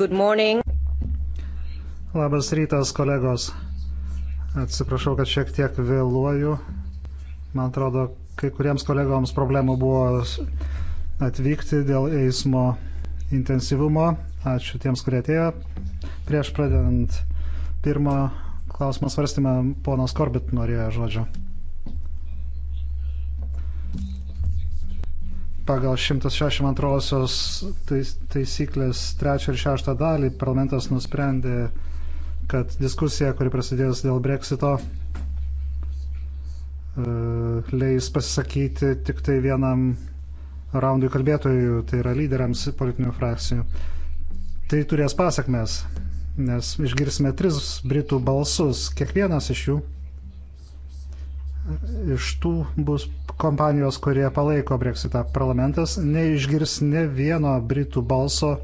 Good morning. Labas rytas, kolegos. Atsiprašau, kad šiek tiek vėluoju. Man atrodo, kai kuriems kolegoms problemų buvo atvykti dėl eismo intensyvumo. Ačiū tiems, kurie atėjo. Prieš pradedant pirmą klausimą svarstymą, ponas Korbit norėjo žodžio. pagal 162 tais, taisyklės 3 ir 6 dalį parlamentas nusprendė, kad diskusija, kuri prasidės dėl breksito, e, leis pasisakyti tik tai vienam raundui kalbėtojų, tai yra lyderiams politinių frakcijų. Tai turės pasakmes, nes išgirsime tris Britų balsus, kiekvienas iš jų iš tų bus kompanijos, kurie palaiko Brexitą. Parlamentas neišgirs ne vieno Britų balso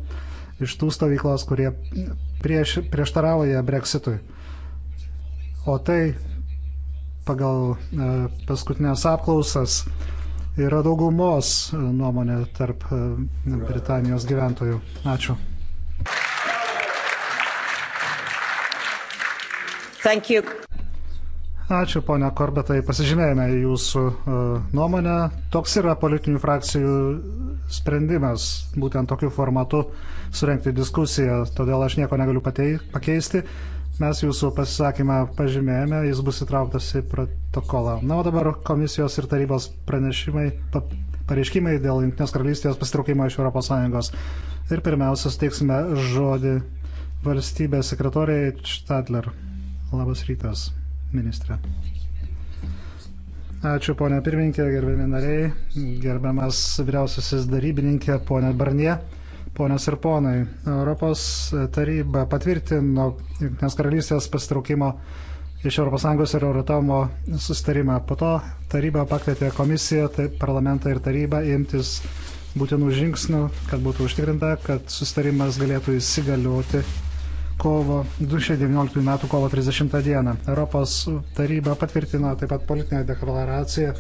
iš tų stovyklos, kurie prieš, prieštarauja Brexitui. O tai pagal e, paskutinės apklausas yra daugumos e, nuomonė tarp e, Britanijos gyventojų. Ačiū. Thank you. Ačiū, ponia Korbetai, pasižymėjome jūsų e, nuomonę. Toks yra politinių frakcijų sprendimas, būtent tokiu formatu surenkti diskusiją, todėl aš nieko negaliu patei, pakeisti. Mes jūsų pasisakymą pažymėjome, jis bus įtrauktas į protokolą. Na, o dabar komisijos ir tarybos pranešimai, pa, pareiškimai dėl Junktinės karalystės pasitraukimo iš ES. Ir pirmiausia, steiksime žodį valstybės sekretoriai Štadler. Labas rytas ministrė. Ačiū, ponė pirmininkė, gerbiami nariai, gerbiamas vyriausiasis darybininkė, ponė Barnie, ponės ir ponai. Europos taryba patvirtino Junktinės karalystės pasitraukimo iš ES ir Euratomo sustarimą. Po to taryba pakvietė komisiją, tai parlamentą ir tarybą imtis būtinų žingsnių, kad būtų užtikrinta, kad sustarimas galėtų įsigalioti kovo 2019 m. kovo 30 d. Europos taryba patvirtino taip pat politinę deklaraciją,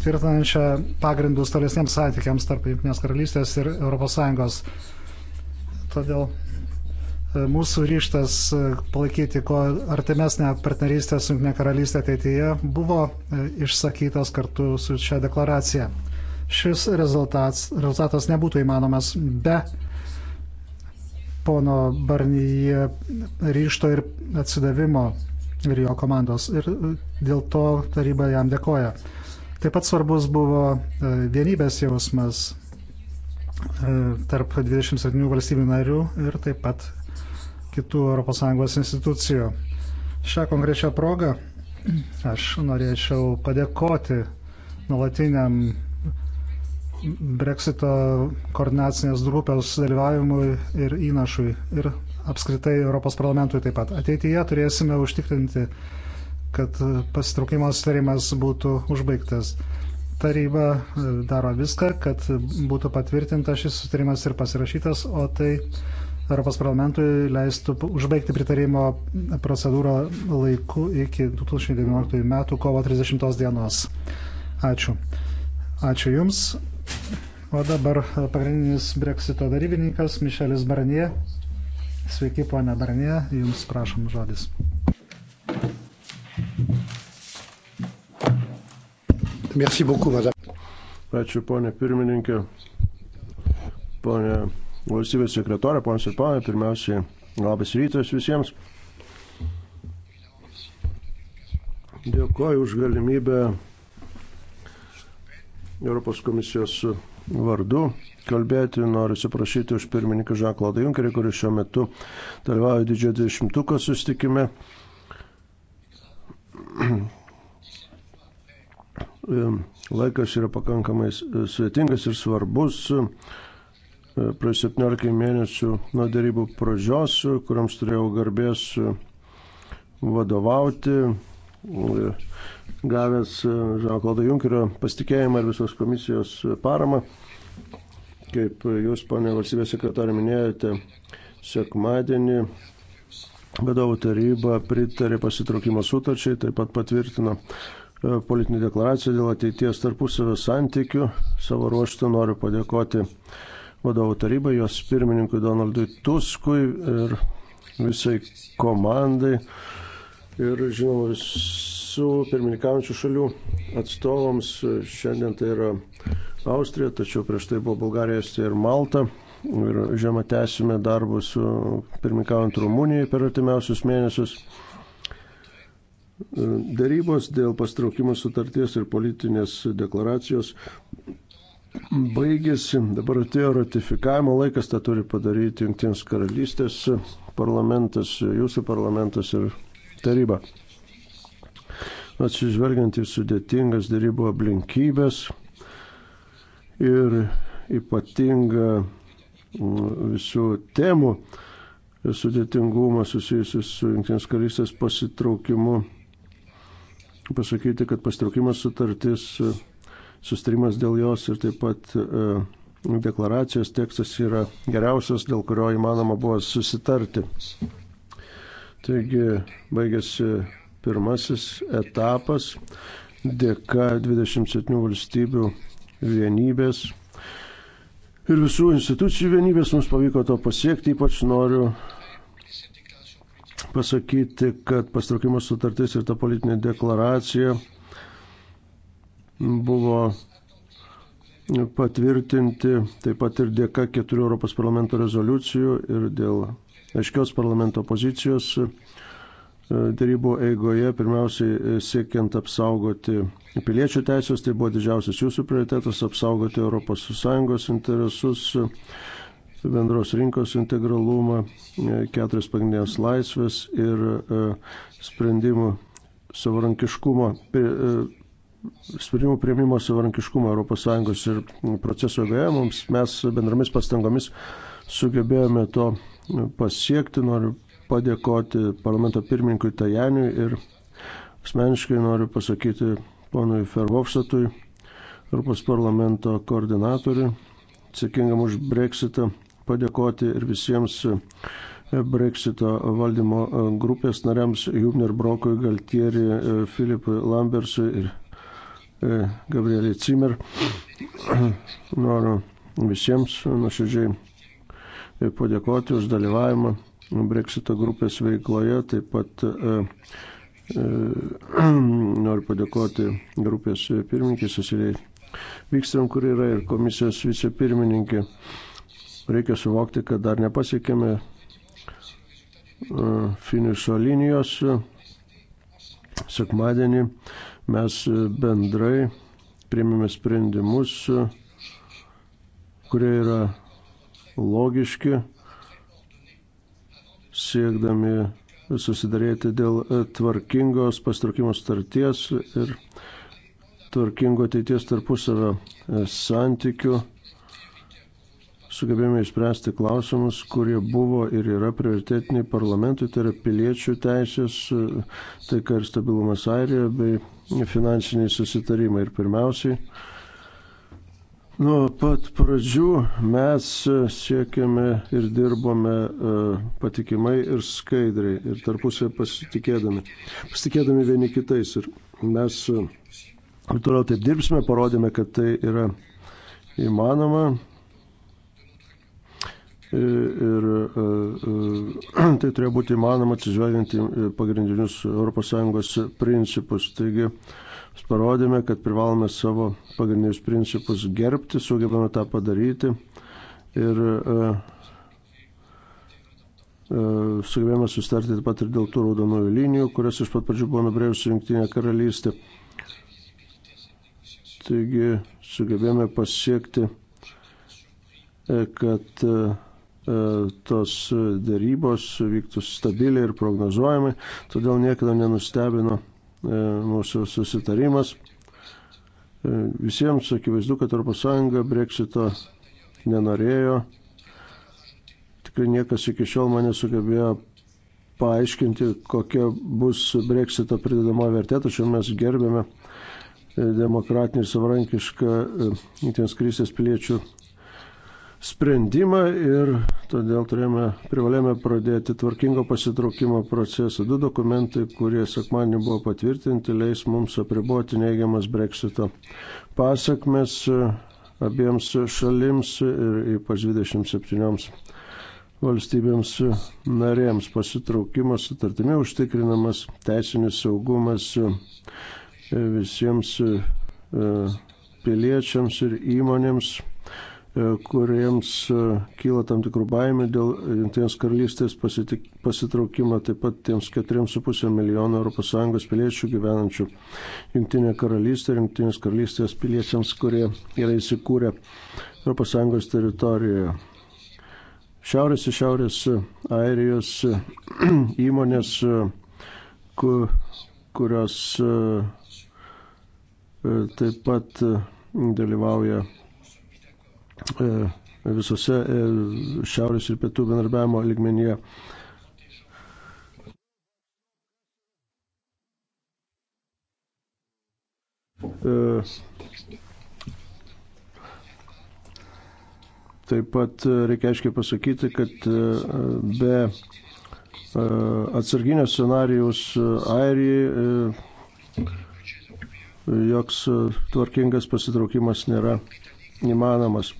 tvirtinančią pagrindus tolesniems santykiams tarp Junktinės karalystės ir ES. Todėl e, mūsų ryštas e, palaikyti kuo artimesnę partnerystę su Junktinė karalystė ateityje buvo e, išsakytas kartu su šia deklaracija. Šis rezultatas, rezultatas nebūtų įmanomas be pono Barnyje ryšto ir atsidavimo ir jo komandos. Ir e, dėl to taryba jam dėkoja. Taip pat svarbus buvo e, vienybės jausmas e, tarp 27 valstybių narių ir taip pat kitų ES institucijų. Šią konkrečią progą aš norėčiau padėkoti nuolatiniam Brexito koordinacinės grupės dalyvavimui ir įnašui ir apskritai Europos parlamentui taip pat. Ateityje turėsime užtikrinti, kad pasitraukimo sutarimas būtų užbaigtas. Taryba e, daro viską, kad būtų patvirtintas šis sutarimas ir pasirašytas, o tai Europos parlamentui leistų užbaigti pritarimo procedūrą laiku iki 2019 m. kovo 30 dienos. Ačiū. Ačiū Jums. O dabar pagrindinis breksito darybininkas Mišelis Barnie. Sveiki, ponia Barnie, jums prašom žodis. Merci beaucoup, madame. Ačiū, ponė pirmininkė, ponė valstybės sekretorė, ponas ir ponė, pirmiausiai labas rytas visiems. Dėkuoju už galimybę Europos komisijos vardu kalbėti. Noriu atsiprašyti už pirmininką Žanklodą Junkerį, kuris šiuo metu dalyvauja didžiojo dvidešimtuko sustikime. Laikas yra pakankamai svetingas ir svarbus. Praėjus 17 mėnesių nuo darybų pradžios, kuriams turėjau garbės vadovauti, gavęs e, Žano-Klodo Junkerio pasitikėjimą ir visos komisijos e, paramą. Kaip jūs, ponė valstybės sekretorė, minėjote, sekmadienį vadovų taryba pritarė pasitraukimo sutarčiai, taip pat patvirtino e, politinį deklaraciją dėl ateities tarpusavio santykių. Savo ruoštų noriu padėkoti vadovų tarybai, jos pirmininkui Donaldui Tuskui ir visai komandai ir žinoma visų pirmininkaujančių šalių atstovams. Šiandien tai yra Austrija, tačiau prieš tai buvo Bulgarija, Estija ir Malta. Ir žiemą tęsime darbus su pirmininkaujant Rumunijai per artimiausius mėnesius. Darybos dėl pastraukimo sutarties ir politinės deklaracijos baigėsi, dabar atėjo ratifikavimo laikas, tą turi padaryti Junktinės karalystės parlamentas, jūsų parlamentas ir taryba. Atsižvelgiant į sudėtingas darybų aplinkybės ir ypatingą visų temų sudėtingumą susijusius su Junktinės karalystės pasitraukimu. Pasakyti, kad pasitraukimas sutartis, sustarimas dėl jos ir taip pat e, deklaracijos tekstas yra geriausias, dėl kurio įmanoma buvo susitarti. Taigi baigėsi pirmasis etapas dėka 27 valstybių vienybės ir visų institucijų vienybės mums pavyko to pasiekti. Ypač noriu pasakyti, kad pastraukimo sutartis ir ta politinė deklaracija buvo patvirtinti taip pat ir dėka keturių Europos parlamento rezoliucijų ir dėl aiškios parlamento pozicijos e, darybų eigoje, pirmiausiai e, siekiant apsaugoti piliečių teisės, tai buvo didžiausias jūsų prioritetas - apsaugoti ES interesus, e, bendros rinkos integralumą, keturias pagrindinės laisvės ir sprendimų savarankiškumo sprendimų prieimimo savarankiškumą ES ir proceso vėje mums mes bendromis pastangomis sugebėjome to pasiekti. Noriu padėkoti parlamento pirmininkui Tajaniui ir asmeniškai noriu pasakyti ponui Fervofsatui, Europos parlamento koordinatoriui, atsakingam už Brexitą, padėkoti ir visiems e, Brexito valdymo e, grupės nariams Jubner Brokui, Galtieri, e, Filipui Lambersui ir Gabrielė Cimer. Noriu visiems nuoširdžiai padėkoti už dalyvavimą Brexito grupės veikloje, taip pat e, e, noriu padėkoti grupės pirmininkai Cecilijai Vykstram, kur yra ir komisijos vicepirmininkė. Reikia suvokti, kad dar nepasiekėme e, finišo linijos. Sekmadienį mes bendrai priėmėme sprendimus, kurie yra logiški, siekdami susidarėti dėl e, tvarkingos pastraukimo starties ir tvarkingo ateities tarpusavio e, santykių. Sugebėjome išspręsti klausimus, kurie buvo ir yra prioritetiniai parlamentui, tai yra piliečių teisės, e, taika ir stabilumas Airijoje bei finansiniai susitarimai. Ir pirmiausiai, Nuo pat pradžių mes e, siekiame ir dirbome e, patikimai ir skaidriai ir tarpusai pasitikėdami, pasitikėdami vieni kitais. Ir mes ir e, toliau taip dirbsime, parodėme, kad tai yra įmanoma. Ir, ir tai turėjo būti įmanoma atsižvelgiant į pagrindinius ES principus. Taigi, Mes parodėme, kad privalome savo pagrindinius principus gerbti, sugebame tą padaryti ir uh, uh, sugebėjome sustarti taip pat ir dėl tų raudonųjų linijų, kurias iš pat pradžių buvo nubrėžusi Junktinė karalystė. Taigi sugebėjome pasiekti, e, kad uh, tos darybos vyktų stabiliai ir prognozuojamai, todėl niekada nenustebino E, mūsų susitarimas. E, visiems akivaizdu, kad ES breksito nenorėjo. Tikrai niekas iki šiol mane sugebėjo paaiškinti, kokia bus breksito pridedama vertė, tačiau mes gerbėme demokratinį ir savarankišką e, Jungtinės krystės piliečių sprendimą ir todėl turėjome, privalėjome pradėti tvarkingo pasitraukimo procesą. Du dokumentai, kurie sekmanį buvo patvirtinti, leis mums apriboti neigiamas breksito pasakmes abiems šalims ir ypač 27 valstybėms narėms pasitraukimas sutartimi užtikrinamas teisinis saugumas visiems e, piliečiams ir įmonėms E, kuriems e, kyla tam tikrų baimių dėl Junktinės karalystės pasitik, pasitraukimo, taip pat tiems 4,5 milijono ES piliečių gyvenančių Junktinė karalystė ir Junktinės karalystės piliečiams, kurie yra įsikūrę ES teritorijoje. Šiaurės ir Šiaurės Airijos įmonės, kurios e, taip pat dalyvauja E, visose e, šiaurės ir pietų bendarbiavimo ligmenyje. E, taip pat reikia aiškiai pasakyti, kad be atsarginio scenarijaus Airijai joks tvarkingas pasitraukimas nėra įmanomas.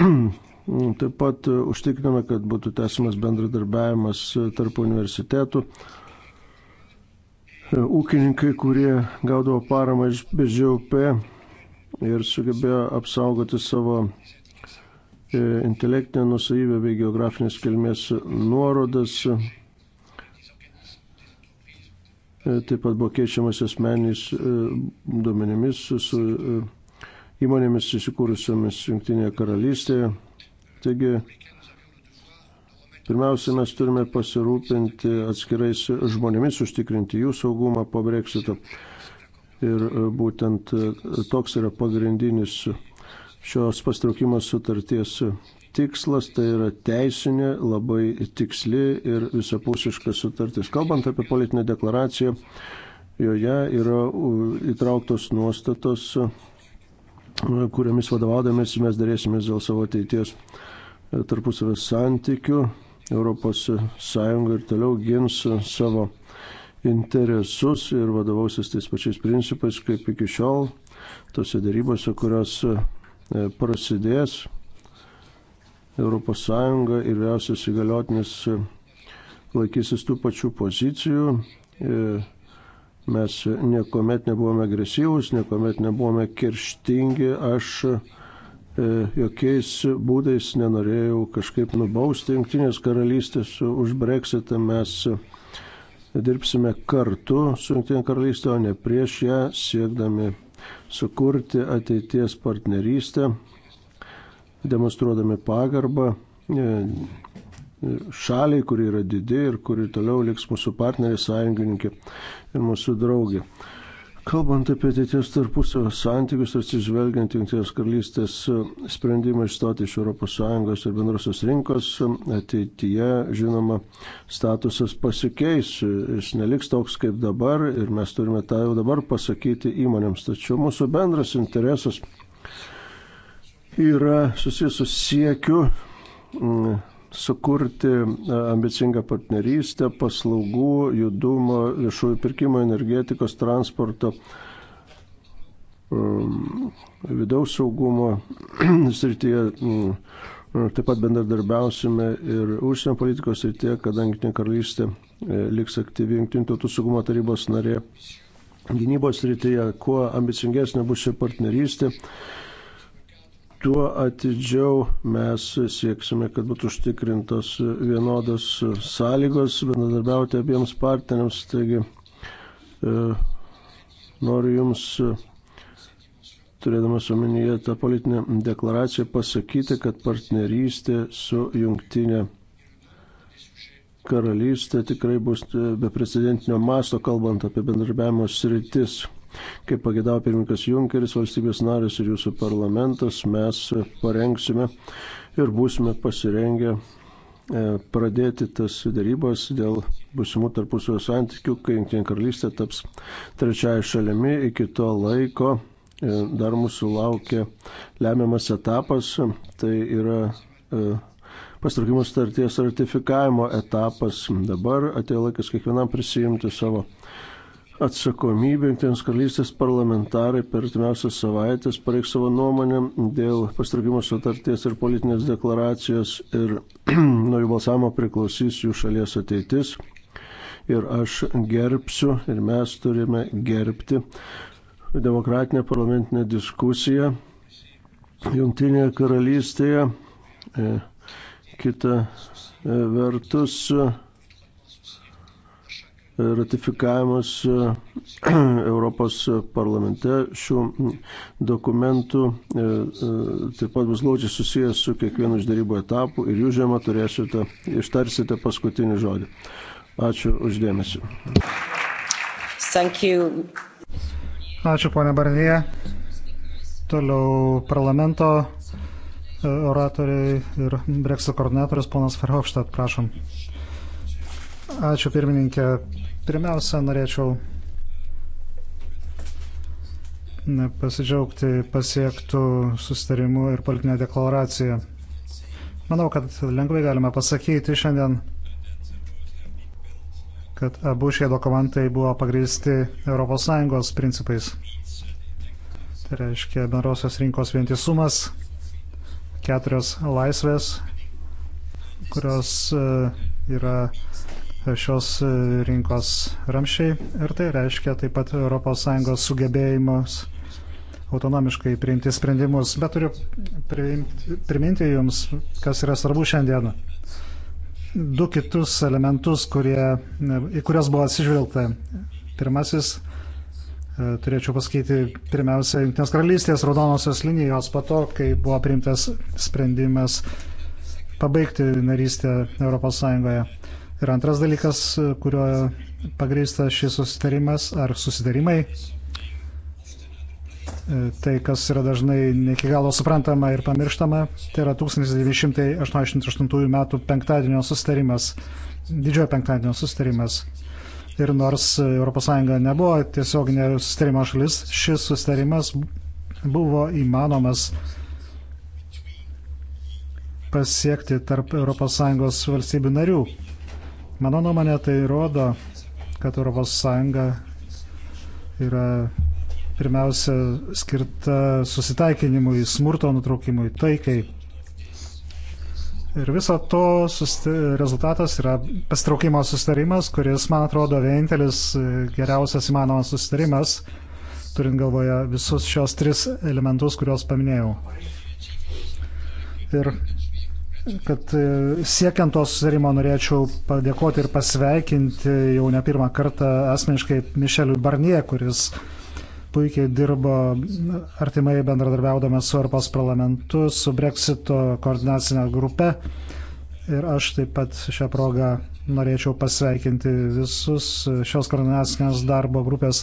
Taip pat e, užtikriname, kad būtų tęsimas bendradarbiavimas e, tarp universitetų. E, ūkininkai, kurie gaudavo paramą iš BŽUP ir sugebėjo apsaugoti savo intelektinę nusavybę bei geografinės kilmės nuorodas. Taip pat buvo keičiamas asmenys duomenimis su, su įmonėmis įsikūrusiamis Junktinėje karalystėje. Taigi, pirmiausia, mes turime pasirūpinti atskirais žmonėmis, užtikrinti jų saugumą po breksito. Ir e, būtent e, toks yra pagrindinis šios pastraukimo sutarties tikslas, tai yra teisinė, labai tiksli ir visapusiška sutartis. Kalbant apie politinę deklaraciją, joje yra įtrauktos nuostatos kuriamis vadovaudamės mes darėsime dėl savo ateities e, tarpusavės santykių. Europos Sąjunga ir toliau gins savo interesus ir vadovausis tais pačiais principais kaip iki šiol, tose darybose, kurios e, prasidės Europos Sąjunga ir vyriausias įgaliotinis laikysis tų pačių pozicijų e, Mes niekuomet nebuvome agresyvūs, niekuomet nebuvome kirštingi. Aš e, jokiais būdais nenorėjau kažkaip nubausti Junktinės karalystės už breksitą. Mes dirbsime kartu su Junktinė karalystė, o ne prieš ją, siekdami sukurti ateities partnerystę, demonstruodami pagarbą e, šaliai, kuri yra didi ir kuri toliau liks mūsų partnerė, sąjungininkė ir mūsų draugė. Kalbant apie ateities tarpusio santykius, atsižvelgiant Junktinės karalystės sprendimą išstoti iš ES ir bendrosios rinkos, ateityje, žinoma, statusas pasikeis, jis neliks toks kaip dabar ir mes turime tą jau dabar pasakyti įmonėms. Tačiau mūsų bendras interesas yra susijęs su siekiu mm, sukurti e, ambicingą partnerystę paslaugų, judumo, viešųjų pirkimo, energetikos, transporto, um, vidaus saugumo srityje. Mm, e, taip pat bendradarbiausime ir užsienio politikos srityje, kadangi Junktinė karalystė e, liks aktyvi Junktinių tautų saugumo tarybos narė gynybos srityje, kuo ambicingesnė bus ši partnerystė, tuo atidžiau mes sieksime, kad būtų užtikrintos vienodos sąlygos bendradarbiauti abiems partneriams. Taigi e, noriu Jums, turėdamas omenyje tą politinę deklaraciją, pasakyti, kad partnerystė su jungtinė karalystė tikrai bus e, beprecedentinio masto, kalbant apie bendradarbiavimo sritis. Kaip pagėdavo pirmininkas Junkeris, valstybės narės ir jūsų parlamentas, mes parengsime ir būsime pasirengę e, pradėti tas darybas dėl busimų tarpusavio santykių, kai Junktinė karalystė taps trečiaja šalimi. Iki to laiko e, dar mūsų laukia lemiamas etapas, tai yra e, pastraukimo starties ratifikavimo etapas. Dabar atėjo laikas kiekvienam prisijimti savo atsakomybė, Junktinės karalystės parlamentarai per artimiausias savaitės pareiks savo nuomonę dėl pastraukimo sutarties ir politinės deklaracijos ir nuo jų balsavimo priklausys jų šalies ateitis. Ir aš gerbsiu ir mes turime gerbti demokratinę parlamentinę diskusiją Junktinėje karalystėje. E, kita e, vertus. E, ratifikavimas e, Europos parlamente šių dokumentų e, e, taip pat bus glaudžiai susijęs su kiekvienu iš darybų etapų ir jūs žemą turėsite, ištarsite paskutinį žodį. Ačiū uždėmesi. Ačiū, ponė Barnie. Toliau parlamento oratoriai ir Brexit koordinatorius ponas Verhofstadt, prašom. Ačiū pirmininkė. Pirmiausia, norėčiau pasidžiaugti pasiektų sustarimų ir politinę deklaraciją. Manau, kad lengvai galime pasakyti šiandien, kad abu šie dokumentai buvo pagristi ES principais. Tai reiškia bendrosios rinkos vientisumas, keturios laisvės, kurios e, yra šios e, rinkos ramšiai ir tai reiškia taip pat ES sugebėjimus autonomiškai priimti sprendimus. Bet turiu priimti, priminti Jums, kas yra svarbu šiandien. Du kitus elementus, kurie, e, į kurias buvo atsižvelgta. Pirmasis, e, turėčiau pasakyti, pirmiausia, Junktinės karalystės raudonosios linijos po to, kai buvo priimtas sprendimas pabaigti narystę ES Ir antras dalykas, kurio pagrįsta šis susitarimas ar susitarimai, e, tai kas yra dažnai ne iki galo suprantama ir pamirštama, tai yra 1988 m. penktadienio susitarimas, didžiojo penktadienio susitarimas. Ir nors ES nebuvo tiesioginė susitarimo šalis, šis susitarimas buvo įmanomas pasiekti tarp ES valstybių narių. Mano nuomonė tai rodo, kad ES yra pirmiausia skirta susitaikinimui, smurto nutraukimui, taikai. Ir viso to rezultatas yra pastraukimo sustarimas, kuris, man atrodo, vienintelis geriausias įmanomas sustarimas, turint galvoje visus šios tris elementus, kuriuos paminėjau. Ir kad e, siekiant tos susitarimo norėčiau padėkoti ir pasveikinti jau ne pirmą kartą asmeniškai Mišeliui Barnie, kuris puikiai dirbo artimai bendradarbiaudamas su Europos parlamentu, su Brexito koordinacinė grupe. Ir aš taip pat šią progą norėčiau pasveikinti visus šios koordinacinės darbo grupės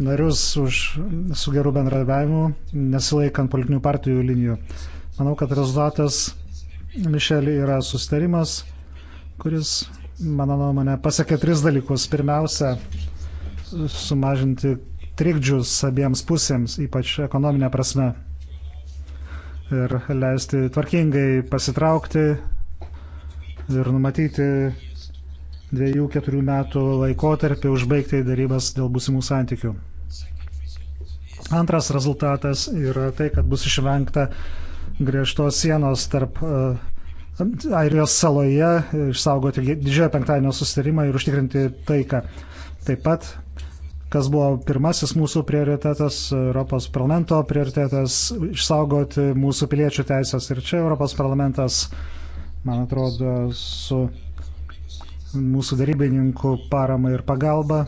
narius už, su geru bendradarbiavimu, nesilaikant politinių partijų linijų. Manau, kad rezultatas Mišelį yra sustarimas, kuris, mano nuomonė, pasakė tris dalykus. Pirmiausia, sumažinti trikdžius abiems pusėms, ypač ekonominė prasme. Ir leisti tvarkingai pasitraukti ir numatyti dviejų, keturių metų laikotarpį užbaigti darybas dėl būsimų santykių. Antras rezultatas yra tai, kad bus išvengta griežtos sienos tarp e, Airijos saloje, išsaugoti didžiojo penktadienio susitarimą ir užtikrinti taiką. Taip pat, kas buvo pirmasis mūsų prioritetas, Europos parlamento prioritetas, išsaugoti mūsų piliečių teisės. Ir čia Europos parlamentas, man atrodo, su mūsų darybininkų parama ir pagalba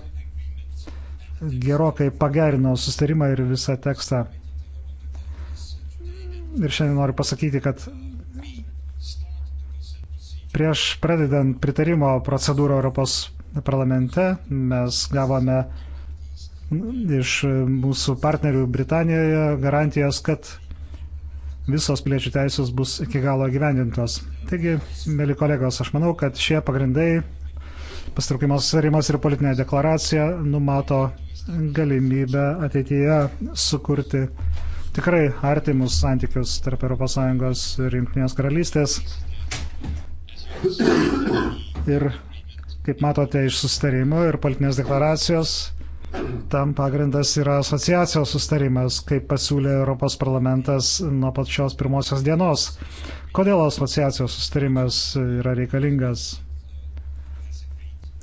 gerokai pagerino susitarimą ir visą tekstą ir šiandien noriu pasakyti, kad prieš pradedant pritarimo procedūrą Europos parlamente mes gavome iš mūsų partnerių Britanijoje garantijas, kad visos piliečių teisės bus iki galo gyvendintos. Taigi, mėly kolegos, aš manau, kad šie pagrindai, pastraukimo susitarimas ir politinė deklaracija numato galimybę ateityje sukurti tikrai artimus santykius tarp ES ir Junktinės karalystės. Ir, kaip matote, iš sustarimų ir politinės deklaracijos tam pagrindas yra asociacijos sustarimas, kaip pasiūlė Europos parlamentas nuo pačios pirmosios dienos. Kodėl asociacijos sustarimas yra reikalingas?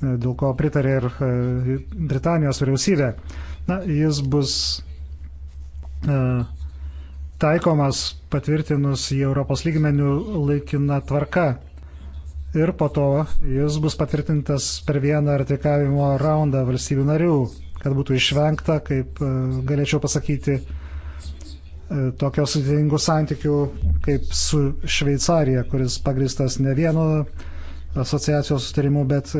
Dėl ko pritarė ir e, Britanijos vyriausybė. Na, jis bus E, taikomas patvirtinus į Europos lygmenių laikiną tvarką. Ir po to jis bus patvirtintas per vieną ratikavimo raundą valstybių narių, kad būtų išvengta, kaip e, galėčiau pasakyti, e, tokios sudėtingų santykių kaip su Šveicarija, kuris pagristas ne vienu asociacijos sustarimu, bet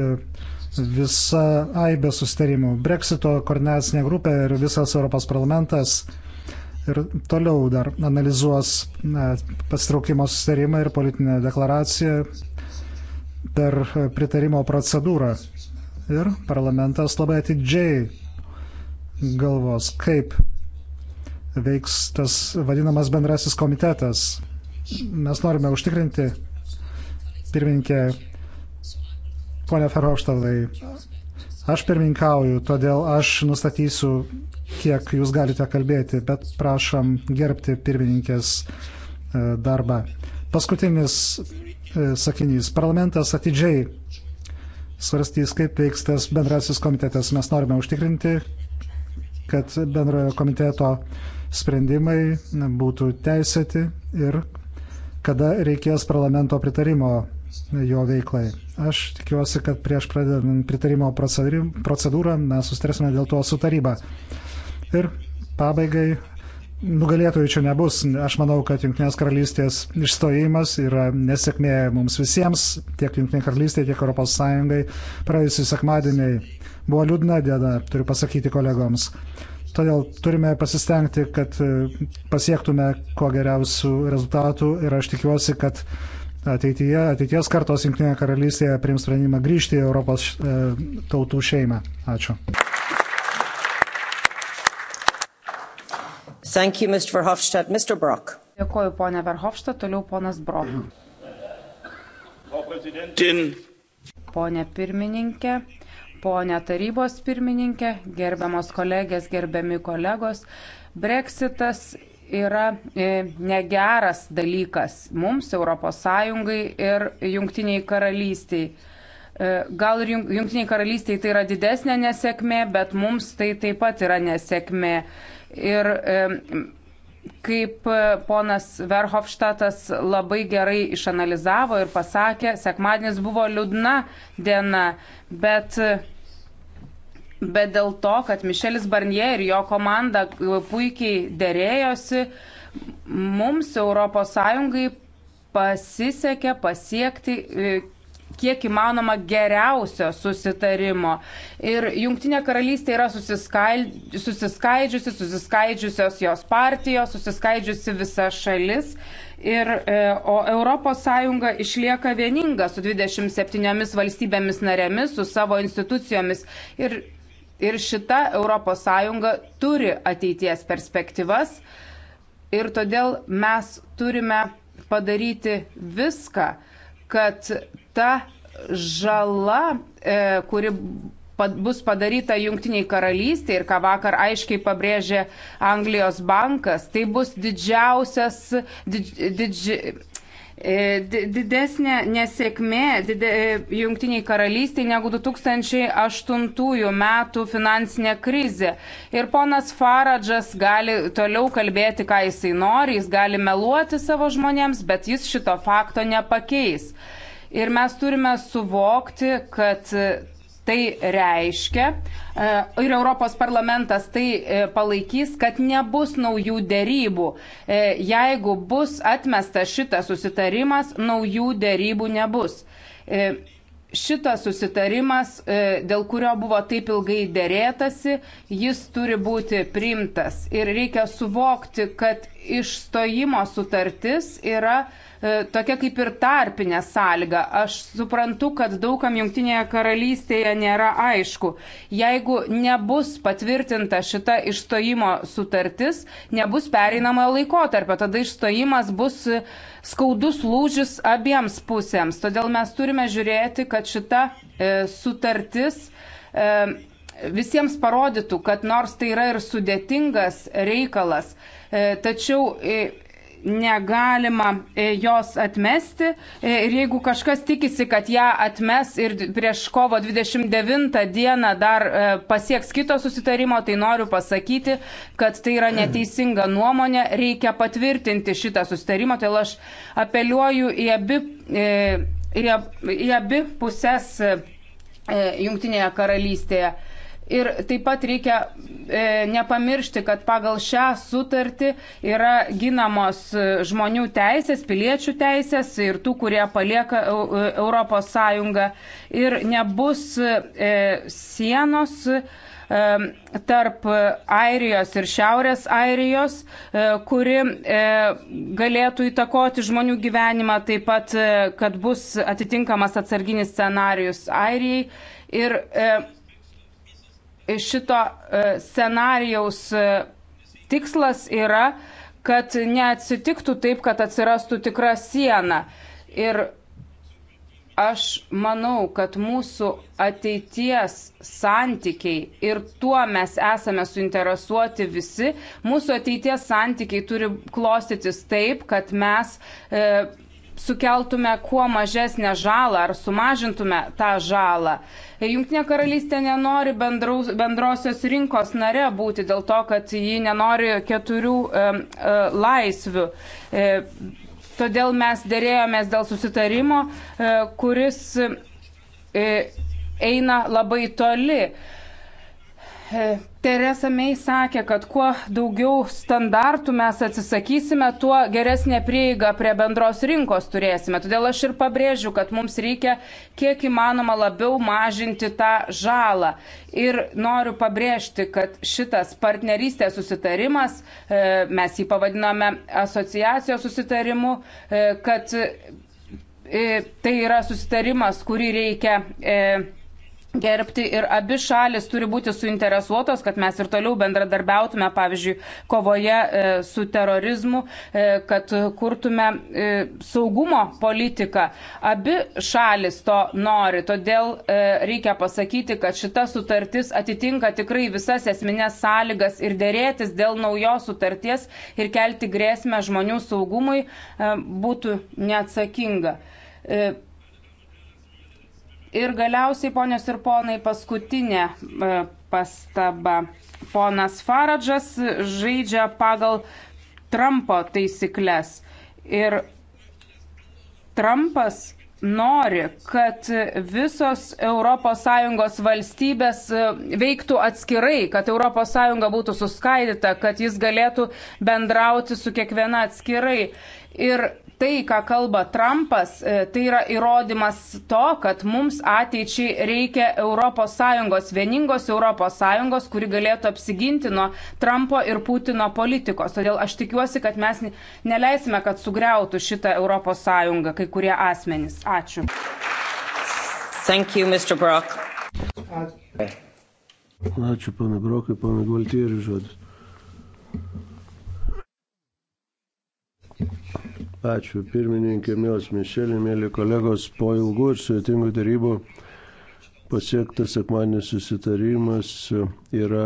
visa aibė sustarimų. Brexito koordinacinė grupė ir visas Europos parlamentas ir toliau dar analizuos pasitraukimo susitarimą ir politinę deklaraciją per pritarimo procedūrą. Ir parlamentas labai atidžiai galvos, kaip veiks tas vadinamas bendrasis komitetas. Mes norime užtikrinti, pirmininkė, ponia Ferhofštadai, Aš pirminkauju, todėl aš nustatysiu, kiek jūs galite kalbėti, bet prašom gerbti pirmininkės e, darbą. Paskutinis e, sakinys. Parlamentas atidžiai svarstys, kaip veiks tas bendrasis komitetas. Mes norime užtikrinti, kad bendrojo komiteto sprendimai būtų teisėti ir kada reikės parlamento pritarimo jo veiklai. Aš tikiuosi, kad prieš pradedant pritarimo procedūrą mes sustarsime dėl to su taryba. Ir pabaigai, nugalėtojų čia nebus. Aš manau, kad Junktinės karalystės išstojimas yra nesėkmė mums visiems, tiek Junktinė karalystė, tiek ES. Praėjusį sekmadienį buvo liūdna diena, turiu pasakyti kolegoms. Todėl turime pasistengti, kad pasiektume kuo geriausių rezultatų ir aš tikiuosi, kad ateityje, ateities kartos Junktinėje karalystėje priims sprendimą grįžti į Europos e, tautų šeimą. Ačiū. Thank you, Mr. Verhofstadt. Mr. Brock. Dėkoju, ponė Verhofstadt. Toliau ponas Brock. Pone pirmininkė, ponė tarybos pirmininkė, gerbiamos kolegės, gerbiami kolegos, Brexitas yra e, negeras dalykas mums, ES ir Junktiniai karalystiai. E, gal ir Junktiniai karalystiai tai yra didesnė nesėkmė, bet mums tai taip pat yra nesėkmė. Ir e, kaip ponas Verhofštatas labai gerai išanalizavo ir pasakė, sekmadienis buvo liūdna diena, bet bet dėl to, kad Mišelis Barnie ir jo komanda puikiai dėrėjosi, mums ES pasisekė pasiekti e, kiek įmanoma geriausio susitarimo. Ir Junktinė karalystė yra susiskaidžiusi, susiskaidžiusios jos partijos, susiskaidžiusi visa šalis. Ir, e, o ES išlieka vieninga su 27 valstybėmis narėmis, su savo institucijomis. Ir Ir šita ES turi ateities perspektyvas ir todėl mes turime padaryti viską, kad ta žala, e, kuri bus padaryta Junktiniai karalystė ir ką vakar aiškiai pabrėžė Anglijos bankas, tai bus didžiausias, didž, didž, E, didesnė nesėkmė didė, e, jungtiniai karalystiai negu 2008 metų finansinė krizė. Ir ponas Faradžas gali toliau kalbėti, ką jisai nori, jis gali meluoti savo žmonėms, bet jis šito fakto nepakeis. Ir mes turime suvokti, kad tai reiškia e, ir Europos parlamentas tai e, palaikys, kad nebus naujų dėrybų. E, jeigu bus atmestas šitas susitarimas, naujų dėrybų nebus. Šitas susitarimas, dėl kurio buvo taip ilgai dėrėtasi, jis turi būti priimtas. Ir reikia suvokti, kad išstojimo sutartis yra uh, E, tokia kaip ir tarpinė sąlyga. Aš suprantu, kad daugam Junktinėje karalystėje nėra aišku. Jeigu nebus patvirtinta šita išstojimo sutartis, nebus pereinamojo laikotarpio, tada išstojimas bus skaudus lūžis abiems pusėms. Todėl mes turime žiūrėti, kad šita e, sutartis e, visiems parodytų, kad nors tai yra ir sudėtingas reikalas, e, tačiau e, negalima e, jos atmesti e, ir jeigu kažkas tikisi, kad ją atmes ir prieš kovo 29 dieną dar e, pasieks kito susitarimo, tai noriu pasakyti, kad tai yra neteisinga nuomonė, reikia patvirtinti šitą susitarimą, todėl aš apeliuoju į abi, į, į abi pusės Jungtinėje karalystėje. Ir taip pat reikia e, nepamiršti, kad pagal šią sutartį yra ginamos e, žmonių teisės, piliečių teisės ir tų, kurie palieka e, Europos Sąjungą. Ir nebus e, sienos e, tarp Airijos ir Šiaurės Airijos, e, kuri galėtų įtakoti žmonių gyvenimą, taip pat, kad bus atitinkamas atsarginis scenarius Airijai. Ir šito e, scenarijaus e, tikslas yra, kad neatsitiktų taip, kad atsirastų tikra siena. Ir aš manau, kad mūsų ateities santykiai ir tuo mes esame suinteresuoti visi, mūsų ateities santykiai turi klostytis taip, kad mes e, sukeltume kuo mažesnę žalą ar sumažintume tą žalą. Junktinė karalystė nenori bendraus, bendrosios rinkos nare būti dėl to, kad ji nenori keturių e, e, laisvių. E, todėl mes dėrėjomės dėl susitarimo, e, kuris e, eina labai toli. E, E, Teresa May sakė, kad kuo daugiau standartų mes atsisakysime, tuo geresnė prieiga prie bendros rinkos turėsime. Todėl aš ir pabrėžiu, kad mums reikia kiek įmanoma labiau mažinti tą žalą. Ir noriu pabrėžti, kad šitas partnerystės susitarimas, e, mes jį pavadiname asociacijos susitarimu, e, kad tai yra susitarimas, kurį reikia gerbti ir abi šalis turi būti suinteresuotos, kad mes ir toliau bendradarbiautume, pavyzdžiui, kovoje e, su terorizmu, e, kad kurtume e, saugumo politiką. Abi šalis to nori, todėl reikia pasakyti, kad šita sutartis atitinka tikrai visas esminės sąlygas ir dėrėtis dėl naujos sutarties ir kelti grėsmę žmonių saugumui būtų neatsakinga Ir galiausiai, ponios ir ponai, paskutinė e, pastaba. Ponas Faradžas žaidžia pagal Trumpo taisyklės. Ir Trumpas nori, kad visos ES valstybės e, veiktų atskirai, kad ES būtų suskaidyta, kad jis galėtų bendrauti su kiekviena atskirai. Ir tai, ką kalba Trumpas, e, tai yra įrodymas to, kad mums ateičiai reikia ES, vieningos ES, kuri galėtų apsiginti nuo Trumpo ir Putino politikos. Todėl aš tikiuosi, kad mes neleisime, kad sugriautų šitą ES kai kurie asmenys. Ačiū. Thank you, Mr. Brock. Ačiū, pana Brokai, pana Gvaltierių žodis. Ačiū pirmininkė, mėlas Mišelė, mėly kolegos, po ilgų ir sudėtingų darybų pasiektas sekmadienis susitarimas yra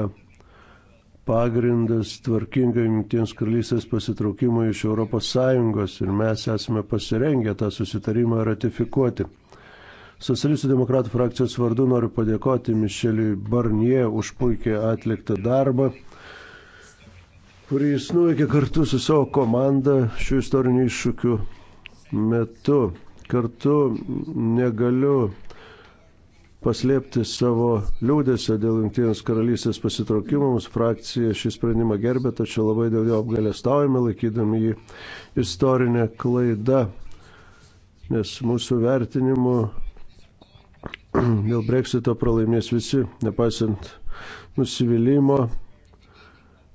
pagrindas tvarkingai Junktinės karalystės pasitraukimo iš ES ir mes esame pasirengę tą susitarimą ratifikuoti. Socialistų demokratų frakcijos vardu noriu padėkoti Mišeliui Barnie už puikiai atliktą darbą kurį jis nuveikė kartu su savo komanda šių istorinių iššūkių metu. Kartu negaliu paslėpti savo liūdėsio dėl Junktinės karalystės pasitraukimo. Mūsų frakcija šį sprendimą gerbė, tačiau labai dėl jo apgalėstaujame, laikydami jį istorinę klaidą, nes mūsų vertinimu dėl breksito pralaimės visi, nepaisant nusivylimą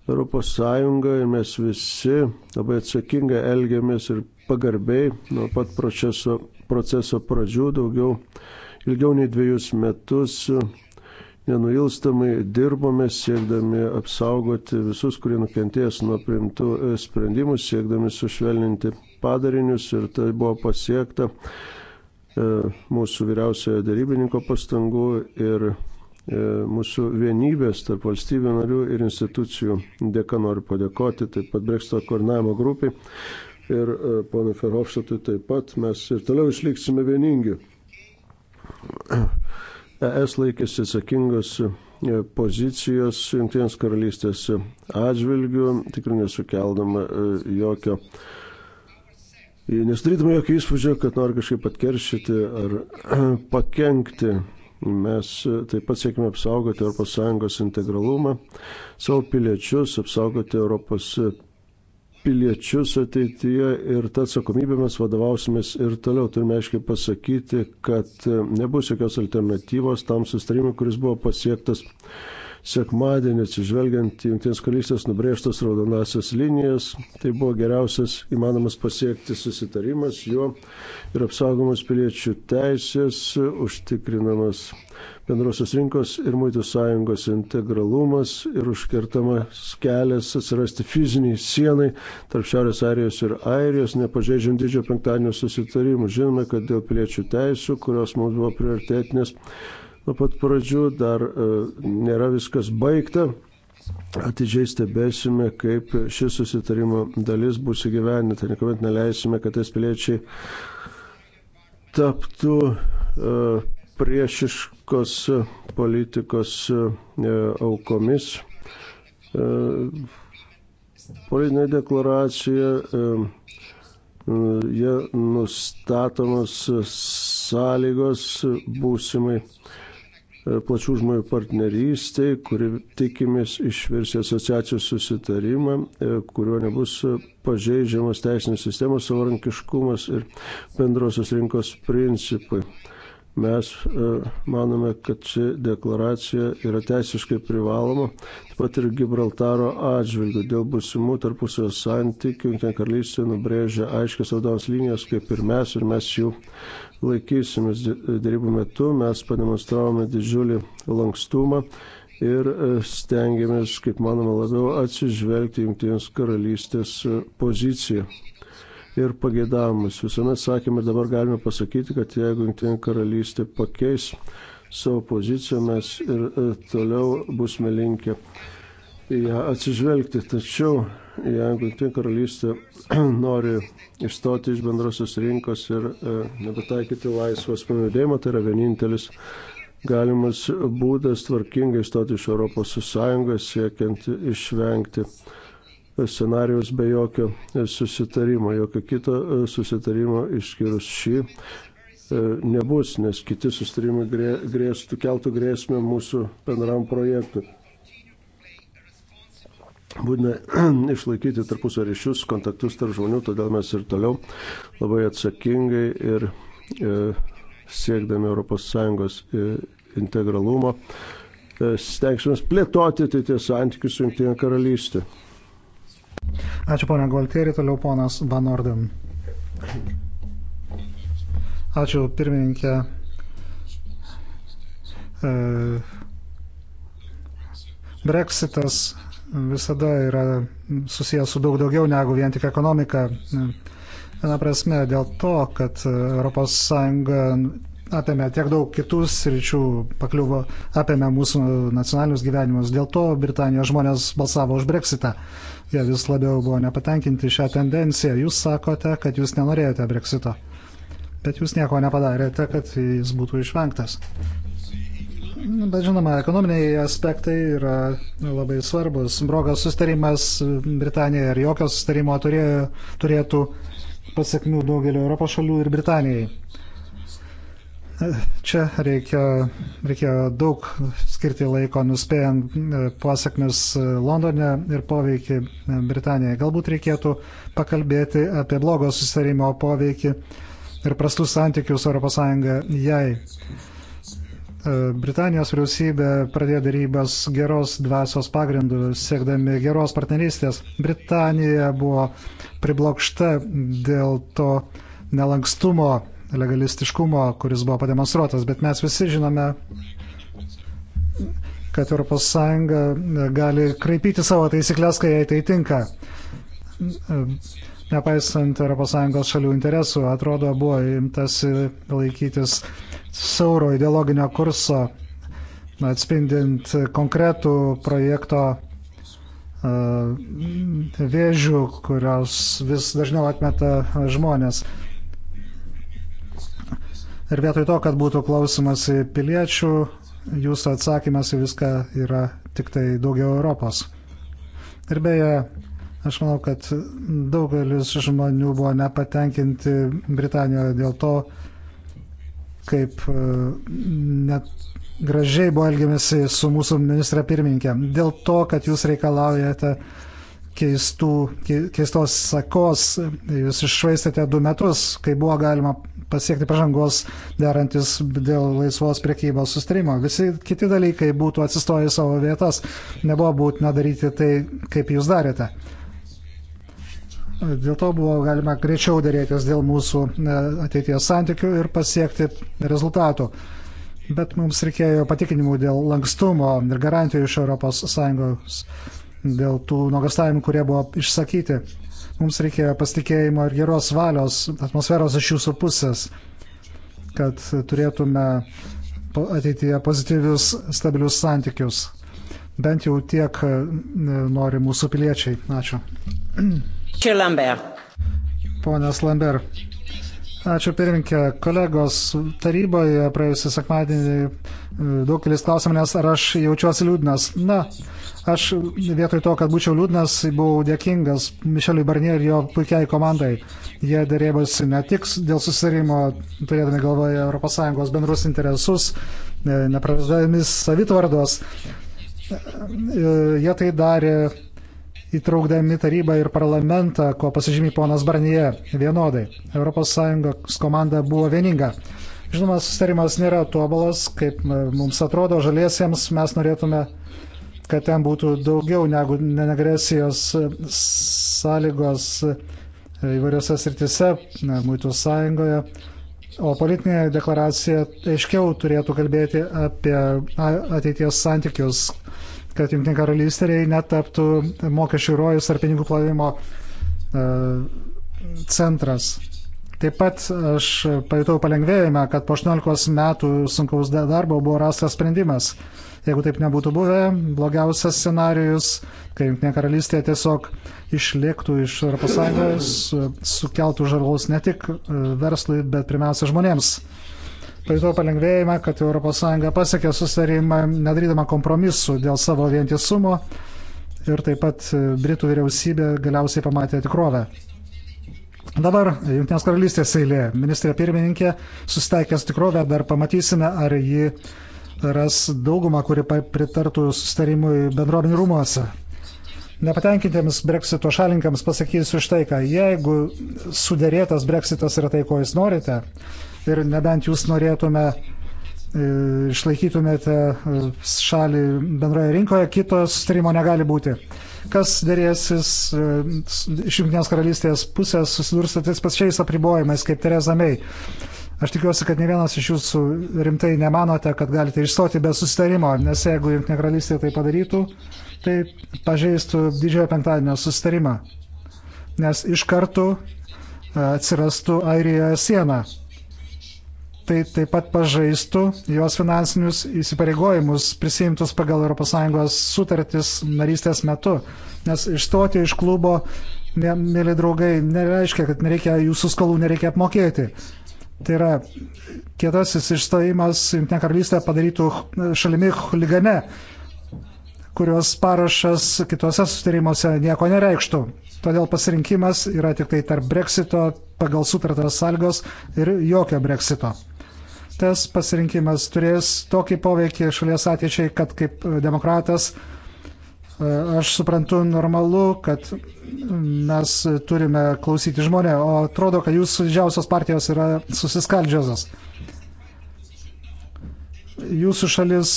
Europos Sąjunga ir mes visi labai atsakingai elgiamės ir pagarbiai nuo pat proceso, proceso pradžių daugiau, ilgiau nei dviejus metus nenuilstamai dirbome siekdami apsaugoti visus, kurie nukentės nuo primtų e, sprendimų, siekdami sušvelninti padarinius ir tai buvo pasiekta e, mūsų vyriausiojo darybininko pastangų ir E, mūsų vienybės tarp valstybių narių ir institucijų dėka noriu padėkoti taip pat Brexito koordinavimo grupiai ir e, ponui Ferhofštatui taip pat mes ir toliau išliksime vieningi. ES laikėsi atsakingos e, pozicijos Junktinės karalystės atžvilgių, tikrai nesukeldama jokio, nesudarydama jokio įspūdžio, kad nori kažkaip atkeršyti ar pakenkti Mes taip pat siekime apsaugoti ES integralumą, savo piliečius, apsaugoti Europos piliečius ateityje ir tą atsakomybę mes vadovausimės ir toliau. Turime aiškiai pasakyti, kad nebus jokios alternatyvos tam sustarimui, kuris buvo pasiektas sekmadienį, atsižvelgiant į Junktinės karalystės nubrėžtas raudonasias linijas. Tai buvo geriausias įmanomas pasiekti susitarimas, juo ir apsaugomas piliečių teisės, užtikrinamas bendrosios rinkos ir muitų sąjungos integralumas ir užkertamas kelias atsirasti fiziniai sienai tarp Šiaurės Airijos ir Airijos, nepažeidžiant didžiojo penktadienio susitarimų. Žinome, kad dėl piliečių teisų, kurios mums buvo prioritetinės, nuo pat pradžių, dar e, nėra viskas baigta. Atidžiai stebėsime, kaip ši susitarimo dalis bus įgyveninta. Niekuomet neleisime, kad es piliečiai taptų e, priešiškos politikos e, aukomis. Politinė deklaracija, jie nustatomas sąlygos būsimai E, plačių žmonių partnerystėj, kuri tikimės išversi asociacijos susitarimą, e, kuriuo nebus pažeidžiamas teisinės sistemos savarankiškumas ir bendrosios rinkos principai. Mes e, manome, kad ši deklaracija yra teisiškai privaloma, taip pat ir Gibraltaro atžvilgių. Dėl busimų tarpusio santykių, Junktinė karalystė nubrėžia aiškias raudonas linijas, kaip ir mes, ir mes jų laikysimės dėrybų metu. Mes pademonstravome didžiulį lankstumą ir e, stengiamės, kaip manoma, labiau atsižvelgti Junktinės karalystės e, poziciją ir pageidavimus. Visuomet sakėme ir dabar galime pasakyti, kad jeigu Junktinė karalystė pakeis savo poziciją, mes ir e, toliau busme linkę ją atsižvelgti. Tačiau jeigu Junktinė karalystė nori išstoti iš bendrosios rinkos ir e, nebetaikyti laisvos pamėdėjimo, tai yra vienintelis galimas būdas tvarkingai išstoti iš Europos Sąjungos, siekiant išvengti scenarius be jokio susitarimo, jokio kito e, susitarimo išskyrus šį e, nebus, nes kiti sustarimai grė, grės, keltų grėsmę mūsų bendram projektui būtina išlaikyti tarpusio ryšius, kontaktus tarp žmonių, todėl mes ir toliau labai atsakingai ir e, siekdami ES e, integralumo e, stengsime plėtoti tai tie santykius su Junktinė karalystė. Ačiū ponia Gualtieri, toliau ponas Van Orden. Ačiū pirmininkė. E, Brexitas visada yra susijęs su daug daugiau negu vien tik ekonomika. Viena prasme, dėl to, kad ES apėmė tiek daug kitų sričių, pakliuvo, apėmė mūsų nacionalinius gyvenimus. Dėl to Britanijos žmonės balsavo už Brexitą. Jie vis labiau buvo nepatenkinti šią tendenciją. Jūs sakote, kad jūs nenorėjote Brexito, bet jūs nieko nepadarėte, kad jis būtų išvengtas. Bet žinoma, ekonominiai aspektai yra labai svarbus. Brogas sustarimas Britanija ir jokio sustarimo turėjo, turėtų pasiekmių daugelio Europos šalių ir Britanijai. Čia reikia, reikia daug skirti laiko nuspėjant e, pasiekmes e, Londone ir poveikį e, Britanijai. Galbūt reikėtų pakalbėti apie blogo susitarimo poveikį ir prastus santykius ES jai. E, Britanijos vyriausybė pradėjo darybas geros dvasios pagrindų, siekdami geros partnerystės. Britanija buvo priblokšta dėl to nelankstumo, legalistiškumo, kuris buvo pademonstruotas, bet mes visi žinome, kad ES gali kraipyti savo taisyklės, kai jai tai tinka. E, nepaisant ES šalių interesų, atrodo, buvo imtas laikytis sauro ideologinio kurso, atspindint konkretų projekto e, vėžių, kurios vis dažniau atmeta žmonės. Ir vietoj to, kad būtų klausimasi piliečių, jūsų atsakymas į viską yra tik tai daugiau Europos. Ir beje, Aš manau, kad daugelis žmonių buvo nepatenkinti Britanijoje dėl to, kaip e, net gražiai buvo elgiamasi su mūsų ministra pirmininkė. Dėl to, kad jūs reikalaujate keistų, keistos sakos, jūs iššvaistėte du metus, kai buvo galima pasiekti pažangos derantis dėl laisvos priekybos sustrimo. Visi kiti dalykai būtų atsistoję savo vietas, nebuvo būtina daryti tai, kaip jūs darėte. Dėl to buvo galima greičiau dėrėtis dėl mūsų e, ateities santykių ir pasiekti rezultatų. Bet mums reikėjo patikinimų dėl lankstumo ir garantijų iš ES, dėl tų nuogastavimų, kurie buvo išsakyti. Mums reikėjo pasitikėjimo ir geros valios atmosferos iš jūsų pusės, kad turėtume ateityje pozityvius, stabilius santykius. Bent jau tiek e, nori mūsų piliečiai. Ačiū. Čia Lambert. Ponas Lambert. Ačiū pirminkė. Kolegos taryboje praėjusią sekmadienį e, daug kelis klausimės, ar aš jaučiuosi liūdnas. Na, aš vietoj to, kad būčiau liūdnas, buvau dėkingas Mišeliui Barnie ir jo puikiai komandai. Jie dėrėbosi ne tik dėl susirimo, turėdami galvoje ES bendrus interesus, e, nepraradami savitvardos. E, jie tai darė įtraukdami tarybą ir parlamentą, ko pasižymė ponas Barnie vienodai. ES komanda buvo vieninga. Žinoma, sustarimas nėra tobulas, kaip e, mums atrodo žaliesiems, mes norėtume, kad ten būtų daugiau negu negresijos e, sąlygos e, įvairiose sritise, mūtų sąjungoje. O politinė deklaracija aiškiau turėtų kalbėti apie ateities santykius kad Junktinė karalystė netaptų mokesčių rojus ar pinigų plovimo e, centras. Taip pat aš pajutau palengvėjimą, kad po 18 metų sunkaus darbo buvo rastas sprendimas. Jeigu taip nebūtų buvę, blogiausias scenarius, kai Junktinė karalystė tiesiog išlėktų iš ES, sukeltų žalos ne tik e, verslui, bet pirmiausia žmonėms pajutau palengvėjimą, kad ES pasiekė susitarimą, nedarydama kompromisų dėl savo vientisumo ir taip pat e, Britų vyriausybė galiausiai pamatė tikrovę. Dabar Junktinės karalystės eilė. Ministrė pirmininkė susitaikė su tikrovė, dar pamatysime, ar ji ras daugumą, kuri pritartų susitarimui bendruomenių rūmose. Nepatenkintiems breksito šalinkams pasakysiu štai ką. Jeigu sudėrėtas breksitas yra tai, ko jūs norite, ir nebent jūs norėtume e, išlaikytumėte e, šalį bendroje rinkoje, kitos sutarimo negali būti. Kas dėrėsis e, iš Junktinės karalystės pusės susidurs tais pačiais apribojimais kaip Tereza May. Aš tikiuosi, kad ne vienas iš jūsų rimtai nemanote, kad galite išstoti be susitarimo, nes jeigu Junktinė karalystė tai padarytų, tai pažeistų didžiojo penktadienio susitarimą, nes iš karto atsirastų Airijoje siena tai taip pat pažaistų jos finansinius įsipareigojimus prisimtus pagal ES sutartis narystės metu. Nes išstoti iš klubo, mėly draugai, nereiškia, kad nereikia, jūsų skolų nereikia apmokėti. Tai yra kietasis išstojimas Junktinė karalystė padarytų šalimi huligane, kurios parašas kitose sustarimuose nieko nereikštų. Todėl pasirinkimas yra tik tai tarp breksito pagal sutartas sąlygos ir jokio breksito tas pasirinkimas turės tokį poveikį šalies ateičiai, kad kaip e, demokratas e, aš suprantu normalu, kad mes turime klausyti žmonę, o atrodo, kad jūsų didžiausios partijos yra susiskaldžiosios. Jūsų šalis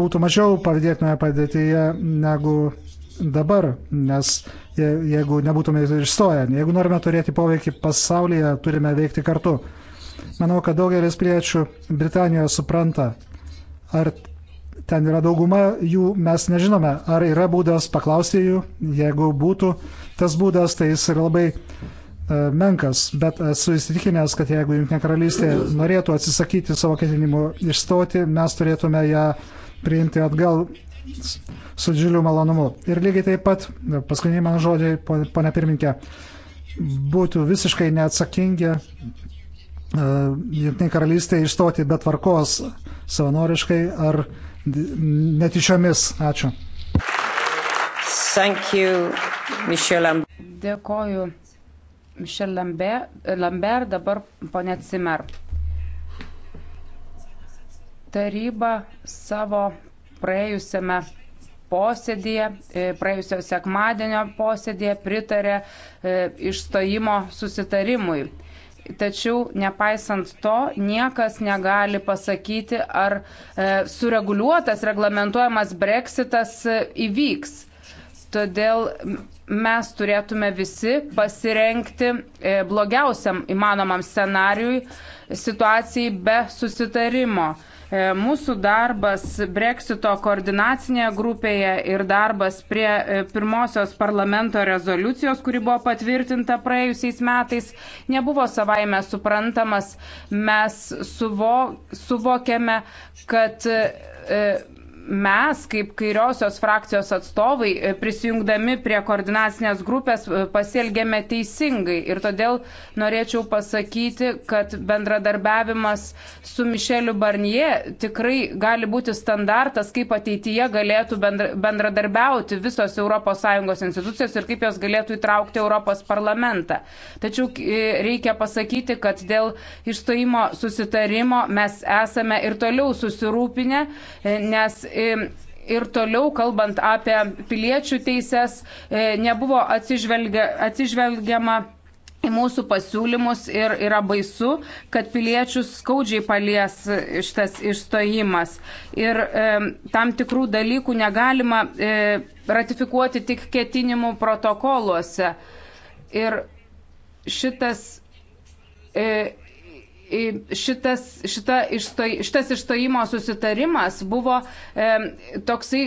būtų mažiau pavydėtinoje padėtyje negu dabar, nes jeigu nebūtumėte išstoję, jeigu norime turėti poveikį pasaulyje, turime veikti kartu. Manau, kad daugelis priečių Britanijoje supranta, ar ten yra dauguma jų, mes nežinome, ar yra būdas paklausti jų, jeigu būtų tas būdas, tai jis yra labai e, menkas, bet esu įsitikinęs, kad jeigu Junktinė karalystė norėtų atsisakyti savo ketinimų išstoti, mes turėtume ją priimti atgal su didžiuliu malonumu. Ir lygiai taip pat, paskutiniai mano žodžiai, ponia pirminkė, būtų visiškai neatsakingi E, Junktinė karalystė išstoti be tvarkos savanoriškai ar netyčiomis. Ačiū. Thank you, Michel Lambert. Dėkoju, Michel Lambert, Lambert dabar ponė Cimer. Taryba savo praėjusiame posėdėje, e, praėjusio sekmadienio posėdėje pritarė e, išstojimo susitarimui. Tačiau nepaisant to, niekas negali pasakyti, ar e, sureguliuotas, reglamentuojamas breksitas e, įvyks. Todėl mes turėtume visi pasirenkti e, blogiausiam įmanomam scenariui situacijai be susitarimo. E, mūsų darbas Brexito koordinacinėje grupėje ir darbas prie e, pirmosios parlamento rezoliucijos, kuri buvo patvirtinta praėjusiais metais, nebuvo savaime suprantamas. Mes suvo, suvokėme, kad e, mes, kaip kairiosios frakcijos atstovai, e, prisijungdami prie koordinacinės grupės, e, pasielgėme teisingai. Ir todėl norėčiau pasakyti, kad bendradarbiavimas su Mišeliu Barnie tikrai gali būti standartas, kaip ateityje galėtų bendradarbiauti visos ES institucijos ir kaip jos galėtų įtraukti Europos parlamentą. Tačiau e, reikia pasakyti, kad dėl išstojimo susitarimo mes esame ir toliau susirūpinę, nes E, ir toliau, kalbant apie piliečių teises, e, nebuvo atsižvelgia, atsižvelgiama į mūsų pasiūlymus ir yra baisu, kad piliečius skaudžiai palies šitas išstojimas. Ir e, tam tikrų dalykų negalima e, ratifikuoti tik ketinimų protokoluose. Ir šitas e, šitas, šita išstoj, šitas išstojimo susitarimas buvo e, toksai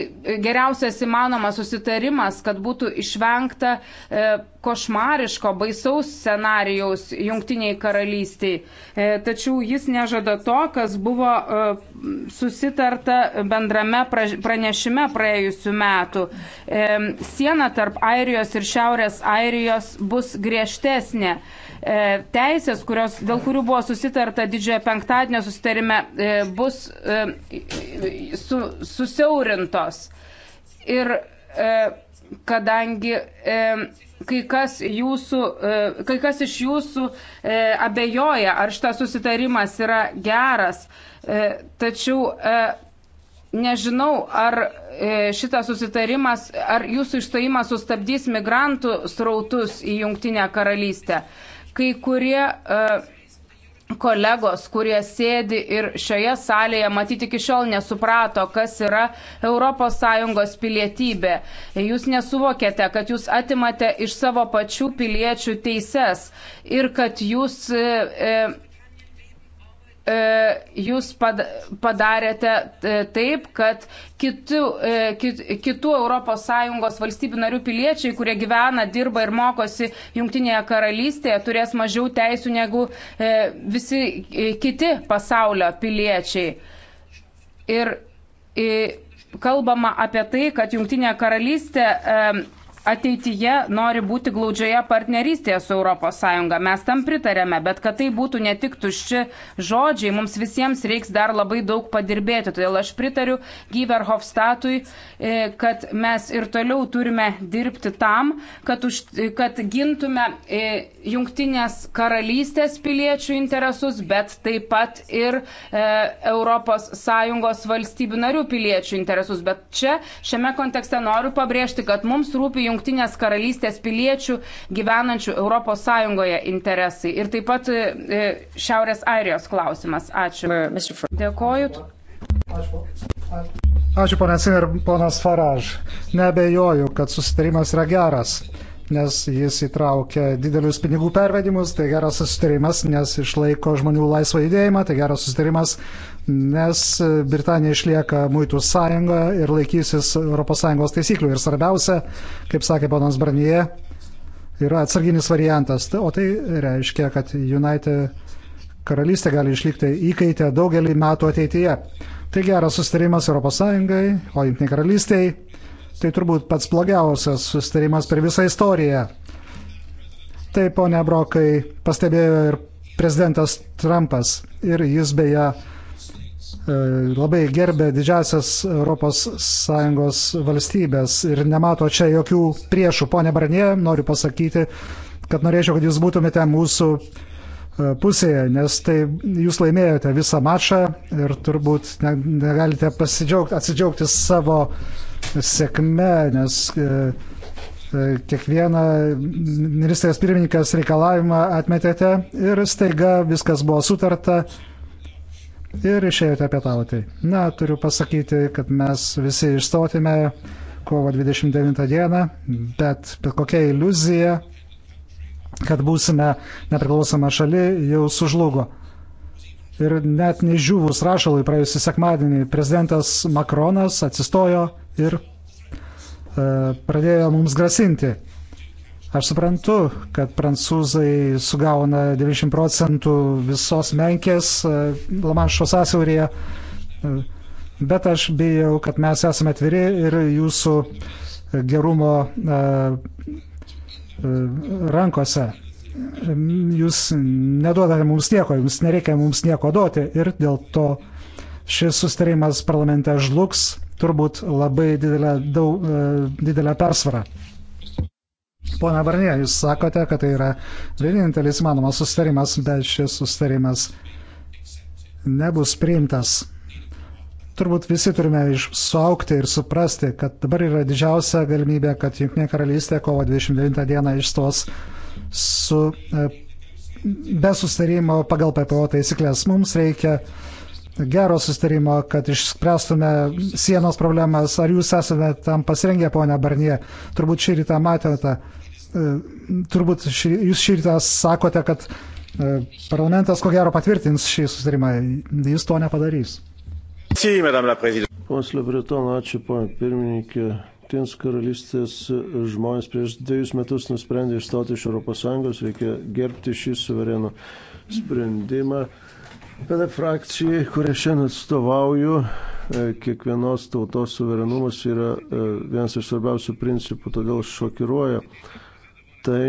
geriausias įmanomas susitarimas, kad būtų išvengta e, košmariško, baisaus scenarijaus jungtiniai karalystiai. E, tačiau jis nežada to, kas buvo e, susitarta bendrame pranešime praėjusiu metu. E, siena tarp Airijos ir Šiaurės Airijos bus griežtesnė. E, E, teisės, kurios, dėl kurių buvo susitarta didžiojo penktadienio susitarime, e, bus e, su, susiaurintos. Ir kadangi kai kas, jūsų, kai kas iš jūsų abejoja, ar šitas susitarimas yra geras, tačiau nežinau, ar šitas susitarimas, ar jūsų išstojimas sustabdys migrantų srautus į Junktinę karalystę. Kai kurie uh, kolegos, kurie sėdi ir šioje salėje, matyti iki šiol nesuprato, kas yra ES pilietybė. Jūs nesuvokėte, kad jūs atimate iš savo pačių piliečių teises ir kad jūs. E, e, E, jūs padarėte e, taip, kad e, kitų, kitų ES valstybių narių piliečiai, kurie gyvena, dirba ir mokosi Junktinėje karalystėje, turės mažiau teisų negu visi kiti pasaulio piliečiai. Ir kalbama apie tai, kad Junktinė karalystė ateityje nori būti glaudžioje partnerystėje su ES. Mes tam pritarėme, bet kad tai būtų ne tik tušči žodžiai, mums visiems reiks dar labai daug padirbėti. Todėl aš pritariu Giverhofstatui, e, kad mes ir toliau turime dirbti tam, kad, už, kad gintume e, jungtinės karalystės piliečių interesus, bet taip pat ir ES valstybių narių piliečių interesus. Bet čia, šiame kontekste noriu pabrėžti, kad mums rūpi jungtinės Junktinės karalystės piliečių gyvenančių ES interesai ir taip pat e, e, Šiaurės Airijos klausimas. Ačiū. Uh, Dėkoju. Ačiū, ponė Singer, ponas Faraž. Nebejoju, kad susitarimas yra geras nes jis įtraukia didelius pinigų pervedimus, tai geras susitarimas, nes išlaiko žmonių laisvą judėjimą, tai geras susitarimas, nes Britanija išlieka muitų sąjunga ir laikysis ES taisyklių. Ir svarbiausia, kaip sakė ponas Barnie, yra atsarginis variantas, o tai reiškia, kad United karalystė gali išlikti įkaitę daugelį metų ateityje. Tai geras susitarimas ES, o Junktinė karalystėje Tai turbūt pats blogiausias sustarimas per visą istoriją. Taip, ponia Brokai, pastebėjo ir prezidentas Trumpas. Ir jis beje e, labai gerbė didžiasias ES valstybės ir nemato čia jokių priešų. Pone Barnie, noriu pasakyti, kad norėčiau, kad jūs būtumėte mūsų E, pusėje, nes tai jūs laimėjote visą mačą ir turbūt negalite atsidžiaugti savo sėkme, nes e, e, kiekvieną ministrės pirmininkas reikalavimą atmetėte ir staiga viskas buvo sutarta ir išėjote pietauti. Na, turiu pasakyti, kad mes visi išstotime kovo 29 dieną, bet bet kokia iliuzija kad būsime nepriklausoma šali, jau sužlugo. Ir net nežiūvus rašalui praėjusį sekmadienį prezidentas Makronas atsistojo ir e, pradėjo mums grasinti. Aš suprantu, kad prancūzai sugauna 90 procentų visos menkės e, Lamanšo sąsiaurėje, e, bet aš bijau, kad mes esame atviri ir jūsų gerumo e, rankose. Jūs neduodate mums nieko, jums nereikia mums nieko duoti ir dėl to šis sustarimas parlamente žlugs turbūt labai didelę, daug, e, didelę persvarą. Pone Varnė, jūs sakote, kad tai yra vienintelis manomas sustarimas, bet šis sustarimas nebus priimtas turbūt visi turime suaukti ir suprasti, kad dabar yra didžiausia galimybė, kad Junktinė karalystė kovo 29 dieną išstos su, e, be sustarimo pagal PPO taisyklės. Mums reikia gero sustarimo, kad išspręstume sienos problemas. Ar jūs esate tam pasirengę, ponia Barnie? Turbūt šį rytą matėte. E, turbūt šį, jūs šį rytą sakote, kad e, parlamentas ko gero patvirtins šį sustarimą. Jis to nepadarys. Si, Pons Lebreton, ačiū, ponė pirmininkė. Tins karalystės žmonės prieš dviejus metus nusprendė išstoti iš ES, reikia gerbti šį suverenų sprendimą. Viena frakcija, kurią šiandien atstovauju, e, kiekvienos tautos suverenumas yra e, vienas iš svarbiausių principų, todėl šokiruoja. Tai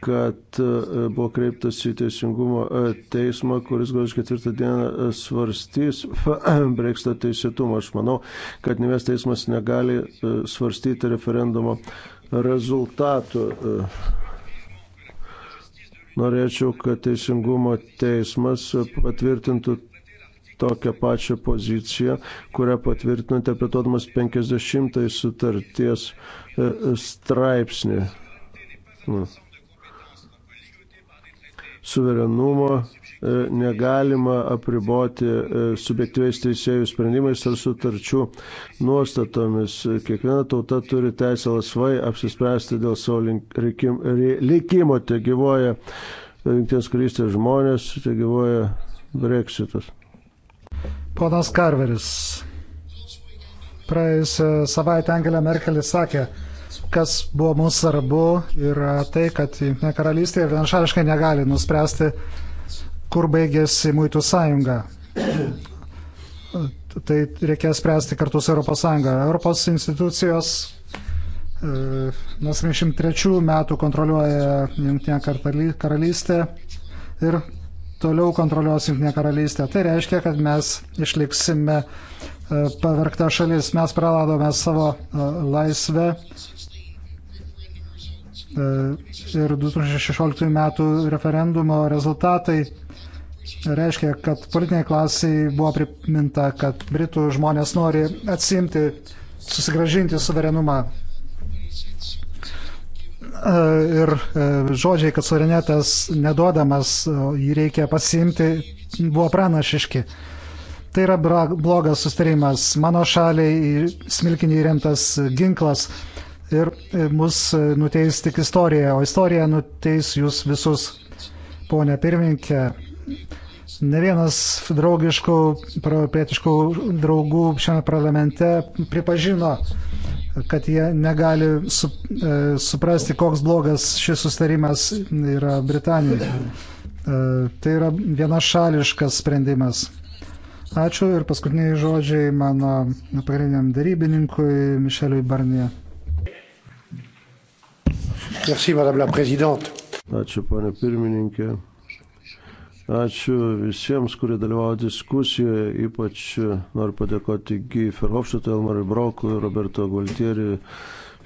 kad e, buvo kreiptas į teisingumo e, teismą, kuris gruodžio ketvirtą dieną e, svarstys breksito teisėtumą. Aš manau, kad ne vienas teismas negali svarstyti referendumo rezultatų. Norėčiau, kad teisingumo teismas patvirtintų tokią pačią poziciją, kurią patvirtino interpretuodamas 50 sutarties straipsnį. Na. Nu suverenumo e, negalima apriboti e, subjektyviais teisėjų sprendimais ar sutarčių nuostatomis. Kiekviena tauta turi teisę laisvai apsispręsti dėl savo likimo, te gyvoja Junktinės karystės žmonės, te gyvoja Brexitas. Ponas Karveris. Praėjusią savaitę Angelė Merkelis sakė, kas buvo mums svarbu, yra tai, kad Junktinė karalystė vienašališkai negali nuspręsti, kur baigėsi muitų sąjunga. Tai reikės spręsti kartu su ES. Europos institucijos e, nuo 73 metų kontroliuoja Junktinę karalystę ir toliau kontroliuos Junktinė karalystė. Tai reiškia, kad mes išliksime e, pavergta šalis. Mes praradome savo e, laisvę E, ir 2016 metų referendumo rezultatai reiškia, kad politiniai klasiai buvo priminta, kad Britų žmonės nori atsimti, susigražinti suverenumą. E, ir e, žodžiai, kad suverenėtas nedodamas, jį reikia pasimti, buvo pranašiški. Tai yra blogas sustarimas. Mano šaliai smilkiniai remtas ginklas ir e, mus e, nuteis tik istorija, o istorija nuteis jūs visus, ponė pirmininkė. Ne vienas draugiškų, propietiškų draugų šiame parlamente pripažino, kad jie negali su, e, suprasti, koks blogas šis sustarimas yra Britanijai. E, tai yra vienašališkas sprendimas. Ačiū ir paskutiniai žodžiai mano pagrindiniam darybininkui Mišeliui Barnie. Merci, madame la prezidente. Ačiū, ponė pirmininkė. Ačiū visiems, kurie dalyvavo diskusijoje, ypač noriu padėkoti Gy Ferhofštatui, Elmarui Brokui, Roberto Gualtieriui,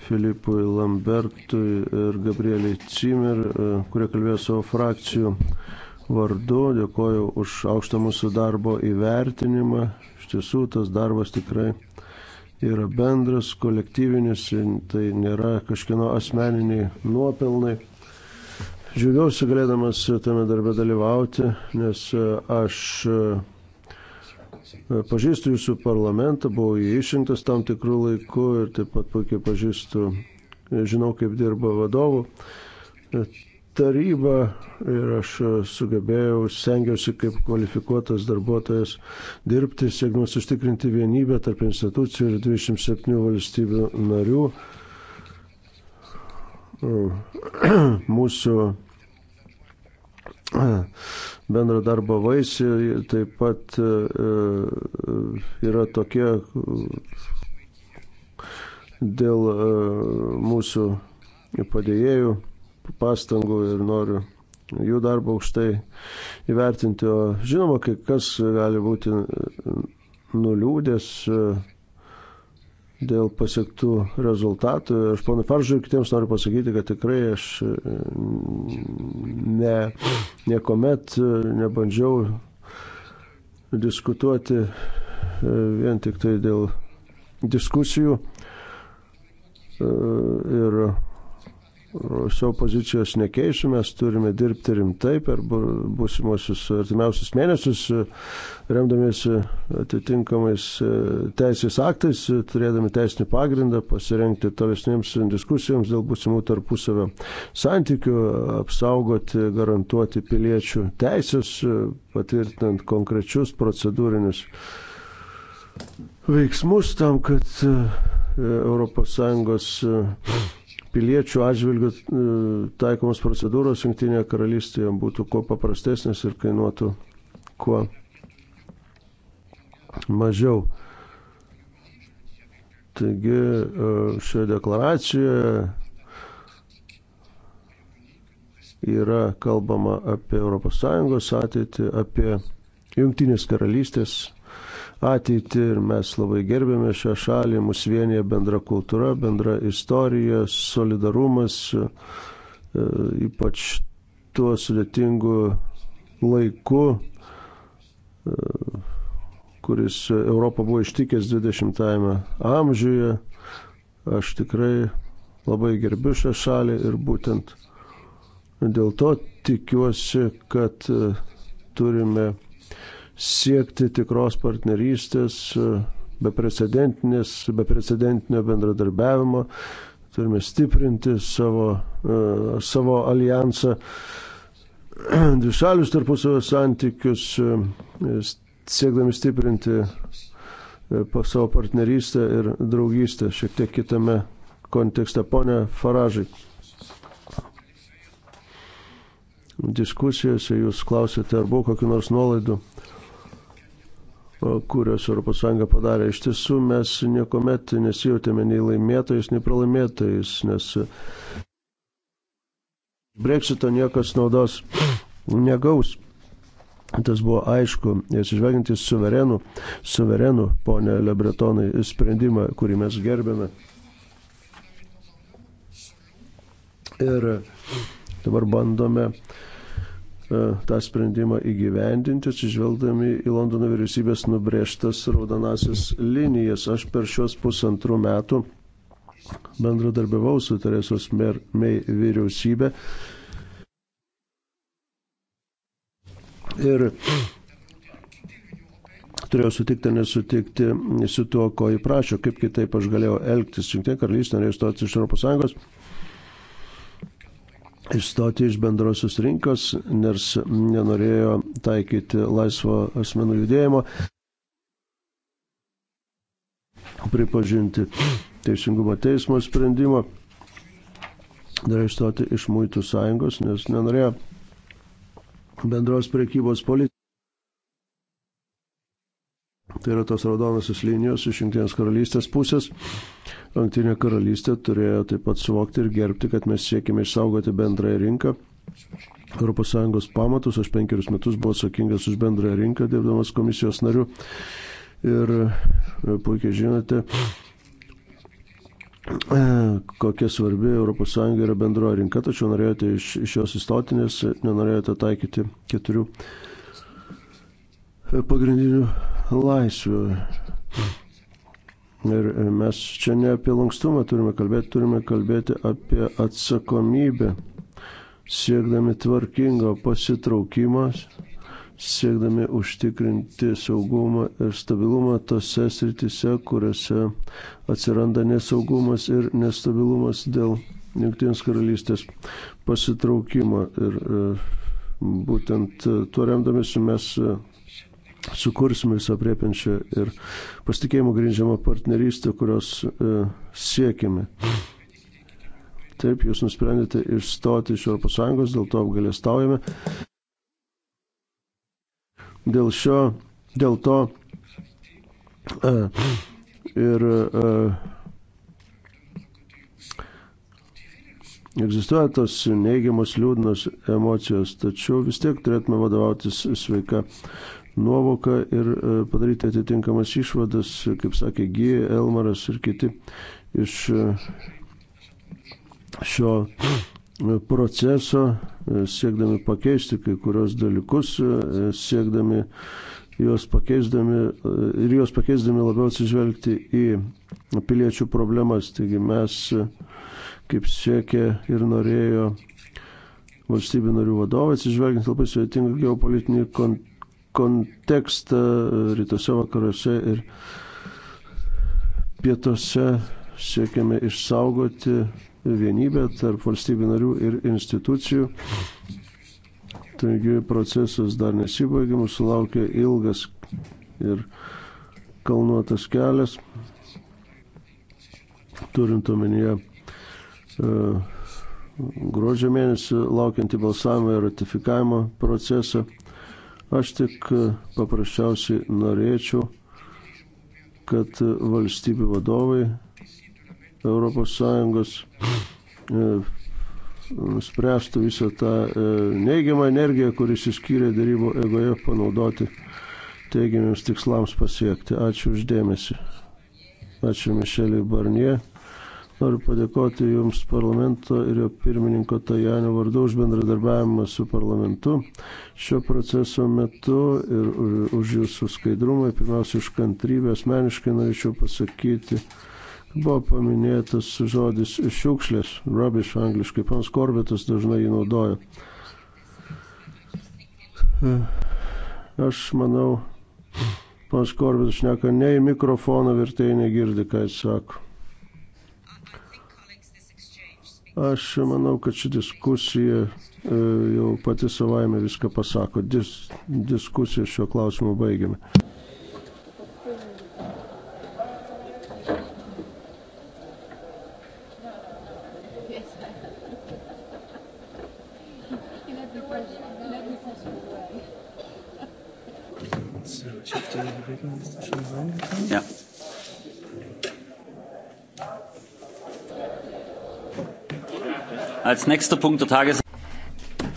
Filipui Lambertui ir Gabrieliai Cimer, kurie kalbėjo savo frakcijų vardu, dėkoju už aukštą mūsų darbo įvertinimą. Iš tiesų, tas darbas tikrai yra bendras, kolektyvinis, tai nėra kažkieno asmeniniai nuopelnai. Džiaugiausi galėdamas tame darbe dalyvauti, nes e, aš e, pažįstu jūsų parlamentą, buvau išrinktas tam tikrų laikų ir taip pat puikiai pažįstu, žinau, kaip dirba vadovų taryba ir aš sugebėjau, stengiausi kaip kvalifikuotas darbuotojas dirbti, siekdamas užtikrinti vienybę tarp institucijų ir 27 valstybių narių. Mūsų bendro darbo vaisi taip pat e, e, yra tokie dėl e, mūsų padėjėjų pastangų ir noriu jų darbą aukštai įvertinti. O žinoma, kai kas gali būti nuliūdęs e, dėl pasiektų rezultatų. Aš ponui Faržui kitiems noriu pasakyti, kad tikrai aš e, ne, niekuomet e, nebandžiau diskutuoti vien tik tai dėl diskusijų. Ir savo pozicijos nekeisiu, mes turime dirbti rimtai per būsimosius artimiausius mėnesius, remdamiesi atitinkamais e, teisės aktais, turėdami teisinį pagrindą pasirengti tolesnėms diskusijoms dėl būsimų tarpusavio santykių, apsaugoti, garantuoti piliečių teisės, patvirtinant konkrečius procedūrinius veiksmus tam, kad ES piliečių atžvilgių e, taikomos procedūros Junktinėje karalystėje būtų kuo paprastesnės ir kainuotų kuo mažiau. Taigi e, šioje deklaracijoje yra kalbama apie ES ateitį, apie Junktinės karalystės ateitį ir mes labai gerbėme šią šalį, mus vienyje bendra kultūra, bendra istorija, solidarumas, e, ypač tuo sudėtingu laiku, e, kuris Europą buvo ištikęs 20-ame amžiuje. Aš tikrai labai gerbiu šią šalį ir būtent dėl to tikiuosi, kad e, turime siekti tikros partnerystės, e, beprecedentinio bendradarbiavimo, turime stiprinti savo, e, savo alijansą, dvišalius tarpusavio santykius, e, siekdami stiprinti savo partnerystę ir draugystę šiek tiek kitame kontekste. Pone Faražai, diskusijose jūs klausėte, ar buvo kokiu nors nuolaidu kurios ES padarė. Iš tiesų mes niekuomet nesijautėme nei laimėtojais, nei pralaimėtojais, nes Brexito niekas naudos negaus. Tas buvo aišku, atsižvelgiant į suverenų, suverenų, ponė Lebretonai, sprendimą, kurį mes gerbėme. Ir dabar bandome uh, E, tą sprendimą įgyvendinti, atsižvelgdami į Londono vyriausybės nubrėžtas raudonasis linijas. Aš per šios pusantrų metų bendradarbiavau su Teresos Mei vyriausybė. Ir turėjau sutikti ar nesutikti su tuo, ko įprašė, kaip kitaip aš galėjau elgtis. Šiek tiek karalystė norėjo stoti iš ES išstoti iš bendrosios rinkos, nes nenorėjo taikyti laisvo asmenų judėjimo, pripažinti teisingumo teismo sprendimą, dar išstoti iš muitų sąjungos, nes nenorėjo bendros priekybos politikos. Tai yra tos raudonosios linijos iš Junktinės karalystės pusės. Junktinė karalystė turėjo taip pat suvokti ir gerbti, kad mes siekime išsaugoti bendrąją rinką. ES pamatus, aš penkerius metus buvau atsakingas už bendrąją rinką, dirbdamas komisijos nariu. Ir e, puikiai žinote, e, kokia svarbi ES yra bendroja rinka, tačiau norėjote iš, iš jos įstotinės, nenorėjote taikyti keturių e, pagrindinių laisvių. Ir e, mes čia ne apie lankstumą turime kalbėti, turime kalbėti apie atsakomybę, siekdami tvarkingo pasitraukimo, siekdami užtikrinti saugumą ir stabilumą tose sritise, kuriuose atsiranda nesaugumas ir nestabilumas dėl Junktinės karalystės pasitraukimo. Ir e, būtent tuo remdamėsi mes e, sukursime visapriepiančią ir pasitikėjimo grindžiamą partnerystę, kurios e, siekime. Taip, jūs nusprendėte išstoti iš ES, dėl to apgalėstaujame. Dėl šio, dėl to e, ir e, egzistuoja tos neigiamos liūdnos emocijos, tačiau vis tiek turėtume vadovautis sveika nuovoką ir e, padaryti atitinkamas išvadas, kaip sakė G, Elmaras ir kiti iš e, šio e, proceso, siekdami pakeisti kai kurios dalykus, siekdami juos pakeisdami ir juos pakeisdami labiau atsižvelgti į piliečių problemas. Taigi mes, kaip siekia ir norėjo valstybių narių vadovai, atsižvelgiant labai sudėtingą geopolitinį kontekstą, kontekstą rytuose, vakaruose ir pietuose siekiame išsaugoti vienybę tarp valstybių narių ir institucijų. Taigi procesas dar nesibaigė, mūsų laukia ilgas ir kalnuotas kelias, turint omenyje e, gruodžio mėnesį laukiantį balsavimą ir ratifikavimo procesą. Aš tik e, paprasčiausiai norėčiau, kad e, valstybių vadovai ES e, nuspręstų visą tą neigiamą energiją, kuris įskyrė darybų egoje panaudoti teigiamiams tikslams pasiekti. Ačiū uždėmesi. Ačiū Mišeliui Barnie. Noriu padėkoti Jums parlamento ir jo pirmininko Tajanio vardu už bendradarbiavimą su parlamentu šio proceso metu ir už, už Jūsų skaidrumą, pirmiausia, už kantrybę. Asmeniškai norėčiau pasakyti, buvo paminėtas žodis šiukšlės, rubbish angliškai, pans Korbetas dažnai jį naudoja. Aš manau, pans Korbetas šneka ne į mikrofoną, vertėjai negirdi, ką jis sako. Aš manau, kad ši diskusija e, jau pati savaime viską pasako. Dis, diskusiją šiuo klausimu baigiame.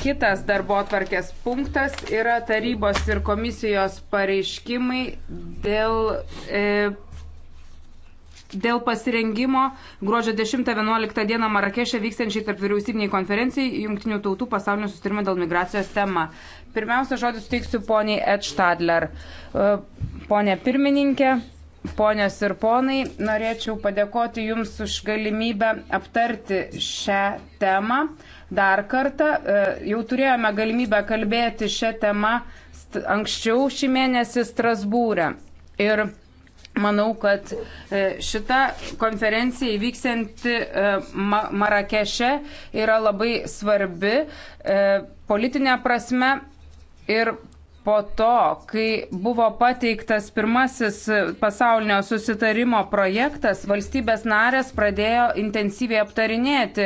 Kitas darbo atvarkės punktas yra tarybos ir komisijos pareiškimai dėl, e, dėl pasirengimo gruodžio 10-11 dieną Marakešė vykstančiai tarp vyriausybiniai konferencijai Junktinių tautų pasaulinio sustarimo dėl migracijos tema. Pirmiausia, žodis teiksiu poniai Ed Stadler. E, ponė pirmininkė. Ponios ir ponai, norėčiau padėkoti Jums už galimybę aptarti šią temą. Dar kartą, e, jau turėjome galimybę kalbėti šią temą anksčiau šį mėnesį Strasbūrę. Ir manau, kad e, šita konferencija įvyksianti e, Marakeše yra labai svarbi politinė prasme ir po to, kai buvo pateiktas pirmasis pasaulinio susitarimo projektas, valstybės narės pradėjo intensyviai aptarinėti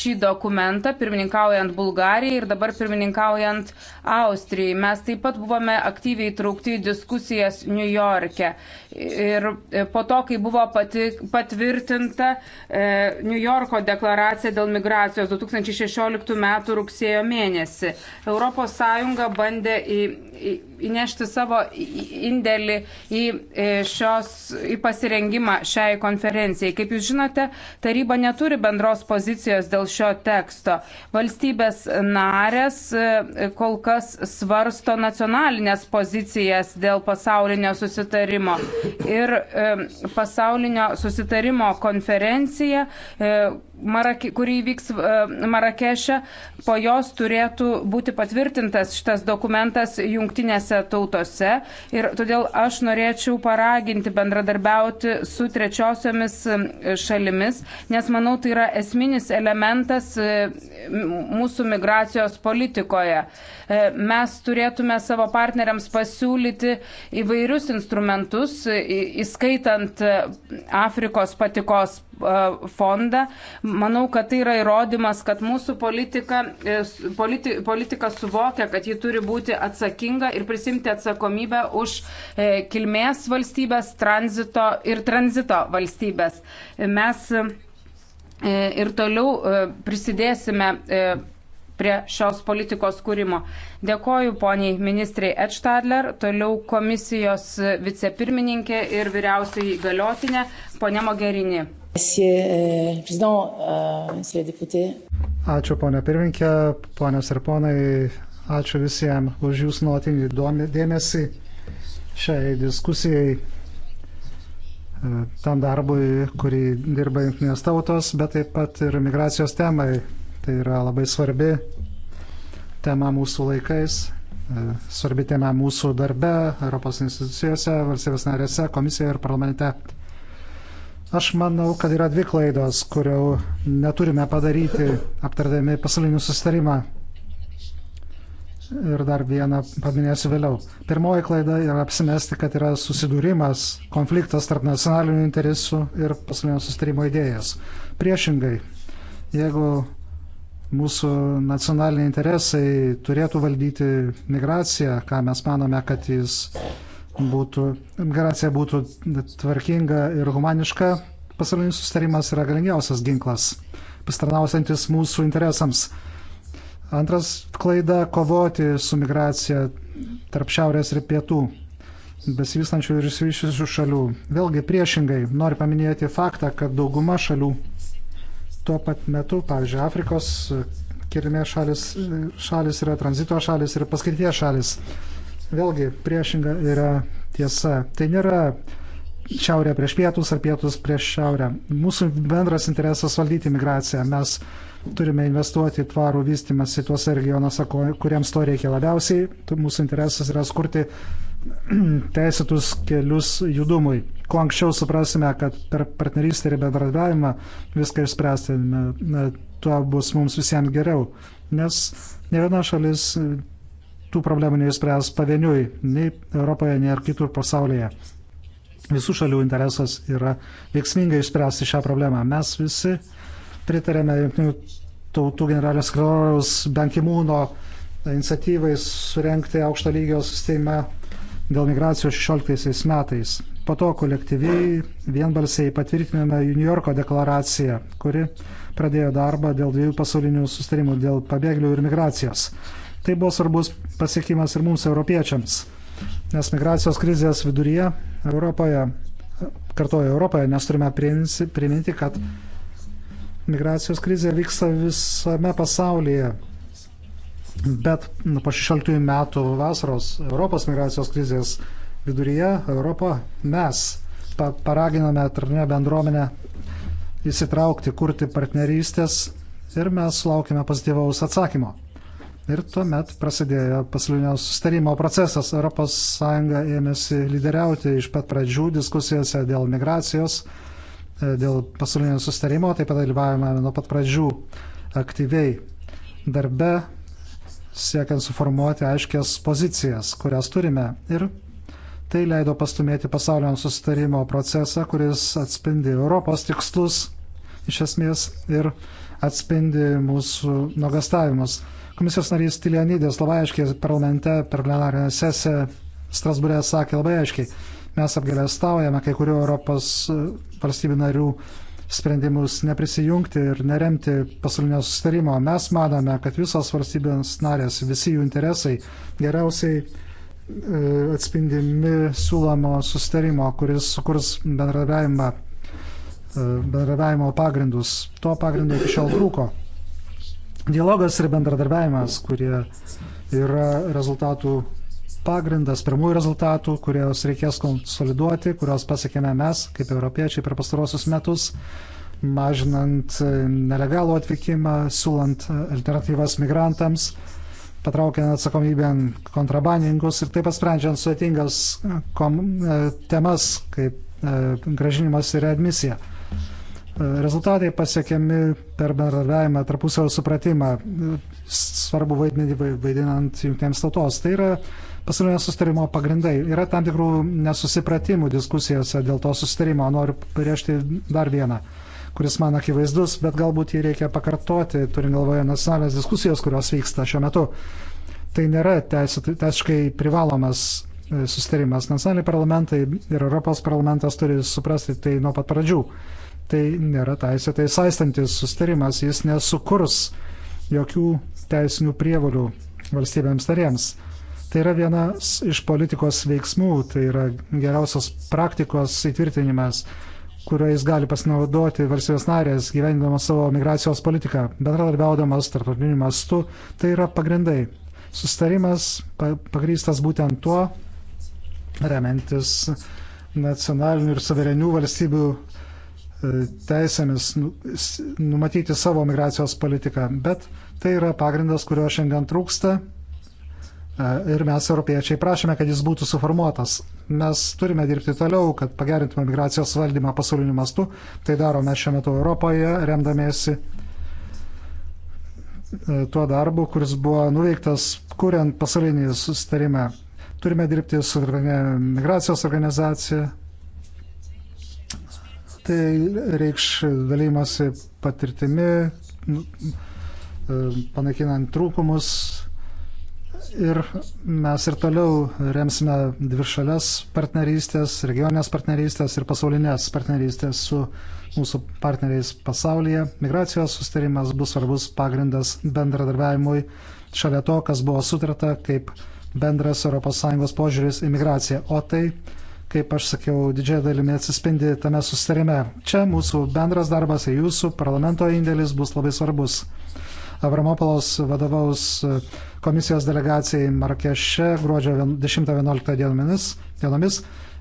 šį dokumentą, pirmininkaujant Bulgarijai ir dabar pirmininkaujant Austrijai. Mes taip pat buvome aktyviai traukti į diskusijas New York'e. Ir e, po to, kai buvo pati, patvirtinta e, New Yorko deklaracija dėl migracijos 2016 m. rugsėjo mėnesį, ES bandė į, į, įnešti savo indėlį į, e, šios, į pasirengimą šiai konferencijai. Kaip jūs žinote, taryba neturi bendros pozicijos dėl šio teksto. Valstybės narės e, kol kas svarsto nacionalinės pozicijas dėl pasaulinio susitarimo. Ir e, pasaulinio susitarimo konferencija Marake, kurį vyks e, Marakeše, po jos turėtų būti patvirtintas šitas dokumentas jungtinėse tautose. Ir todėl aš norėčiau paraginti bendradarbiauti su trečiosiomis šalimis, nes manau, tai yra esminis elementas e, mūsų migracijos politikoje. E, mes turėtume savo partneriams pasiūlyti įvairius instrumentus, įskaitant Afrikos patikos fondą. Manau, kad tai yra įrodymas, kad mūsų politika, e, politi, politika suvokia, kad ji turi būti atsakinga ir prisimti atsakomybę už e, kilmės valstybės tranzito ir tranzito valstybės. Mes e, ir toliau prisidėsime prie šios politikos kūrimo. Dėkoju poniai ministrei Edštadler, toliau komisijos vicepirmininkė ir vyriausiai galiotinė, ponia Mogerini. Euh, euh, ačiū ponia pirmininkė, ponios ir ponai, ačiū visiems už jūsų nuotinį dėmesį šiai diskusijai tam darbui, kurį dirba jungtinės tautos, bet taip pat ir migracijos temai. Tai yra labai svarbi tema mūsų laikais, e, svarbi tema mūsų darbe, Europos institucijose, valstybės narėse, komisijoje ir parlamente. Aš manau, kad yra dvi klaidos, kurių neturime padaryti aptardami pasaulinį sustarimą. Ir dar vieną paminėsiu vėliau. Pirmoji klaida yra apsimesti, kad yra susidūrimas, konfliktas tarp nacionalinių interesų ir pasaulinio sustarimo idėjas. Priešingai, jeigu mūsų nacionaliniai interesai turėtų valdyti migraciją, ką mes manome, kad jis būtų, migracija būtų tvarkinga ir humaniška, pasaulinis sustarimas yra galingiausias ginklas, pastarnausiantis mūsų interesams. Antras klaida - kovoti su migracija tarp šiaurės ir pietų besivystančių ir išsivyščiusių šalių. Vėlgi priešingai, noriu paminėti faktą, kad dauguma šalių tuo pat metu, pavyzdžiui, Afrikos e, kilmės šalis, e, šalis yra tranzito šalis ir paskirties šalis. Vėlgi, priešinga yra tiesa. Tai nėra šiaurė prieš pietus ar pietus prieš šiaurę. Mūsų bendras interesas valdyti migraciją. Mes turime investuoti į tvarų vystimąsi tuose regionuose, kuriems to reikia labiausiai. Mūsų interesas yra skurti teisėtus kelius judumui. Kuo anksčiau suprasime, kad per partnerystę ir bendradavimą viską išspręstame, tuo bus mums visiems geriau. Nes ne viena šalis tų problemų neišspręs pavieniui, nei Europoje, nei ar kitur pasaulyje. Visų šalių interesas yra veiksmingai išspręsti šią problemą. Mes visi pritarėme Junktinių tautų generalinės sekretoriaus Bankimūno iniciatyvai surenkti aukšto lygio susteimą dėl migracijos 16 metais. Po to kolektyviai vienbalsiai patvirtinome New Yorko deklaraciją, kuri pradėjo darbą dėl dviejų pasaulinių sustarimų dėl pabėgėlių ir migracijos. Tai buvo svarbus pasiekimas ir mums, europiečiams, nes migracijos krizės viduryje Europoje, kartoju Europoje, nes turime priminti, kad migracijos krizė vyksta visame pasaulyje Bet po 16 metų vasaros Europos migracijos krizės viduryje Europą mes pa paraginame tarptautinę bendruomenę įsitraukti, kurti partnerystės ir mes sulaukime pozityvaus atsakymo. Ir tuomet prasidėjo pasaulinio sustarimo procesas. ES ėmėsi lyderiauti iš pat pradžių diskusijose dėl migracijos, e, dėl pasaulinio sustarimo, taip pat dalyvavome nuo pat pradžių aktyviai darbe siekiant suformuoti aiškias pozicijas, kurias turime. Ir tai leido pastumėti pasaulio susitarimo procesą, kuris atspindi Europos tikslus iš esmės ir atspindi mūsų nuogastavimus. Komisijos narys Tilianidės labai aiškiai parlamente per plenarinę sesiją Strasbūrė sakė labai aiškiai, mes apgalėstaujame kai kurių Europos valstybių narių sprendimus neprisijungti ir neremti pasaulinio sustarimo. Mes manome, kad visos valstybės narės, visi jų interesai geriausiai e, atspindimi siūlomo sustarimo, kuris sukurs bendradavimą e, bendradarbiavimo pagrindus. To pagrindo iki šiol trūko. Dialogas ir bendradarbiavimas, kurie yra rezultatų pagrindas pirmųjų rezultatų, kurios reikės konsoliduoti, kurios pasiekėme mes, kaip europiečiai, per pastarosius metus, mažinant e, nelegalų atvykimą, siūlant alternatyvas migrantams, patraukiant atsakomybę kontrabandininkus ir taip sprendžiant sudėtingas e, e, temas, kaip gražinimas ir admisija. Rezultatai pasiekiami per bendradavimą, tarpusavio supratimą, svarbu vaidmenį vaidinant jungtinėms tautos. Tai yra pasaulinio sustarimo pagrindai. Yra tam tikrų nesusipratimų diskusijose dėl to sustarimo. Noriu priešti dar vieną, kuris man akivaizdus, bet galbūt jį reikia pakartoti, turint galvoje nacionalinės diskusijos, kurios vyksta šiuo metu. Tai nėra teisiškai privalomas e, sustarimas. Nacionaliniai parlamentai ir Europos parlamentas turi suprasti tai nuo pat pradžių. Tai nėra teisėtai saistantis sustarimas, jis nesukurs jokių teisinių prievalių valstybėms tarėms. Tai yra vienas iš politikos veiksmų, tai yra geriausios praktikos įtvirtinimas, kuriais gali pasinaudoti valstybės narės gyvendamos savo migracijos politiką, bendradarbiaudamas tarptautiniu mastu. Tai yra pagrindai. Sustarimas pagrystas būtent tuo, remiantis nacionalinių ir suverenių valstybių e, teisėmis nu, numatyti savo migracijos politiką. Bet tai yra pagrindas, kurio šiandien trūksta E, ir mes, europiečiai, prašėme, kad jis būtų suformuotas. Mes turime dirbti toliau, kad pagerintume migracijos valdymą pasauliniu mastu. Tai darome šiuo metu Europoje, remdamiesi e, tuo darbu, kuris buvo nuveiktas, kuriant pasaulinį sustarimą. Turime dirbti su migracijos organizacija. Tai reikš dalymosi patirtimi, e, panaikinant trūkumus, Ir mes ir toliau remsime dvišalės partnerystės, regioninės partnerystės ir pasaulinės partnerystės su mūsų partneriais pasaulyje. Migracijos sustarimas bus svarbus pagrindas bendradarbiavimui šalia to, kas buvo sutarta kaip bendras ES požiūris į migraciją. O tai, kaip aš sakiau, didžiai dalimi atsispindi tame sustarime. Čia mūsų bendras darbas ir jūsų parlamento indėlis bus labai svarbus. Avramopolos vadovaus komisijos delegacijai Markeše gruodžio 10-11 dienomis, dienomis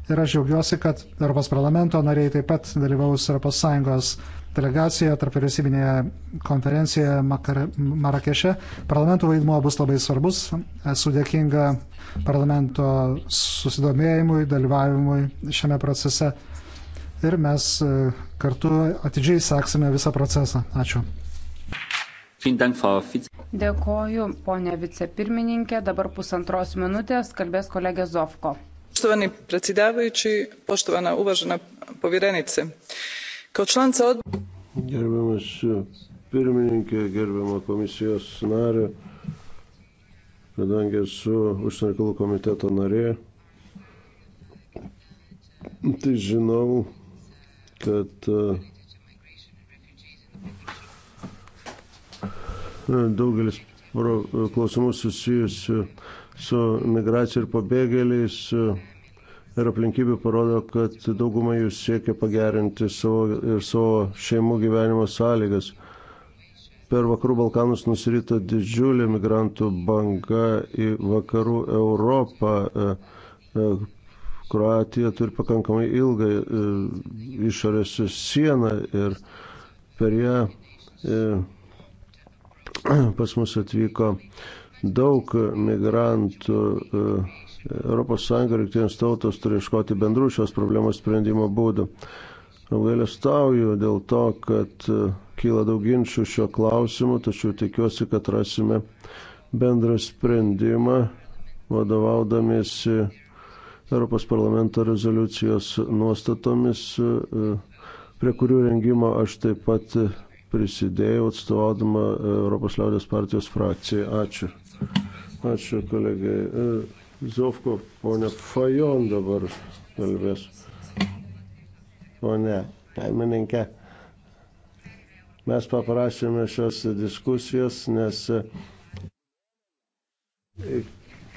ir aš džiaugiuosi, kad Europos parlamento nariai taip pat dalyvaus ES delegacijoje, tarp vyriausybinėje konferencijoje Marakeše. Parlamento vaidmuo bus labai svarbus. Esu dėkinga parlamento susidomėjimui, dalyvavimui šiame procese. Ir mes e, kartu atidžiai seksime visą procesą. Ačiū. Dėkoju, ponė vicepirmininkė. Dabar pusantros minutės kalbės kolegė Zovko. Poštovani predsjedavajući, poštovana uvažena povjerenice. Kao članica od... Gerbiamas e, pirmininkė, gerbiama komisijos narė, kadangi esu užsienio reikalų komiteto narė, tai žinau, kad uh, daugelis klausimų susijusių su migracija ir pabėgėliais e, ir aplinkybių parodo, kad dauguma jų siekia pagerinti savo ir savo šeimų gyvenimo sąlygas. Per vakarų Balkanus nusirito didžiulė migrantų banga į vakarų Europą. E, e, Kroatija turi pakankamai ilgą išorės sieną ir per ją Pas mus atvyko daug migrantų. ES ir Junktinės tautos turi iškoti bendrų šios problemos sprendimo būdų. Apgailestauju dėl to, kad e, kyla daug ginčių šio klausimu, tačiau tikiuosi, kad rasime bendrą sprendimą vadovaudamiesi Europos parlamento rezoliucijos nuostatomis, e, prie kurių rengimo aš taip pat prisidėjau atstovaudama e, Europos liaudės partijos frakcijai. Ačiū. Ačiū kolegai. E, Zovko, ponė Fajon dabar kalbės. Pone, kaimininkė. Mes paprašėme šios diskusijos, nes e,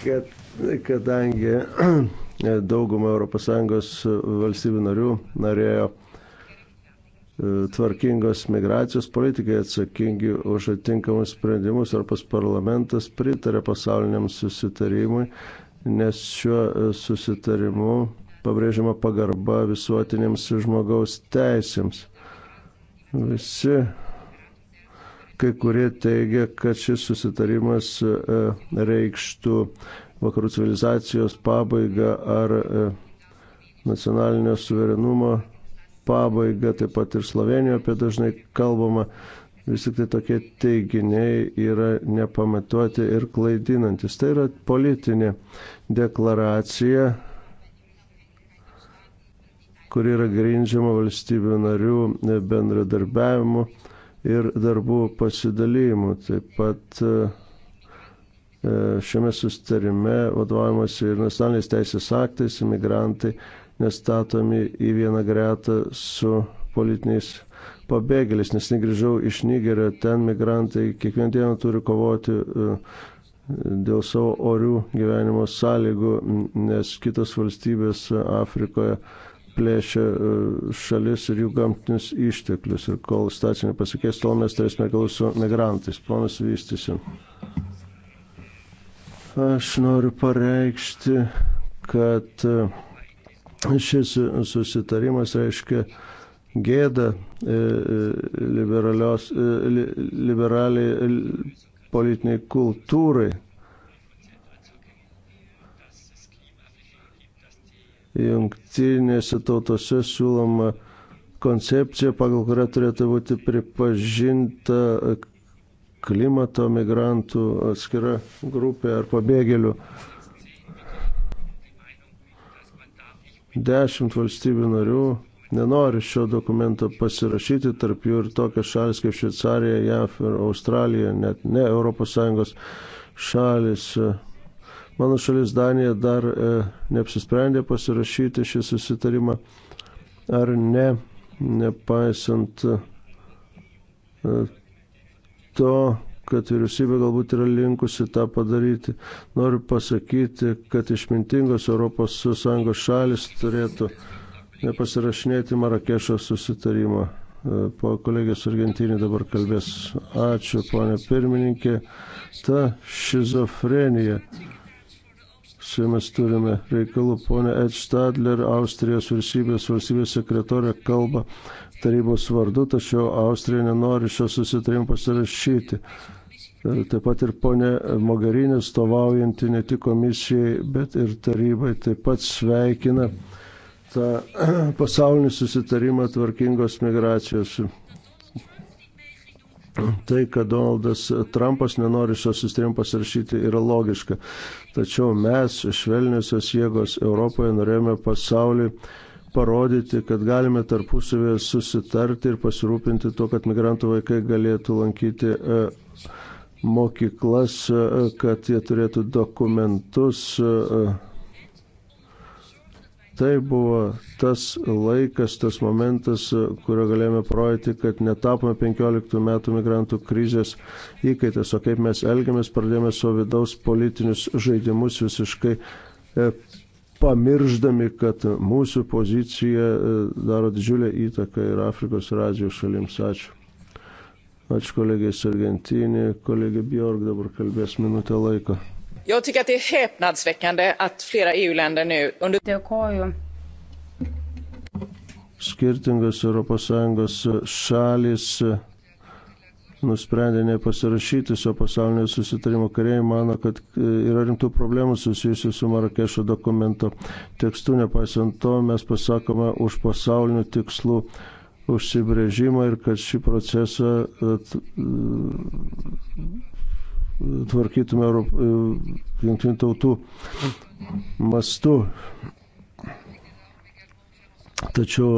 kad, kadangi dauguma ES valstybių narių norėjo E, tvarkingos migracijos politikai atsakingi už atinkamus sprendimus. Europos parlamentas pritarė pasauliniam susitarimui, nes šiuo e, susitarimu pabrėžiama pagarba visuotinėms žmogaus teisėms. Visi kai kurie teigia, kad šis susitarimas e, reikštų vakarų civilizacijos pabaigą ar nacionalinio suverenumo pabaigą, taip pat ir Slovenijoje apie dažnai kalbama. Vis tik tai tokie teiginiai yra nepamatuoti ir klaidinantis. Tai yra politinė deklaracija, kuri yra grindžiama valstybių narių bendradarbiavimu ir darbų pasidalymu. Taip pat e, šiame sustarime vadovavimas ir nacionaliniais teisės aktais imigrantai nestatomi į vieną gretą su politiniais pabėgėliais, nes negrįžau iš Nigerio, ten migrantai kiekvieną dieną turi kovoti e, dėl savo orių gyvenimo sąlygų, nes kitos valstybės Afrikoje plėšia e, šalis ir jų gamtinius išteklius. Ir kol stacija nepasikeis, tol mes turėsime reikalų su migrantais. Ponas vystysim. Aš noriu pareikšti, kad uh, Šis susitarimas reiškia gėdą e, e, e, liberaliai politiniai kultūrai. Jungtinėse tautose siūloma koncepcija, pagal kurią turėtų būti pripažinta klimato migrantų atskira grupė ar pabėgėlių Dešimt valstybių narių nenori šio dokumento pasirašyti, tarp jų ir tokias šalis kaip Šveicarija, JAF ir Australija, net ne ES šalis. Mano šalis Danija dar e, neapsisprendė pasirašyti šį susitarimą ar ne, nepaisant e, to, kad vyriausybė galbūt yra linkusi tą padaryti. Noriu pasakyti, kad išmintingos ES šalis turėtų nepasirašinėti Marakešo susitarimą. E, po kolegės Argentinį dabar kalbės. Ačiū, ponė pirmininkė. Ta šizofrenija. Su jumis turime reikalų. Pone Edstadler, Austrijos valstybės valstybės sekretorė kalba tarybos vardu, tačiau Austrija nenori šio susitarimo pasirašyti. E, taip pat ir ponė Mogarinė, stovaujanti ne tik komisijai, bet ir tarybai, taip pat sveikina tą pasaulinį susitarimą tvarkingos migracijos. Tai, kad Donaldas Trumpas nenori šio susitarimo pasirašyti, yra logiška. Tačiau mes, švelniosios jėgos Europoje, norėjome pasaulį parodyti, kad galime tarpusavėje susitarti ir pasirūpinti to, kad migrantų vaikai galėtų lankyti. Uh, mokyklas, kad jie turėtų dokumentus. Tai buvo tas laikas, tas momentas, kurio galėjome projekti, kad netapome 15 metų migrantų krizės įkaitas, o kaip mes elgiamės, pradėjome savo vidaus politinius žaidimus visiškai e, pamirždami, kad mūsų pozicija e, daro didžiulę įtaką ir Afrikos ir Azijos šalims. Ačiū. Ačiū kolegė Sargentinė, kolegė Bjork dabar kalbės minutę laiko. Jag tycker att det är häpnadsväckande att flera EU-länder nu under... Dėkoju. Skirtingos ES šalis nusprendė nepasirašyti šio pasaulinio susitarimo kariai, mano, kad e, yra rimtų problemų susijusių su Marakešo dokumento tekstu, nepaisant to mes pasakome už pasaulinių tikslų užsibrėžimą ir kad šį procesą e, e, tvarkytume e, jungtinių tautų mastu. Tačiau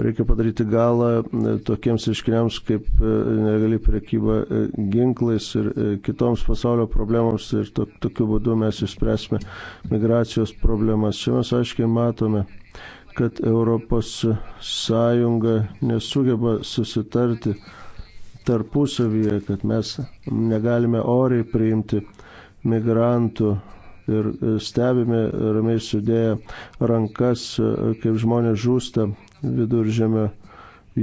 reikia padaryti galą tokiems iškiniams kaip negali prekyba ginklais ir kitoms pasaulio problemams ir to, tokiu būdu mes išspręsime migracijos problemas. Čia mes aiškiai matome kad Europos Sąjunga nesugeba susitarti tarpusavyje, kad mes negalime oriai priimti migrantų ir stebime ramiai sudėję rankas, kaip žmonės žūsta viduržėme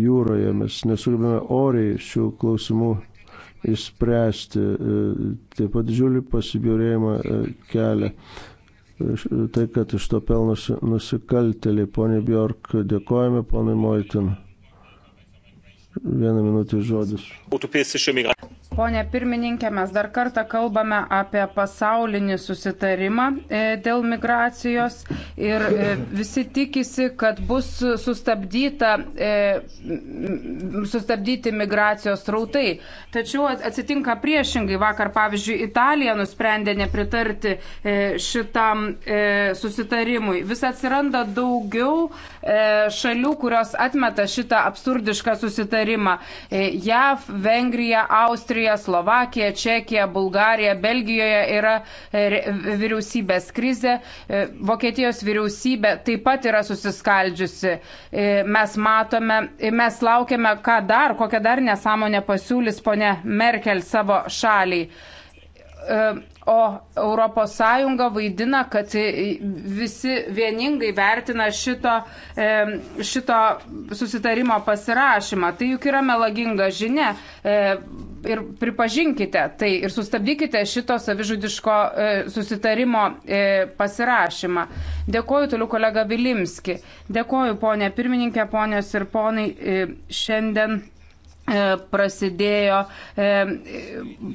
jūroje. Mes nesugebame oriai šių klausimų išspręsti. Taip pat didžiulį pasibjūrėjimą kelia tai, kad iš to pelnosi nusikaltėliai. Pone Bjork, dėkojame, ponai Moitin. Vieną minutę žodis. Pone pirmininkė, mes dar kartą kalbame apie pasaulinį susitarimą e, dėl migracijos ir e, visi tikisi, kad bus sustabdyta, e, sustabdyti migracijos rautai. Tačiau atsitinka priešingai. Vakar, pavyzdžiui, Italija nusprendė nepritarti šitam susitarimui. Vis atsiranda daugiau šalių, kurios atmeta šitą absurdišką susitarimą. JAV, Vengrija, Austrija. Vengrija, Slovakija, Čekija, Bulgarija, Belgijoje yra e, vyriausybės krizė. E, Vokietijos vyriausybė taip pat yra susiskaldžiusi. E, mes matome, mes laukiame, ką dar, kokią dar nesąmonę pasiūlys ponė Merkel savo šaliai o ES vaidina, kad visi vieningai vertina šito, šito susitarimo pasirašymą. Tai juk yra melaginga žinia ir pripažinkite tai ir sustabdykite šito savižudiško e, susitarimo e, pasirašymą. Dėkoju toliau kolega Vilimski. Dėkoju ponė pirmininkė, ponės ir ponai. E, šiandien E, prasidėjo e,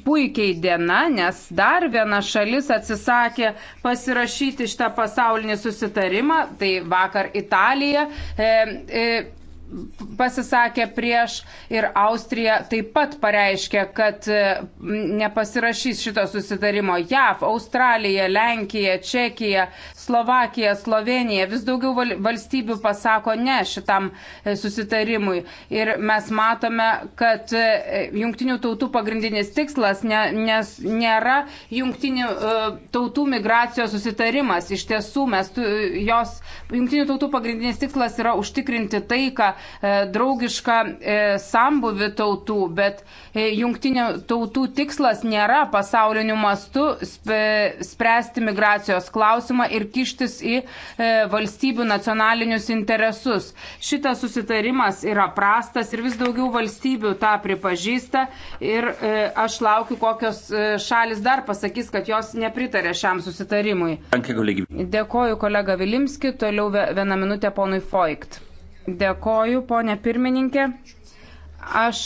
puikiai diena, nes dar viena šalis atsisakė pasirašyti šitą pasaulinį susitarimą, tai vakar Italija e, pasisakė prieš ir Austrija taip pat pareiškė, kad e, nepasirašys šito susitarimo. JAV, Australija, Lenkija, Čekija, Slovakija, Slovenija vis daugiau valstybių pasako ne šitam e, susitarimui. Ir mes matome, kad e, jungtinių tautų pagrindinis tikslas ne, nes, nėra jungtinių tautų migracijos susitarimas. Iš tiesų, mes tu, jos, jungtinių tautų pagrindinis tikslas yra užtikrinti taiką E, draugišką e, sambuvi tautų, bet e, jungtinių tautų tikslas nėra pasauliniu mastu spręsti migracijos klausimą ir kištis į valstybių nacionalinius interesus. Šitas susitarimas yra prastas ir vis daugiau valstybių tą pripažįsta ir aš laukiu, kokios šalis dar pasakys, kad jos nepritarė šiam susitarimui. Dėkoju kolega Vilimski, toliau vieną minutę ponui Foikt. Dėkoju, ponė pirmininkė. Aš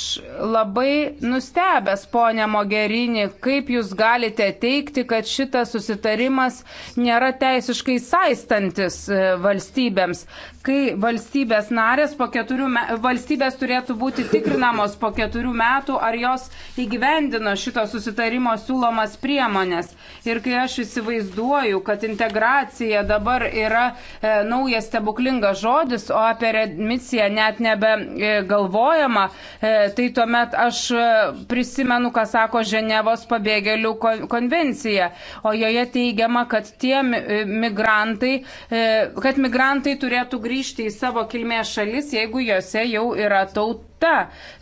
labai nustebęs, ponė Mogerini, kaip jūs galite teikti, kad šitas susitarimas nėra teisiškai saistantis e, valstybėms kai valstybės narės po keturių metų, valstybės turėtų būti tikrinamos po keturių metų, ar jos įgyvendino šito susitarimo siūlomas priemonės. Ir kai aš įsivaizduoju, kad integracija dabar yra e, naujas stebuklingas žodis, o apie remisiją net nebe e, galvojama, e, tai tuomet aš e, prisimenu, ką sako Ženevos pabėgėlių konvencija, o joje teigiama, kad tie migrantai, e, kad migrantai turėtų grįžti grįžti į savo kilmės šalis, jeigu jose jau yra tauta.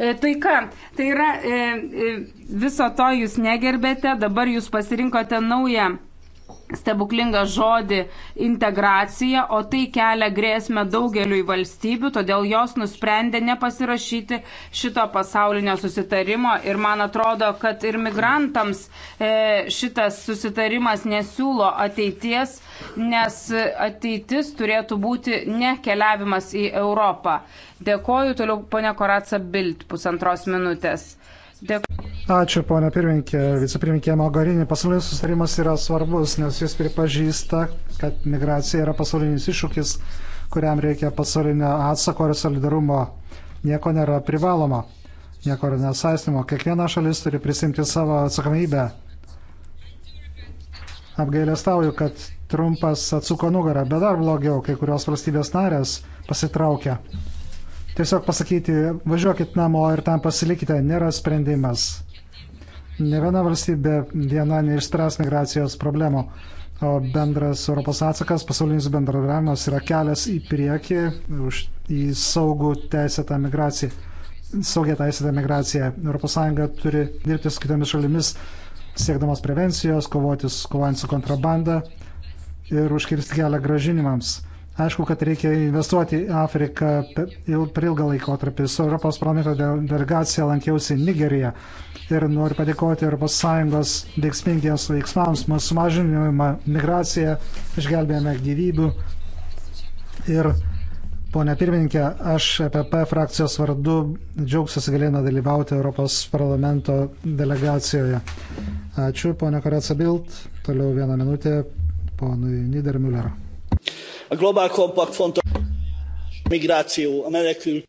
E, Taika, tai yra e, e, viso to jūs negerbėte, dabar jūs pasirinkote naują stebuklingą žodį integracija, o tai kelia grėsmę daugeliui valstybių, todėl jos nusprendė nepasirašyti šito pasaulinio susitarimo ir man atrodo, kad ir migrantams e, šitas susitarimas nesiūlo ateities, nes ateitis turėtų būti ne keliavimas į Europą. Dėkoju toliau ponia Koratsa Bild pusantros minutės. Ačiū, ponia pirmininkė, vicepirmininkė Mogarinė. Pasaulinis sustarimas yra svarbus, nes jis pripažįsta, kad migracija yra pasaulinis iššūkis, kuriam reikia pasaulinio atsako ir solidarumo. Nieko nėra privaloma, nieko nėra nesaistimo. Kiekviena šalis turi prisimti savo atsakomybę. Apgailestauju, kad Trumpas atsuko nugarą, bet dar blogiau, kai kurios valstybės narės pasitraukia. Tiesiog pasakyti, važiuokit namo ir tam pasilikite, nėra sprendimas. Ne viena valstybė viena neišspręs migracijos problemų, o bendras Europos atsakas, pasaulinis bendradarbiavimas yra kelias į priekį, už, į saugų teisėtą migraciją. Saugia teisėtą migraciją. ES turi dirbti su kitomis šalimis, siekdamas prevencijos, kovoti, kovojant su kontrabanda ir užkirsti kelią gražinimams. Aišku, kad reikia investuoti į Afriką per ilgą laikotarpį. Su Europos parlamento delegacija lankiausi Nigeriją ir noriu padėkoti ES veiksmingiems veiksmams. Mes sumažinimą migraciją, išgelbėjome gyvybių. Ir, ponia pirmininkė, aš EPP frakcijos vardu džiaugsiuosi galėjome dalyvauti Europos parlamento delegacijoje. Ačiū, ponia Karatsa Bild. Toliau vieną minutę ponui Niedermüller. A Global Compact fontos migráció, a menekül.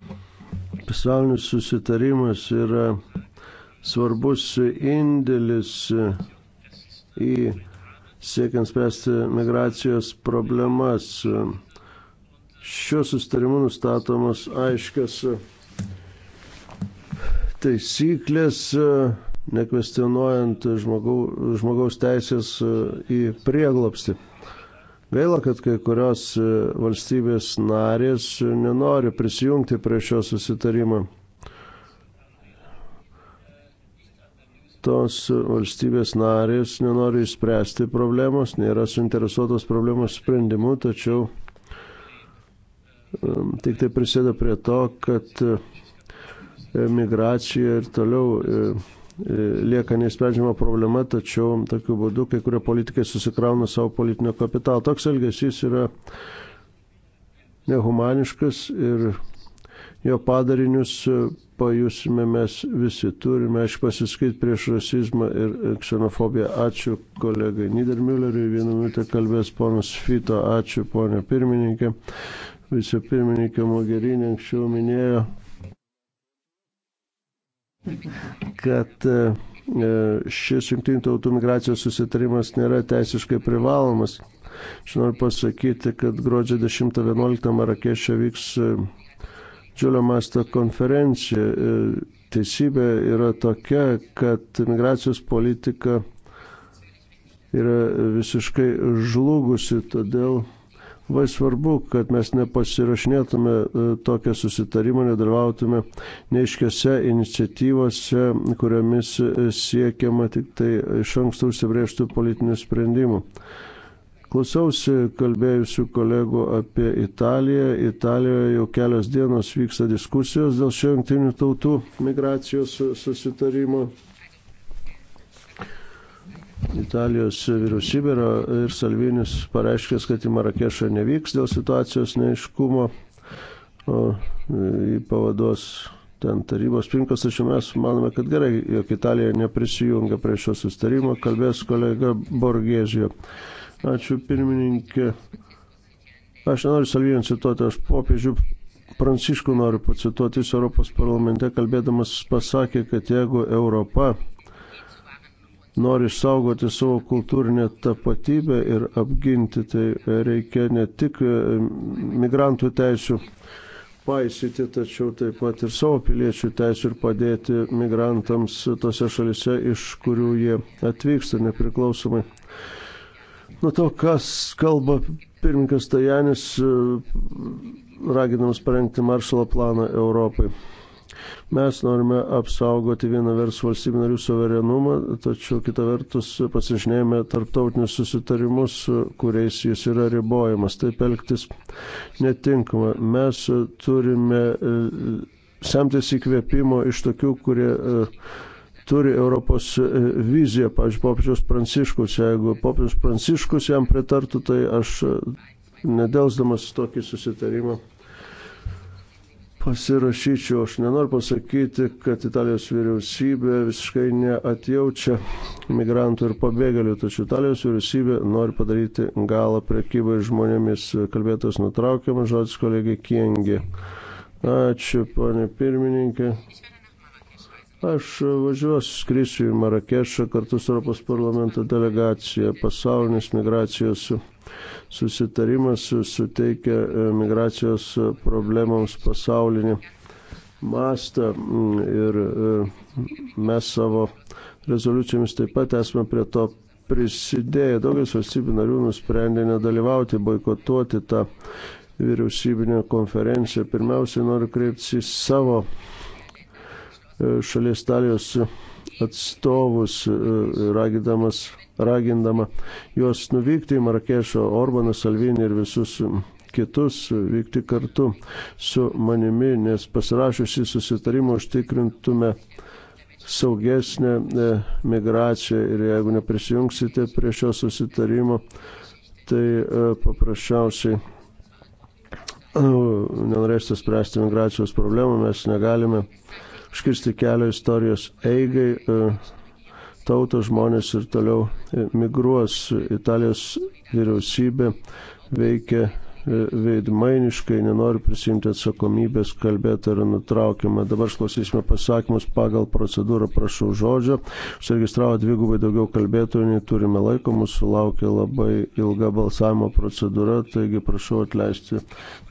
Pasaulinis susitarimas yra svarbus indėlis į siekiant spręsti migracijos problemas. Šiuo susitarimu nustatomas aiškios taisyklės, nekvestionuojant žmogaus teisės į prieglopstį. Gaila, kad kai kurios e, valstybės narės e, nenori prisijungti prie šio susitarimo. Tos valstybės narės nenori išspręsti problemos, nėra suinteresuotos problemos sprendimu, tačiau e, tik tai prisėda prie to, kad migracija ir toliau E, lieka neįsprendžiama problema, tačiau tokiu būdu kai kurie politikai susikrauna savo politinio kapitalo. Toks elgesys yra nehumaniškas ir jo padarinius pajusime mes visi. Turime, aš pasiskait prieš rasizmą ir ksenofobiją. Ačiū kolegai Niedermülleriui, vieną minutę kalbės ponas Fito, ačiū ponė pirmininkė. Vice pirmininkė Mogerinė anksčiau minėjo kad e, e, šis jungtinių tautų migracijos susitarimas nėra teisiškai privalomas. Aš noriu pasakyti, kad gruodžio 10-11 Marakešė vyks e, džiulio masto konferencija. Teisybė yra tokia, kad migracijos politika yra visiškai žlugusi, todėl Labai svarbu, kad mes nepasirašinėtume e, tokią susitarimą, nedalyvautume neiškiose iniciatyvose, kuriamis e, siekiama tik tai iš anksto užsibrėžtų politinių sprendimų. Klausiausi kalbėjusių kolegų apie Italiją. Italijoje jau kelios dienos vyksta diskusijos dėl šio jungtinių tautų migracijos susitarimo Italijos vyriausybė ir Salvinis pareiškęs, kad į Marakešą nevyks dėl situacijos neiškumo, o e, jį pavaduos ten tarybos pinkas, tačiau mes manome, kad gerai, jog Italija neprisijungia prie šio sustarimo, kalbės kolega Borgėžė. Ačiū pirmininkė. Aš nenoriu Salvinį cituoti, aš popiežių Pranciškų noriu pacituoti, jis Europos parlamente kalbėdamas pasakė, kad jeigu Europa nori išsaugoti savo kultūrinę tapatybę ir apginti, tai reikia ne tik e, migrantų teisų paisyti, tačiau taip pat ir savo piliečių teisų ir padėti migrantams tose šalise, iš kurių jie atvyksta nepriklausomai. Nuo to, kas kalba pirmininkas Tajanis, e, raginamas parengti maršalo planą Europai. Mes norime apsaugoti vieną vers valstybių narių suverenumą, tačiau kitą vertus pasižinėjame tarptautinius susitarimus, kuriais jis yra ribojamas. Taip elgtis netinkama. Mes turime e, semtis įkvėpimo iš tokių, kurie e, turi Europos e, viziją, pavyzdžiui, popiežius Pranciškus. Jeigu popiežius Pranciškus jam pritartų, tai aš nedelsdamas tokį susitarimą pasirašyčiau. Aš nenoriu pasakyti, kad Italijos vyriausybė visiškai neatjaučia migrantų ir pabėgėlių, tačiau Italijos vyriausybė nori padaryti galą prekybai žmonėmis. Kalbėtas nutraukiamas žodis kolegė Kiengė. Ačiū, ponė pirmininkė. Aš važiuosiu, skrisiu į Marakešą kartu su Europos parlamento delegacija. Pasaulinis migracijos Susitarimas suteikia e, migracijos problemams pasaulinį mastą ir e, mes savo rezoliucijomis taip pat esame prie to prisidėję. Daugelis valstybių narių nusprendė nedalyvauti, boikotuoti tą vyriausybinę konferenciją. Pirmiausiai noriu kreiptis į savo e, šalies talijos atstovus, e, ragindamas, ragindama juos nuvykti į Marakešą, Orbaną, Salvinį ir visus kitus, vykti kartu su manimi, nes pasirašusi susitarimą užtikrintume saugesnę e, migraciją ir jeigu neprisijungsite prie šio susitarimo, tai e, paprasčiausiai nenorėsite spręsti migracijos problemų, mes negalime uh, užkirsti kelią istorijos eigai, e, tautos žmonės ir toliau e, migruos. Italijos vyriausybė veikia E, veidmainiškai nenori prisimti atsakomybės, kalbėti yra nutraukiama. Dabar išklausysime pasakymus pagal procedūrą, prašau žodžio. Užsiregistravo dvigubai daugiau kalbėtojų, nei turime laiko, mūsų laukia labai ilga balsavimo procedūra, taigi prašau atleisti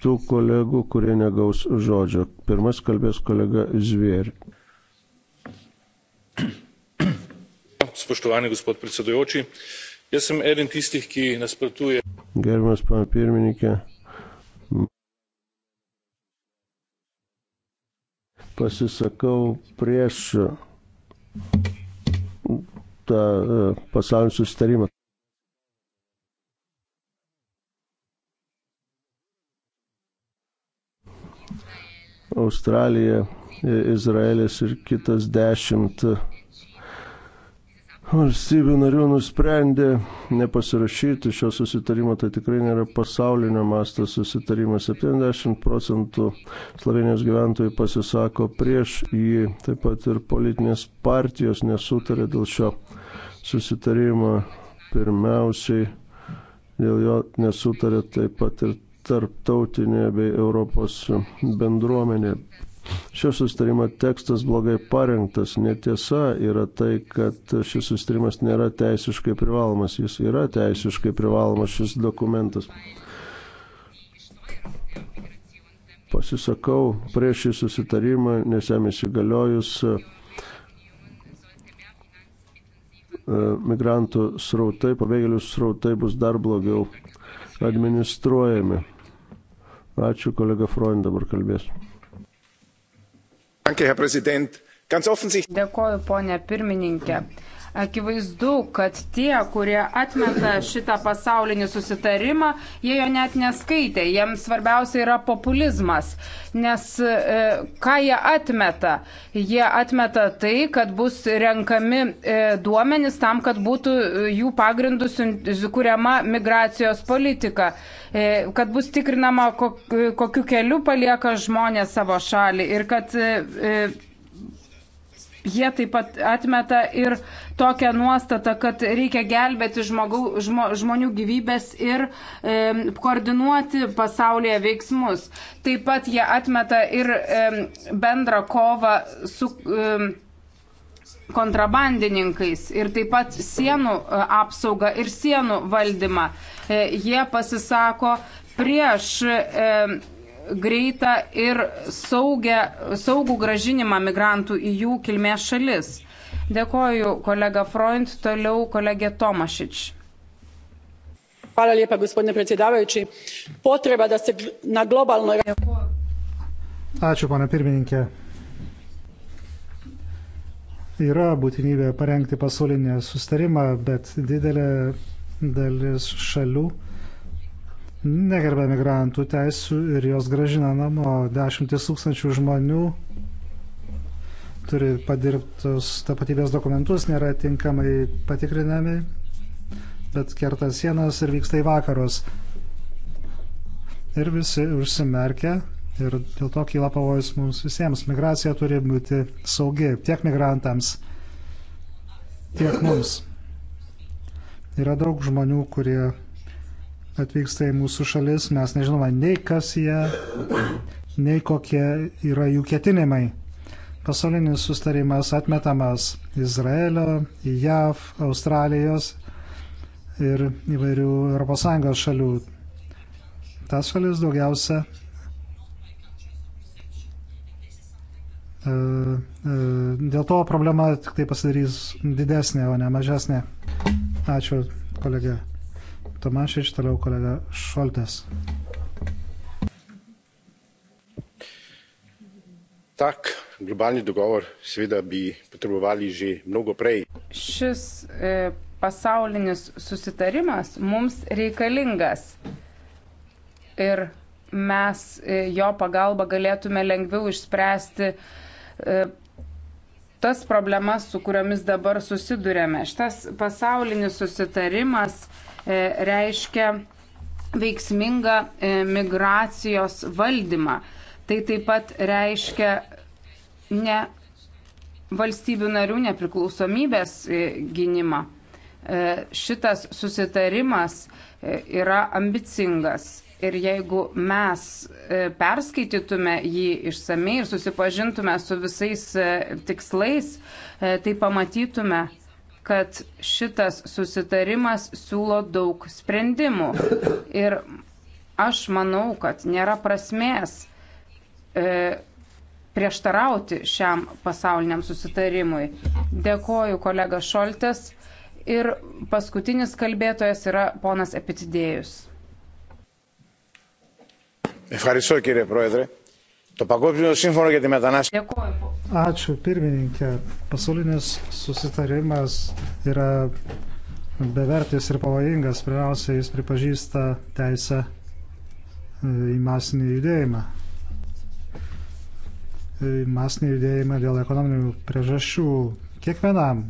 tų kolegų, kurie negaus žodžio. Pirmas kalbės kolega Zvieri. Spoštovani gospod predsedujoči, jaz sem eden tistih, ki nasprotuje. Gerbiamas pana pirmininkė. Pasisakau prieš tą e, pasaulinį susitarimą. Australija, Izraelis ir kitas dešimt valstybių narių nusprendė nepasirašyti šio susitarimo, tai tikrai nėra pasaulinio masto susitarimas. 70 procentų Slovenijos gyventojų pasisako prieš jį, taip pat ir politinės partijos nesutarė dėl šio susitarimo. Pirmiausiai dėl jo nesutarė taip pat ir tarptautinė bei Europos bendruomenė šio sustarimo tekstas blogai parengtas. Netiesa yra tai, kad šis sustarimas nėra teisiškai privalomas. Jis yra teisiškai privalomas šis dokumentas. Pasisakau prieš šį susitarimą, nes jam įsigaliojus e, migrantų srautai, pabėgėlių srautai bus dar blogiau administruojami. Ačiū, kolega Freund dabar kalbės. Danke, Herr Präsident. Ganz offensichtlich. Dėkoju, ponė pirmininkė. Akivaizdu, kad tie, kurie atmeta šitą pasaulinį susitarimą, jie jo net neskaitė. Jiems svarbiausia yra populizmas. Nes e, ką jie atmeta? Jie atmeta tai, kad bus renkami e, duomenys tam, kad būtų e, jų pagrindų kuriama migracijos politika. E, kad bus tikrinama, kok, kokiu keliu palieka žmonės savo šalį. Ir kad e, e Jie taip pat atmeta ir tokią nuostatą, kad reikia gelbėti žmogau, žmo, žmonių gyvybės ir e, koordinuoti pasaulyje veiksmus. Taip pat jie atmeta ir e, bendrą kovą su. E, kontrabandininkais ir taip pat sienų e, apsaugą ir sienų valdymą. E, jie pasisako prieš e, greitą ir saugę, saugų gražinimą migrantų į jų kilmės šalis. Dėkoju kolega Freund, toliau kolegė Tomašič. Hvala lijepa gospodine predsjedavajući. Potreba da se na globalnoj Ačiū, pana pirmininkė. Yra būtinybė parengti pasaulinį sustarimą, bet didelė dalis šalių negerbė migrantų teisų ir jos gražina namo. Dešimtis tūkstančių žmonių turi padirbtus tapatybės dokumentus, nėra tinkamai patikrinami, bet kerta sienas ir vyksta į vakarus. Ir visi užsimerkia ir dėl to kyla pavojus mums visiems. Migracija turi būti saugi tiek migrantams, tiek mums. Yra daug žmonių, kurie atvyksta į mūsų šalis, mes nežinome nei kas jie, nei kokie yra jų ketinimai. Pasaulinis sustarimas atmetamas Izraelio, JAV, Australijos ir įvairių ES šalių. Tas šalis daugiausia e, e, Dėl to problema tik tai pasidarys didesnė, o ne mažesnė. Ačiū, kolegė. Tomašič, toliau kolega Šoltes. Tak globalni dogovor seveda bi potrebovali že mnogo prej. Šis e, pasaulinis susitarimas mums reikalingas ir mes e, jo pagalba galėtume lengviau išspręsti e, tas problemas, su kuriomis dabar susidurėme. Šitas pasaulinis susitarimas E, reiškia veiksmingą e, migracijos valdymą. Tai taip pat reiškia ne valstybių narių nepriklausomybės e, gynimą. Šitas susitarimas yra ambicingas ir jeigu mes perskaitytume jį išsamei ir susipažintume su visais tikslais, tai pamatytume, kad šitas susitarimas siūlo daug sprendimų. Ir aš manau, kad nėra prasmės e, prieštarauti šiam pasauliniam susitarimui. Dėkoju, kolega Šoltes. Ir paskutinis kalbėtojas yra ponas Epitidėjus. Ευχαριστώ κύριε Πρόεδρε. Το Παγκόσμιο Σύμφωνο για τη Μετανάστευση. Ačiū pirmininkė. Pasaulinis susitarimas yra bevertis ir pavojingas. Pirmiausia, jis pripažįsta teisę e, į masinį judėjimą. Į e, masinį judėjimą dėl ekonominių priežasčių. Kiekvienam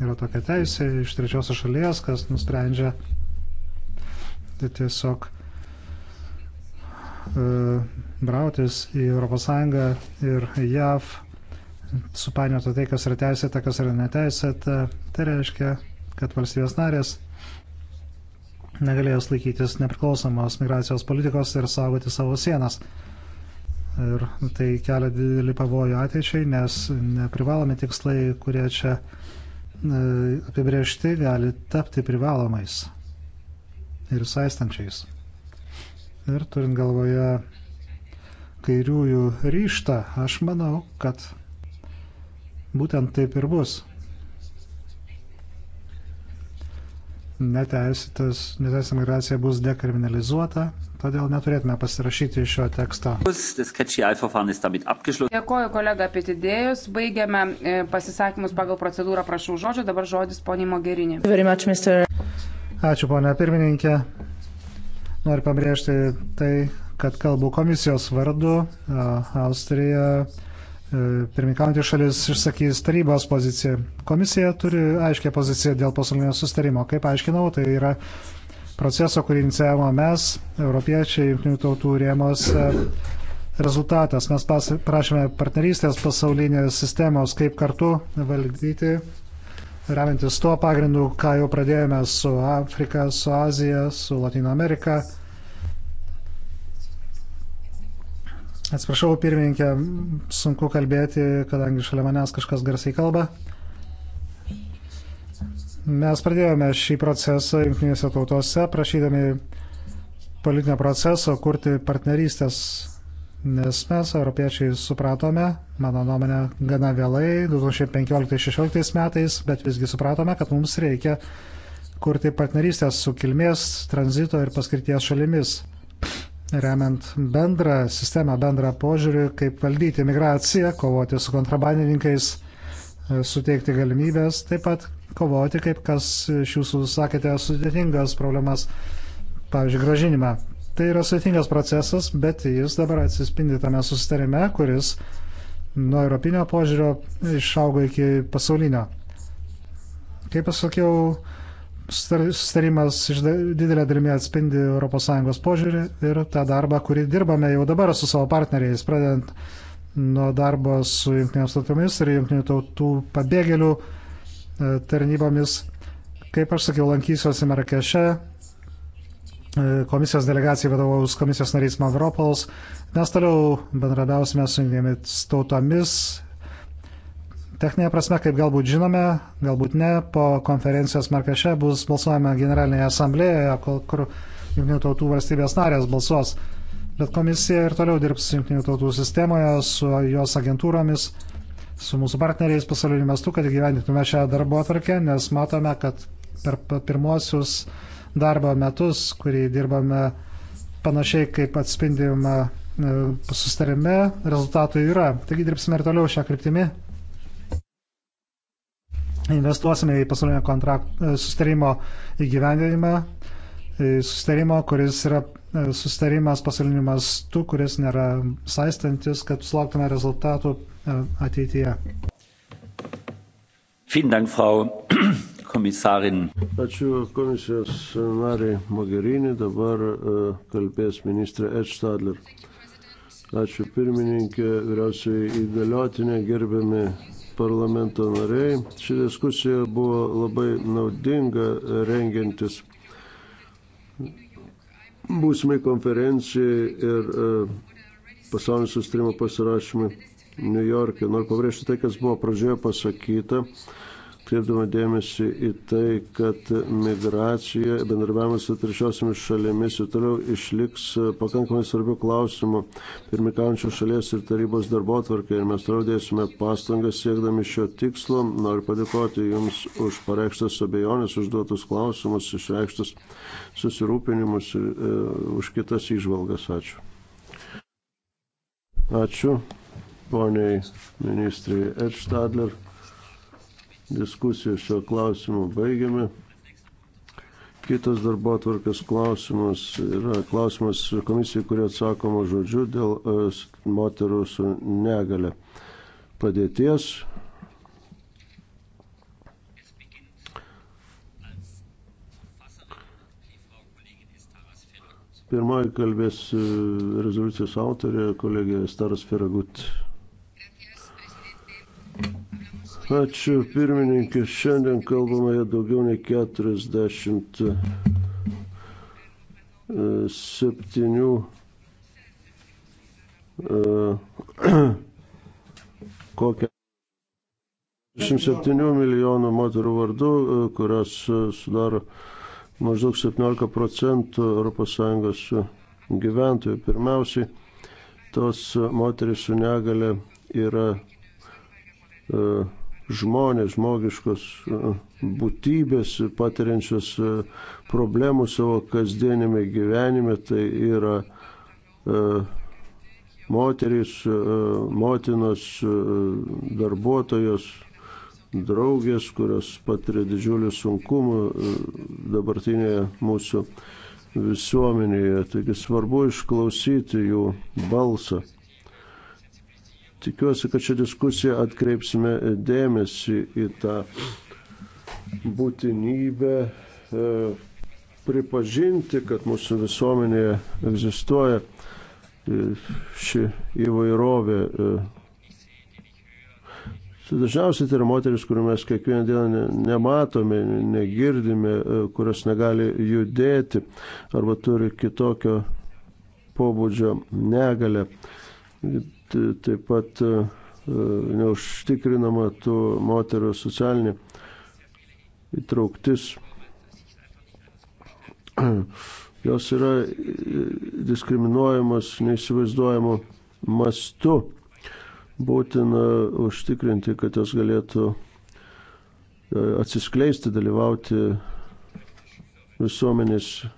yra tokia teisė iš trečiosios šalies, kas nusprendžia tiesiog E, brautis į ES ir JAV, supainioto tai, kas yra teisėta, kas yra neteisėta. Tai reiškia, kad valstybės narės negalėjo laikytis nepriklausomos migracijos politikos ir saugoti savo sienas. Ir tai kelia didelį pavojų ateičiai, nes neprivalomi tikslai, kurie čia e, apibriežti, gali tapti privalomais ir saistančiais. Ir turint galvoje kairiųjų ryštą, aš manau, kad būtent taip ir bus. Neteisė migracija bus dekriminalizuota, todėl neturėtume pasirašyti šio teksto. Dėkoju kolega Pitidėjus, baigiame e, pasisakymus pagal procedūrą, prašau žodžio, dabar žodis poniai Mogerinė. Ačiū ponia pirmininkė. Noriu pabrėžti tai, kad kalbu komisijos vardu. Austrija, e, pirmininkaujantys šalis, išsakys tarybos poziciją. Komisija turi aiškę poziciją dėl pasaulinio sustarimo. Kaip aiškinau, tai yra proceso, kurį inicijavome mes, europiečiai, jungtinių tautų rėmos rezultatas. Mes prašėme partnerystės pasaulinės sistemos, kaip kartu valdyti remiantis tuo pagrindu, ką jau pradėjome su Afrika, su Azija, su Latino Amerika. Atsiprašau, pirmininkė, sunku kalbėti, kadangi šalia manęs kažkas garsiai kalba. Mes pradėjome šį procesą jungtinėse tautose, prašydami politinio proceso, kurti partnerystės Nes mes, europiečiai, supratome, mano nuomonė, gana vėlai, 2015-2016 metais, bet visgi supratome, kad mums reikia kurti partnerystės su kilmės, tranzito ir paskirties šalimis, remiant bendrą sistemą, bendrą požiūrį, kaip valdyti migraciją, kovoti su kontrabandininkais, suteikti galimybės, taip pat kovoti, kaip kas iš jūsų sakėte, sudėtingas problemas, pavyzdžiui, gražinimą. Tai yra sudėtingas procesas, bet jis dabar atsispindi tame susitarime, kuris nuo europinio požiūrio išaugo iki pasaulinio. Kaip aš sakiau, sustarimas iš didelę dalimi atspindi ES požiūrį ir tą darbą, kurį dirbame jau dabar su savo partneriais, pradedant nuo darbo su jungtinėms tautomis ir jungtinių tautų pabėgėlių e, tarnybomis. Kaip aš sakiau, lankysiuosi Marakeše, E, komisijos delegacijai vadovaus komisijos narys Mavropols. Mes toliau bendradausime su jungtinėmis tautomis. Techninė prasme, kaip galbūt žinome, galbūt ne, po konferencijos Markeše bus balsuojama Generalinėje asamblėje, kur jungtinių tautų valstybės narės balsuos. Bet komisija ir toliau dirbs jungtinių tautų sistemoje su jos agentūromis, su mūsų partneriais pasauliniu mastu, kad įgyvendintume šią darbo atvarkę, nes matome, kad per pirmosius darbo metus, kurį dirbame panašiai kaip atspindima e, susitarime, rezultatų yra. Taigi dirbsime ir toliau šią kryptimį. Investuosime į pasaulinio e, susitarimo įgyvendinimą, susitarimo, kuris yra e, susitarimas pasauliniu mastu, kuris nėra saistantis, kad sulauktume rezultatų ateityje. Vielen Dank, Frau Kommissarin. Ačiū komisijos nariai Mogherini, dabar e, kalbės ministrė Edstadler. Ačiū pirmininkė, vyriausiai įgaliotinė, gerbiami parlamento nariai. Ši diskusija buvo labai naudinga rengiantis būsimai konferencijai ir e, pasaulinio sustrimo pasirašymui New York'e. Noriu pabrėžti tai, kas buvo pradžioje pasakyta atkreipdama dėmesį į tai, kad migracija, bendarbiavimas su trečiosiomis šalimis ir toliau išliks pakankamai svarbių klausimų pirmikaujančios šalies ir tarybos darbo atvarkė. Ir mes toliau dėsime pastangas siekdami šio tikslo. Noriu padėkoti Jums už pareikštas abejonės, užduotus klausimus, išreikštus susirūpinimus ir e, už kitas išvalgas. Ačiū. Ačiū poniai ministrai Edštadler. Diskusiją šio klausimu baigiame. Kitas darbo atvarkės klausimas yra klausimas komisijai, kurie atsakoma žodžiu dėl e, moterų su negale padėties. Pirmoji kalbės e, rezoliucijos autorė kolegė Staras Feragut. Ačiū pirmininkė, šiandien kalbame daugiau nei 47 e, e, kokią 27 milijonų moterų vardu, e, kurios sudaro maždaug 17 procentų ES gyventojų. Pirmiausiai, tos moteris su negale yra žmonės, žmogiškos e, būtybės patiriančios e, problemų savo kasdienėme gyvenime, tai yra e, moteris, motinos, darbuotojos, draugės, kurios patiria didžiulį sunkumų dabartinėje mūsų visuomenėje. Taigi svarbu išklausyti jų balsą. Tikiuosi, kad šią diskusiją atkreipsime dėmesį į tą būtinybę e, pripažinti, kad mūsų visuomenėje egzistuoja e, ši įvairovė. E. Tai dažniausiai tai yra moteris, kurių mes kiekvieną dieną nematome, negirdime, kurios negali judėti arba turi kitokio pobūdžio negalę. Tai taip pat e, neužtikrinama tų moterų socialinė įtrauktis. Jos yra diskriminuojamos neįsivaizduojamo mastu. Būtina užtikrinti, kad jos galėtų e, atsiskleisti, dalyvauti visuomenės e,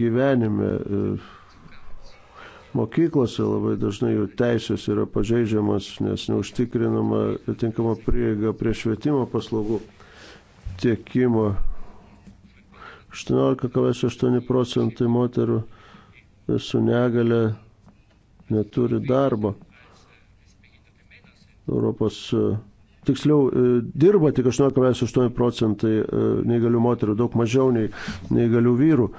gyvenime. Mokyklose labai dažnai jų teisės yra pažeidžiamas, nes neužtikrinama tinkama prieiga prie švietimo paslaugų tiekimo. 18,8 procentai moterų su negale neturi darbo. Europos, tiksliau, e, dirba tik 18,8 procentai e, neįgalių moterų, daug mažiau nei neįgalių vyrų.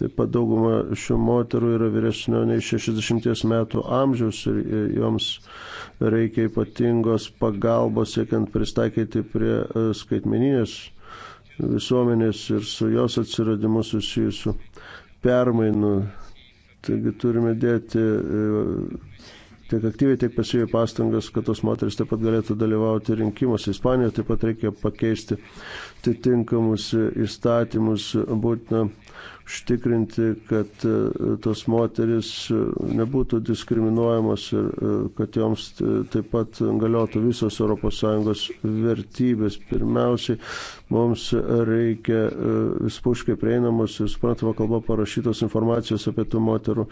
Taip pat dauguma šių moterų yra vyresnio nei 60 metų amžiaus ir joms reikia ypatingos pagalbos siekiant pristaikyti prie e, skaitmeninės visuomenės ir su jos atsiradimu susijusių permainų. Taigi turime dėti e, tiek aktyviai, tiek pasyviai pastangas, kad tos moteris taip pat galėtų dalyvauti rinkimuose. Ispanijoje taip pat reikia pakeisti atitinkamus įstatymus, būtina užtikrinti, kad e, tos moteris e, nebūtų diskriminuojamos ir e, kad joms taip pat galiotų visos ES vertybės. Pirmiausiai, mums reikia spuškai prieinamos ir suprantama kalba parašytos informacijos apie tų moterų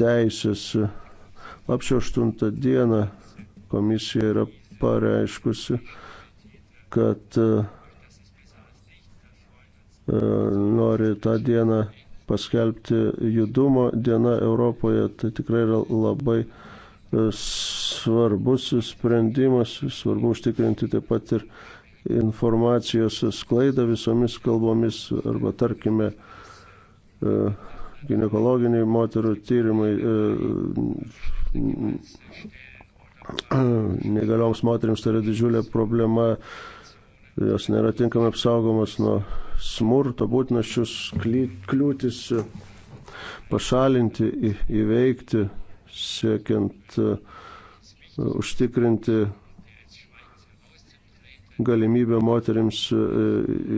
teisės. Lapšio 8 dieną komisija yra pareiškusi, kad uh, E, nori tą dieną paskelbti judumo diena Europoje, tai tikrai yra labai e, svarbus sprendimas, svarbu užtikrinti taip pat ir informacijos sklaidą visomis kalbomis arba tarkime e, gynekologiniai moterų tyrimai negalioms moteriams tai yra didžiulė problema, jos nėra tinkamai apsaugomos nuo smurto, būtina šius kliūtis pašalinti, įveikti, siekiant e, užtikrinti galimybę moteriams e,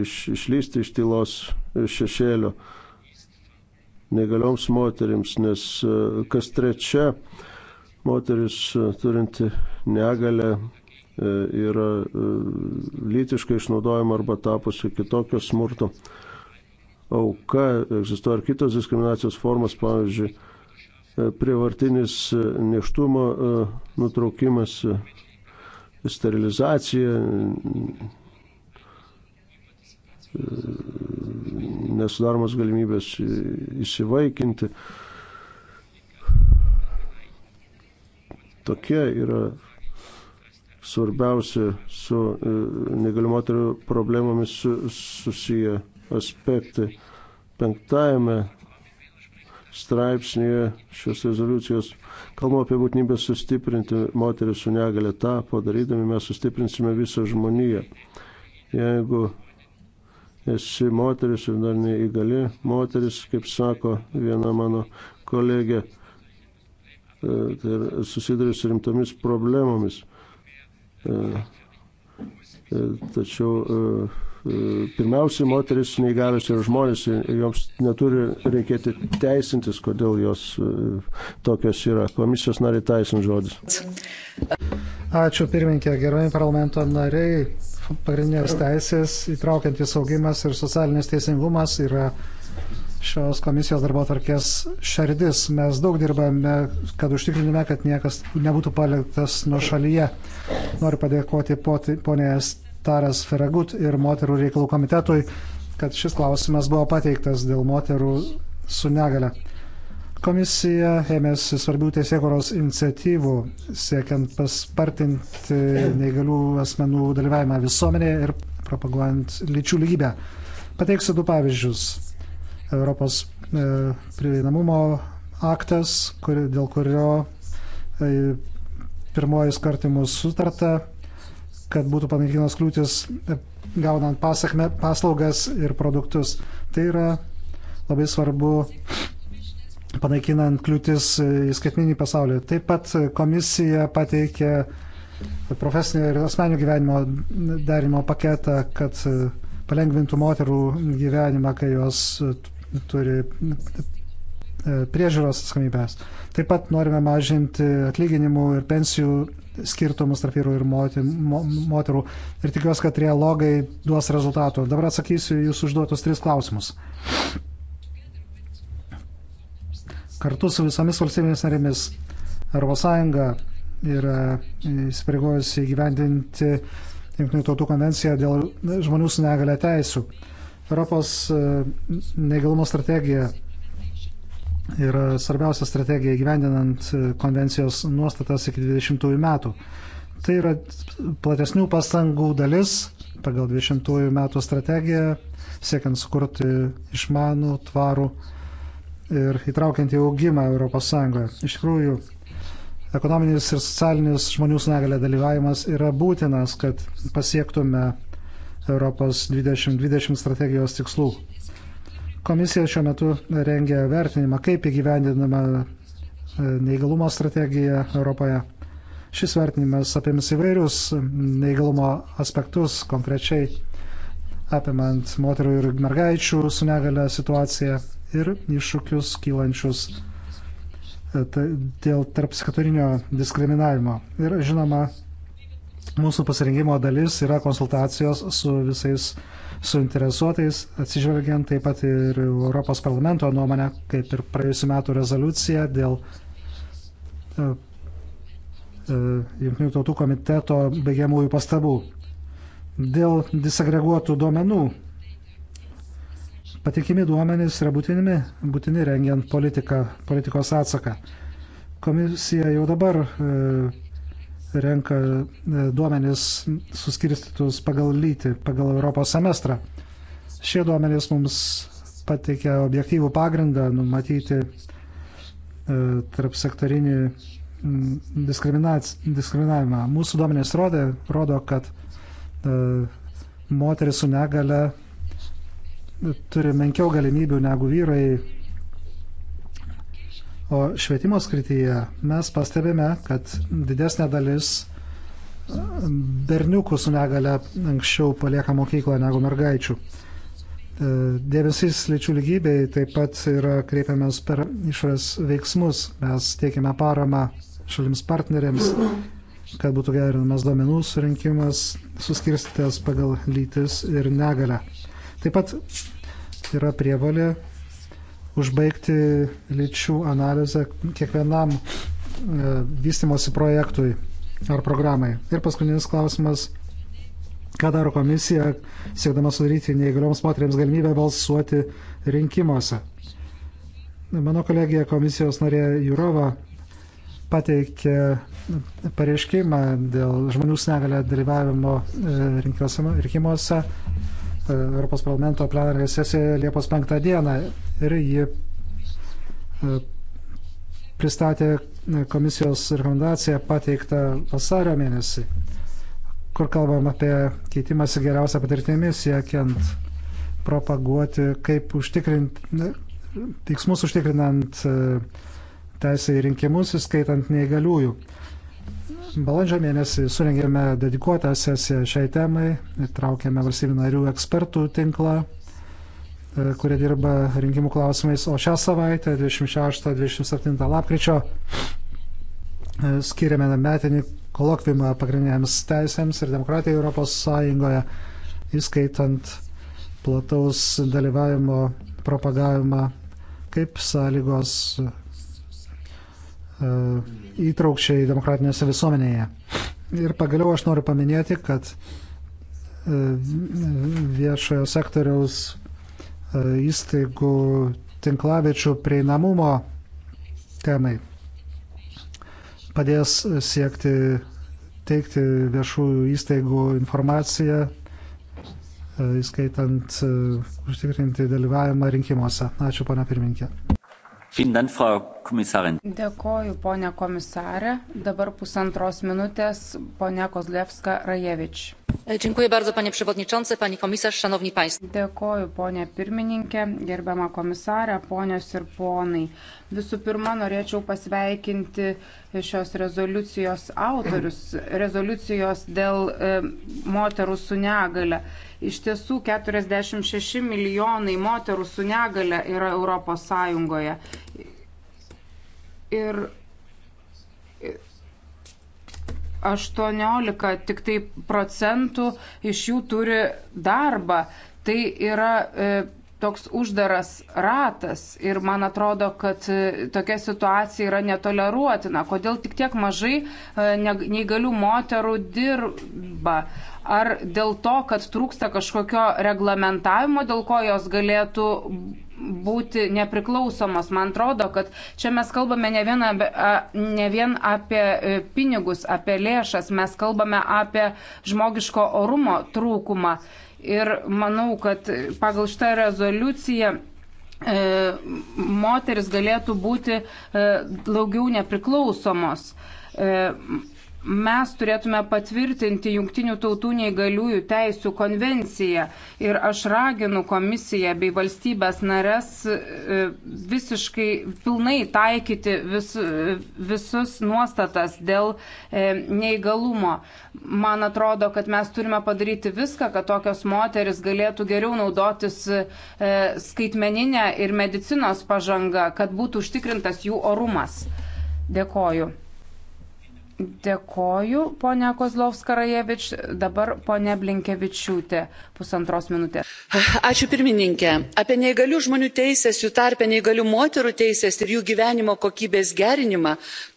iš, išlysti iš tylos šešėlio, negalioms moteriams, nes e, kas trečia moteris turinti negalę E, yra e, lytiškai išnaudojama arba tapusi kitokio smurto auka, egzistuoja ir kitos diskriminacijos formas, pavyzdžiui, e, prievartinis neštumo nutraukimas, sterilizacija, nesudaromas galimybės įsivaikinti. Tokie yra svarbiausi su e, negaliu moterų problemomis susiję aspektai. Penktajame straipsnėje šios rezoliucijos kalbama apie būtinybę sustiprinti moterį su negale. Ta padarydami mes sustiprinsime visą žmoniją. Jeigu esi moteris ir dar neįgali moteris, kaip sako viena mano kolegė, e, tai susiduria su rimtomis problemomis. E, e, tačiau e, pirmiausiai moteris neįgalios yra žmonės ir joms neturi reikėti teisintis, kodėl jos tokios yra. Komisijos nariai teisin žodis. Ačiū pirmininkė, gerai parlamento nariai. Pagrindinės teisės, įtraukiantis augimas ir socialinis teisingumas yra šios komisijos darbo tvarkės šerdis. Mes daug dirbame, kad užtikrinime, kad niekas nebūtų paliktas nuo šalyje. Noriu padėkoti ponės Taras Feragut ir moterų reikalų komitetui, kad šis klausimas buvo pateiktas dėl moterų su negale. Komisija ėmėsi svarbių teisėkoros iniciatyvų, siekiant paspartinti neįgalių asmenų dalyvavimą visuomenėje ir propaguojant lyčių lygybę. Pateiksiu du pavyzdžius. Europos e, prieinamumo aktas, kur, dėl kurio e, pirmoji skartimus sutarta, kad būtų panaikinos kliūtis e, gaunant pasakme, paslaugas ir produktus. Tai yra labai svarbu panaikinant kliūtis į skaitminį pasaulį. Taip pat komisija pateikė profesinio ir asmenio gyvenimo darimo paketą, kad palengvintų moterų gyvenimą, kai jos turi e, priežiūros atsakomybės. Taip pat norime mažinti atlyginimų ir pensijų skirtumus tarp vyrų ir moterų. Ir tikiuosi, kad trialogai duos rezultatų. Dabar atsakysiu jūsų užduotus tris klausimus. Kartu su visomis valstybėmis narėmis ES yra įsipareigojusi įgyvendinti Junktinių tautų konvenciją dėl žmonių su negale teisų. Europos e, neįgalumo strategija yra svarbiausia strategija gyvendinant e, konvencijos nuostatas iki 20 metų. Tai yra platesnių pastangų dalis pagal 20 metų strategiją, siekiant sukurti išmanų, tvarų ir įtraukiantį augimą ES. Iš tikrųjų, ekonominis ir socialinis žmonių su negale dalyvavimas yra būtinas, kad pasiektume Europos 2020 strategijos tikslų. Komisija šiuo metu rengia vertinimą, kaip įgyvendinama e, neįgalumo strategija Europoje. Šis vertinimas apims įvairius neįgalumo aspektus, konkrečiai apimant moterų ir mergaičių su negale situaciją ir iššūkius kylančius e, dėl tarp sektorinio diskriminavimo. Ir žinoma, Mūsų pasirinkimo dalis yra konsultacijos su visais suinteresuotais, atsižvelgiant taip pat ir Europos parlamento nuomonę, kaip ir praėjusiu metu rezoliucija dėl e, e, Junktinių tautų komiteto baigiamųjų pastabų. Dėl disagreguotų duomenų. Patikimi duomenys yra būtinimi, būtini rengiant politiką, politikos atsaką. Komisija jau dabar e, renka e, duomenis suskirstytus pagal lytį, pagal Europos semestrą. Šie duomenys mums pateikia objektyvų pagrindą numatyti e, tarp sektorinį mm, diskriminavimą. Mūsų duomenys rodė, rodo, kad e, moteris su negale turi menkiau galimybių negu vyrai O švietimo skrityje mes pastebime, kad didesnė dalis e, berniukų su negale anksčiau palieka mokyklą negu mergaičių. E, dėmesys lyčių lygybei taip pat yra kreipiamas per išorės veiksmus. Mes teikime paramą šalims partneriams, kad būtų gerinamas duomenų surinkimas, suskirstytas pagal lytis ir negalę. Taip pat yra prievalė užbaigti lyčių analizę kiekvienam e, vystimosi projektui ar programai. Ir paskutinis klausimas, ką daro komisija, siekdama sudaryti neįgalioms moteriams galimybę balsuoti rinkimuose. Mano kolegija komisijos narė Jurova pateikė pareiškimą dėl žmonių su negale dalyvavimo e, rinkimuose Europos parlamento plenarinė sesija Liepos 5 dieną ir ji e, pristatė komisijos rekomendaciją pateiktą vasario mėnesį, kur kalbam apie keitimąsi geriausią patirtimį siekiant propaguoti, kaip užtikrinti, veiksmus užtikrinant e, teisę į rinkimus, įskaitant neįgaliųjų. Balandžio mėnesį surengėme dedikuotą sesiją šiai temai, traukėme valstybių narių ekspertų tinklą, e, kurie dirba rinkimų klausimais, o šią savaitę, 26-27 lapkričio, e, skiriame metinį kolokvimą pagrindiniams teisėms ir demokratijai Europos Sąjungoje, įskaitant plataus dalyvavimo propagavimą kaip sąlygos E, įtraukčiai demokratinėse visuomenėje. Ir pagaliau aš noriu paminėti, kad e, viešojo sektoriaus e, įstaigų tinklavečių prieinamumo temai padės siekti teikti viešųjų įstaigų informaciją, įskaitant užtikrinti dalyvavimą rinkimuose. Ačiū, pana pirminkė. Dėkoju, ponė komisarė. Dabar pusantros minutės ponė Kozlevska Rajevič. E, panie przewodniczący pani komisarz szanowni państwo dėkoju pone pirmininke gerbiama komisare ponios ir ponai visų pirma norėčiau pasveikinti šios rezoliucijos autorius rezoliucijos dėl e, moterų su negale iš tiesų 46 milijonai moterų su negale yra europos sąjungoje ir 18 tik tai procentų iš jų turi darbą. Tai yra e, toks uždaras ratas ir man atrodo, kad e, tokia situacija yra netoleruotina. Kodėl tik tiek mažai e, neįgalių moterų dirba? ar dėl to, kad trūksta kažkokio reglamentavimo, dėl ko jos galėtų būti nepriklausomos. Man atrodo, kad čia mes kalbame ne vien, apie, ne vien apie e, pinigus, apie lėšas, mes kalbame apie žmogiško orumo trūkumą. Ir manau, kad pagal šitą rezoliuciją e, moteris galėtų būti e, daugiau nepriklausomos. E, mes turėtume patvirtinti Junktinių tautų neįgaliųjų teisų konvenciją. Ir aš raginu komisiją bei valstybės nares e, visiškai pilnai taikyti vis, e, visus nuostatas dėl e, neįgalumo. Man atrodo, kad mes turime padaryti viską, kad tokios moteris galėtų geriau naudotis e, skaitmeninę ir medicinos pažangą, kad būtų užtikrintas jų orumas. Dėkoju. Dėkoju, ponia Kozlovskarajevič. Dabar ponia Blinkevičiūtė, pusantros minutės. Ačiū pirmininkė. Apie neįgalių žmonių teisės, jų tarpę neįgalių moterų teisės ir jų gyvenimo kokybės gerinimą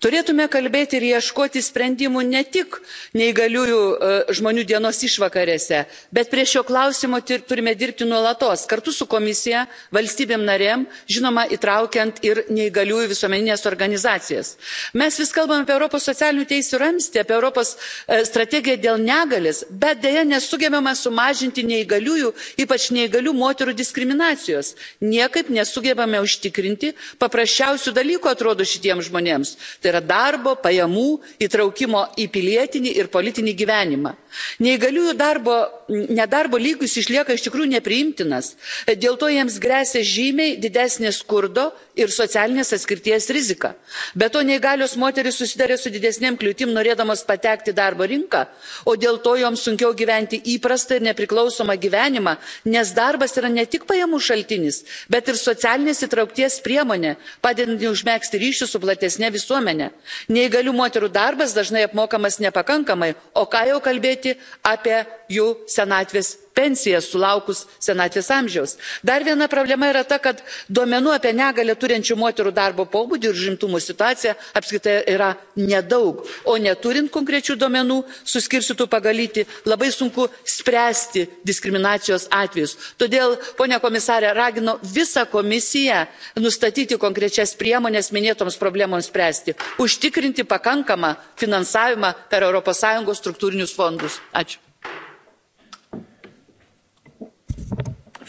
turėtume kalbėti ir ieškoti sprendimų ne tik neįgaliųjų e, žmonių dienos išvakarėse, bet prie šio klausimo turime dirbti nuolatos kartu su komisija, valstybėm narėm, žinoma, įtraukiant ir neįgaliųjų visuomeninės organizacijas. Mes vis kalbame apie Europos socialinių teisių ramstį, apie Europos e, strategiją dėl negalės, bet dėja nesugebama sumažinti neįgaliųjų, ypač neįgalių moterų diskriminacijos. Niekaip nesugebame užtikrinti paprasčiausių dalykų, atrodo, šitiems žmonėms. Tai yra darbo, pajamų, įtraukimo į pilietinį ir politinį gyvenimą. Neįgaliųjų darbo, nedarbo lygis išlieka iš tikrųjų nepriimtinas. Dėl to jiems grėsia žymiai didesnė skurdo ir socialinės atskirties rizika. Be to neįgalios moteris susidarė su didesnėm kliūtim norėdamos patekti į darbo rinką o dėl to joms sunkiau gyventi įprastą ir nepriklausomą gyvenimą nes darbas yra ne tik pajamų šaltinis bet ir socialinės įtraukties priemonė padedanti užmegzti ryšius su platesne visuomene. neįgalių moterų darbas dažnai apmokamas nepakankamai o ką jau kalbėti apie jų senatvės pensijas sulaukus senatvės amžiaus. Dar viena problema yra ta, kad duomenų apie negalę turinčių moterų darbo pobūdį ir žimtumo situaciją apskritai yra nedaug, o neturint konkrečių duomenų suskirstytų pagalyti labai sunku spręsti diskriminacijos atvejus. Todėl, ponia komisarė, ragino visą komisiją nustatyti konkrečias priemonės minėtoms problemoms spręsti, užtikrinti pakankamą finansavimą per ES struktūrinius fondus. Ačiū.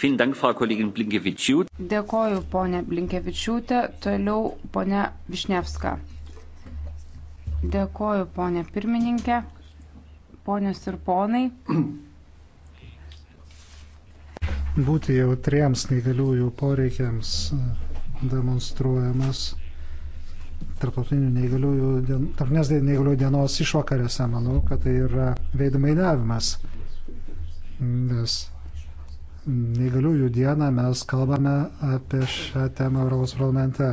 Dėkoju, ponė Blinkevičiūtė. Toliau ponė Višnevska. Dėkoju, ponė pirmininkė, ponės ir ponai. Būti jautriems neįgaliųjų poreikiams e, demonstruojamas tarptautinių neįgaliųjų, dien, tarptautinės neįgaliųjų dienos išvakarėse. Manau, kad tai yra veidmainavimas. Nes neįgaliųjų dieną mes kalbame apie šią temą Europos parlamente.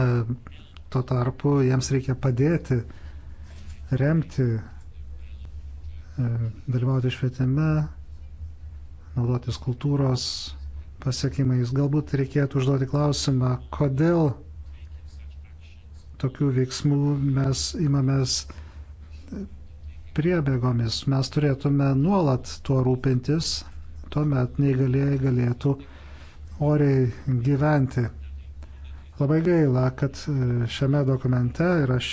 E, tuo tarpu jiems reikia padėti, remti, e, dalyvauti švietime, naudotis kultūros pasiekimais. Galbūt reikėtų užduoti klausimą, kodėl tokių veiksmų mes imamės priebėgomis. Mes turėtume nuolat tuo rūpintis, tuomet neįgalėjai galėtų oriai gyventi. Labai gaila, kad e, šiame dokumente, ir aš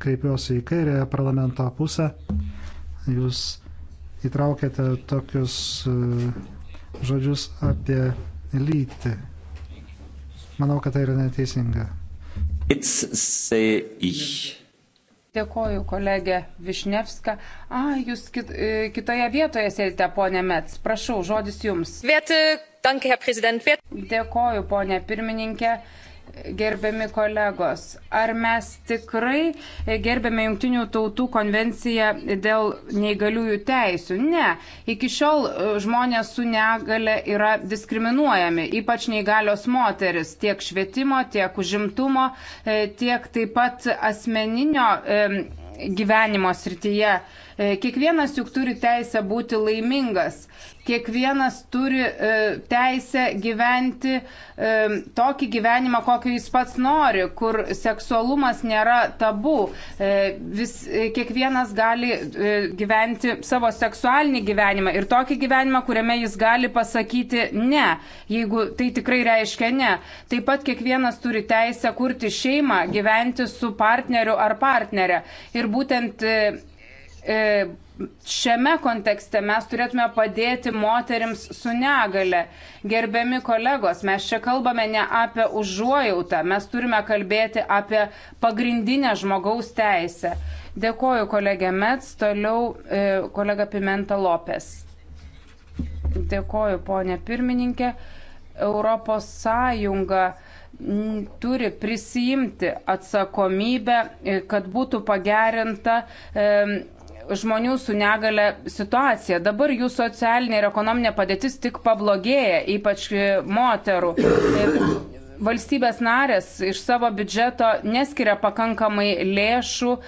kreipiuosi į kairę parlamento pusę, jūs įtraukėte tokius e, žodžius apie lytį. Manau, kad tai yra neteisinga. It's say ich. Dėkoju, kolegė Višnevska. A, jūs kit, e, kitoje vietoje sėdite, ponė Mets. Prašau, žodis jums. Vieti, danke, Herr Prezident. Vieti. Dėkoju, ponė pirmininkė gerbiami kolegos, ar mes tikrai gerbėme Junktinių tautų konvenciją dėl neįgaliųjų teisių? Ne. Iki šiol e, žmonės su negale yra diskriminuojami, ypač neįgalios moteris, tiek švietimo, tiek užimtumo, e, tiek taip pat asmeninio gyvenimo srityje E, kiekvienas juk turi teisę būti laimingas, kiekvienas turi e, teisę gyventi e, tokį gyvenimą, kokį jis pats nori, kur seksualumas nėra tabu. Vis, kiekvienas gali gyventi savo seksualinį gyvenimą ir tokį gyvenimą, kuriame jis gali pasakyti ne, jeigu tai tikrai reiškia ne. Taip pat kiekvienas turi teisę kurti šeimą, gyventi su partneriu ar partnerė. Ir būtent E, šiame kontekste mes turėtume padėti moterims su negale. Gerbiami kolegos, mes čia kalbame ne apie užuojautą, mes turime kalbėti apie pagrindinę žmogaus teisę. Dėkoju kolegė Mets, toliau e, kolega Pimenta Lopes. Dėkoju ponė pirmininkė. Europos Sąjunga turi prisijimti atsakomybę, e, kad būtų pagerinta e, žmonių su negale situacija. Dabar jų socialinė ir ekonominė padėtis tik pablogėja, ypač moterų. Valstybės narės iš savo biudžeto neskiria pakankamai lėšų e,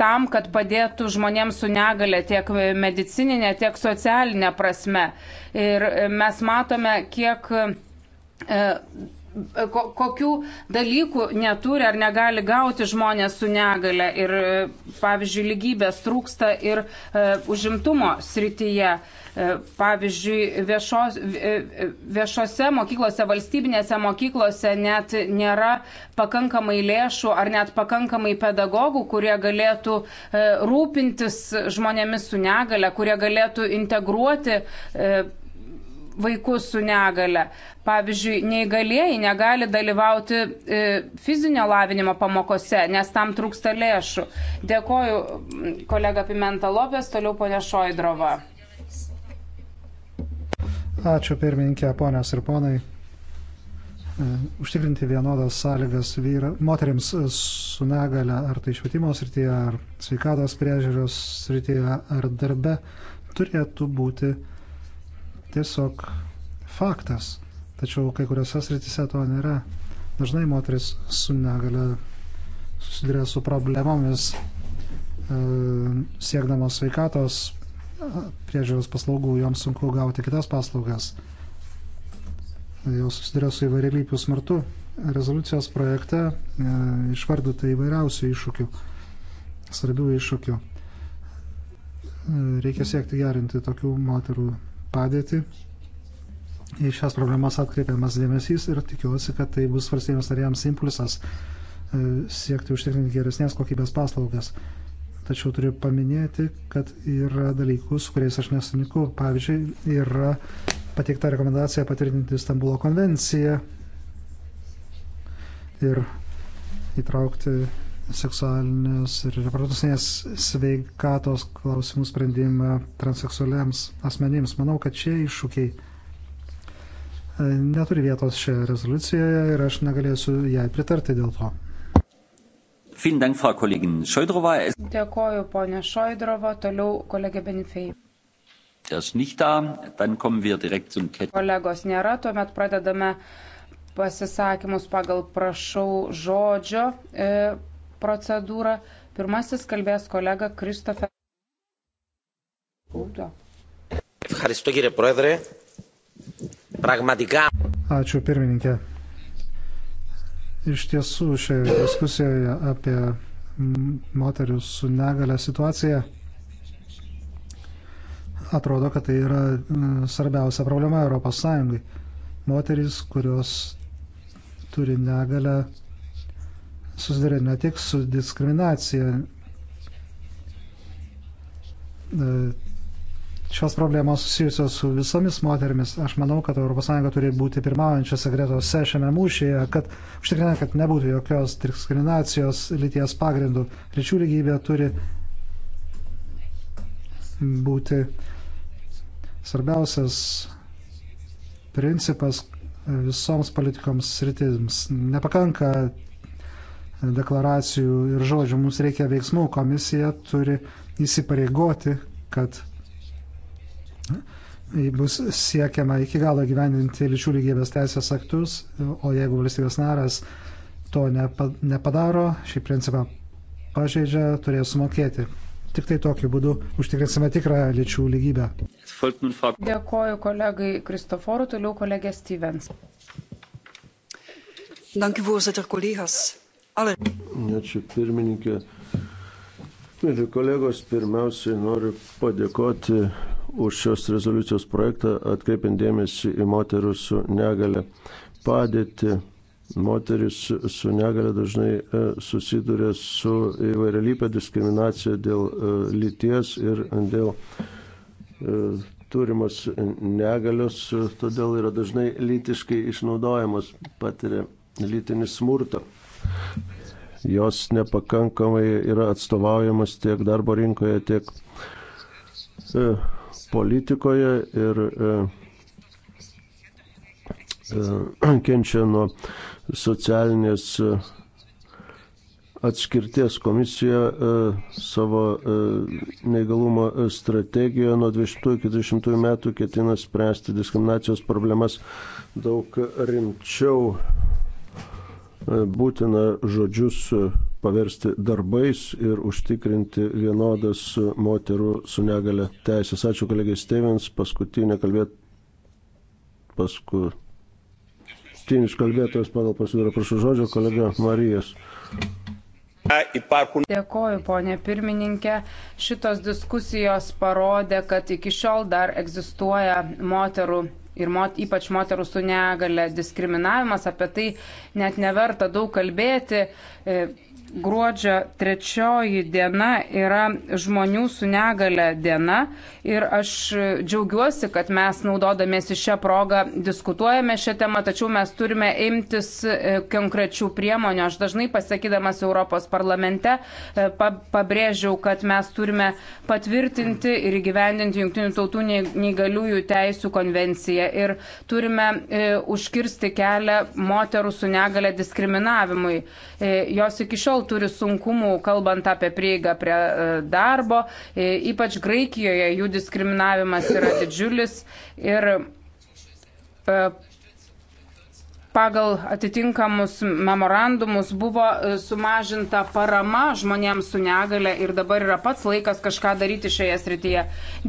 tam, kad padėtų žmonėms su negale tiek medicininė, tiek socialinė prasme. Ir mes matome, kiek e, ko, kokių dalykų neturi ar negali gauti žmonės su negale. Ir, e, pavyzdžiui, lygybės trūksta ir e, užimtumo srityje. E, pavyzdžiui, viešos, e, e, viešose mokyklose, valstybinėse mokyklose net nėra pakankamai lėšų ar net pakankamai pedagogų, kurie galėtų e, rūpintis žmonėmis su negale, kurie galėtų integruoti. E, vaikus su negale. Pavyzdžiui, neįgalieji negali dalyvauti e, fizinio lavinimo pamokose, nes tam trūksta lėšų. Dėkoju kolega Pimenta Lopės, toliau ponia Šoidrova. Ačiū pirmininkė, ponios ir ponai. E, užtikrinti vienodas sąlygas vyra, moteriams su negale, ar tai švietimo srityje, ar sveikatos priežiūros srityje, ar darbe, turėtų būti uh, tiesiog faktas. Tačiau kai kuriuose srityse to nėra. Dažnai moteris su negale susiduria su problemomis e, siekdamos sveikatos priežiūros paslaugų, joms sunku gauti kitas paslaugas. Jos susiduria su įvairialypiu smartu. Rezoliucijos projekte e, išvardyta įvairiausių iššūkių, svarbių iššūkių. E, reikia siekti gerinti tokių moterų padėtį. Į šias problemas atkreipiamas dėmesys ir tikiuosi, kad tai bus valstybėms narėms impulsas e, siekti užtikrinti geresnės kokybės paslaugas. Tačiau turiu paminėti, kad yra dalykų, su kuriais aš nesuniku. Pavyzdžiui, yra pateikta rekomendacija patvirtinti Stambulo konvenciją ir įtraukti seksualinės ir reproducinės sveikatos klausimų sprendimą transseksualiams asmenims. Manau, kad šie iššūkiai e, neturi vietos šioje rezoliucijoje ir aš negalėsiu jai pritarti dėl to. Dėkoju, ponė Šoidrova. Toliau kolegė Benifei. Kolegos nėra, tuomet pradedame pasisakymus pagal prašau žodžio e, procedūrą. Pirmasis kalbės kolega Kristofer. Ευχαριστώ κύριε Πρόεδρε. Πραγματικά. Ačiū pirmininkė. Iš tiesų šioje diskusijoje apie moterių su negale situaciją atrodo, kad tai yra e, svarbiausia problema Europos Sąjungai. Moterys, kurios turi negalę, susidarė ne tik su diskriminacija. E, šios problemos susijusios su visomis moterimis. Aš manau, kad ES turi būti pirmaujančiose gretose šiame mūšyje, kad užtikrinant, kad nebūtų jokios diskriminacijos lyties pagrindų. Lyčių lygybė turi būti svarbiausias principas visoms politikoms sritims. Nepakanka deklaracijų ir žodžių. Mums reikia veiksmų. Komisija turi įsipareigoti, kad bus siekiama iki galo gyveninti lyčių lygybės teisės aktus, o jeigu valstybės naras to nepadaro, šį principą pažeidžia, turės sumokėti. Tik tai tokiu būdu užtikrinsime tikrą lyčių lygybę. Dėkoju kolegai Kristoforu, toliau kolegė Stevens. Dank u voorzitter, collega's. Ale... Ačiū pirmininkė. Mėly kolegos, pirmiausiai noriu padėkoti už šios rezoliucijos projektą, atkreipiant dėmesį į moterų su negale padėtį. Moteris su negale dažnai e, susiduria su įvairialypė diskriminacija dėl e, lyties ir dėl e, turimos negalios, todėl yra dažnai lytiškai išnaudojamos, patiria lytinį smurtą. Jos nepakankamai yra atstovaujamas tiek darbo rinkoje, tiek e, politikoje ir e, e kenčia nuo socialinės e, atskirties komisija e, savo neįgalumo strategijoje nuo 20-40 metų ketina spręsti diskriminacijos problemas daug rimčiau būtina žodžius paversti darbais ir užtikrinti vienodas moterų su negale teisės. Ačiū kolegai Stevens, paskutinė kalbėt, paskutinis kalbėtojas pagal pasidūrą, prašau žodžio, kolega Marijas. Dėkoju, ponė pirmininkė. Šitos diskusijos parodė, kad iki šiol dar egzistuoja moterų ir mot, ypač moterų su negale diskriminavimas, apie tai net neverta daug kalbėti. E, gruodžio trečioji diena yra žmonių su negale diena ir aš džiaugiuosi, kad mes naudodamėsi šią progą diskutuojame šią temą, tačiau mes turime imtis e, konkrečių priemonių. Aš dažnai pasakydamas Europos parlamente e, pabrėžiau, kad mes turime patvirtinti ir įgyvendinti Junktinių tautų neįgaliųjų teisų konvenciją ir turime e, užkirsti kelią moterų su negale diskriminavimui. E, jos iki šiol turi sunkumų, kalbant apie prieigą prie e, darbo. E, ypač Graikijoje jų diskriminavimas yra didžiulis. Ir pagal atitinkamus memorandumus buvo sumažinta parama žmonėms su negale ir dabar yra pats laikas kažką daryti šioje srityje.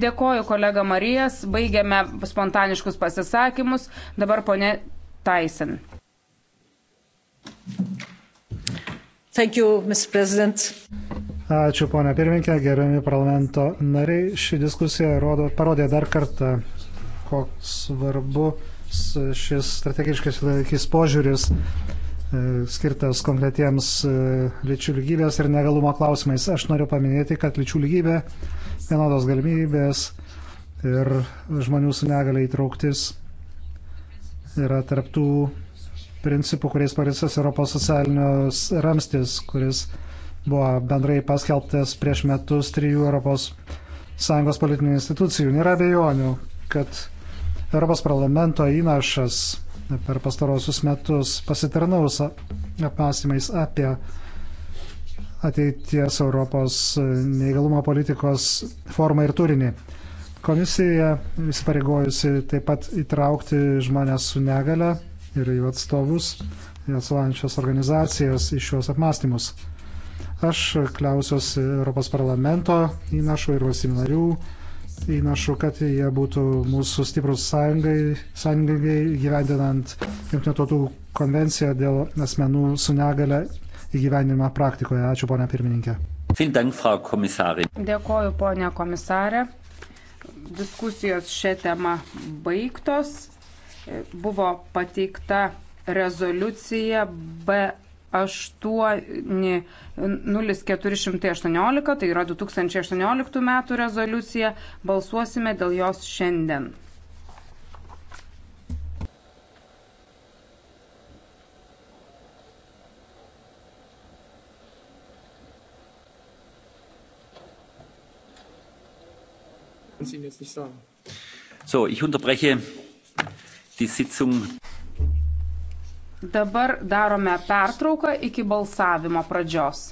Dėkoju kolega Marijas, baigiame spontaniškus pasisakymus. Dabar ponė Tyson. Thank you. You, Ačiū, ponia pirmininkė, gerbiami parlamento nariai. Ši diskusija rodo, parodė dar kartą, koks svarbu šis strategiškai laikys požiūris e, skirtas konkretiems e, lyčių lygybės ir negalumo klausimais. Aš noriu paminėti, kad lyčių lygybė, vienodos galimybės ir žmonių su negaliai įtrauktis yra tarptų principų, kuriais parisas Europos socialinius ramstis, kuris buvo bendrai paskelbtas prieš metus trijų Europos Sąjungos politinių institucijų. Nėra abejonių, kad Europos parlamento įnašas per pastarosius metus pasitarnaus apmąstymais apie ateities Europos neįgalumo politikos formą ir turinį. Komisija įsipareigojusi taip pat įtraukti žmonės su negale ir jų atstovus, atstovaujančias organizacijas iš šios apmąstymus. Aš kliausiuosi Europos parlamento įnašų ir valstybinarių įnašų, kad jie būtų mūsų stiprus sąjungai, sąjungai gyvendinant Junktinių tautų konvenciją dėl asmenų su negale įgyvendinimą praktikoje. Ačiū, ponia pirmininkė. Dėkoju, ponia komisarė. Diskusijos šią temą baigtos buvo pateikta rezoliucija B8 0418, tai yra 2018 metų rezoliucija, balsuosime dėl jos šiandien. So, ich unterbreche Dabar darome pertrauką iki balsavimo pradžios.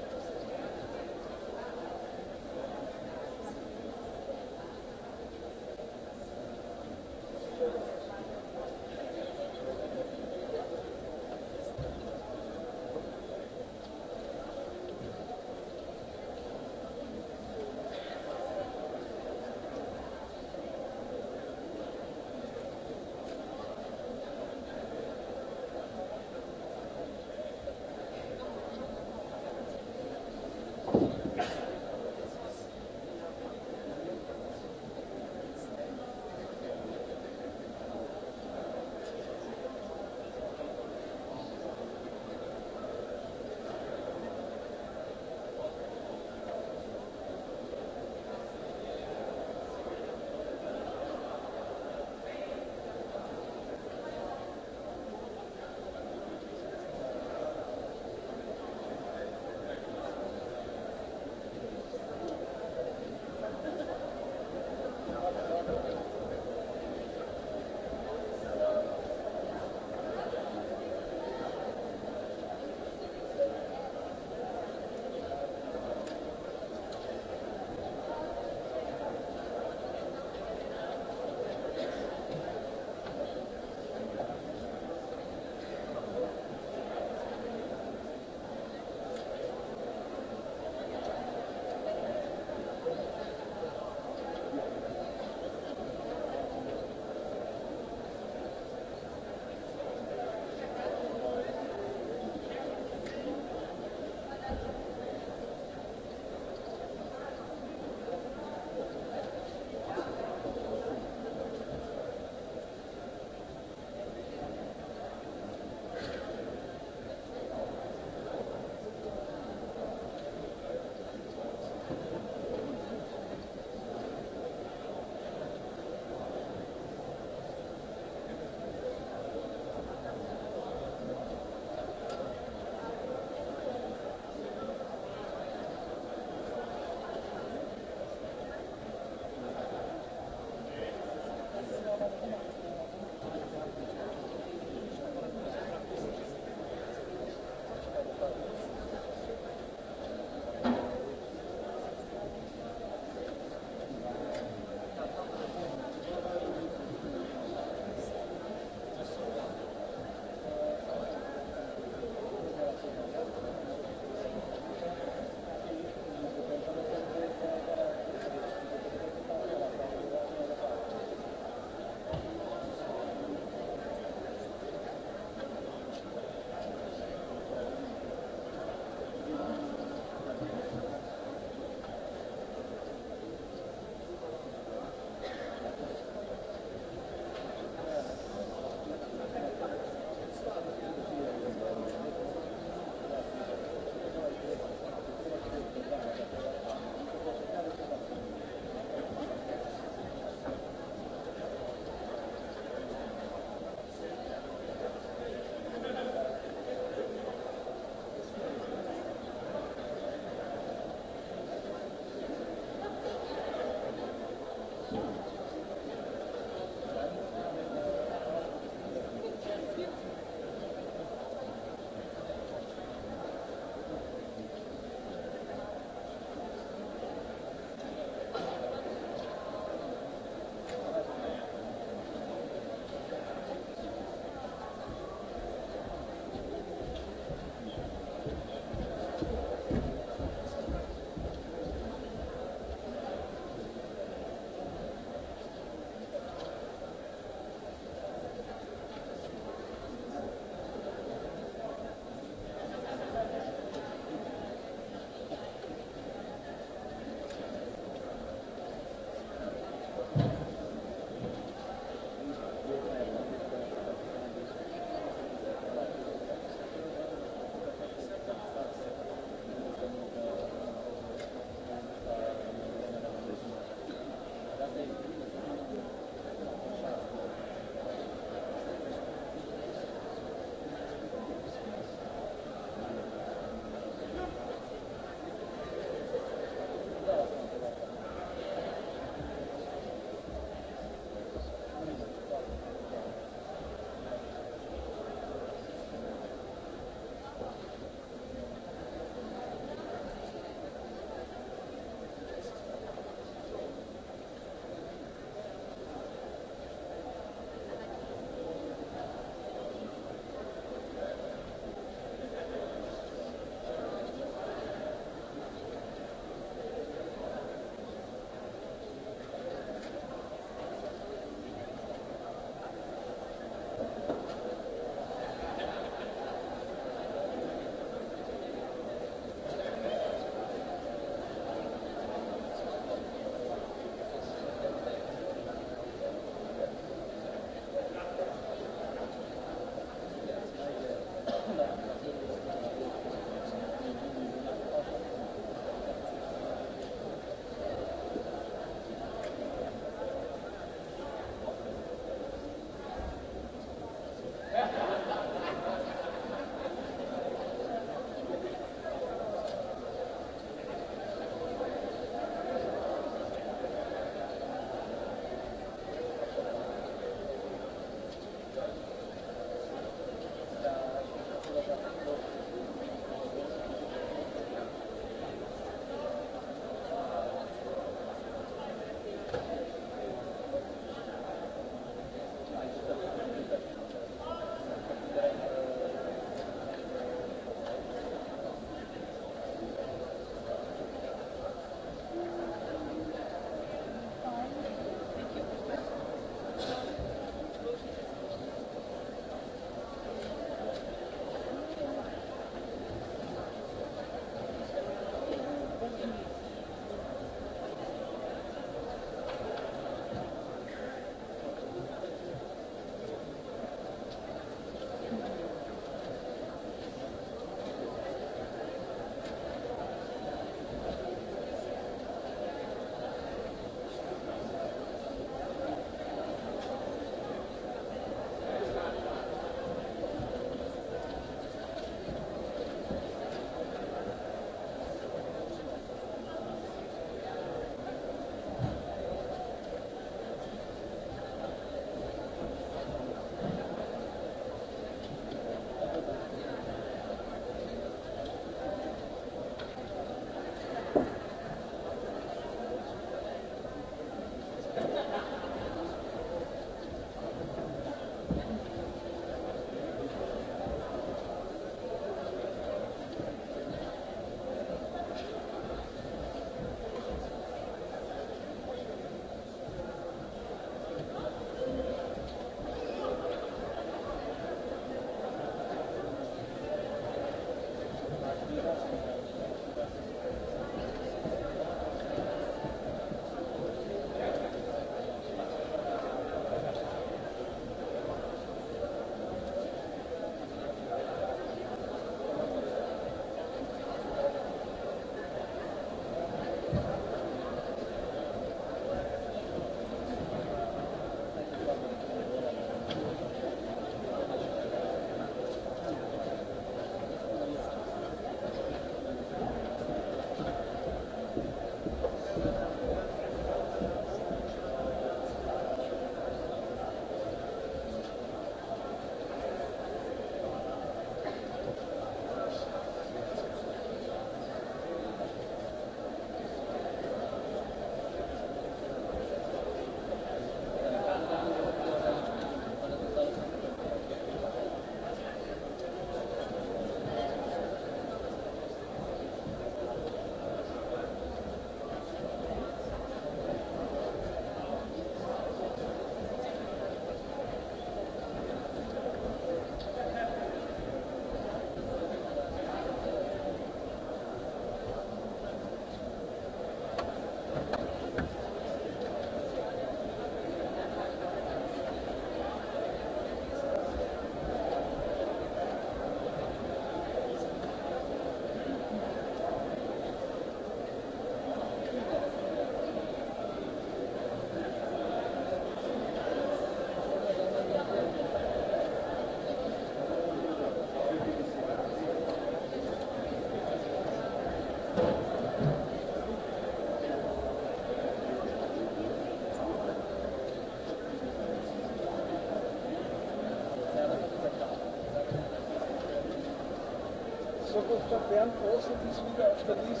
Dr. Bernd Posen ist wieder auf der Liste.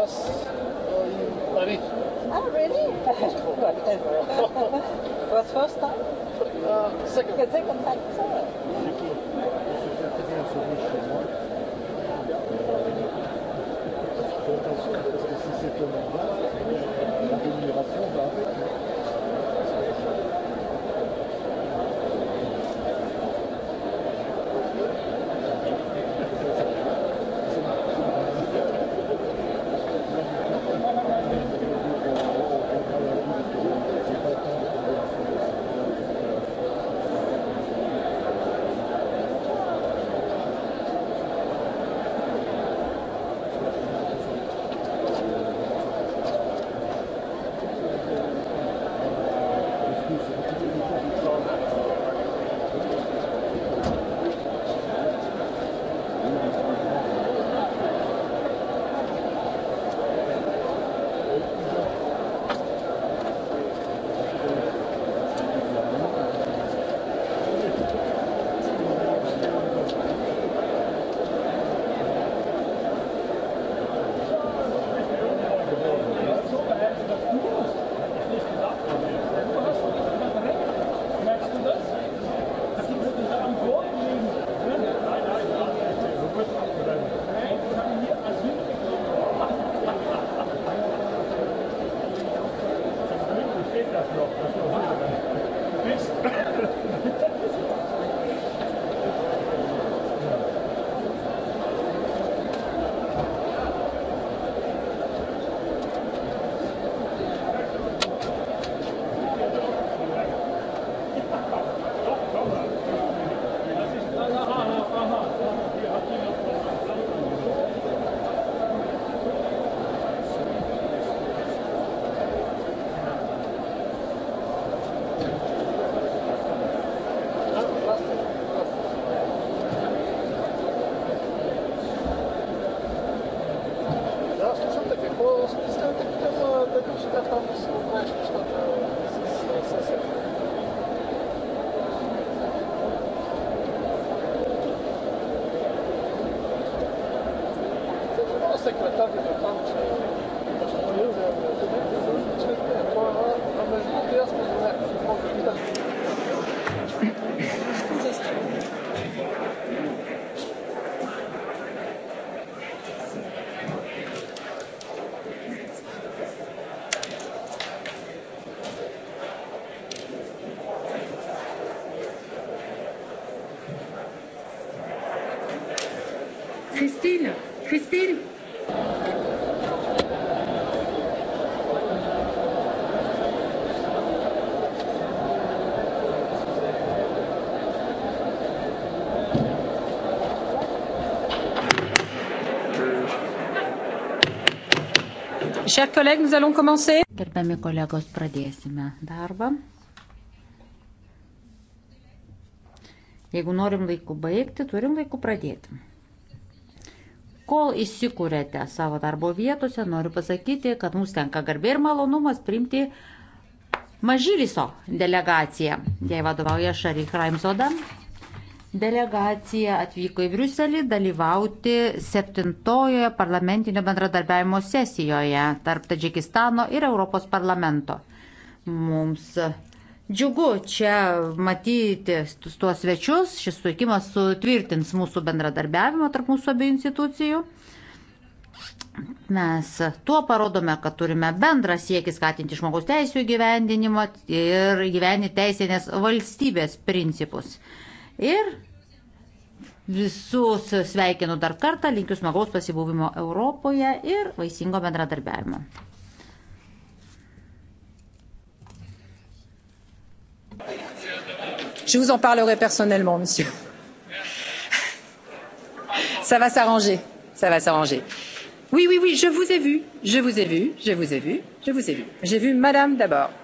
Labas. Gerbiami kolegos, pradėsime darbą. Jeigu norim laiku baigti, turim laiku pradėti. Kol įsikūrėte savo darbo vietose, noriu pasakyti, kad mums tenka garbė ir malonumas priimti Mažyliso delegaciją. Jai vadovauja Šarį Kraimsodą delegacija atvyko į Briuselį dalyvauti septintojoje parlamentinio bendradarbiavimo sesijoje tarp Tadžikistano ir Europos parlamento. Mums džiugu čia matyti tuos svečius, šis sutikimas sutvirtins mūsų bendradarbiavimą tarp mūsų abiejų institucijų. Mes tuo parodome, kad turime bendrą siekį skatinti žmogaus teisų įgyvendinimą ir gyventi teisinės valstybės principus. Ir Visus sveikinu dar kartą, linkiu smagaus pasibūvimo Europoje ir vaisingo bendradarbiavimo. Je vous en parlerai personnellement, monsieur. Ça va s'arranger. Ça va s'arranger. Oui, oui, oui, je vous ai vu. Je vous ai vu. Je vous ai vu. Je vous ai vu. J'ai vu madame d'abord.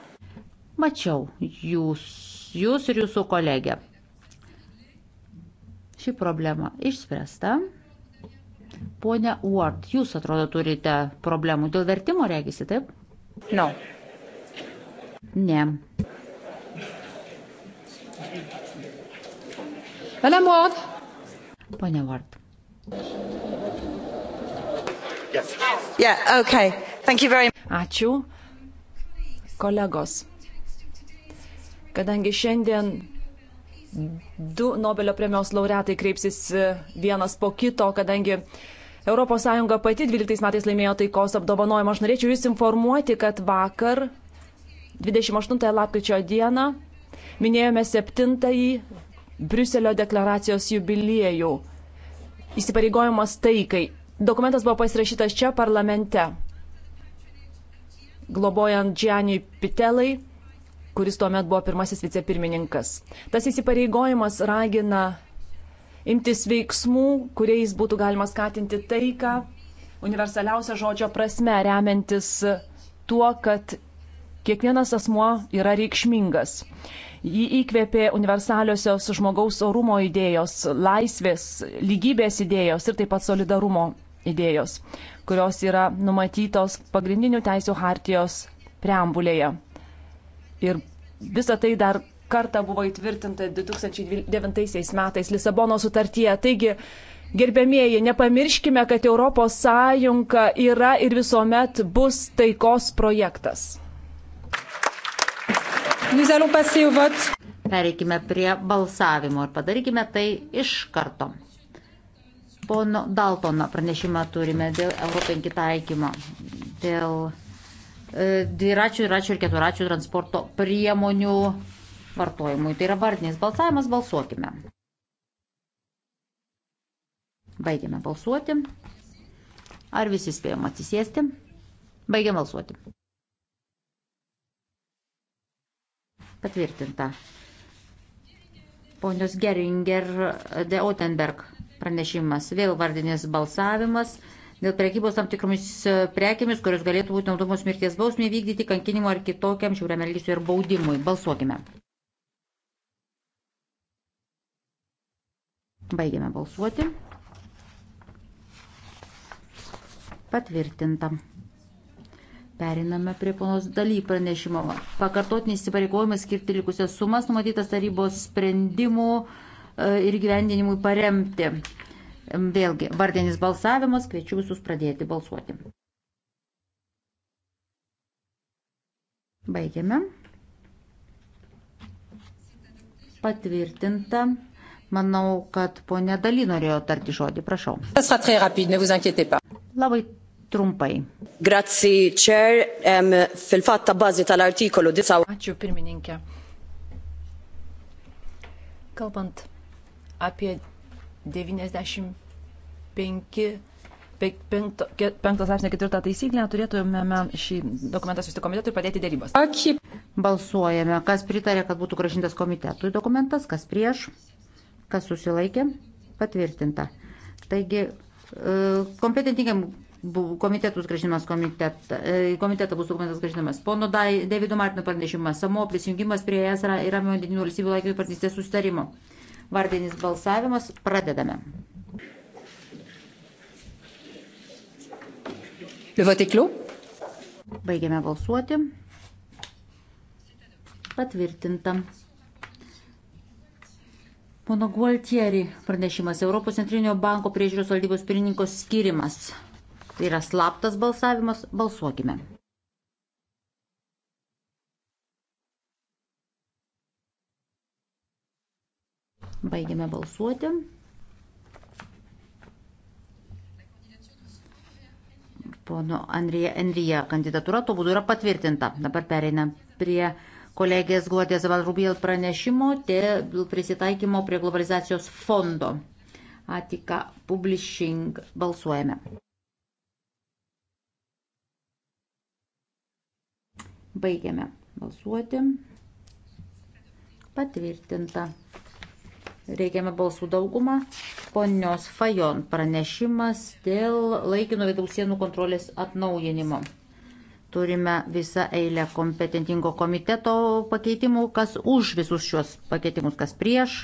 Mačiau jūs, jūs ir jūsų kolegė. Ši problema išspręsta. Pone Ward, jūs atrodo turite problemų dėl vertimo, regisi, taip? No. Ne. Madame Ward. Pone Ward. Yes. Yeah, okay. Thank you very much. Ačiū. Kolegos, kadangi šiandien Du Nobelio premijos laureatai kreipsis e, vienas po kito, kadangi ES pati 12 metais laimėjo taikos apdovanojimą. Aš norėčiau Jūs informuoti, kad vakar, 28 lapkričio dieną, minėjome 7-ąjį Briuselio deklaracijos jubiliejų. Įsipareigojimas taikai. Dokumentas buvo pasirašytas čia parlamente, globojant Džianiui Pitelai kuris tuo metu buvo pirmasis vicepirmininkas. Tas įsipareigojimas ragina imtis veiksmų, kuriais būtų galima skatinti taiką, universaliausia žodžio prasme, remiantis tuo, kad kiekvienas asmuo yra reikšmingas. Jį įkvėpė universaliosios žmogaus orumo idėjos, laisvės, lygybės idėjos ir taip pat solidarumo idėjos, kurios yra numatytos pagrindinių teisų hartijos preambulėje. Ir visa tai dar kartą buvo įtvirtinta 2009 metais Lisabono sutartyje. Taigi, gerbėmieji, nepamirškime, kad ES yra ir visuomet bus taikos projektas. Pereikime prie balsavimo ir padarykime tai iš karto. Pono Daltono pranešimą turime dėl Euro 5 taikymo, dėl dviračių, e, dviračių ir keturačių transporto priemonių vartojimui. Tai yra vardinis balsavimas, balsuokime. Baigiame balsuoti. Ar visi spėjom atsisėsti? Baigiam balsuoti. Patvirtinta. Ponios Geringer de Otenberg pranešimas. Vėl vardinis balsavimas dėl prekybos tam tikromis e, prekėmis, kurios galėtų būti naudomos mirties bausmė vykdyti, kankinimo ar kitokiam žiūriam elgesiu ir baudimui. Balsuokime. Baigiame balsuoti. Patvirtinta. Periname prie ponos daly pranešimo. Pakartotinis įsipareigojimas skirti likusias sumas numatytas tarybos sprendimų e, ir gyvendinimui paremti. Vėlgi, vardinis balsavimas, kviečiu visus pradėti balsuoti. Baigiame. Patvirtinta. Manau, kad ponė Daly norėjo tarti žodį, prašau. Labai trumpai. Grazie, Chair. Um, Filfatta bazė tal-artikolo 9. Ačiū, pirmininkė. Kalbant apie 95 penkto straipsnio ketvirtą taisyklę turėtumėme šį dokumentą susitikti komitetui ir padėti dėrybos. Ačiū. Balsuojame, kas pritarė, kad būtų gražintas komitetui dokumentas, kas prieš, kas susilaikė, patvirtinta. Taigi, e, kompetentingam komitetus gražinimas komitet, e, komitetą bus dokumentas gražinimas. Pono Davido Martino pranešimas, samo prisijungimas prie ES ir Ramio vandeninių valstybių laikytojų partnerystės sustarimo. Vardinis balsavimas. Pradedame. Liuvatiklių. Baigiame balsuoti. Patvirtinta. Pono Gualtieri pranešimas Europos centrinio banko priežiūros valdybos pirmininkos skirimas. Tai yra slaptas balsavimas. Balsuokime. Baigiame balsuoti. Pono Andrija, Andrija kandidatūra to būdu yra patvirtinta. Dabar pereina prie kolegės Guotės Valrubėl pranešimo dėl prisitaikymo prie globalizacijos fondo. Atika Publishing balsuojame. Baigiame balsuoti. Patvirtinta reikiamą balsų daugumą. Ponios Fajon pranešimas dėl laikino vidaus sienų kontrolės atnaujinimo. Turime visą eilę kompetentingo komiteto pakeitimų, kas už visus šios pakeitimus, kas prieš,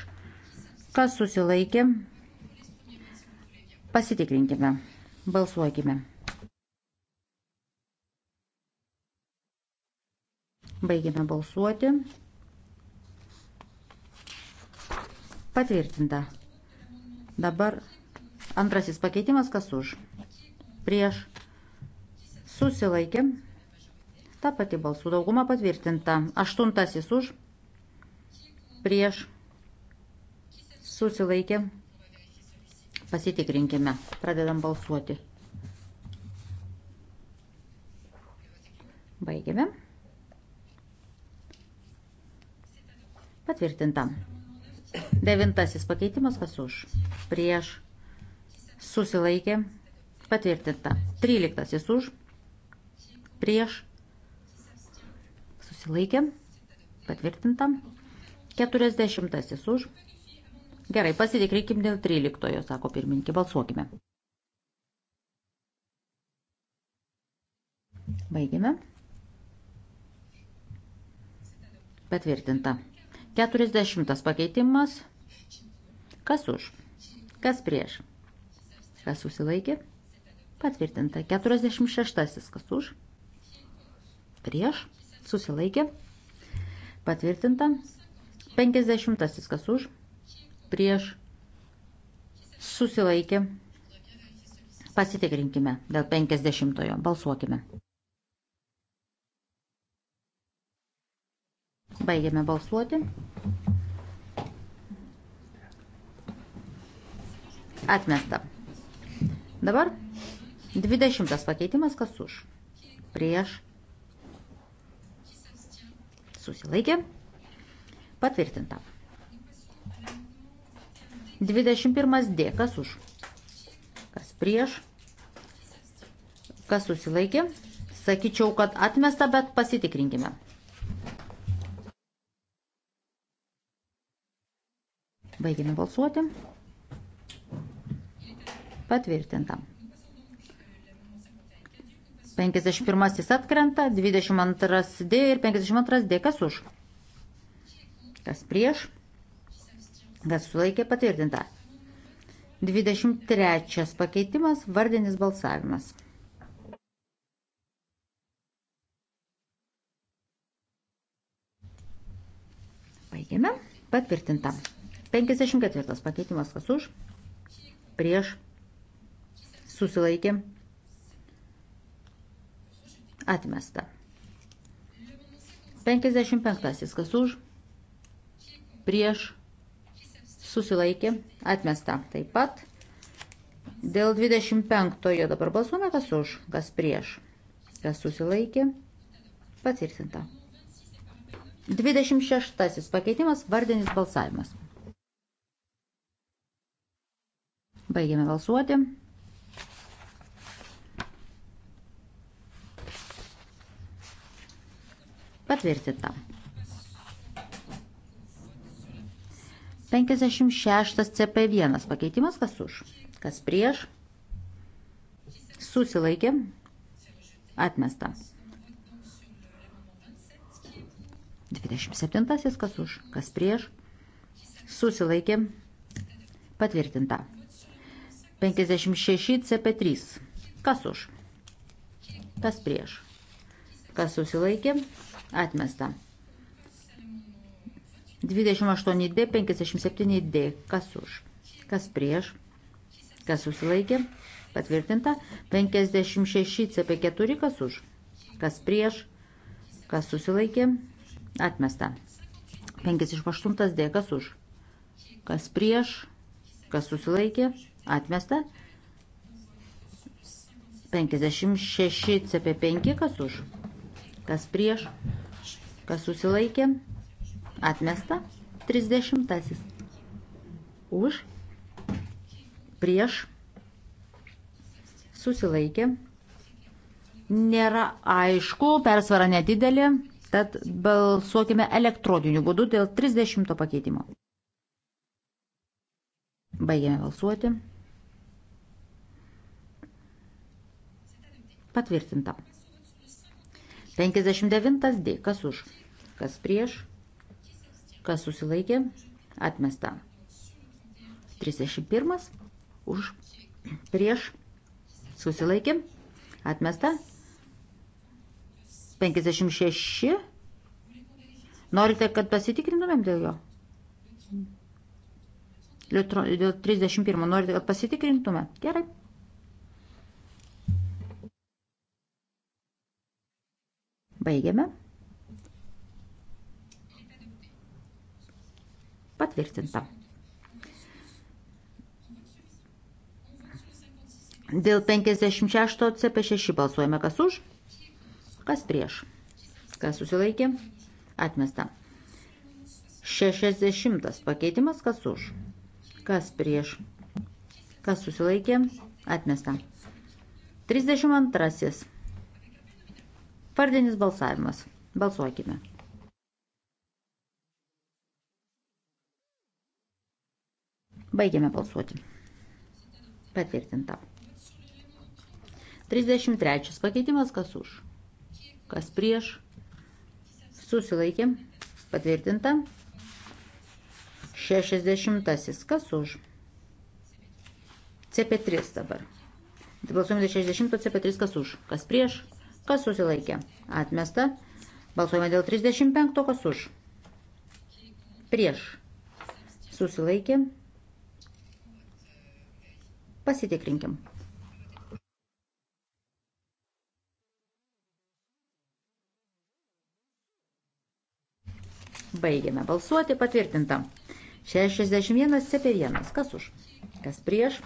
kas susilaikė. Pasitikrinkime, balsuokime. Baigėme balsuoti. Patvirtinta. Dabar antrasis pakeitimas, kas už. Prieš susilaikė. Ta pati balsų dauguma patvirtinta. Aštuntasis už. Prieš susilaikė. Pasitikrinkime. Pradedam balsuoti. Baigiame. Patvirtinta. Devintasis pakeitimas kas už. Prieš susilaikė patvirtinta. Tryliktasis už. Prieš susilaikė patvirtinta. Keturiasdešimtasis už. Gerai, pasitikrinkim dėl 13, sako pirmininkė, balsuokime. Baigime. Patvirtinta. 40 pakeitimas. Kas už? Kas prieš? Kas susilaikė? Patvirtinta. 46. Kas už? Prieš? Susilaikė? Patvirtinta. 50. Kas už? Prieš? Susilaikė? Pasitikrinkime dėl 50. Balsuokime. Baigiame balsuoti. Atmesta. Dabar 20 pakeitimas, kas už. Prieš. Susilaikė. Patvirtinta. 21 D, kas už. Kas prieš. Kas susilaikė. Sakyčiau, kad atmesta, bet pasitikrinkime. Baigėme balsuoti. Patvirtinta. 51 atkrenta, 22D ir 52D. Kas už? Kas prieš? Kas sulaikė patvirtinta. 23 pakeitimas, vardinis balsavimas. Baigėme. Patvirtinta. 54 pakeitimas kas už, prieš, susilaikė, atmesta. 55 kas už, prieš, susilaikė, atmesta. Taip pat dėl 25 dabar balsuome kas už, kas prieš, kas susilaikė, patvirtinta. 26 pakeitimas vardinis balsavimas. Baigiame balsuoti. Patvirtinta. 56 CP1 pakeitimas, kas už, kas prieš, susilaikė, atmesta. 27 kas už, kas prieš, susilaikė, patvirtinta. 56 CP3. Kas už? Kas prieš? Kas susilaikė? Atmesta. 28D, 57D. Kas už? Kas prieš? Kas susilaikė? Patvirtinta. 56 CP4. Kas už? Kas prieš? Kas susilaikė? Atmesta. 58D. Kas už? Kas prieš? Kas susilaikė? Atmesta. 56 CP5, kas už, kas prieš, kas susilaikė, atmesta, 30. Už, prieš, susilaikė, nėra aišku, persvara nedidelė, tad balsuokime elektroniniu būdu dėl 30 pakeitimo. Baigėme balsuoti. Patvirtinta. 59 D. Kas už? Kas prieš? Kas susilaikė? Atmesta. 31 už prieš susilaikė. Atmesta. 56. Norite, kad pasitikrintumėm dėl jo? Dėl 31. Norite, kad pasitikrintume? Gerai. Baigiame. Patvirtinta. Dėl 56 CP6 balsuojame kas už, kas prieš, kas susilaikė, atmesta. 60 pakeitimas kas už, kas prieš, kas susilaikė, atmesta. 32 Vardinis balsavimas. Balsuokime. Baigiame balsuoti. Patvirtinta. 33 pakeitimas kas už. Kas prieš. Susilaikė. Patvirtinta. 60 kas už. CP3 dabar. Balsuojame 60 CP3 kas už. Kas prieš. Kas susilaikė? Atmesta. Balsuojame dėl 35. Kas už? Prieš. Susilaikė. Pasitikrinkim. Baigiame balsuoti. Patvirtinta. 61-71. Kas už? Kas prieš?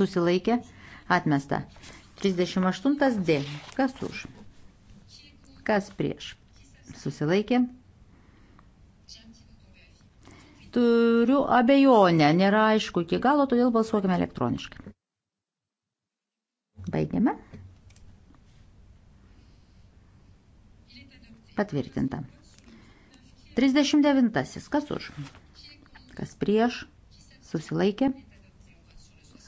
Susilaikė. Atmesta. 38 D. Kas už? Kas prieš? Susilaikė. Turiu abejonę, nėra aišku iki galo, todėl balsuokime elektroniškai. Baigiame. Patvirtinta. 39. Kas už? Kas prieš? Susilaikė.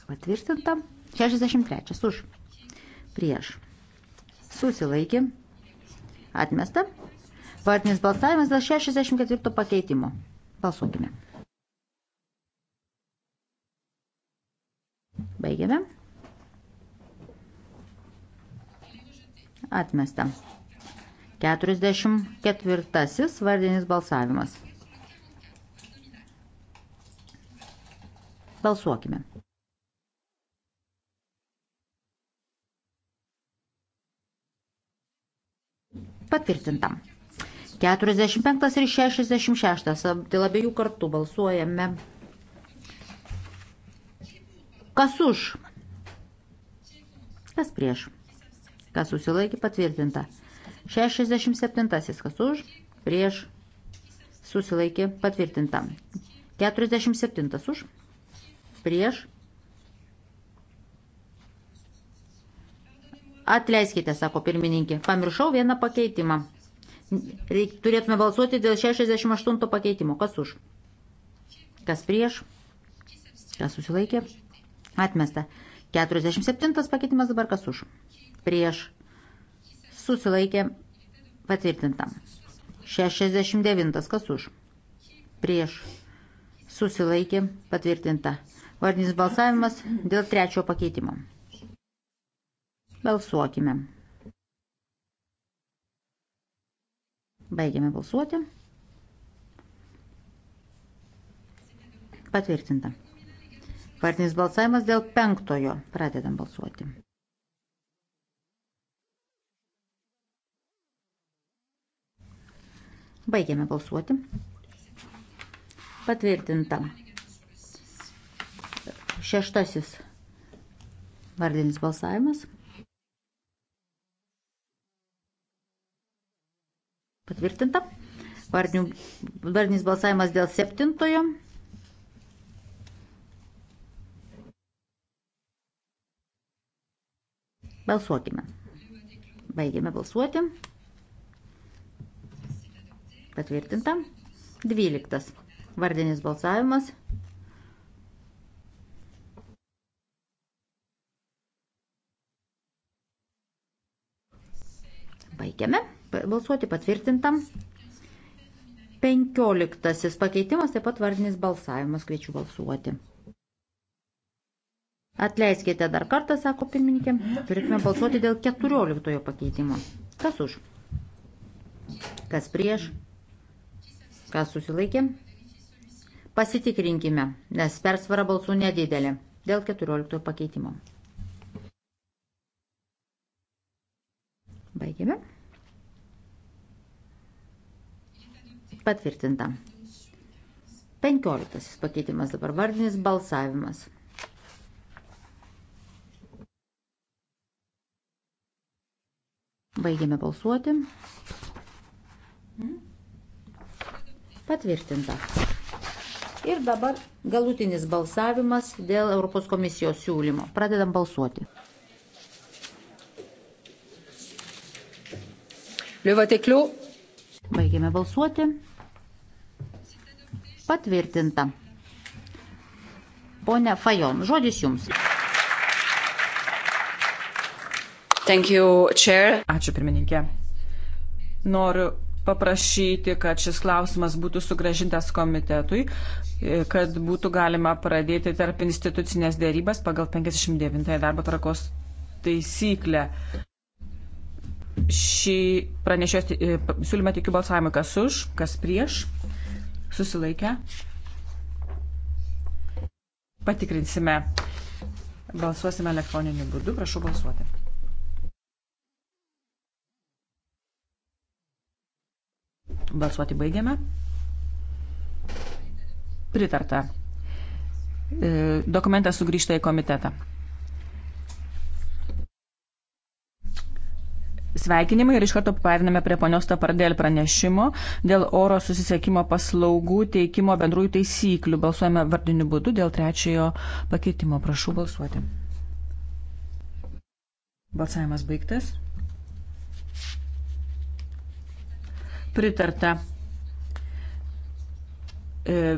Patvirtinta. 63. Už prieš. Susilaikė. Atmesta. Vardinis balsavimas dėl 64 pakeitimo. Balsuokime. Baigiame. Atmesta. 44 vardinis balsavimas. Balsuokime. Patvirtinta. 45 ir 66. Dėl abiejų kartų balsuojame. Kas už? Kas prieš? Kas susilaikė patvirtinta. 67. Kas už? Prieš. Susilaikė patvirtinta. 47. Už. Prieš. Atleiskite, sako pirmininkė, pamiršau vieną pakeitimą. Reik, turėtume balsuoti dėl 68 pakeitimo. Kas už? Kas prieš? Kas susilaikė? Atmesta. 47 pakeitimas dabar kas už? Prieš. Susilaikė. Patvirtinta. 69 kas už? Prieš. Susilaikė. Patvirtinta. Vardinis balsavimas dėl trečiojo pakeitimo. Balsuokime. Baigiame balsuoti. Patvirtinta. Partinis balsavimas dėl penktojo. Pradedam balsuoti. Baigiame balsuoti. Patvirtinta. Šeštasis vardinis balsavimas. Patvirtinta. Vardinių, vardinis balsavimas dėl septintojo. Balsuokime. Baigėme balsuoti. Patvirtinta. Dvyliktas. Vardinis balsavimas. Baigiame balsuoti patvirtinta. 15 pakeitimas, taip pat vardinis balsavimas, kviečiu balsuoti. Atleiskite dar kartą, sako pirmininkė, turėtume balsuoti dėl 14 pakeitimo. Kas už? Kas prieš? Kas susilaikė? Pasitikrinkime, nes persvara balsų nedidelė dėl 14 pakeitimo. Baigėme. Patvirtinta. 15 pakeitimas dabar vardinis balsavimas. Baigiame balsuoti. Patvirtinta. Ir dabar galutinis balsavimas dėl Europos komisijos siūlymo. Pradedam balsuoti. Liuvateklių. Baigiame balsuoti. Patvirtinta. Pone Fajon, žodis jums. Thank you, chair. Ačiū pirmininkė. Noriu paprašyti, kad šis klausimas būtų sugražintas komitetui, kad būtų galima pradėti tarp institucinės dėrybas pagal 59 darbo tvarkos taisyklę. Šį pranešios e, siūlymą tikiu balsavimą, kas už, kas prieš susilaikę. Patikrinsime. Balsuosime elektroniniu būdu. Prašau balsuoti. Balsuoti baigiame. Pritarta. E, dokumentas sugrįžta į komitetą. sveikinimai ir iš karto paviname prie ponios Tapardėl pranešimo dėl oro susisiekimo paslaugų teikimo bendrųjų taisyklių. Balsuojame vardiniu būdu dėl trečiojo pakeitimo. Prašau balsuoti. Balsavimas baigtas. Pritarta. E,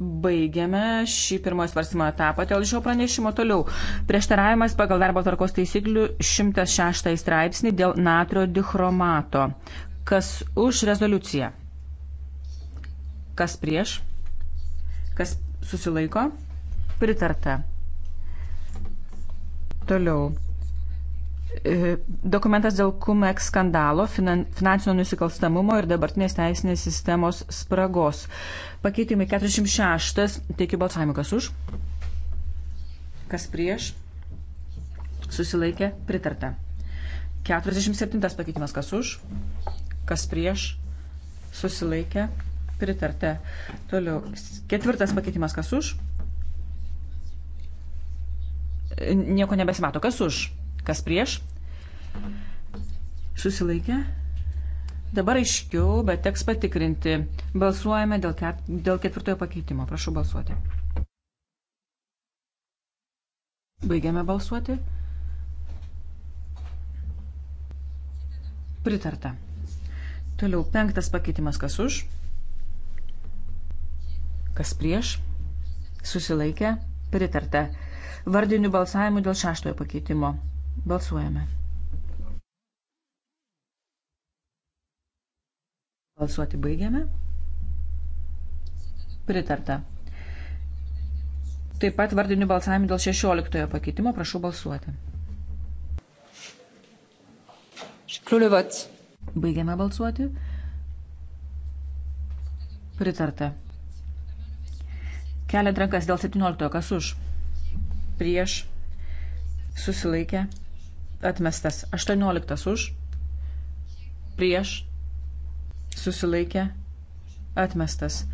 Baigiame šį pirmojo svarstymo etapą. Dėl šio pranešimo toliau. Prieštaravimas pagal darbo tvarkos taisyklių 106 straipsnį dėl natrio dichromato. Kas už rezoliuciją? Kas prieš? Kas susilaiko? Pritarta. Toliau. E, dokumentas dėl KUMEK skandalo, finan, finansinio nusikalstamumo ir dabartinės teisinės sistemos spragos. Pakeitimai 46, teikiu balsavimą, kas už, kas prieš, susilaikė, pritarta. 47 pakeitimas, kas už, kas prieš, susilaikė, pritarta. Toliau, ketvirtas pakeitimas, kas už, nieko nebesimato, kas už Kas prieš? Susilaikė? Dabar aiškiau, bet teks patikrinti. Balsuojame dėl, ket, dėl ketvirtojo pakeitimo. Prašau balsuoti. Baigiame balsuoti. Pritarta. Toliau penktas pakeitimas kas už, kas prieš, susilaikė, pritarta. Vardinių balsavimų dėl šeštojo pakeitimo. Balsuojame. Balsuoti baigiame. Pritarta. Taip pat vardiniu balsavimu dėl 16 pakeitimo prašau balsuoti. Kliulivats. Baigiame balsuoti. Pritarta. Keliant rankas dėl 17, kas už? Prieš. Susilaikę atmestas. 18 už, prieš, susilaikė, atmestas.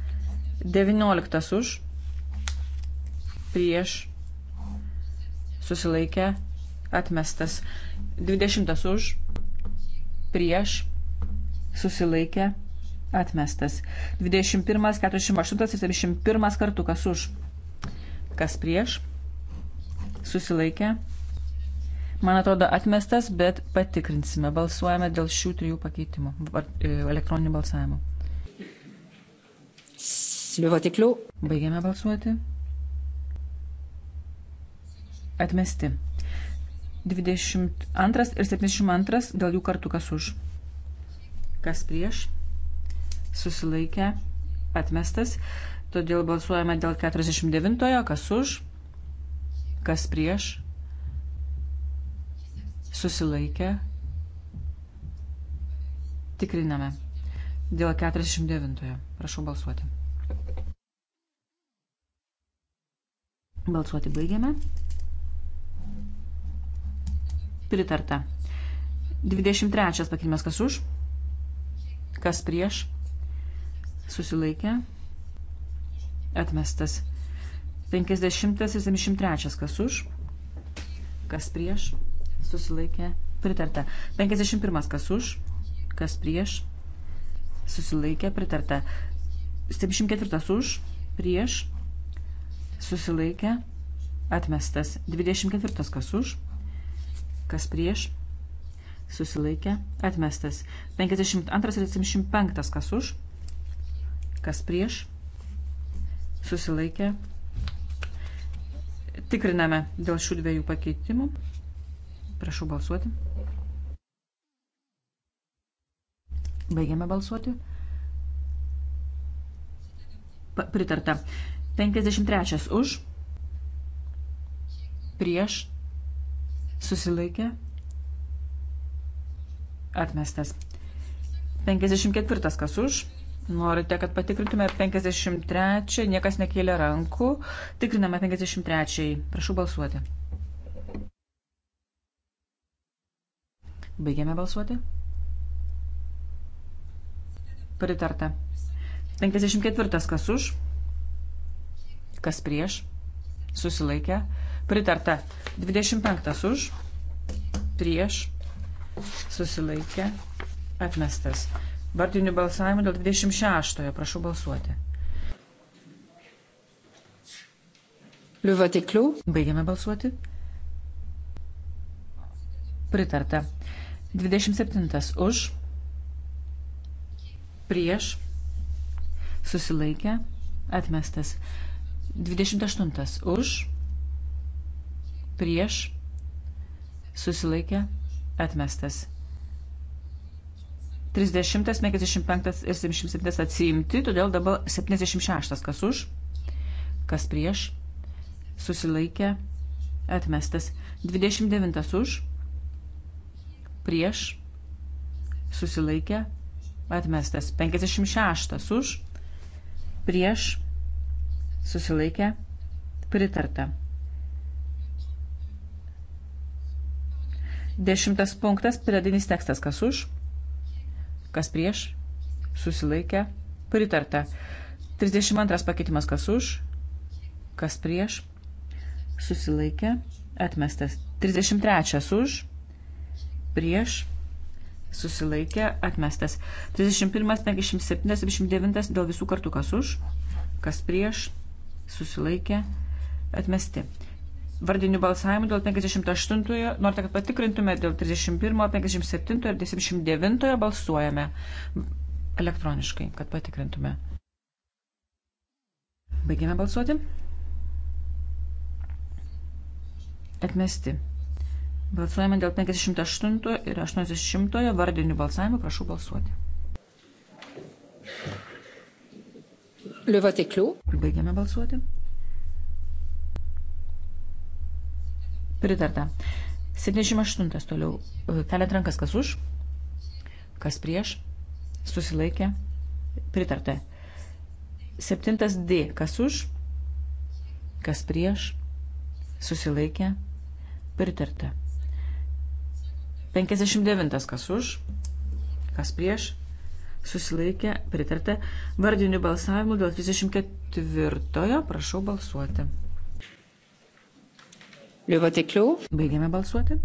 19 už, prieš, susilaikė, atmestas. 20 už, prieš, susilaikė, atmestas. 21, 48 ir 71 kartu, kas už, kas prieš, susilaikė, atmestas man atrodo, atmestas, bet patikrinsime. Balsuojame dėl šių trijų pakeitimų e, elektroninių balsavimų. Sliuvatiklių. Baigiame balsuoti. Atmesti. 22 ir 72 dėl jų kartu kas už. Kas prieš? Susilaikę. Atmestas. Todėl balsuojame dėl 49, kas už, kas prieš, susilaikė. Tikriname. Dėl 49. Prašau balsuoti. Balsuoti baigiame. Pritarta. 23 pakilimas kas už, kas prieš, susilaikė, atmestas. 50 ir 73 kas už, kas prieš, susilaikė, pritarta. 51 kas už, kas prieš, susilaikė, pritarta. 74 už, prieš, susilaikė, atmestas. 24 kas už, kas prieš, susilaikė, atmestas. 52 ir 75 kas už, kas prieš, susilaikė. Tikriname dėl šių dviejų pakeitimų. Prašau balsuoti. Baigiame balsuoti. Pa, pritarta. 53 už. Prieš. Susilaikė. Atmestas. 54 kas už. Norite, kad patikrintume 53. Niekas nekėlė rankų. Tikriname 53. Prašau balsuoti. Baigiame balsuoti. Pritarta. 54. Kas už? Kas prieš? Susilaikė. Pritarta. 25. Už? Prieš? Susilaikė. Atmestas. Vardinių balsavimų dėl 26. Prašau balsuoti. Le vote est clos. Baigiame balsuoti. Pritarta. 27 už, prieš, susilaikę, atmestas. 28 už, prieš, susilaikę, atmestas. 30, 55 ir 77 atsiimti, todėl dabar 76 kas už, kas prieš, susilaikė, atmestas. 29 už, prieš, susilaikė, atmestas. 56 už, prieš, susilaikė, pritarta. Dešimtas punktas, pridadinis tekstas, kas už, kas prieš, susilaikė, pritarta. 32 pakeitimas, kas už, kas prieš, susilaikė, atmestas. 33 už, prieš susilaikė atmestas. 31, 57, 79 dėl visų kartų kas už, kas prieš susilaikė atmesti. Vardinių balsavimų dėl 58, norite, kad patikrintume dėl 31, 57 ir 29 balsuojame elektroniškai, kad patikrintume. Baigėme balsuoti. Atmesti. Balsuojame dėl 58 ir 80 vardinių balsavimų. Prašau balsuoti. Liuvatiklių. Baigiame balsuoti. Pritarta. 78 toliau. Keliat rankas kas už, kas prieš, susilaikė, pritarta. 7 D kas už, kas prieš, susilaikė, pritarta. 59 kas už, kas prieš, susilaikė, pritarta. Vardiniu balsavimu dėl 34. Prašau balsuoti. Liuvotiklių. Baigėme balsuoti.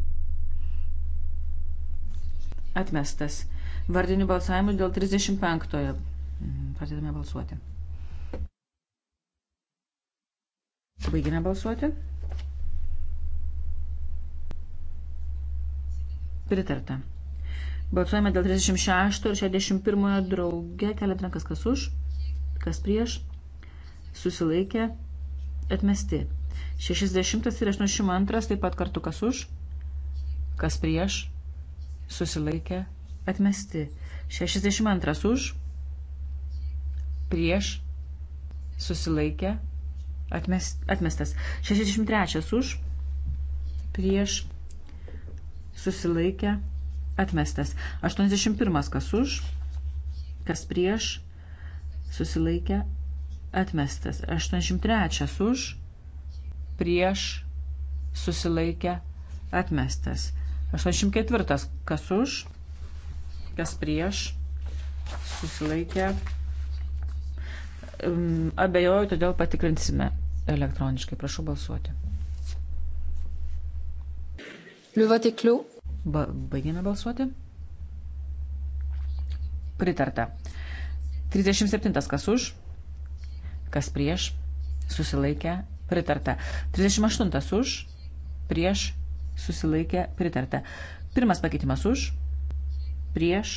Atmestas. Vardiniu balsavimu dėl 35. Mhm, pradedame balsuoti. Baigėme balsuoti. Pritarta. Balsuojame dėl 36 ir 61 drauge. Keliant rankas, kas už, kas prieš, susilaikė, atmesti. 60 ir 82 taip pat kartu kas už, kas prieš, susilaikė, atmesti. 62 už, prieš, susilaikė, atmest, atmestas. 63 už, prieš, susilaikė, atmestas. 81 kas už, kas prieš, susilaikė, atmestas. 83 už, prieš, susilaikė, atmestas. 84 kas už, kas prieš, susilaikė, abejoju, todėl patikrinsime elektroniškai. Prašau balsuoti. Liuvatiklių. Ba baigėme balsuoti. Pritarta. 37. Kas už? Kas prieš? Susilaikė. Pritarta. 38. Už? Prieš? Susilaikė. Pritarta. Pirmas pakeitimas už? Prieš?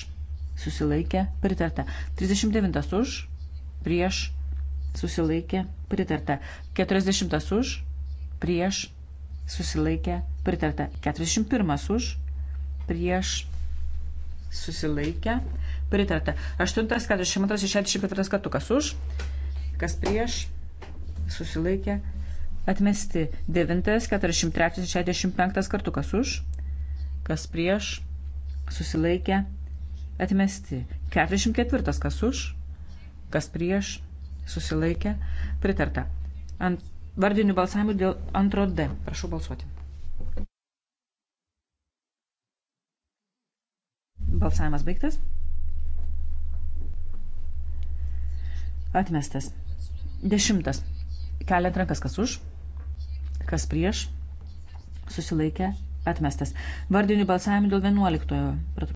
Susilaikė. Pritarta. 39. Už? Prieš? Susilaikė. Pritarta. 40. Už? Prieš? susilaikė pritarta. 41 už, prieš susilaikė pritarta. 8, 42, 64 kartukas už, kas prieš susilaikė atmesti. 9, 43, 65 kartukas už, kas prieš susilaikė atmesti. 44 kas už, kas prieš susilaikė pritarta. Ant vardiniu balsavimu dėl antro D. Prašau balsuoti. Balsavimas baigtas. Atmestas. Dešimtas. Keliant rankas kas už, kas prieš, susilaikė, atmestas. Vardinių balsavimų dėl 11.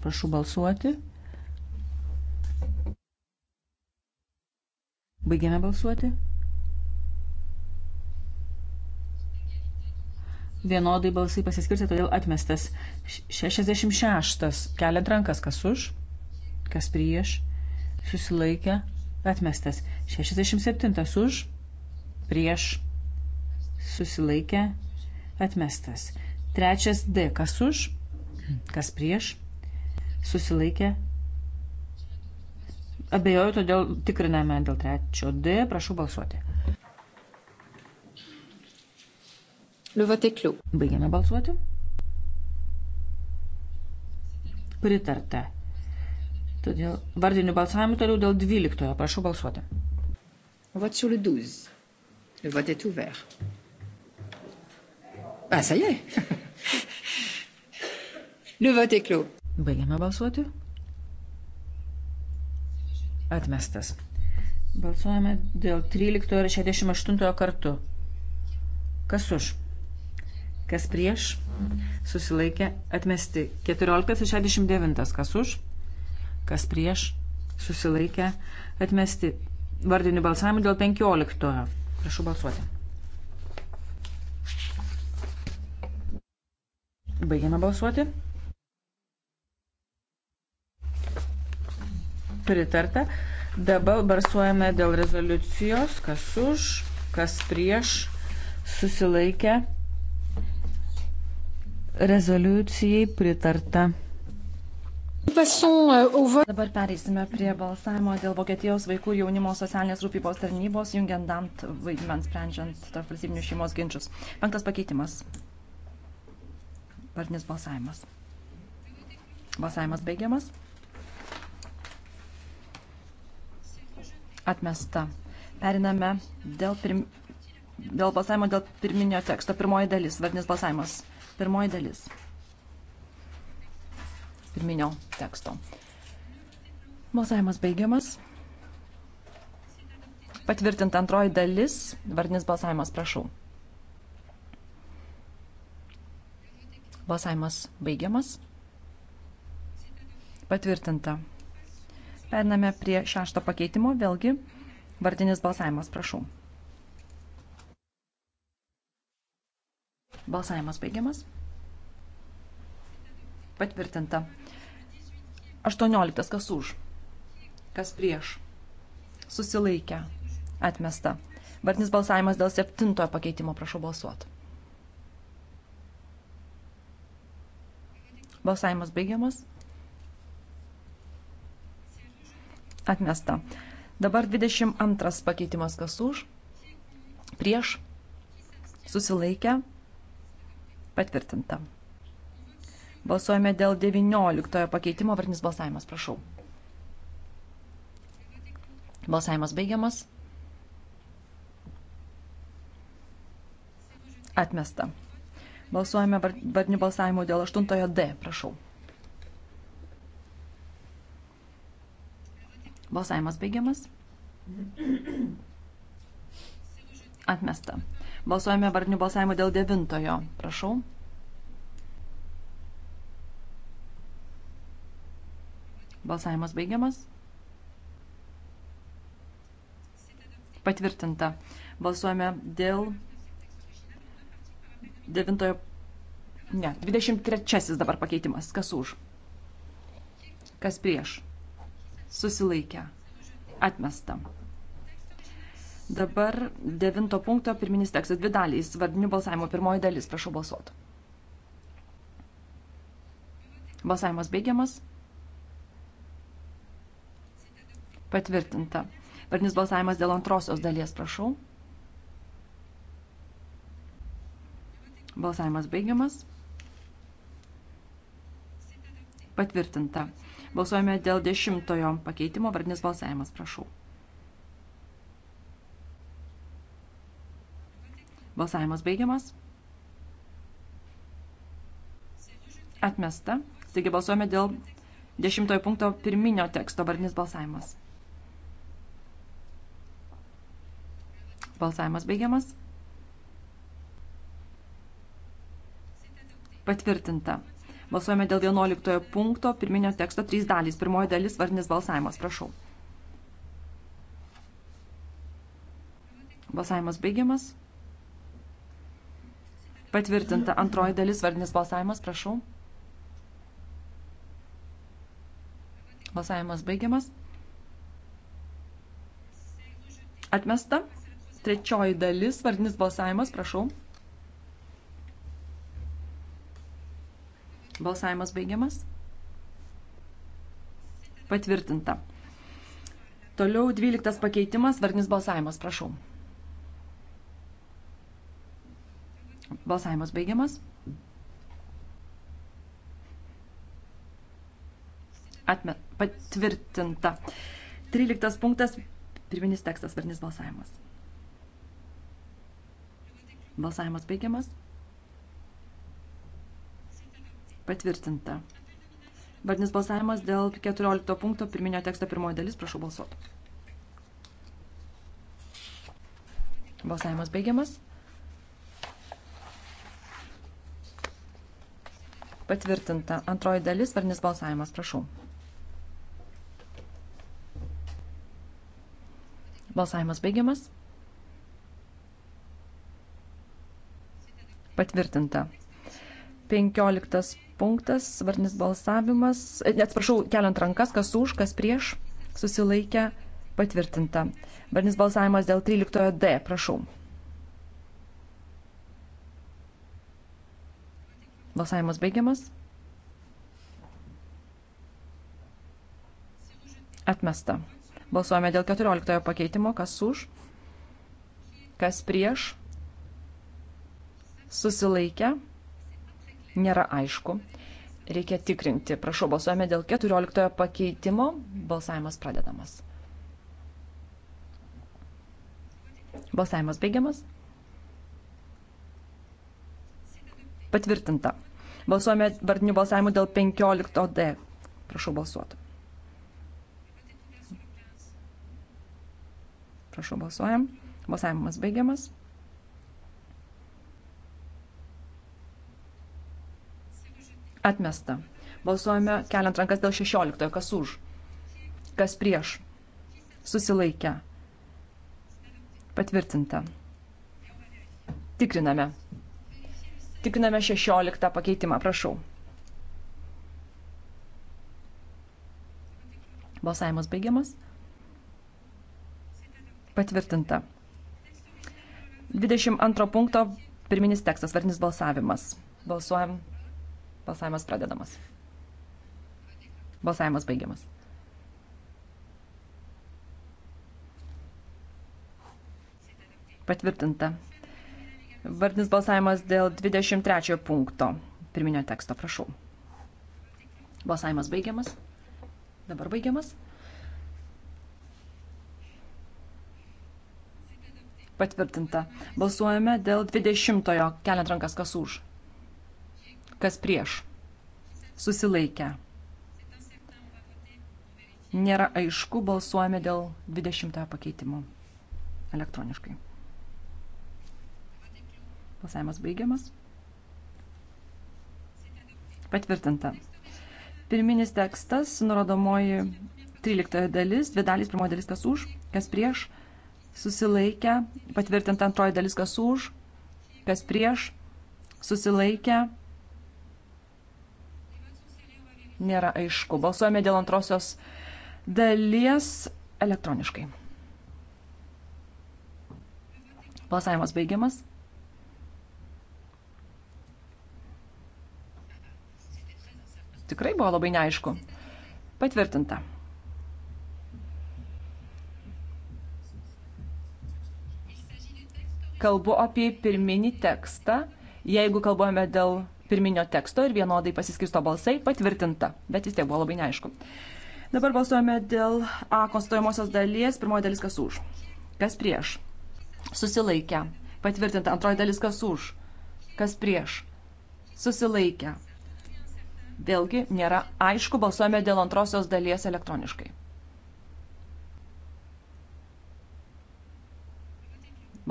Prašau balsuoti. Baigėme balsuoti. vienodai balsai pasiskirsti, todėl atmestas. 66. Keliant rankas, kas už, kas prieš, susilaikė, atmestas. 67. Už, prieš, susilaikė, atmestas. Trečias D. Kas už, kas prieš, susilaikė. Abejoju, todėl tikriname dėl trečio D. Prašau balsuoti. Le vote est clos. Baigiame balsuoti. Pritarta. Todėl vardiniu balsavimu toliau dėl 12. Prašau balsuoti. Vote sur le 12. Le vote est ouvert. Ah, ça y est. le vote est clos. Baigiame balsuoti. Atmestas. Balsuojame dėl 13 ir 68 kartu. Kas už? kas prieš, susilaikė atmesti. 1469, kas už, kas prieš, susilaikė atmesti. Vardinių balsavimų dėl 15. Prašau balsuoti. Baigiame balsuoti. Pritarta. Dabar balsuojame dėl rezoliucijos, kas už, kas prieš, susilaikę Rezoliucijai pritarta. Euh, Dabar pereisime prie balsavimo dėl Vokietijos vaikų jaunimo socialinės rūpybos tarnybos jungiant vaidmens sprendžiant tarp valstybinių šeimos ginčius. Penktas pakeitimas. Partinis balsavimas. Balsavimas baigiamas. Atmesta. Periname dėl, pirm... dėl balsavimo dėl pirminio teksto. Pirmoji dalis. Vardinis balsavimas. Pirmoji dalis. Pirminio teksto. Balsavimas baigiamas. Patvirtinta antroji dalis. Vardinis balsavimas, prašau. Balsavimas baigiamas. Patvirtinta. Periname prie šešto pakeitimo. Vėlgi, vardinis balsavimas, prašau. Balsavimas baigiamas. Patvirtinta. 18. Kas už? Kas prieš? Susilaikę. Atmesta. Vartinis balsavimas dėl septintojo pakeitimo. Prašau balsuoti. Balsavimas baigiamas. Atmesta. Dabar 22 pakeitimas kas už, prieš, susilaikę, Patvirtinta. Balsuojame dėl 19 pakeitimo. Vardinis balsavimas, prašau. Balsavimas baigiamas. Atmesta. Balsuojame vardinių balsavimų dėl 8 D. Prašau. Balsavimas baigiamas. Atmesta. Balsuojame vardinių balsavimų dėl devintojo. Prašau. Balsavimas baigiamas. Patvirtinta. Balsuojame dėl devintojo. Ne, 23 dabar pakeitimas. Kas už? Kas prieš? Susilaikę. Atmesta. Dabar devinto punkto pirminis tekstas dvi dalys, vardinių balsavimo pirmoji dalis, prašau balsuoti. Balsavimas baigiamas. Patvirtinta. Vardinis balsavimas dėl antrosios dalies, prašau. Balsavimas baigiamas. Patvirtinta. Balsuojame dėl dešimtojo pakeitimo, vardinis balsavimas, prašau. Balsavimas baigiamas. Atmesta. Taigi balsuojame dėl dešimtojo punkto pirminio teksto vardinis balsavimas. Balsavimas baigiamas. Patvirtinta. Balsuojame dėl 11 punkto pirminio teksto 3 dalys. Pirmoji dalis vardinis balsavimas. Prašau. Balsavimas baigiamas. Patvirtinta antroji dalis, vardinis balsavimas, prašau. Balsavimas baigiamas. Atmesta. Trečioji dalis, vardinis balsavimas, prašau. Balsavimas baigiamas. Patvirtinta. Toliau 12 pakeitimas, vardinis balsavimas, prašau. Balsavimas baigiamas. Atmet, patvirtinta. 13 punktas, pirminis tekstas, varnis balsavimas. Balsavimas baigiamas. Patvirtinta. Vardinis balsavimas dėl 14 punkto pirminio teksto pirmoji dalis. Prašau balsuoti. Balsavimas baigiamas. patvirtinta. Antroji dalis, varnis balsavimas, prašau. Balsavimas baigiamas. Patvirtinta. 15 punktas, varnis balsavimas, e, atsiprašau, keliant rankas, kas už, kas prieš, susilaikę, patvirtinta. Varnis balsavimas dėl 13 D, prašau. Balsavimas baigiamas. Atmesta. Balsuojame dėl 14 pakeitimo. Kas už? Kas prieš? Susilaikę? Nėra aišku. Reikia tikrinti. Prašau, balsuojame dėl 14 pakeitimo. Balsavimas pradedamas. Balsavimas baigiamas. Patvirtinta. Balsuojame vardinių balsavimų dėl 15D. Prašau balsuoti. Prašau balsuojam. Balsavimas baigiamas. Atmesta. Balsuojame keliant rankas dėl 16. Kas už? Kas prieš? Susilaikę. Patvirtinta. Tikriname. Tikriname 16 pakeitimą, prašau. Balsavimas baigiamas. Patvirtinta. 22 punkto pirminis tekstas, vardinis balsavimas. Balsuojam. Balsavimas pradedamas. Balsavimas baigiamas. Patvirtinta. Vardinis balsavimas dėl 23 punkto pirminio teksto, prašau. Balsavimas baigiamas. Dabar baigiamas. Patvirtinta. Balsuojame dėl 20-ojo. Keliant rankas, kas už. Kas prieš. Susilaikę. Nėra aišku, balsuojame dėl 20-ojo pakeitimo elektroniškai. Balsavimas baigiamas. Patvirtinta. Pirminis tekstas, nurodomoji 13 dalis, dvi dalys, pirmoji dalis kas už, kas prieš, susilaikę, patvirtinta antroji dalis kas už, kas prieš, susilaikę, nėra aišku. Balsuojame dėl antrosios dalies elektroniškai. Balsavimas baigiamas. tikrai buvo labai neaišku. Patvirtinta. Kalbu apie pirminį tekstą. Jeigu kalbame dėl pirminio teksto ir vienodai pasiskirsto balsai, patvirtinta. Bet vis tiek buvo labai neaišku. Dabar balsuojame dėl A konstatuojamosios dalies. Pirmoji dalis kas už. Kas prieš. Susilaikę. Patvirtinta. Antroji dalis kas už. Kas prieš. Susilaikę Vėlgi nėra aišku, balsuojame dėl antrosios dalies elektroniškai.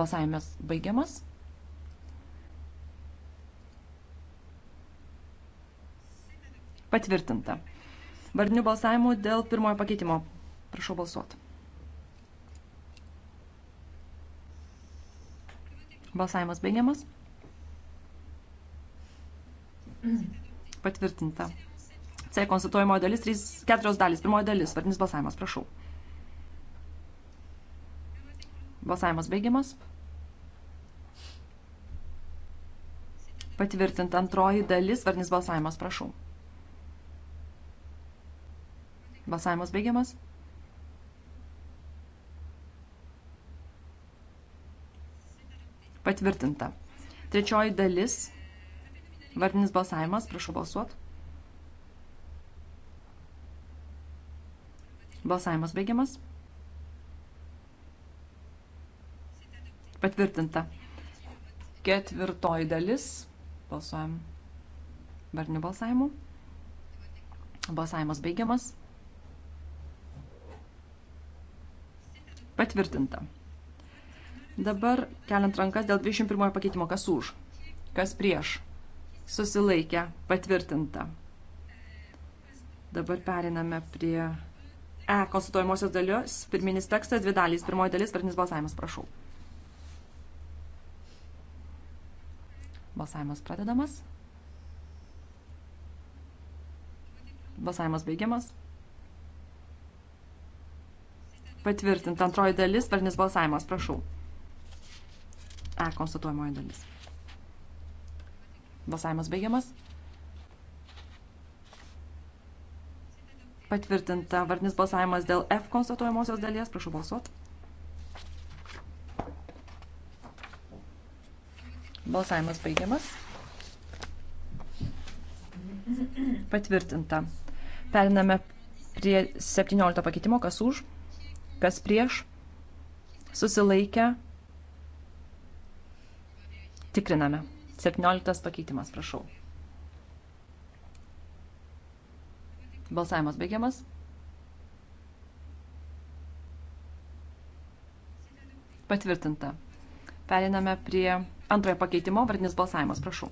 Balsavimas baigiamas. Patvirtinta. Vardinių balsavimų dėl pirmojo pakeitimo. Prašau balsuoti. Balsavimas baigiamas. Mm. Patvirtinta. C konstatuojamo dalis, 3, 4 dalis, pirmoji dalis, vardinis balsavimas, prašau. Balsavimas baigiamas. Patvirtinta antroji dalis, vardinis balsavimas, prašau. Balsavimas baigiamas. Patvirtinta. Trečioji dalis, Vardinis balsavimas, prašau balsuot. Balsavimas baigiamas. Patvirtinta. Ketvirtoji dalis. Balsuojam varnių balsavimu. Balsavimas baigiamas. Patvirtinta. Dabar keliant rankas dėl 21 pakeitimo, kas už, kas prieš susilaikę, patvirtinta. Dabar periname prie E konsultuojamosios dalios, pirminis tekstas, dvi dalys, pirmoji dalis, pradinis balsavimas, prašau. Balsavimas pradedamas. Balsavimas baigiamas. Patvirtinta antroji dalis, pradinis balsavimas, prašau. E konsultuojamoji dalis. Balsavimas baigiamas. Patvirtinta vardinis balsavimas dėl F konstatuojamosios dalies. Prašau balsuot. Balsavimas baigiamas. Patvirtinta. Periname prie 17 pakeitimo. Kas už? Kas prieš? Susilaikę. Tikriname. 17 pakeitimas, prašau. Balsavimas baigiamas. Patvirtinta. Periname prie antrojo pakeitimo, vardinis balsavimas, prašau.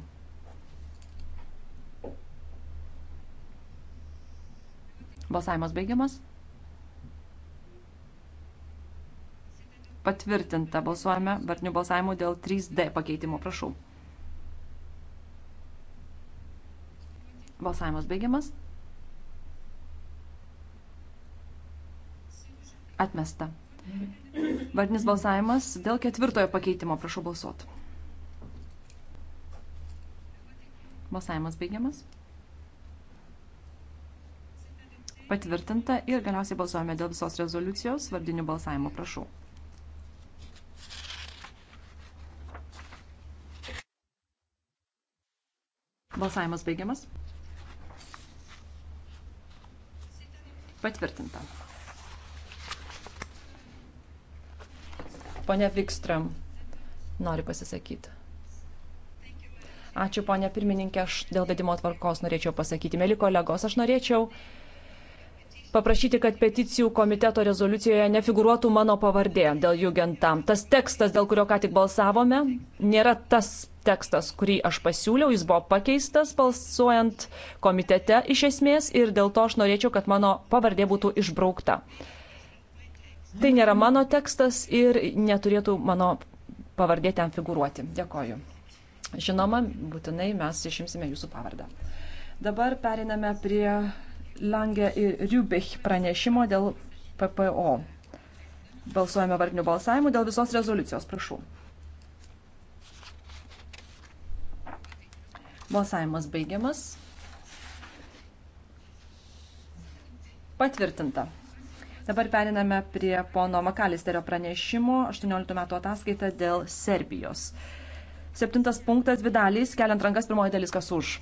Balsavimas baigiamas. Patvirtinta. Balsuojame vardinių balsavimų dėl 3D pakeitimo. Prašau. Balsavimas baigiamas. Atmesta. Vardinis balsavimas dėl ketvirtojo pakeitimo. Prašau balsuoti. Balsavimas baigiamas. Patvirtinta ir galiausiai balsuojame dėl visos rezoliucijos vardinių balsavimo. Prašau. Balsavimas baigiamas. Patvirtinta. Pone Vikstram nori pasisakyti. Ačiū, ponė pirmininkė, aš dėl vedimo tvarkos norėčiau pasakyti. Mėly kolegos, aš norėčiau paprašyti, kad peticijų komiteto rezoliucijoje nefiguruotų mano pavardė dėl jugentam. Tas tekstas, dėl kurio ką tik balsavome, nėra tas tekstas, kurį aš pasiūliau, jis buvo pakeistas balsuojant komitete iš esmės ir dėl to aš norėčiau, kad mano pavardė būtų išbraukta. Tai nėra mano tekstas ir neturėtų mano pavardė ten figuruoti. Dėkoju. Žinoma, būtinai mes išimsime jūsų pavardę. Dabar periname prie Lange ir Riubich pranešimo dėl PPO. Balsuojame vardiniu balsavimu dėl visos rezoliucijos. Prašau. Balsavimas baigiamas. Patvirtinta. Dabar periname prie pono Makalisterio pranešimo 18 metų ataskaita dėl Serbijos. Septintas punktas, dvi dalys, keliant rankas, pirmoji dalis, kas už.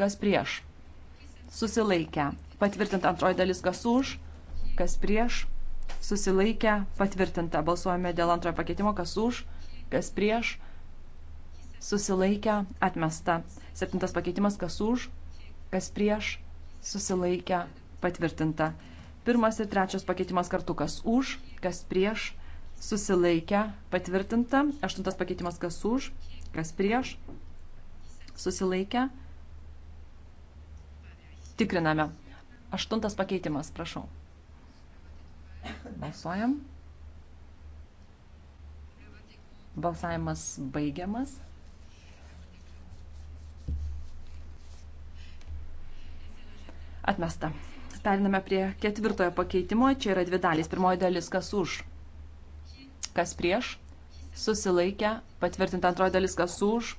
Kas prieš. Susilaikę. Patvirtinta antroji dalis, kas už. Kas prieš. Susilaikę. Patvirtinta. Balsuojame dėl antrojo pakeitimo, kas už. Kas prieš susilaikę, atmesta. Septintas pakeitimas, kas už, kas prieš, susilaikę, patvirtinta. Pirmas ir trečias pakeitimas kartu, kas už, kas prieš, susilaikę, patvirtinta. Aštuntas pakeitimas, kas už, kas prieš, susilaikę. Tikriname. Aštuntas pakeitimas, prašau. Balsuojam. Balsavimas baigiamas. Atmesta. Periname prie ketvirtojo pakeitimo. Čia yra dvi dalys. Pirmoji dalis, kas už, kas prieš, susilaikę, patvirtinta antroji dalis, kas už,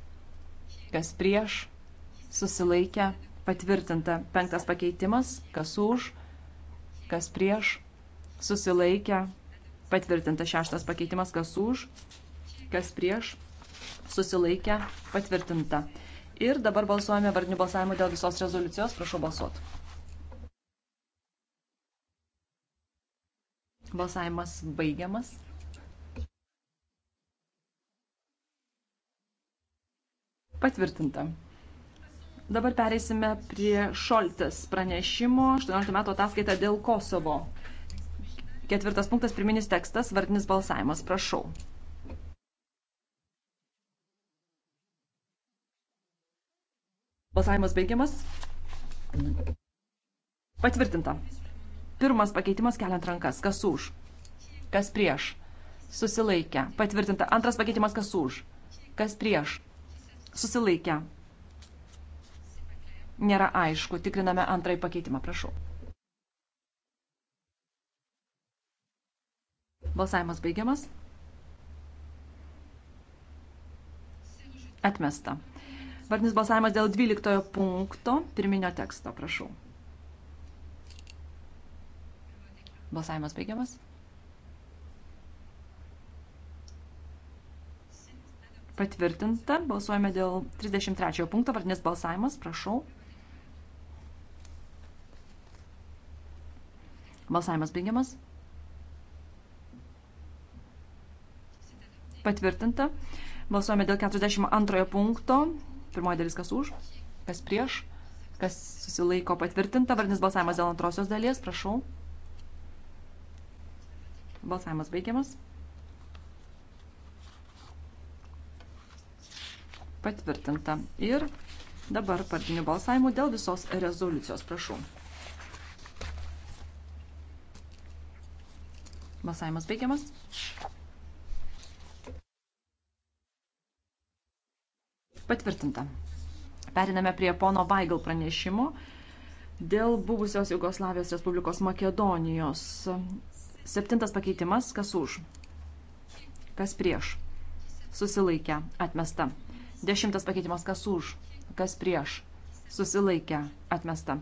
kas prieš, susilaikę, patvirtinta penktas pakeitimas, kas už, kas prieš, susilaikę, patvirtinta šeštas pakeitimas, kas už, kas prieš, susilaikę, patvirtinta. Ir dabar balsuojame vardinių balsavimų dėl visos rezoliucijos. Prašau balsuoti. Balsavimas baigiamas. Patvirtinta. Dabar pereisime prie Šoltas pranešimo 18 metų ataskaita dėl Kosovo. Ketvirtas punktas, priminis tekstas, vardinis balsavimas. Prašau. Balsavimas baigiamas. Patvirtinta. Pirmas pakeitimas keliant rankas. Kas už? Kas prieš? Susilaikę. Patvirtinta. Antras pakeitimas kas už? Kas prieš? Susilaikę. Nėra aišku. Tikriname antrąjį pakeitimą. Prašau. Balsavimas baigiamas. Atmesta. Vardinis balsavimas dėl 12 punkto pirminio teksto, prašau. Balsavimas baigiamas. Patvirtinta. Balsuojame dėl 33 punkto. Vardinės balsavimas. Prašau. Balsavimas baigiamas. Patvirtinta. Balsuojame dėl 42 punkto. Pirmoji dalis kas už, kas prieš, kas susilaiko patvirtinta. Vardinis balsavimas dėl antrosios dalies. Prašau. Balsavimas baigiamas. Patvirtinta. Ir dabar partinių balsavimų dėl visos rezoliucijos. Prašau. Balsavimas baigiamas. Patvirtinta. Periname prie pono Vaigal pranešimo dėl buvusios Jugoslavijos Respublikos Makedonijos Septintas pakeitimas, kas už, kas prieš, susilaikę, atmesta. Dešimtas pakeitimas, kas už, kas prieš, susilaikę, atmesta.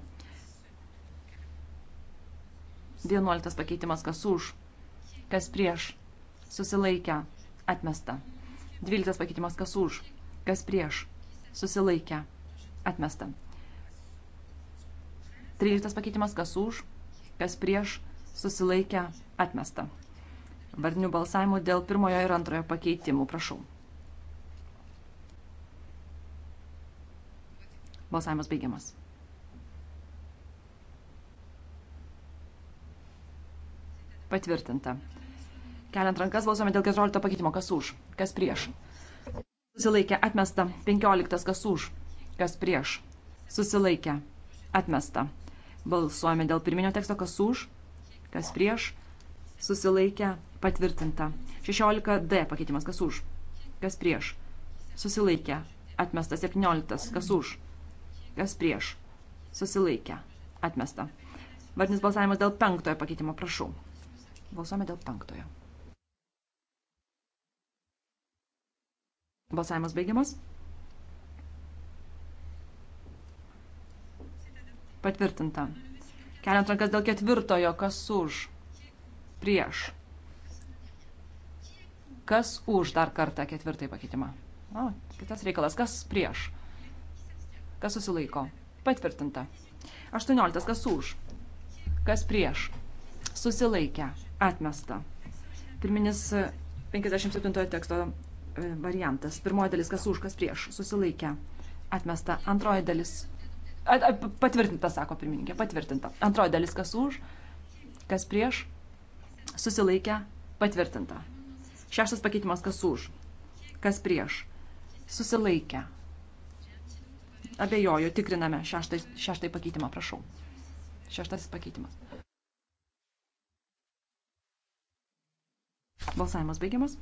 Vienuoliktas pakeitimas, kas už, kas prieš, susilaikę, atmesta. Dvyliktas pakeitimas, kas už, kas prieš, susilaikę, atmesta. Tryliktas pakeitimas, kas už, kas prieš, susilaikę, atmesta. Vardinių balsavimų dėl pirmojo ir antrojo pakeitimų. Prašau. Balsavimas baigiamas. Patvirtinta. Keliant rankas balsuojame dėl 14 pakeitimo. Kas už? Kas prieš? Susilaikė atmesta. 15. Kas už? Kas prieš? Susilaikė atmesta. Balsuojame dėl pirminio teksto. Kas už? kas prieš, susilaikę, patvirtinta. 16D pakeitimas, kas už, kas prieš, susilaikę, atmesta. 17, kas už, kas prieš, susilaikę, atmesta. Vardinis balsavimas dėl penktojo pakeitimo, prašau. Balsuojame dėl penktojo. Balsavimas baigiamas. Patvirtinta. Keliant rankas dėl ketvirtojo, kas už, prieš. Kas už dar kartą ketvirtąjį pakeitimą? O, kitas reikalas, kas prieš? Kas susilaiko? Patvirtinta. 18. Kas už? Kas prieš? Susilaikę. Atmesta. Pirminis 57 teksto e, variantas. Pirmoji dalis, kas už, kas prieš? Susilaikę. Atmesta. Antroji dalis, Patvirtinta, sako pirmininkė, patvirtinta. Antroji dalis, kas už, kas prieš, susilaikę, patvirtinta. Šeštas pakeitimas, kas už, kas prieš, susilaikę. Abejoju, tikriname šeštai, šeštai pakeitimą, prašau. Šeštasis pakeitimas. Balsavimas baigiamas.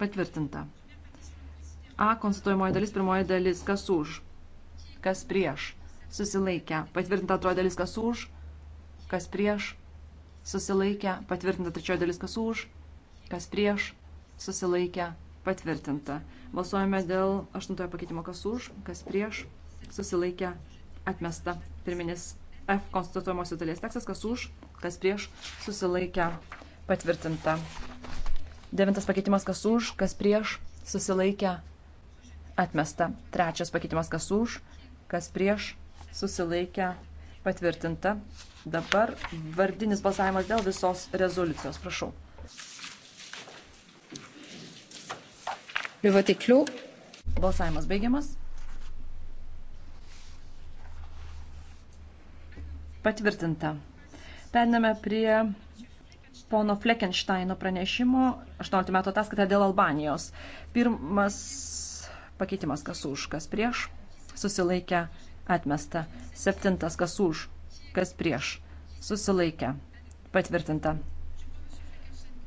Patvirtinta. A konstatuojamoji dalis, pirmoji dalis, kas už, kas prieš, susilaikę, patvirtinta antroji dalis, kas už, kas prieš, susilaikę, patvirtinta trečioji dalis, kas už, kas prieš, susilaikę, patvirtinta. Balsuojame dėl aštuntojo pakeitimo, kas už, kas prieš, susilaikę, atmesta. Pirminis F konstatuojamosios dalies tekstas, kas už, kas prieš, susilaikę, patvirtinta. Devintas pakeitimas, kas už, kas prieš, susilaikę, atmesta. Trečias pakeitimas, kas už, kas prieš, susilaikę, patvirtinta. Dabar vardinis balsavimas dėl visos rezoliucijos. Prašau. Liuvotiklių. Balsavimas baigiamas. Patvirtinta. Periname prie pono Fleckensteino pranešimo 18 metų ataskaita dėl Albanijos. Pirmas Pakeitimas kas už, kas prieš, susilaikę, atmesta. Septintas kas už, kas prieš, susilaikę, patvirtinta.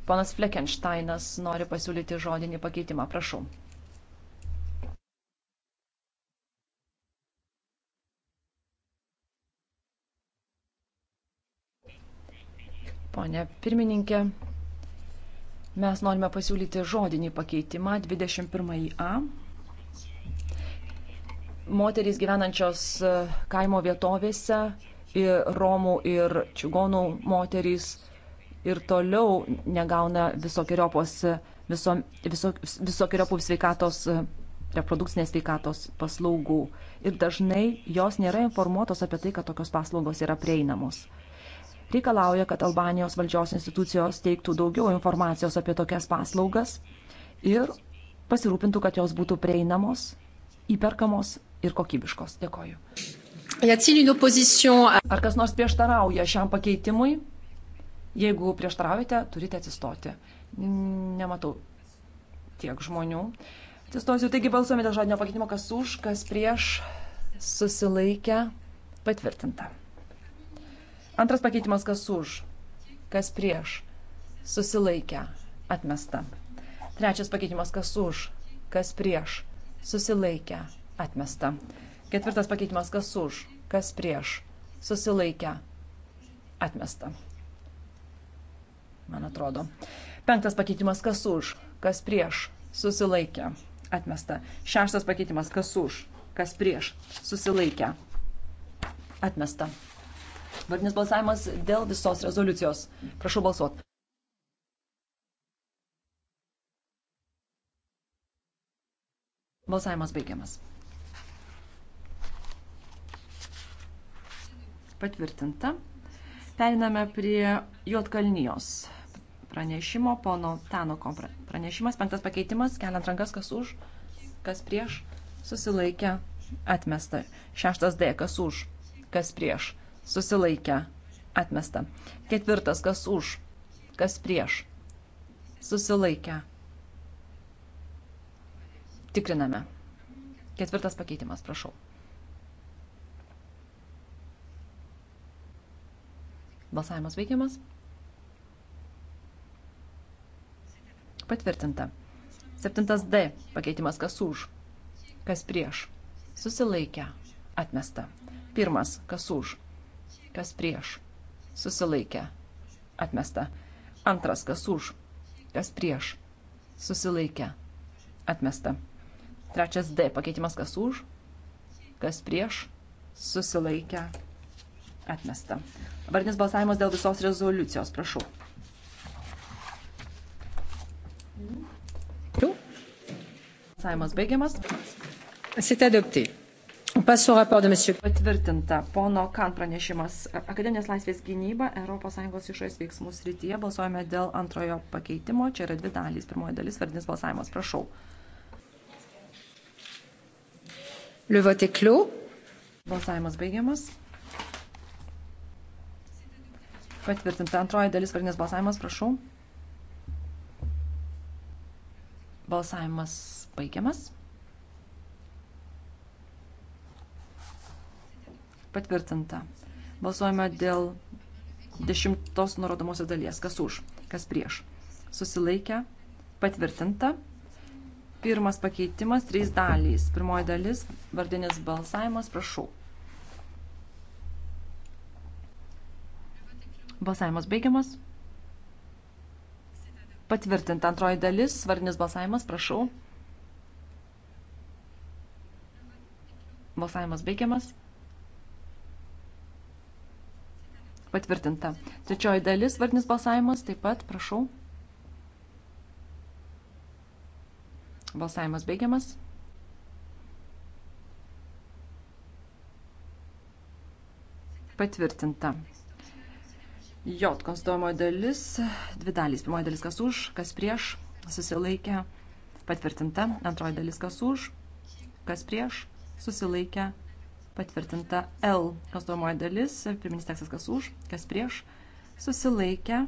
Ponas Fleckensteinas nori pasiūlyti žodinį pakeitimą, prašau. Pone pirmininkė, mes norime pasiūlyti žodinį pakeitimą 21a moterys gyvenančios e, kaimo vietovėse, ir Romų ir Čigonų moterys ir toliau negauna visokiojopos e, viso, viso, visokiojopų sveikatos e, reprodukcinės sveikatos paslaugų ir dažnai jos nėra informuotos apie tai, kad tokios paslaugos yra prieinamos. Reikalauja, kad Albanijos valdžios institucijos teiktų daugiau informacijos apie tokias paslaugas ir pasirūpintų, kad jos būtų prieinamos, įperkamos ir kokybiškos. Dėkoju. Ar kas nors prieštarauja šiam pakeitimui? Jeigu prieštaraujate, turite atsistoti. Nematau tiek žmonių. Atsistosiu, taigi balsuojame dėl žodinio pakeitimo, kas už, kas prieš, susilaikę, patvirtinta. Antras pakeitimas, kas už, kas prieš, susilaikę, atmesta. Trečias pakeitimas, kas už, kas prieš, susilaikę, Atmesta. Ketvirtas pakeitimas. Kas už? Kas prieš? Susilaikę. Atmesta. Man atrodo. Penktas pakeitimas. Kas už? Kas prieš? Susilaikę. Atmesta. Šeštas pakeitimas. Kas už? Kas prieš? Susilaikę. Atmesta. Vardinis balsavimas dėl visos rezoliucijos. Prašau balsuoti. Balsavimas baigiamas. Patvirtinta. Periname prie Jotkalnijos pranešimo, pono Tanoko pranešimas, penktas pakeitimas, keliant rankas, kas už, kas prieš, susilaikę, atmesta. Šeštas D, kas už, kas prieš, susilaikę, atmesta. Ketvirtas, kas už, kas prieš, susilaikę. Tikriname. Ketvirtas pakeitimas, prašau. Balsavimas veikiamas. Patvirtinta. Septintas D. Pakeitimas kas už. Kas prieš. Susilaikę. Atmesta. Pirmas. Kas už. Kas prieš. Susilaikę. Atmesta. Antras. Kas už. Kas prieš. Susilaikę. Atmesta. Trečias D. Pakeitimas kas už. Kas prieš. Susilaikę Atmesta. Vardinis balsavimas dėl visos rezoliucijos. Prašau. Balsavimas baigiamas. C'est adopté. On passe au rapport de monsieur. Patvirtinta pono Kan pranešimas. Akademinės laisvės gynyba ES išorės veiksmų srityje. Balsuojame dėl antrojo pakeitimo. Čia yra dvi dalys. Pirmoji dalis vardinis balsavimas. Prašau. Le vote est clos. Balsavimas baigiamas. Patvirtinta antroji dalis vardinės balsavimas, prašau. Balsavimas baigiamas. Patvirtinta. Balsuojame dėl dešimtos nurodomosios dalies. Kas už, kas prieš. Susilaikę. Patvirtinta. Pirmas pakeitimas, trys dalys. Pirmoji dalis, vardinis balsavimas, prašau. Balsavimas baigiamas. Patvirtinta antroji dalis, svarnis balsavimas, prašau. Balsavimas baigiamas. Patvirtinta. Trečioji dalis, vardinis balsavimas, taip pat, prašau. Balsavimas baigiamas. Patvirtinta. J konstatuojama dalis, dvi dalys. Pirmoji dalis kas už, kas prieš, susilaikė, patvirtinta. Antroji dalis kas už, kas prieš, susilaikė, patvirtinta. L konstatuojamoji dalis, pirminis tekstas kas už, kas prieš, susilaikė,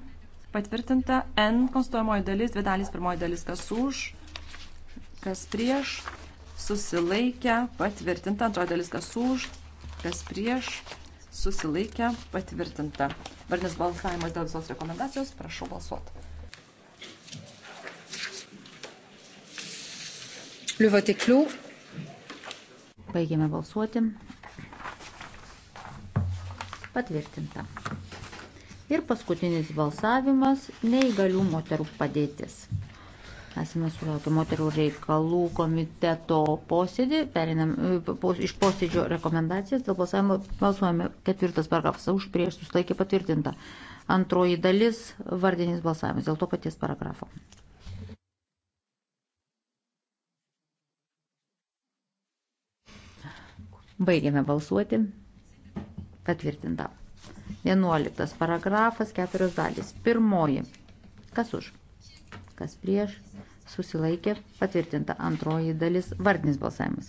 patvirtinta. N konstatuojamoji dalis, dvi dalys, pirmoji dalis kas už, kas prieš, susilaikę, patvirtinta, antroji dalis kas už, kas prieš, susilaikę, patvirtinta. Varnis balsavimas dėl visos rekomendacijos, prašau balsuoti. Liuvote kliū. Baigėme balsuoti. Patvirtinta. Ir paskutinis balsavimas - neįgalių moterų padėtis. Esame sulaukę moterų reikalų komiteto posėdį, perinam e, pos, iš posėdžio rekomendacijas, dėl balsavimo balsuojame ketvirtas paragrafas, už prieš susilaikė patvirtinta. Antroji dalis vardinis balsavimas dėl to paties paragrafo. Baigiame balsuoti. Patvirtinta. 11 paragrafas, keturios dalys. Pirmoji. Kas už? kas prieš, susilaikė, patvirtinta antroji dalis, vardinis balsavimas.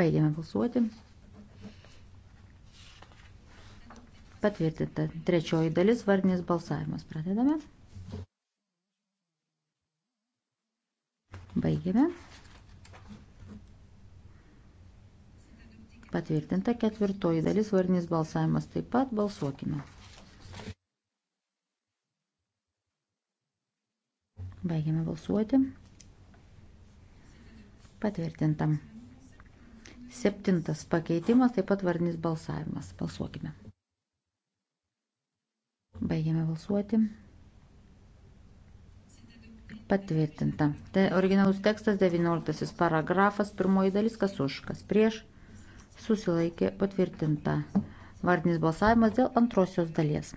Baigiame balsuoti. Patvirtinta trečioji dalis, vardinis balsavimas. Pradedame. Baigiame. Patvirtinta ketvirtoji dalis varnis balsavimas. Taip pat balsuokime. Baigiame balsuoti. Patvirtinta. Septintas pakeitimas, taip pat varnis balsavimas. Balsuokime. Baigiame balsuoti. Patvirtinta. Tai originalus tekstas, 19 paragrafas, pirmoji dalis, kas už, kas prieš susilaikė patvirtinta. Vardinis balsavimas dėl antrosios dalies.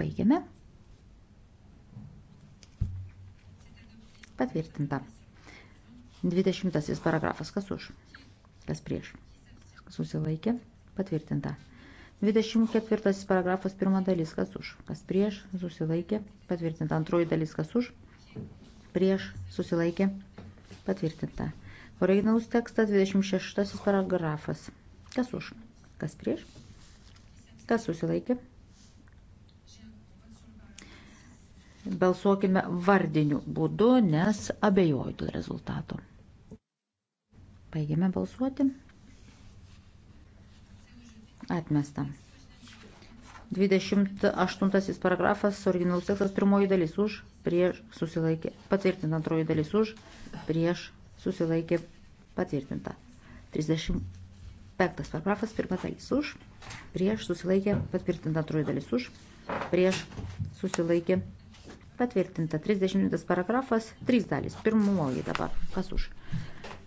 Baigiame. Patvirtinta. 20 paragrafas. Kas už? Kas prieš? Susilaikė. Patvirtinta. 24 paragrafas. Pirma dalis. Kas už? Kas prieš? Susilaikė. Patvirtinta. Antroji dalis. Kas už? Prieš. Susilaikė. Patvirtinta. Originalus tekstas 26 paragrafas. Kas už? Kas prieš? Kas susilaikė? Balsuokime vardiniu būdu, nes abejoju dėl rezultato. Baigėme balsuoti. Atmesta. 28 paragrafas, originalus tekstas, pirmoji dalis už, prieš susilaikė patvirtinta, antroji dalis už, prieš susilaikė patvirtinta. 35 paragrafas, pirma dalis už, prieš susilaikė patvirtinta, antroji dalis už, prieš susilaikė patvirtinta. 30 paragrafas, 3 dalis, pirmoji dabar, kas už,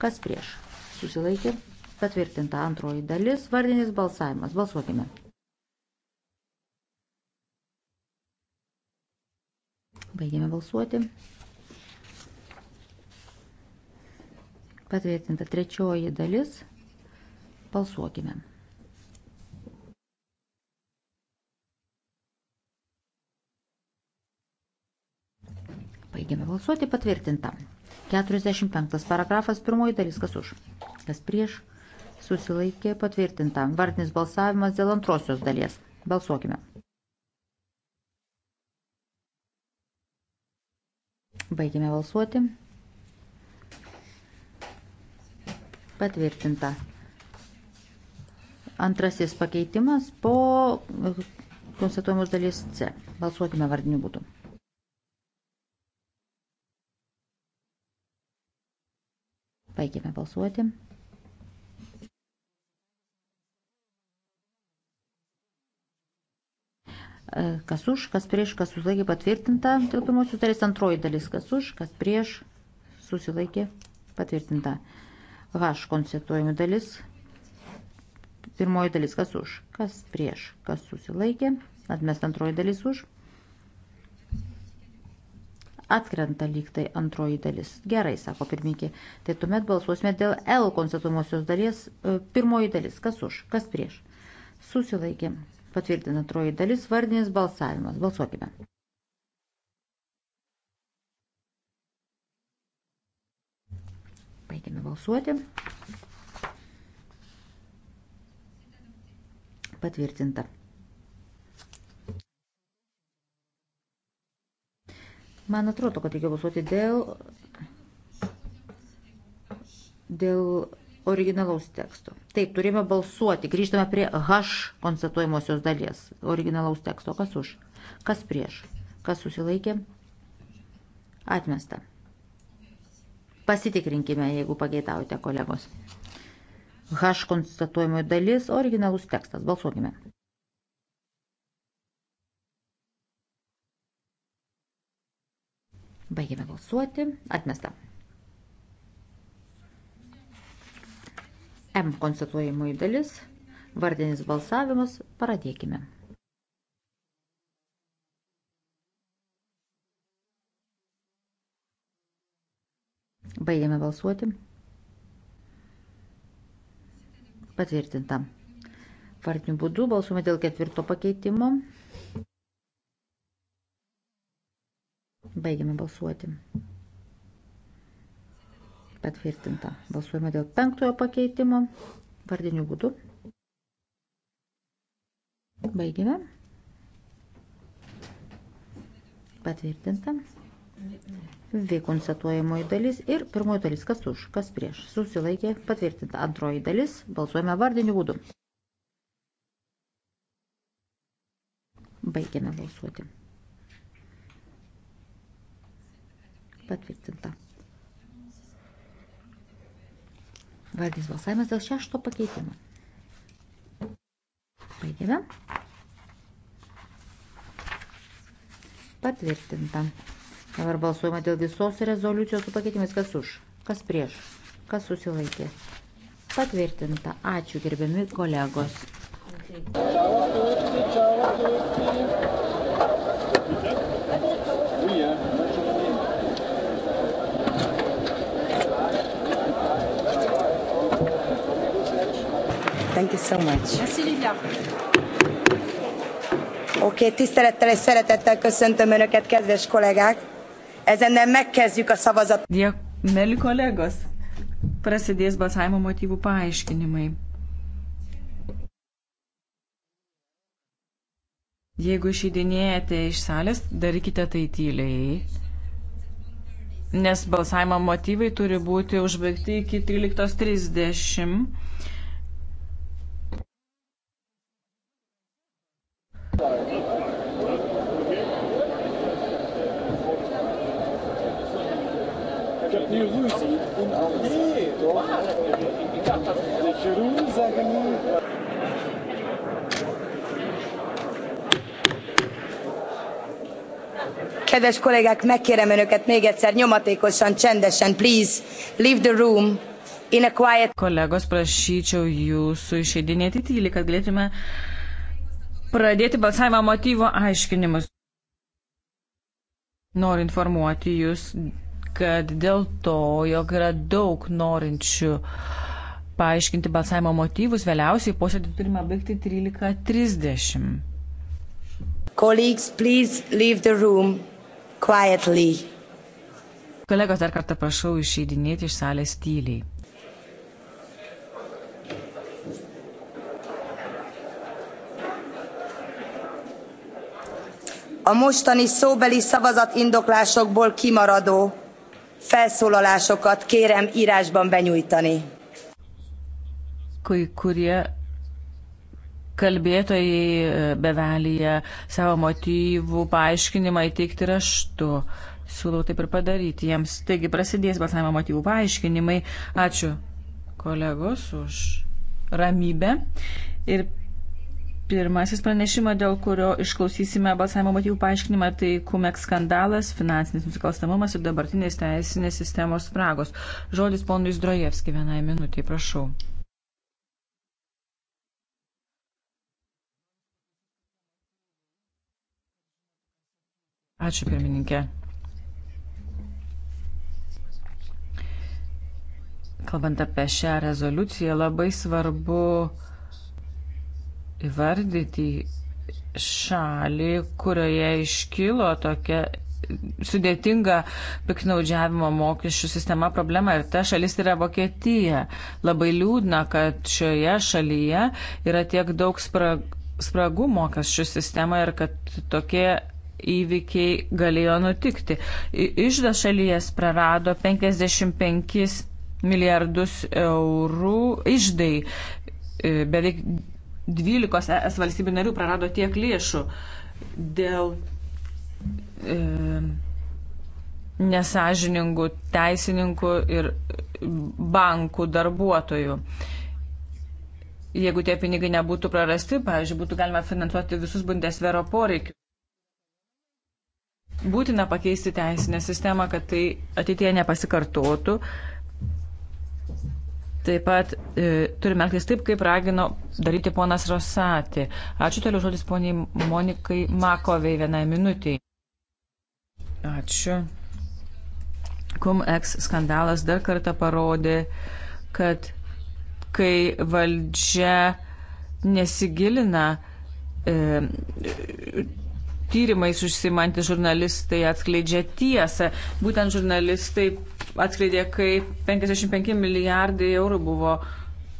kas prieš susilaikė patvirtinta, antroji dalis, vardinis balsavimas, balsuokime. Baigėme balsuoti. Patvirtinta trečioji dalis. Balsuokime. Baigėme balsuoti. Patvirtinta. 45 paragrafas, pirmoji dalis, kas už, kas prieš, susilaikė, patvirtinta. Vardinis balsavimas dėl antrosios dalies. Balsuokime. Baigime balsuoti. Patvirtinta. Antrasis pakeitimas po konstatuojamos dalies C. Balsuokime vardiniu būdu. Baigime balsuoti. Kas už, kas prieš, kas susilaikė patvirtinta. Dėl pirmosios dalies antroji dalis. Kas už, kas prieš, susilaikė patvirtinta. H konstituojami dalis. Pirmoji dalis kas už, kas prieš, kas susilaikė. Atmest antroji dalis už. Atkrenta lyg tai antroji dalis. Gerai, sako pirmininkė. Tai tuomet balsuosime dėl L konstatuomosios dalies. E, pirmoji dalis. Kas už, kas prieš. Susilaikė. Patvirtina antroji dalis vardinis balsavimas. Balsuokime. Baigime balsuoti. Patvirtinta. Man atrodo, kad reikia balsuoti dėl, dėl originalaus teksto. Taip, turime balsuoti. Grįžtame prie H konstatuojamosios dalies originalaus teksto. Kas už? Kas prieš? Kas susilaikė? Atmesta. Pasitikrinkime, jeigu pageidaujate, kolegos. H konstatuojamoji dalis, originalus tekstas. Balsuokime. Baigėme balsuoti. Atmesta. M konstatuojamoji dalis, vardinis balsavimas, pradėkime. Baigiame balsuoti. Patvirtinta. Vardiniu būdu balsuome dėl ketvirto pakeitimo. Baigiame balsuoti. Patvirtinta. Balsuojame dėl penktojo pakeitimo. Vardinių būdų. Baigime. Patvirtinta. V konstatuojamoji dalis ir pirmoji dalis, kas už, kas prieš. Susilaikė patvirtinta. Antroji dalis, balsuojame vardiniu būdu. Baigiame balsuoti. Patvirtinta. Vardinis balsavimas dėl šešto pakeitimo. Baigėme. Patvirtinta. Dabar balsuojama dėl visos rezoliucijos su pakeitimais. Kas už? Kas prieš? Kas susilaikė? Patvirtinta. Ačiū gerbiami kolegos. Okay. Thank you so much. Merci Lilia. Oké, okay, tisztelettel és szeretettel köszöntöm Önöket, kedves kollégák. Ezennel megkezdjük a szavazat. Ja, meli kolegos, prasidės balsavimo motyvų paaiškinimai. Jeigu išeidinėjate iš salės, darykite tai tyliai, nes balsavimo motyvai turi būti užbaigti iki 13.30. Papyrus und auch. Nee, doch. Ich dachte, das ist Jerusalem. Kedves kollégák, megkérem önöket még egyszer nyomatékosan, csendesen, please, leave the room in a quiet. Kolegos, prašyčiau jūsų išeidinėti tyliai, kad galėtume pradėti balsavimo motyvo aiškinimus. Noriu informuoti jūs kad dėl to, jog yra daug norinčių paaiškinti balsavimo motyvus, vėliausiai posėdį turime baigti 13.30. Colleagues, please leave the room quietly. Kolegos, dar kartą prašau išeidinėti iš salės tyliai. a mostani szóbeli szavazatindoklásokból kimaradó felszólalásokat kérem írásban benyújtani. Kai kurie kalbėtojai e, bevelyje savo motyvų paaiškinimą įteikti raštu. Siūlau taip ir padaryti jiems. Taigi prasidės balsavimo motyvų paaiškinimai. Ačiū kolegos už ramybę. Ir Pirmasis pranešimą, dėl kurio išklausysime balsavimo motyvų paaiškinimą, tai Kumek skandalas, finansinis nusikalstamumas ir dabartinės teisinės sistemos spragos. Žodis ponui Zdrojevski vienai minutiai, prašau. Ačiū pirmininkė. Kalbant apie šią rezoliuciją, labai svarbu įvardyti šalį, kurioje iškilo tokia sudėtinga piknaudžiavimo mokesčių sistema problema ir ta šalis yra Vokietija. Labai liūdna, kad šioje šalyje yra tiek daug sprag, spragų mokesčių sistemoje ir kad tokie įvykiai galėjo nutikti. Išda šalies prarado 55 milijardus eurų išdai, e, beveik 12 ES valstybių narių prarado tiek lėšų dėl e, nesažiningų teisininkų ir bankų darbuotojų. Jeigu tie pinigai nebūtų prarasti, pavyzdžiui, būtų galima finansuoti visus Bundesvero poreikius. Būtina pakeisti teisinę sistemą, kad tai ateitie nepasikartotų. Taip pat e, turime elgtis taip, kaip ragino daryti ponas Rosati. Ačiū toliau žodis poniai Monikai Makovei vienai minutiai. Ačiū. CumEx skandalas dar kartą parodė, kad kai valdžia nesigilina, e, tyrimais užsimanti žurnalistai atskleidžia tiesą. Būtent žurnalistai atskleidė, kaip 55 milijardai eurų buvo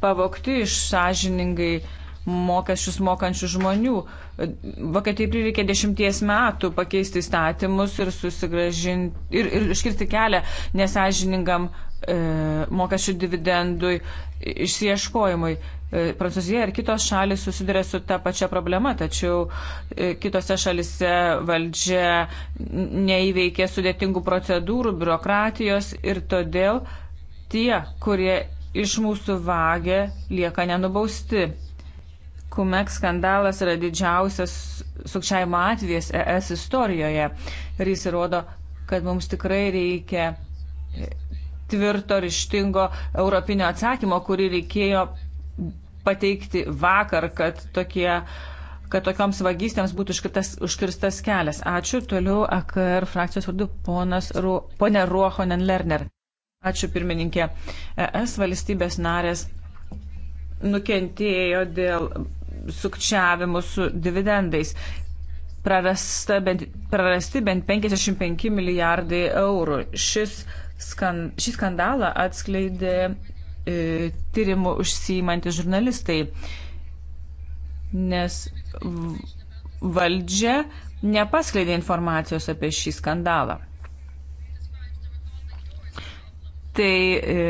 pavokti iš sąžiningai mokesčius mokančių žmonių. Vokietijai prireikė dešimties metų pakeisti įstatymus ir susigražinti ir, ir iškirsti kelią nesažiningam e, mokesčių dividendui išsieškojimui. E, Prancūzija ir kitos šalis susiduria su ta pačia problema, tačiau e, kitose šalise valdžia neįveikė sudėtingų procedūrų, biurokratijos ir todėl tie, kurie iš mūsų vagė, lieka nenubausti. Kumek skandalas yra didžiausias sukčiavimo atvejas ES istorijoje ir jis įrodo, kad mums tikrai reikia tvirto, ryštingo europinio atsakymo, kurį reikėjo pateikti vakar, kad, tokie, kad tokioms vagystėms būtų užkirtas, užkirstas kelias. Ačiū. Toliau AKR frakcijos vardu ponas, ponė Ruohonen Lerner. Ačiū pirmininkė. ES valstybės narės nukentėjo dėl sukčiavimų su dividendais prarasta bent, prarasti bent 55 milijardai eurų. Šis skan, šį skandalą atskleidė E, tyrimų užsijimantis žurnalistai, nes valdžia nepaskleidė informacijos apie šį skandalą. Tai e,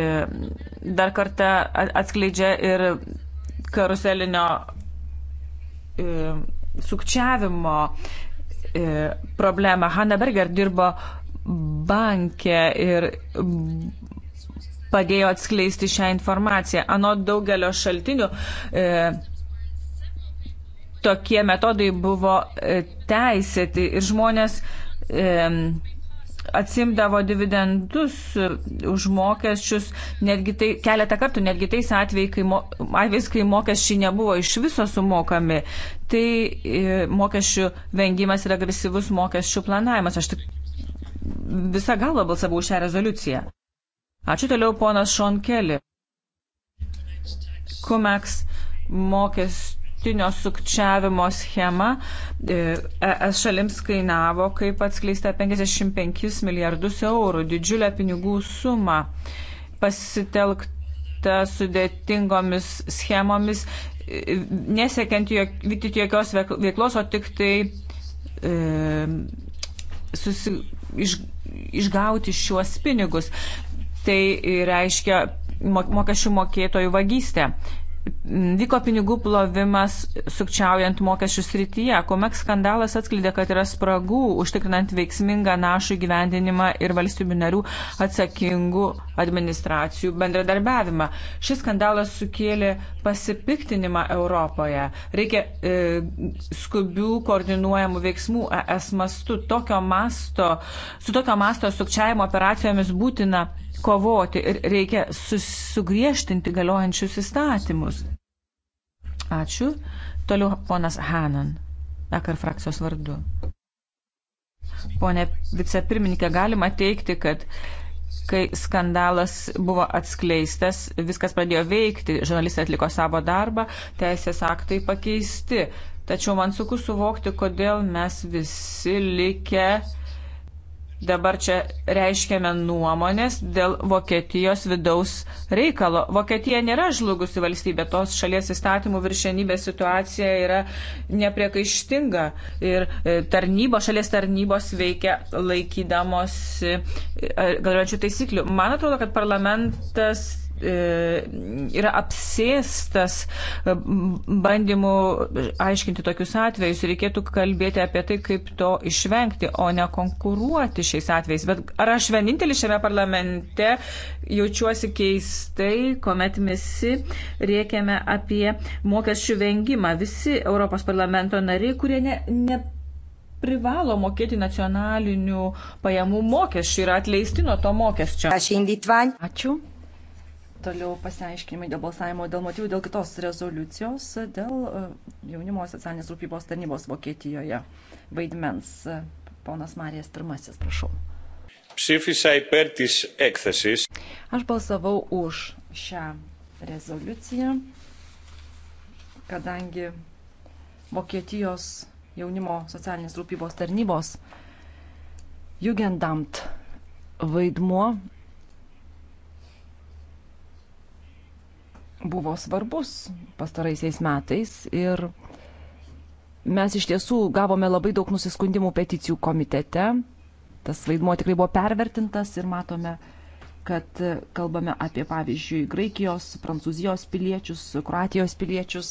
dar kartą atskleidžia ir karuselinio e, sukčiavimo problemą. Hanna Berger dirbo bankė ir padėjo atskleisti šią informaciją. Anot daugelio šaltinių e, tokie metodai buvo e, teisėti ir žmonės e, atsimdavo dividendus e, už mokesčius, netgi tai, keletą kartų, netgi tais atvejais, kai, mo, atvejais, kai mokesčiai nebuvo iš viso sumokami. Tai e, mokesčių vengimas ir agresyvus mokesčių planavimas. Aš tik visą galvą balsavau šią rezoliuciją. Ačiū toliau ponas Šonkeli. Kumeks mokestinio sukčiavimo schema ES e šalims kainavo, kaip atskleista, 55 milijardus eurų, didžiulę pinigų sumą pasitelkta sudėtingomis schemomis, e, nesiekiant jok, vykdyti jokios veiklos, o tik tai e, susi, iš, išgauti šiuos pinigus tai reiškia mokesčių mokėtojų vagystę. Vyko pinigų plovimas sukčiaujant mokesčių srityje. Komek skandalas atskleidė, kad yra spragų užtikrinant veiksmingą našų gyvendinimą ir valstybių narių atsakingų administracijų bendradarbiavimą. Šis skandalas sukėlė pasipiktinimą Europoje. Reikia e, skubių koordinuojamų veiksmų ES mastu. Tokio masto, su tokio masto sukčiajimo operacijomis būtina kovoti ir reikia sugriežtinti galiojančius įstatymus. Ačiū. Toliau ponas Hanan, vakar frakcijos vardu. Pone vicepirmininkė, galima teikti, kad kai skandalas buvo atskleistas, viskas pradėjo veikti, žurnalistai atliko savo darbą, teisės aktai pakeisti. Tačiau man suku suvokti, kodėl mes visi likę Dabar čia reiškiame nuomonės dėl Vokietijos vidaus reikalo. Vokietija nėra žlugusi valstybė, tos šalies įstatymų viršenybės situacija yra nepriekaištinga ir e, tarnybo, šalies tarnybos veikia laikydamos e, galiojančių taisyklių. Man atrodo, kad parlamentas E, yra apsėstas e, bandymų aiškinti tokius atvejus. Reikėtų kalbėti apie tai, kaip to išvengti, o ne konkuruoti šiais atvejais. Bet ar aš vienintelis šiame parlamente jaučiuosi keistai, kuomet visi riekiame apie mokesčių vengimą. Visi Europos parlamento nariai, kurie ne. ne privalo mokėti nacionalinių pajamų mokesčių ir atleisti nuo to mokesčio. Ačiū. Toliau pasiaiškinimai dėl balsavimo, dėl motyvų, dėl kitos rezoliucijos, dėl e, jaunimo socialinės rūpybos tarnybos Vokietijoje vaidmens. Ponas Marijas pirmasis, prašau. Aš balsavau už šią rezoliuciją, kadangi Vokietijos jaunimo socialinės rūpybos tarnybos Jugendamt vaidmuo buvo svarbus pastaraisiais metais ir mes iš tiesų gavome labai daug nusiskundimų peticijų komitete. Tas vaidmuo tikrai buvo pervertintas ir matome, kad kalbame apie, pavyzdžiui, Graikijos, Prancūzijos piliečius, Kroatijos piliečius,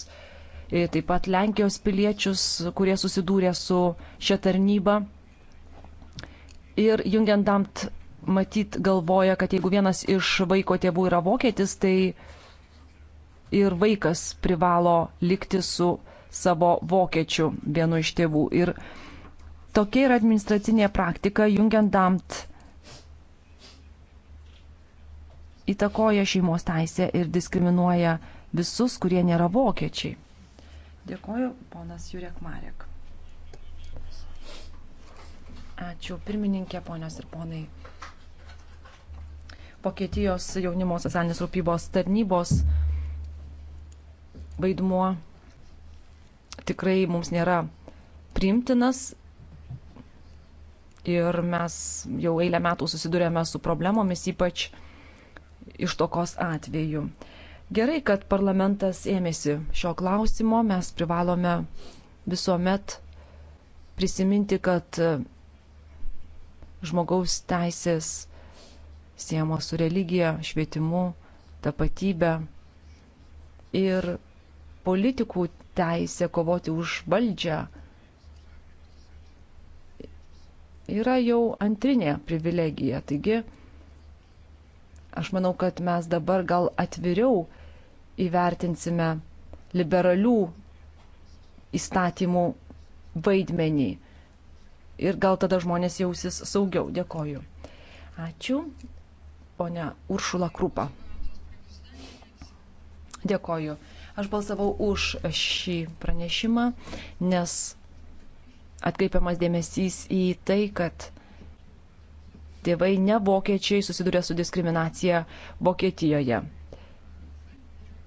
e, taip pat Lenkijos piliečius, kurie susidūrė su šia tarnyba. Ir jungiant damt, matyt, galvoja, kad jeigu vienas iš vaiko tėvų yra vokietis, tai ir vaikas privalo likti su savo vokiečiu vienu iš tėvų. Ir tokia yra administracinė praktika, jungiantamt įtakoja šeimos teisę ir diskriminuoja visus, kurie nėra vokiečiai. Dėkoju, ponas Jurek Marek. Ačiū, pirmininkė, ponios ir ponai. Vokietijos jaunimo socialinės rūpybos tarnybos vaidmuo tikrai mums nėra priimtinas ir mes jau eilę metų susidurėme su problemomis, ypač ištokos atveju. Gerai, kad parlamentas ėmėsi šio klausimo, mes privalome visuomet prisiminti, kad žmogaus teisės siejamos su religija, švietimu, tapatybė ir politikų teisė kovoti už valdžią yra jau antrinė privilegija. Taigi, aš manau, kad mes dabar gal atviriau įvertinsime liberalių įstatymų vaidmenį. Ir gal tada žmonės jausis saugiau. Dėkoju. Ačiū, ponia Uršula Krupa. Dėkoju. Aš balsavau už šį pranešimą, nes atkreipiamas dėmesys į tai, kad tėvai ne vokiečiai susiduria su diskriminacija Vokietijoje.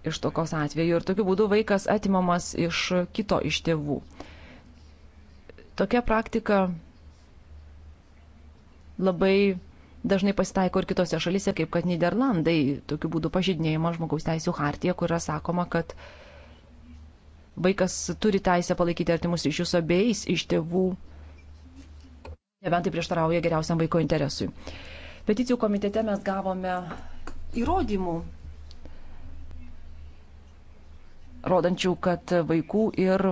Iš tokios atveju ir tokiu būdu vaikas atimamas iš kito iš tėvų. Tokia praktika labai dažnai pasitaiko ir kitose šalise, kaip kad Niderlandai, tokiu būdu pažydinėjama žmogaus teisų hartija, kur yra sakoma, kad vaikas turi teisę palaikyti artimus ryšius abiejais iš tėvų, nebent tai prieštarauja geriausiam vaiko interesui. Peticijų komitete mes gavome įrodymų, rodančių, kad vaikų ir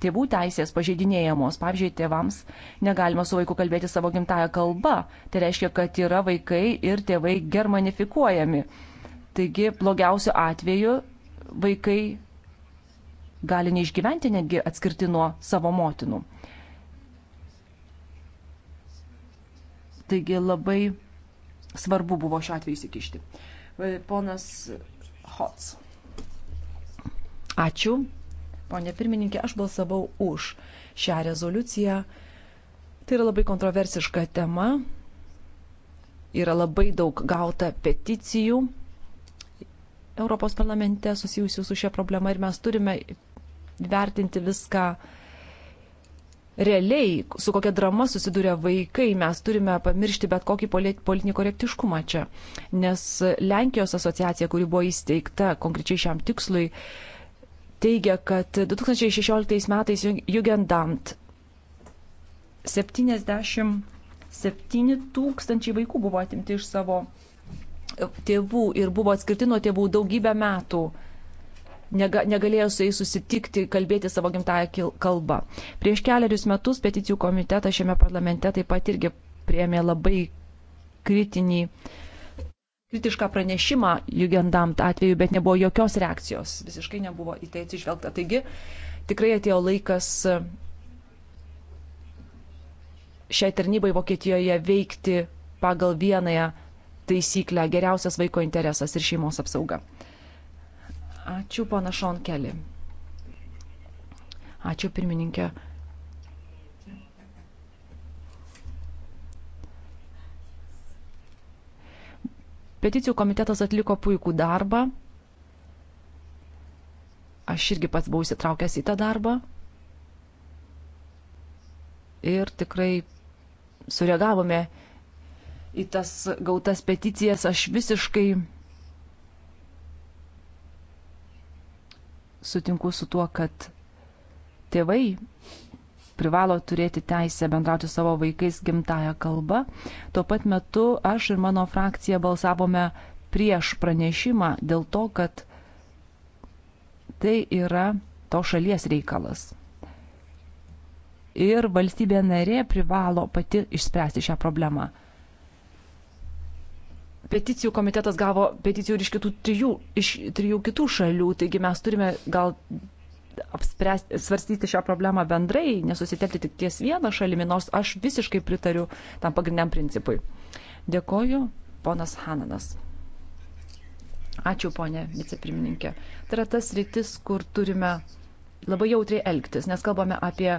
tėvų teisės pažeidinėjamos. Pavyzdžiui, tėvams negalima su vaiku kalbėti savo gimtają kalbą. Tai reiškia, kad yra vaikai ir tėvai germanifikuojami. Taigi, blogiausiu atveju vaikai gali neišgyventi netgi atskirti nuo savo motinų. Taigi labai svarbu buvo šiuo atveju įsikišti. Ponas Hots. Ačiū. Pone pirmininkė, aš balsavau už šią rezoliuciją. Tai yra labai kontroversiška tema. Yra labai daug gauta peticijų Europos parlamente susijusių su šia problema ir mes turime vertinti viską realiai, su kokia drama susiduria vaikai, mes turime pamiršti bet kokį politinį korektiškumą čia. Nes Lenkijos asociacija, kuri buvo įsteigta konkrečiai šiam tikslui, teigia, kad 2016 metais Jugendamt 77 tūkstančiai vaikų buvo atimti iš savo e, tėvų ir buvo atskirti nuo tėvų daugybę metų. Negalėjo su jais susitikti, kalbėti savo gimtają kalbą. Prieš keliarius metus peticijų komitetas šiame parlamente taip pat irgi priemė labai kritinį uh, kritišką pranešimą Jugendamt atveju, bet nebuvo jokios reakcijos, visiškai nebuvo į tai atsižvelgta. Taigi tikrai atėjo laikas šiai tarnybai Vokietijoje veikti pagal vienąją taisyklę - geriausias vaiko interesas ir šeimos apsauga. Ačiū, pana Šonkelį. Ačiū, pirmininkė. Peticijų komitetas atliko puikų darbą. Aš irgi pats buvau įsitraukęs į tą darbą. Ir tikrai sureagavome į tas gautas peticijas. Aš visiškai sutinku su tuo, kad tėvai privalo turėti teisę bendrauti savo vaikais gimtają kalbą. Tuo pat metu aš ir mano frakcija balsavome prieš pranešimą dėl to, kad tai yra to šalies reikalas. Ir valstybė narė privalo pati išspręsti šią problemą. Peticijų komitetas gavo peticijų ir iš, kitų trijų, iš trijų kitų šalių, taigi mes turime gal apspręsti, svarstyti šią problemą bendrai, nesusitelkti tik ties vieną šalimi, nors aš visiškai pritariu tam pagrindiniam principui. Dėkoju, ponas Hananas. Ačiū, ponė vicepirmininkė. Tai yra tas rytis, kur turime labai jautriai elgtis, nes kalbame apie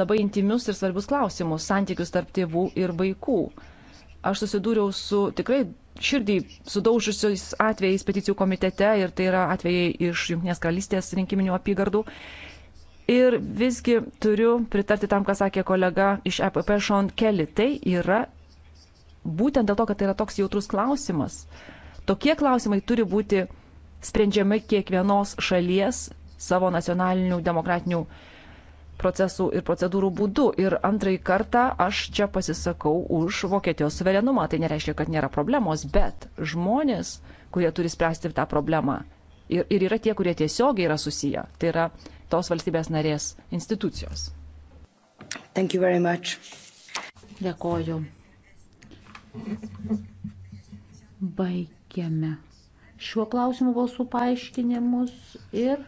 labai intimius ir svarbius klausimus - santykius tarp tėvų ir vaikų. Aš susidūriau su tikrai širdį sudaužusiais atvejais peticijų komitete ir tai yra atvejai iš Junktinės karalystės rinkiminių apygardų. Ir visgi turiu pritarti tam, ką sakė kolega iš EPP Sean Kelly. Tai yra būtent dėl to, kad tai yra toks jautrus klausimas. Tokie klausimai turi būti sprendžiami kiekvienos šalies savo nacionalinių demokratinių uh, procesų ir procedūrų būdu. Ir antrąjį kartą aš čia pasisakau už Vokietijos suverenumą. Tai nereiškia, kad nėra problemos, bet žmonės, kurie turi spręsti tą problemą, ir, ir yra tie, kurie tiesiogiai yra susiję. Tai yra tos valstybės narės institucijos. Dėkoju. Baigiame šiuo klausimu balsų paaiškinimus ir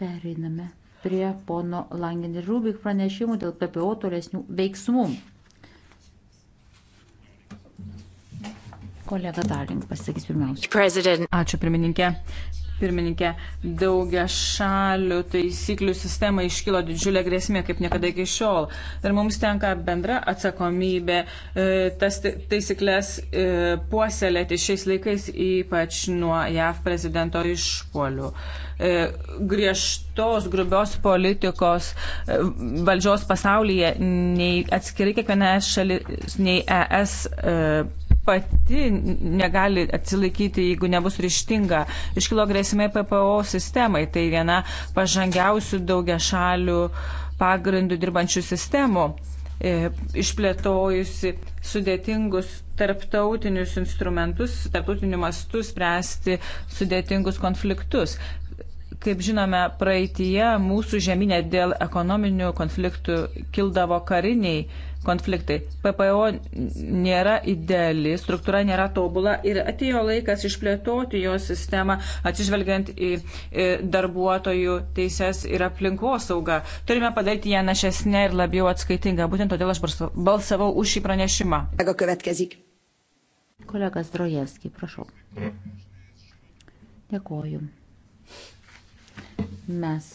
periname prie pono Langin ir Rubik pranešimų dėl PPO tolesnių veiksmų. Kolega Darling pasakys pirmiausia. President. Ačiū, pirmininkė pirmininkė, daugia šalių taisyklių sistema iškilo didžiulė grėsmė, kaip niekada iki šiol. Ir mums tenka bendra atsakomybė e, tas taisyklės e, puoselėti šiais laikais, ypač nuo JAV prezidento išpolių. E, griežtos, grubios politikos valdžios pasaulyje nei atskirai kiekviena šalis, nei ES pati negali atsilaikyti, jeigu nebus ryštinga. Iškilo grėsmė PPO sistemai. Tai viena pažangiausių daugia šalių pagrindų dirbančių sistemų e, išplėtojusi sudėtingus tarptautinius instrumentus, tarptautiniu mastu spręsti sudėtingus konfliktus kaip žinome, praeitie mūsų žemynė dėl ekonominių konfliktų kildavo kariniai konfliktai. PPO nėra ideali, struktūra nėra tobula ir atėjo laikas išplėtoti jo sistemą, atsižvelgiant į darbuotojų teises ir aplinkos saugą. Turime padaryti ją našesnę ir labiau atskaitingą. Būtent todėl aš balsavau už šį pranešimą. Kolegas Drojevski, prašau. Dėkoju. Mes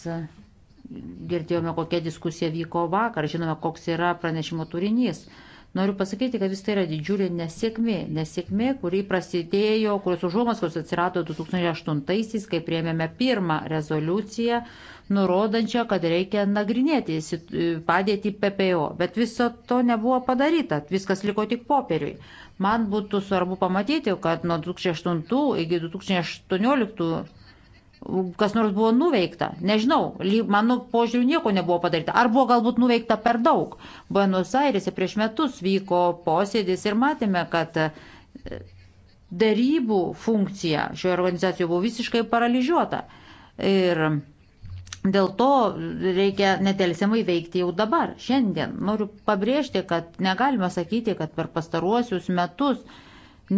girdėjome, kokia diskusija vyko vakar, žinome, koks yra pranešimo turinys. Noriu pasakyti, kad vis tai yra didžiulė nesėkmė. Nesėkmė, kuri prasidėjo, kurios užuomas, kurios atsirado 2008-aisiais, kai priėmėme pirmą rezoliuciją, nurodančią, kad reikia nagrinėti padėti PPO. Bet viso to nebuvo padaryta, viskas liko tik popieriui. Man būtų svarbu pamatyti, kad nuo 2008 iki 2018 kas nors buvo nuveikta. Nežinau, mano požiūriu nieko nebuvo padaryta. Ar buvo galbūt nuveikta per daug. Buenos Airėse prieš metus vyko posėdis ir matėme, kad e, darybų funkcija šioje organizacijoje buvo visiškai paralyžiuota. Ir dėl to reikia netelsiamai veikti jau dabar, šiandien. Noriu pabrėžti, kad negalima sakyti, kad per pastaruosius metus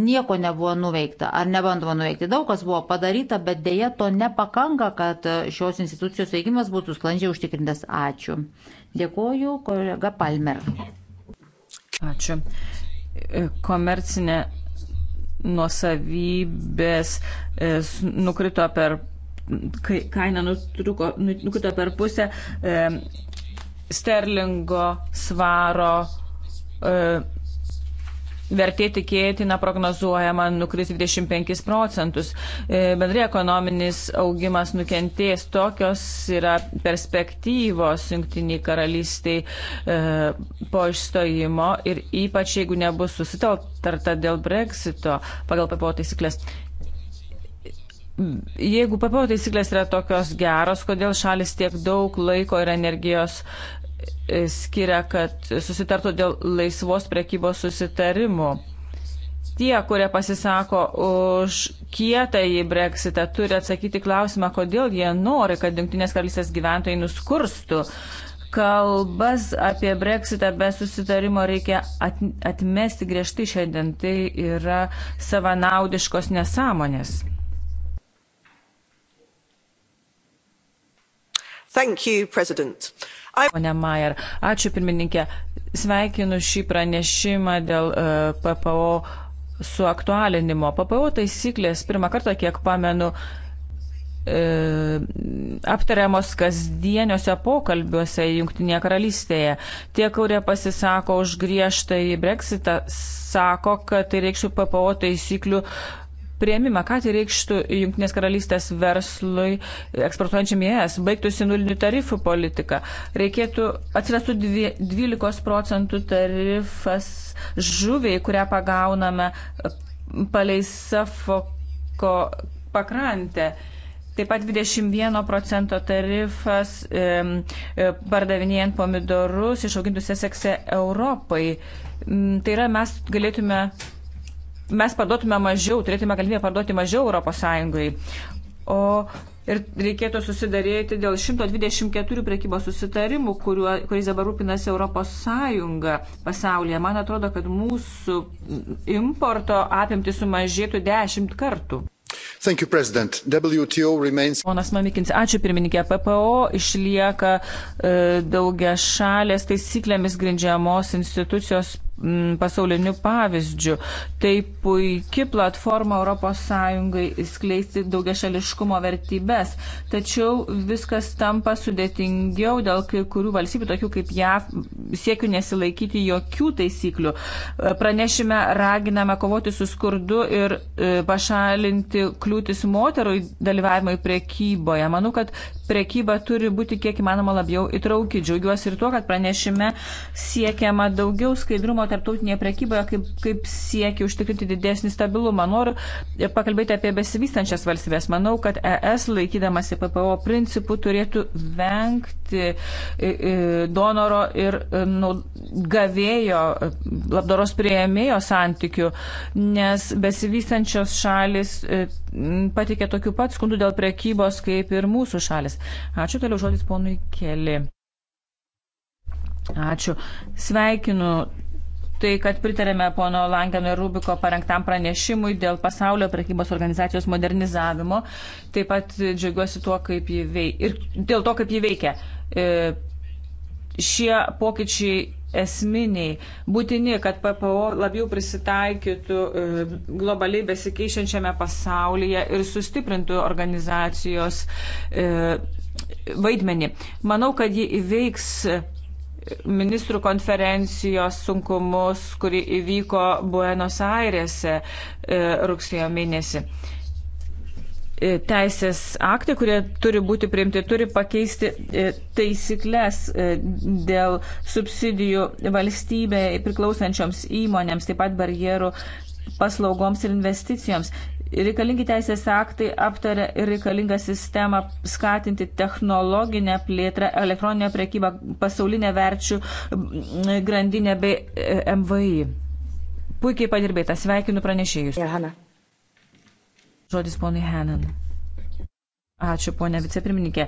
nieko nebuvo nuveikta ar nebandoma nuveikti. Daug kas buvo padaryta, bet dėja to nepakanka, kad e, šios institucijos veikimas būtų sklandžiai užtikrintas. Ačiū. Dėkuoju, kolega Palmer. Ačiū. E, komercinė nuosavybės e, nukrito per kaina nutruko, nukrito per pusę e, sterlingo svaro e, vertė tikėtina prognozuojama nukris 25 procentus. E, bendrai ekonominis augimas nukentės. Tokios yra perspektyvos jungtiniai karalystiai e, po išstojimo ir ypač jeigu nebus susitaltarta dėl breksito pagal PPO taisyklės. Jeigu PPO taisyklės yra tokios geros, kodėl šalis tiek daug laiko ir energijos skiria, kad susitartų dėl laisvos prekybos susitarimų. Tie, kurie pasisako už kietąjį breksitą, turi atsakyti klausimą, kodėl jie nori, kad Junktinės karalystės gyventojai nuskurstų. Kalbas apie breksitą be susitarimo reikia atmesti griežtai šiandien. Tai yra savanaudiškos nesąmonės. You, Pone Majer, ačiū pirmininkė. Sveikinu šį pranešimą dėl e, PPO suaktualinimo. PPO taisyklės pirmą kartą, kiek pamenu, e, aptariamos kasdieniuose pokalbiuose Junktinėje karalystėje. Tie, kurie pasisako už griežtą į Brexitą, sako, kad tai reikštų PPO taisyklių uh, prieimimą, ką tai reikštų Junktinės karalystės verslui eksportuojančiam į ES, baigtųsi nulinių tarifų politika, reikėtų atsirastų 12 procentų tarifas žuviai, kurią pagauname palei Safoko pakrantę. Taip pat 21 procento tarifas e, e, pardavinėjant pomidorus išaugintus esekse Europai. Tai yra, mes galėtume mes parduotume mažiau, turėtume galimybę parduoti mažiau ES. O ir reikėtų susidarėti dėl 124 prekybos susitarimų, kuriuo, kuriais dabar rūpinasi ES pasaulyje. Man atrodo, kad mūsų importo apimti sumažėtų 10 kartų. You, remains... Ponas Mamikins, ačiū pirmininkė. PPO išlieka e, daugia šalės taisyklėmis grindžiamos institucijos Mm, pasauliniu pavyzdžiu. Tai puikia platforma ES skleisti daugia šališkumo vertybės. Tačiau viskas tampa sudėtingiau dėl kai kurių valstybių, tokių kaip JAV, siekių nesilaikyti jokių taisyklių. E, pranešime raginame kovoti su skurdu ir e, pašalinti kliūtis moterų dalyvavimui priekyboje. Manau, kad prekyba turi būti kiek įmanoma labiau įtrauki. Džiaugiuosi ir tuo, kad pranešime siekiama daugiau skaidrumo tarptautinėje prekyboje, kaip, kaip siekia užtikrinti didesnį stabilumą. Noriu pakalbėti apie besivystančias valstybės. Manau, kad ES laikydamasi PPO principų turėtų vengti donoro ir nu, gavėjo labdaros prieėmėjo santykių, nes besivystančios šalis e, patikė tokių pat skundų dėl prekybos kaip ir mūsų šalis narės. Ačiū toliau žodis ponui Keli. Ačiū. Sveikinu tai, kad pritarėme pono Langeno ir Rubiko parengtam pranešimui dėl pasaulio prekybos organizacijos modernizavimo. Taip pat džiaugiuosi tuo, kaip jį veikia. Ir dėl to, kaip jį veikia. E, šie pokyčiai esminiai, būtini, kad PPO labiau prisitaikytų e, globaliai besikeičiančiame pasaulyje ir sustiprintų organizacijos e, vaidmenį. Manau, kad ji įveiks ministrų konferencijos sunkumus, kuri įvyko Buenos Airėse e, rugsėjo mėnesį. E, teisės aktai, kurie turi būti priimti, turi pakeisti e, taisyklės e, dėl subsidijų valstybė priklausančioms įmonėms, taip pat barjerų paslaugoms ir investicijoms. Reikalingi teisės aktai aptaria ir reikalingą sistemą skatinti technologinę plėtrą, elektroninę prekybą, pasaulinę verčių grandinę bei MVI. Puikiai padirbėta, sveikinu pranešėjus. Johana. Ja, Žodis ponui Hanan. Ačiū, ponė vicepirmininkė.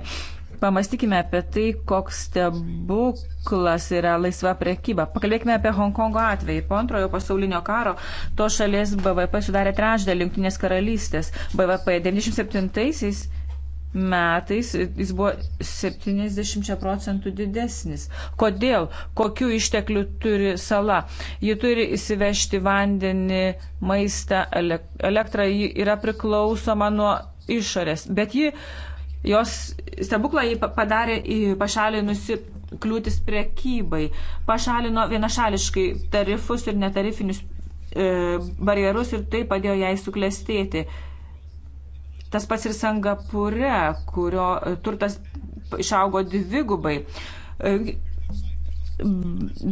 Pamastykime apie tai, koks stebuklas yra laisva priekyba. Pakalbėkime apie Hongkongo atvejį. Po antrojo pasaulinio karo to šalies BVP sudarė trečdalį Junktinės karalystės. BVP 97-aisiais metais jis buvo 70 procentų didesnis. Kodėl? Kokių išteklių turi sala? Ji turi įsivežti vandenį, maistą, elektrą, ji yra priklausoma nuo išorės. Bet ji, jos stebuklą ji padarė pašalinusi kliūtis prekybai, pašalino vienašališkai tarifus ir netarifinius e, barjerus ir tai padėjo jai suklestėti. E, Tas pats ir Singapūre, kurio turtas išaugo dvi gubai.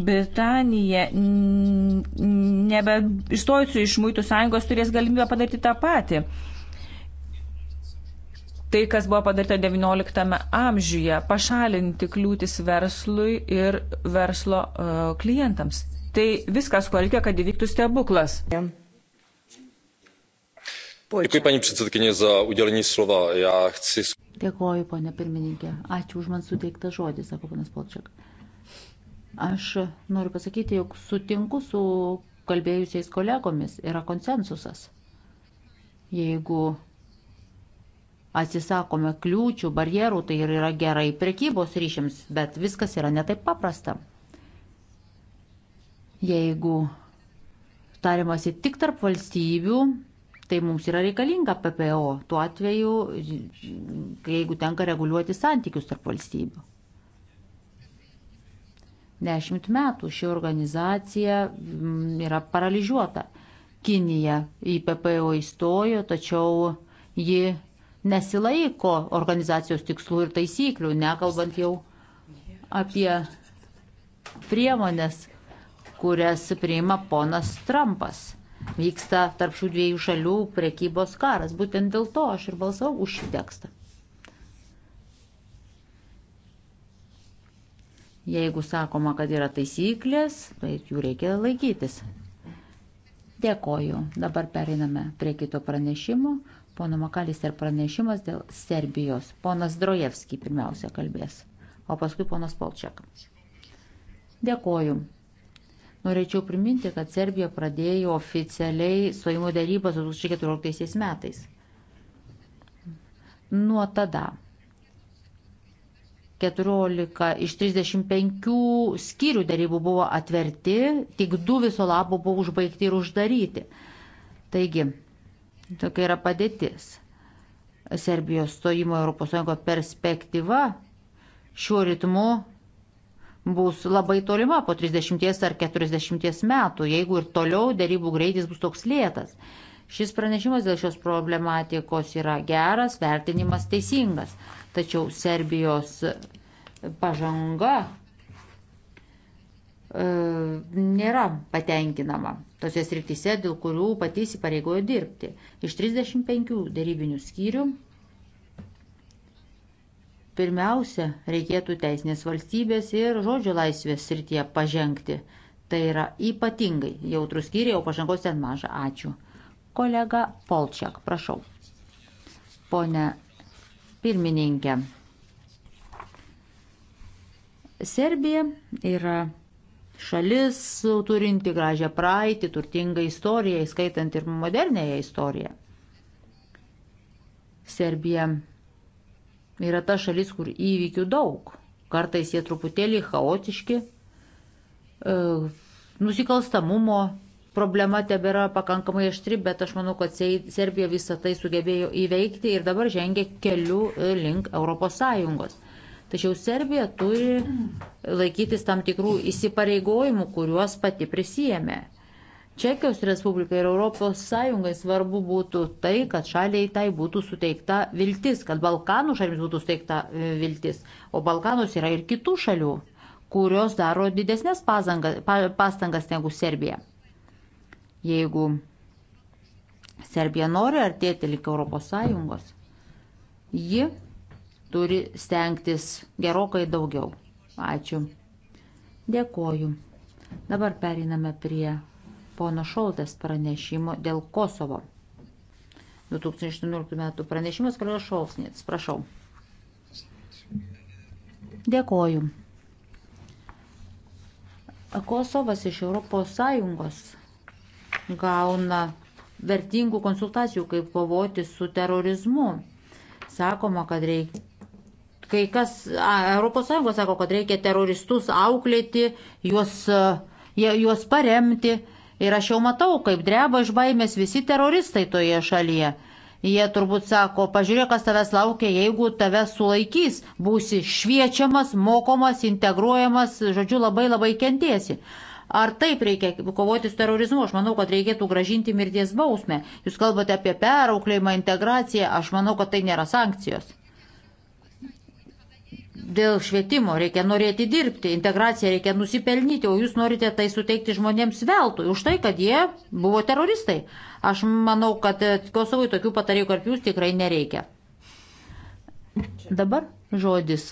Britanija nebe išstojusių iš muitų sąjungos turės galimybę padaryti tą patį. Tai, kas buvo padaryta XIX amžiuje, pašalinti kliūtis verslui ir verslo uh, klientams. Tai viskas, ko reikia, kad įvyktų stebuklas. Yeah. Dėkui, panė Pšitsatkinė, za udėlinį slovą. Ja, chci... Dėkoju, panė pirmininkė. Ačiū už man suteiktą žodį, sako panas Polčiak. Aš noriu pasakyti, jog sutinku su kalbėjusiais kolegomis. Yra konsensusas. Jeigu atsisakome kliūčių, barjerų, tai ir yra gerai prekybos ryšiams, bet viskas yra netaip paprasta. Jeigu tariamasi tik tarp valstybių, Tai mums yra reikalinga PPO tuo atveju, jeigu tenka reguliuoti santykius tarp valstybių. Dešimt metų ši organizacija mm, yra paralyžiuota. Kinija į PPO įstojo, tačiau ji nesilaiko organizacijos tikslų ir taisyklių, nekalbant jau apie priemonės, kurias priima ponas Trumpas vyksta tarp šių dviejų šalių prekybos karas. Būtent dėl to aš ir balsavau už šį tekstą. Jeigu sakoma, kad yra taisyklės, tai jų reikia laikytis. Dėkoju. Dabar periname prie kito pranešimo. Pono Makalister pranešimas dėl Serbijos. Ponas Drojevski pirmiausia kalbės, o paskui ponas Polčiakas. Dėkoju. Norėčiau priminti, kad Serbija pradėjo oficialiai stojimo darybas 2014 metais. Nuo tada 14 iš 35 skyrių darybų buvo atverti, tik du viso labo buvo užbaigti ir uždaryti. Taigi, tokia yra padėtis. Serbijos stojimo ES perspektyva šiuo ritmu bus labai tolima po 30 ar 40 metų, jeigu ir toliau dėrybų greitis bus toks lėtas. Šis pranešimas dėl šios problematikos yra geras, vertinimas teisingas, tačiau Serbijos e, pažanga e, nėra patenkinama tose srityse, dėl kurių patys įpareigojo dirbti. Iš 35 dėrybinių skyrių pirmiausia, reikėtų teisinės valstybės ir žodžio laisvės srityje pažengti. Tai yra ypatingai jautrus skyriai, o pažangos ten maža. Ačiū. Kolega Polčiak, prašau. Pone pirmininkė. Serbija yra šalis turinti gražią praeitį, turtingą istoriją, įskaitant ir modernėją istoriją. Serbija yra ta šalis, kur įvykių daug. Kartais jie truputėlį chaotiški. E, nusikalstamumo problema tebėra pakankamai aštri, bet aš manau, kad Serbija visą tai sugebėjo įveikti ir dabar žengia keliu e, link ES. Tačiau Serbija turi laikytis tam tikrų įsipareigojimų, kuriuos pati prisijėmė. Čekijos Respublikai ir Europos Sąjungai svarbu būtų tai, kad šaliai tai būtų suteikta viltis, kad Balkanų šalims būtų suteikta e, viltis, o Balkanos yra ir kitų šalių, kurios daro didesnės pasangas, pastangas negu Serbija. Jeigu Serbija nori artėti link Europos Sąjungos, ji turi stengtis gerokai daugiau. Ačiū. Dėkoju. Dabar periname prie pono Šoltės pranešimo dėl Kosovo. 2018 metų pranešimas kalėjo Šolsnits. Prašau. Dėkoju. Kosovas iš ES gauna vertingų konsultacijų, kaip kovoti su terorizmu. Sakoma, kad reikia. Kai kas, a, ES sako, kad reikia teroristus auklėti, juos, juos paremti Ir aš jau matau, kaip dreba iš baimės visi teroristai toje šalyje. Jie turbūt sako, pažiūrėk, kas tavęs laukia, jeigu tave sulaikys, būsi šviečiamas, mokomas, integruojamas, žodžiu, labai labai kentiesi. Ar taip reikia kovoti su terorizmu? Aš manau, kad reikėtų gražinti mirties bausmę. Jūs kalbate apie perauklėjimą, integraciją, aš manau, kad tai nėra sankcijos. Dėl švietimo reikia norėti dirbti, integraciją reikia nusipelnyti, o jūs norite tai suteikti žmonėms veltui už tai, kad jie buvo teroristai. Aš manau, kad e, Kosovui tokių patarėjų kaip jūs tikrai nereikia. Dabar žodis.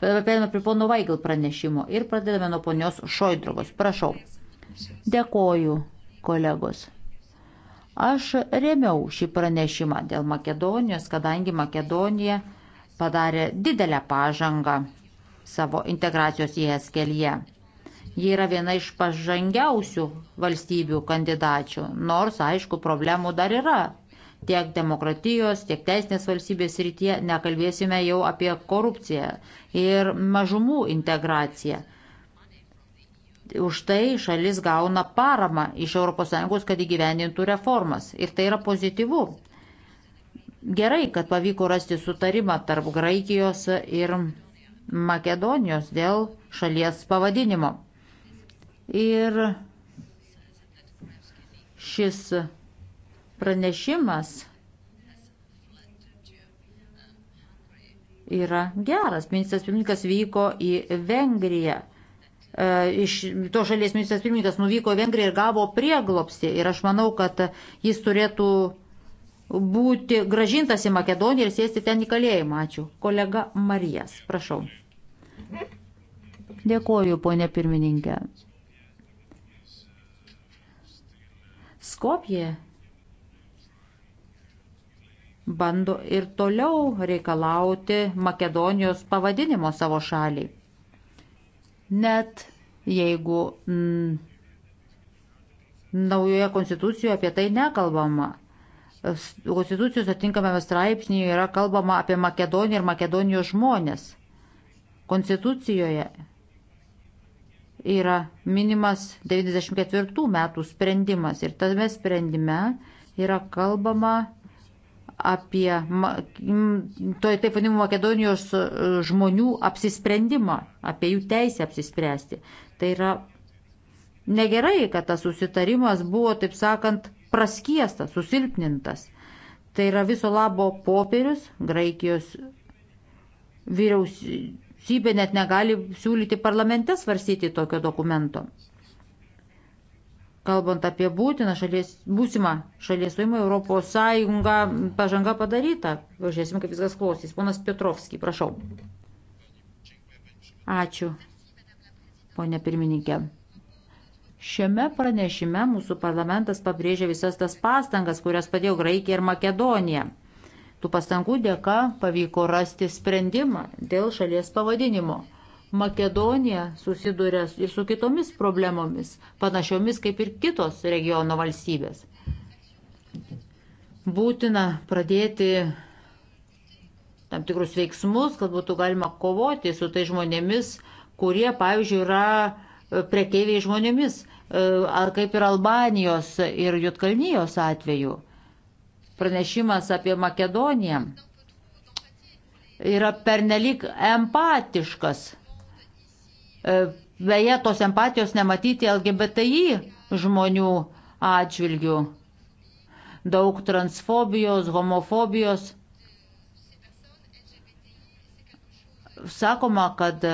Pėdame prie pono Vaigil pranešimo ir pradedame nuo ponios Šoidrovos. Prašau. Dėkoju, kolegos. Aš remiau šį pranešimą dėl Makedonijos, kadangi Makedonija padarė didelę pažangą savo integracijos į ES kelyje. Ji yra viena iš pažangiausių valstybių kandidačių, nors, aišku, problemų dar yra. Tiek demokratijos, tiek teisinės valstybės rytie nekalbėsime jau apie korupciją ir mažumų integraciją. Už tai šalis gauna paramą iš ES, kad įgyvendintų reformas. Ir tai yra pozityvu. Gerai, kad pavyko rasti sutarimą tarp Graikijos ir Makedonijos dėl šalies pavadinimo. Ir šis pranešimas yra geras. Ministras pirmininkas vyko į Vengriją. E, iš to šalies ministras pirmininkas nuvyko į Vengriją ir gavo prieglopstį. Ir aš manau, kad jis turėtų būti gražintas į Makedoniją ir sėsti ten į kalėjimą. Ačiū. Kolega Marijas, prašau. Dėkoju, ponė pirmininkė. Skopje bando ir toliau reikalauti Makedonijos pavadinimo savo šaliai. Net jeigu mm, naujoje konstitucijoje apie tai nekalbama. Konstitucijos atinkamame straipsnėje yra kalbama apie Makedoniją ir Makedonijos žmonės. Konstitucijoje yra minimas 94 metų sprendimas ir tame sprendime yra kalbama apie to, taip vadinamų Makedonijos e, žmonių apsisprendimą, apie jų teisę apsispręsti. Tai yra negerai, kad tas susitarimas buvo, taip sakant, praskiestas, susilpnintas. Tai yra viso labo popierius, Graikijos vyriausybė net negali siūlyti parlamente svarstyti tokio dokumento. Kalbant apie būtiną šalies, būsimą šalies suimą Europos Sąjungą, pažanga padaryta. Žiūrėsim, kaip viskas klausys. Ponas Pietrovski, prašau. Ačiū, ponė pirmininkė. Šiame pranešime mūsų parlamentas pabrėžia visas tas pastangas, kurias padėjo Graikija ir Makedonija. Tų pastangų dėka pavyko rasti sprendimą dėl šalies pavadinimo. Makedonija susiduria ir su kitomis problemomis, panašiomis kaip ir kitos regiono valstybės. Būtina pradėti tam tikrus veiksmus, kad būtų galima kovoti su tai žmonėmis, kurie, pavyzdžiui, yra prekeiviai žmonėmis. E, kaip ir Albanijos ir Jotkalnyjos atveju. Pranešimas apie Makedoniją yra pernelik empatiškas. E, beje, tos empatijos nematyti LGBTI žmonių atžvilgių. Daug transfobijos, homofobijos. Sakoma, kad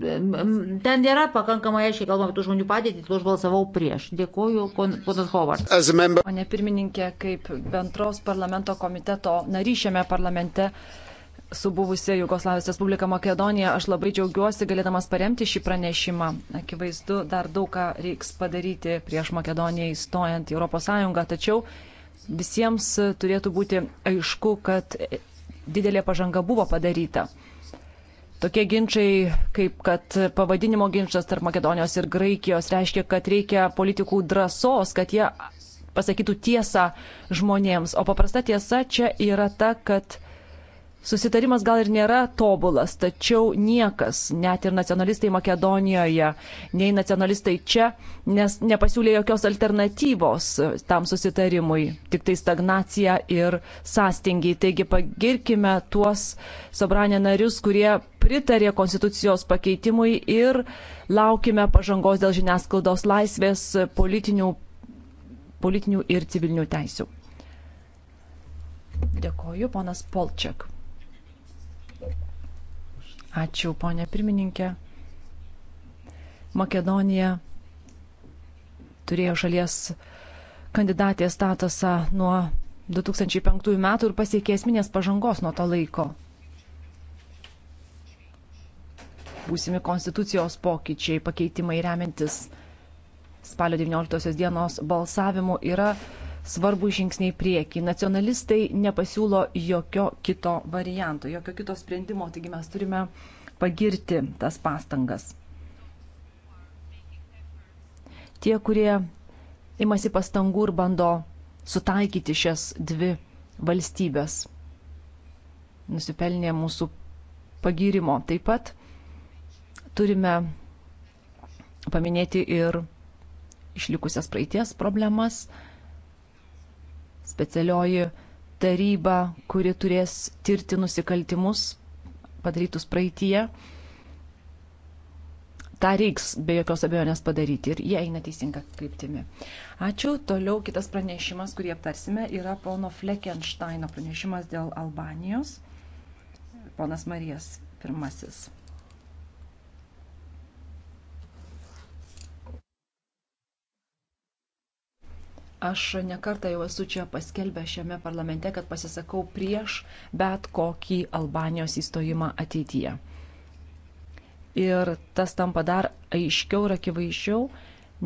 ten nėra pakankamai aiškiai kalbama apie tų žmonių padėtį, todėl aš balsavau prieš. Dėkuoju, ponas Howard. Member... Pane pirmininkė, kaip bendros parlamento komiteto narys šiame parlamente su buvusia Jugoslavijos Respublika Makedonija, aš labai džiaugiuosi galėdamas paremti šį pranešimą. Akivaizdu, dar daug ką reiks padaryti prieš Makedoniją įstojant į ES, tačiau visiems turėtų būti aišku, kad didelė pažanga buvo padaryta. Tokie ginčiai, kaip kad pavadinimo ginčas tarp Makedonijos ir Graikijos, reiškia, kad reikia politikų drąsos, kad jie pasakytų tiesą žmonėms. O paprasta tiesa čia yra ta, kad Susitarimas gal ir nėra tobulas, tačiau niekas, net ir nacionalistai Makedonijoje, nei nacionalistai čia, nes nepasiūlė jokios alternatyvos tam susitarimui, tik tai stagnacija ir sąstingiai. Taigi pagirkime tuos sobranė narius, kurie pritarė konstitucijos pakeitimui ir laukime pažangos dėl žiniasklaidos laisvės politinių, politinių ir civilinių teisių. Dėkoju, ponas Polčiak. Ačiū, ponė pirmininkė. Makedonija turėjo šalies kandidatės statusą nuo 2005 metų ir pasiekė esminės pažangos nuo to laiko. Būsimi konstitucijos pokyčiai, pakeitimai remiantis spalio 19 dienos balsavimu yra svarbų žingsnį į priekį. Nacionalistai nepasiūlo jokio kito varianto, jokio kito sprendimo, taigi mes turime pagirti tas pastangas. Tie, kurie imasi pastangų ir bando sutaikyti šias dvi valstybės, nusipelnė mūsų pagirimo. Taip pat turime paminėti ir išlikusias praeities problemas, specialioji taryba, kuri turės tirti nusikaltimus padarytus praeitie. Ta reiks be jokios abejonės padaryti ir jie eina teisinga kryptimi. Ačiū. Toliau kitas pranešimas, kurį aptarsime, yra pono Fleckensteino pranešimas dėl Albanijos. Ponas Marijas pirmasis. Aš nekartą jau esu čia paskelbę šiame parlamente, kad pasisakau prieš bet kokį Albanijos įstojimą ateityje. Ir tas tampa dar aiškiau ir akivaizdžiau,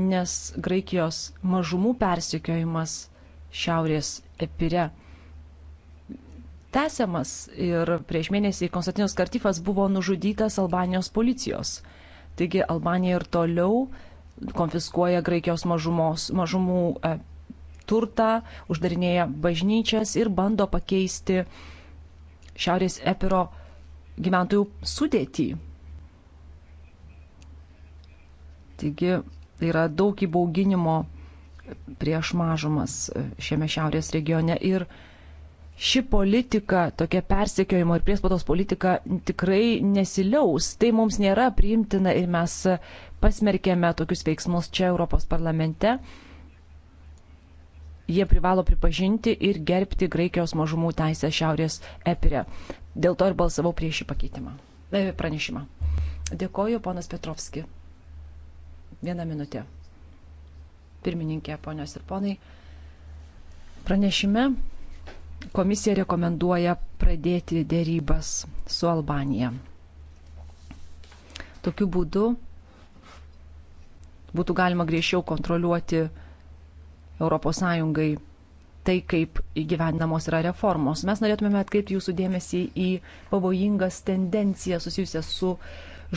nes Graikijos mažumų persikiojimas šiaurės epire tęsiamas ir prieš mėnesį Konstantinos Kartifas buvo nužudytas Albanijos policijos. Taigi Albanija ir toliau konfiskuoja Graikijos mažumos, mažumų e, turtą, uždarinėja bažnyčias ir bando pakeisti Šiaurės Epiro gyventojų sudėtį. Taigi tai yra daug įbauginimo prieš mažumas šiame šiaurės regione ir ši politika, tokia persekiojimo ir priespaudos politika tikrai nesiliaus. Tai mums nėra priimtina ir mes pasmerkėme tokius veiksmus čia Europos parlamente jie privalo pripažinti ir gerbti Graikijos mažumų teisę Šiaurės Epirė. Dėl to ir balsavau prieš šį pakeitimą. E, pranešimą. Dėkoju, ponas Petrovski. Vieną minutę. Pirmininkė, ponios ir ponai. Pranešime komisija rekomenduoja pradėti dėrybas su Albanija. Tokiu būdu būtų galima griežčiau kontroliuoti ES tai, kaip įgyvendinamos yra reformos. Mes norėtumėme atkreipti jūsų dėmesį į pavojingas tendencijas susijusias su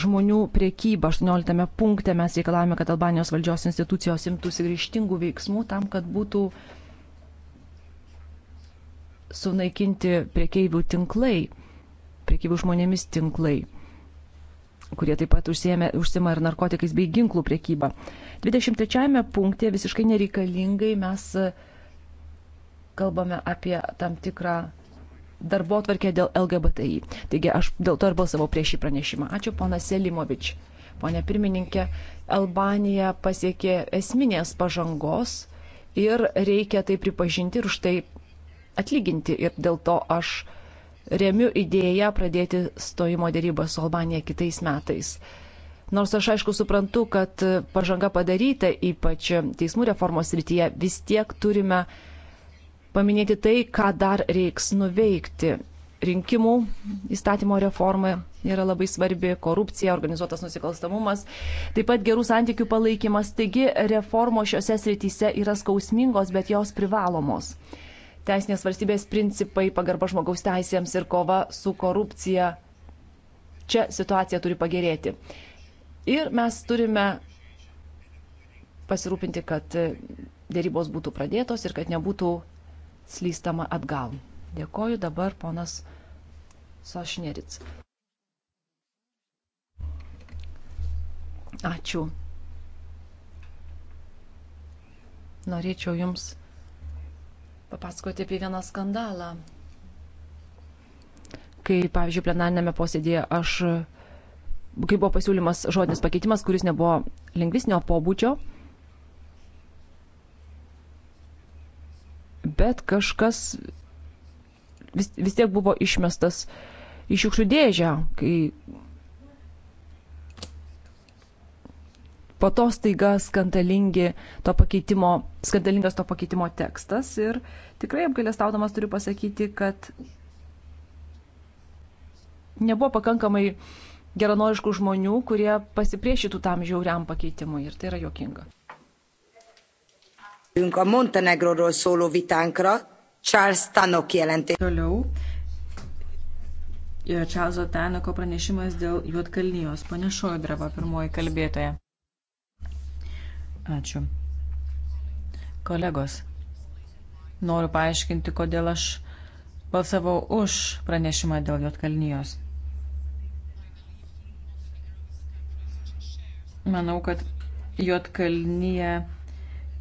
žmonių priekyba. 18 punkte mes reikalavome, kad Albanijos valdžios institucijos imtųsi ryštingų veiksmų tam, kad būtų sunaikinti priekeivių tinklai, priekeivių žmonėmis tinklai kurie taip pat užsiemė, užsima ir narkotikais bei ginklų priekybą. 23 punkte visiškai nereikalingai mes e, kalbame apie tam tikrą darbo atvarkę dėl LGBTI. Taigi aš dėl to ir balsavau prieš šį pranešimą. Ačiū, ponas Selimovič. Pone pirmininkė, Albanija pasiekė esminės pažangos ir reikia tai pripažinti ir už tai atlyginti. Ir dėl to aš uh, remiu idėją pradėti stojimo dėrybą su Albanija kitais metais. Nors aš aišku suprantu, kad pažanga padaryta, ypač teismų reformos rytyje, vis tiek turime paminėti tai, ką dar reiks nuveikti. Rinkimų įstatymo reforma yra labai svarbi, korupcija, organizuotas nusikalstamumas, taip pat gerų santykių palaikymas. Taigi reformos šiuose srityse yra skausmingos, bet jos privalomos teisinės valstybės principai, pagarba žmogaus teisėms ir kova su korupcija. Čia situacija turi pagerėti. Ir mes turime pasirūpinti, kad dėrybos būtų pradėtos ir kad nebūtų slystama atgal. Dėkoju dabar ponas Sošnieric. Ačiū. Norėčiau Jums papasakoti apie vieną skandalą. Kai, pavyzdžiui, plenarinėme posėdėje aš, kai buvo pasiūlymas žodinis pakeitimas, kuris nebuvo lingvisnio pobūdžio, bet kažkas vis, vis tiek buvo išmestas iš šiukšlių dėžę, kai po to staiga skandalingi to pakeitimo, skandalingas to pakeitimo tekstas ir tikrai apgailestaudamas turiu pasakyti, kad nebuvo pakankamai geranoriškų žmonių, kurie pasipriešytų tam žiauriam pakeitimui ir tai yra jokinga. Toliau Čarlzo Tanako pranešimas dėl Juotkalnyjos. Pane Šoidrava, pirmoji kalbėtoja. Ačiū. Kolegos, noriu paaiškinti, kodėl aš balsavau už pranešimą dėl Jotkalnyjos. Manau, kad Jotkalnyje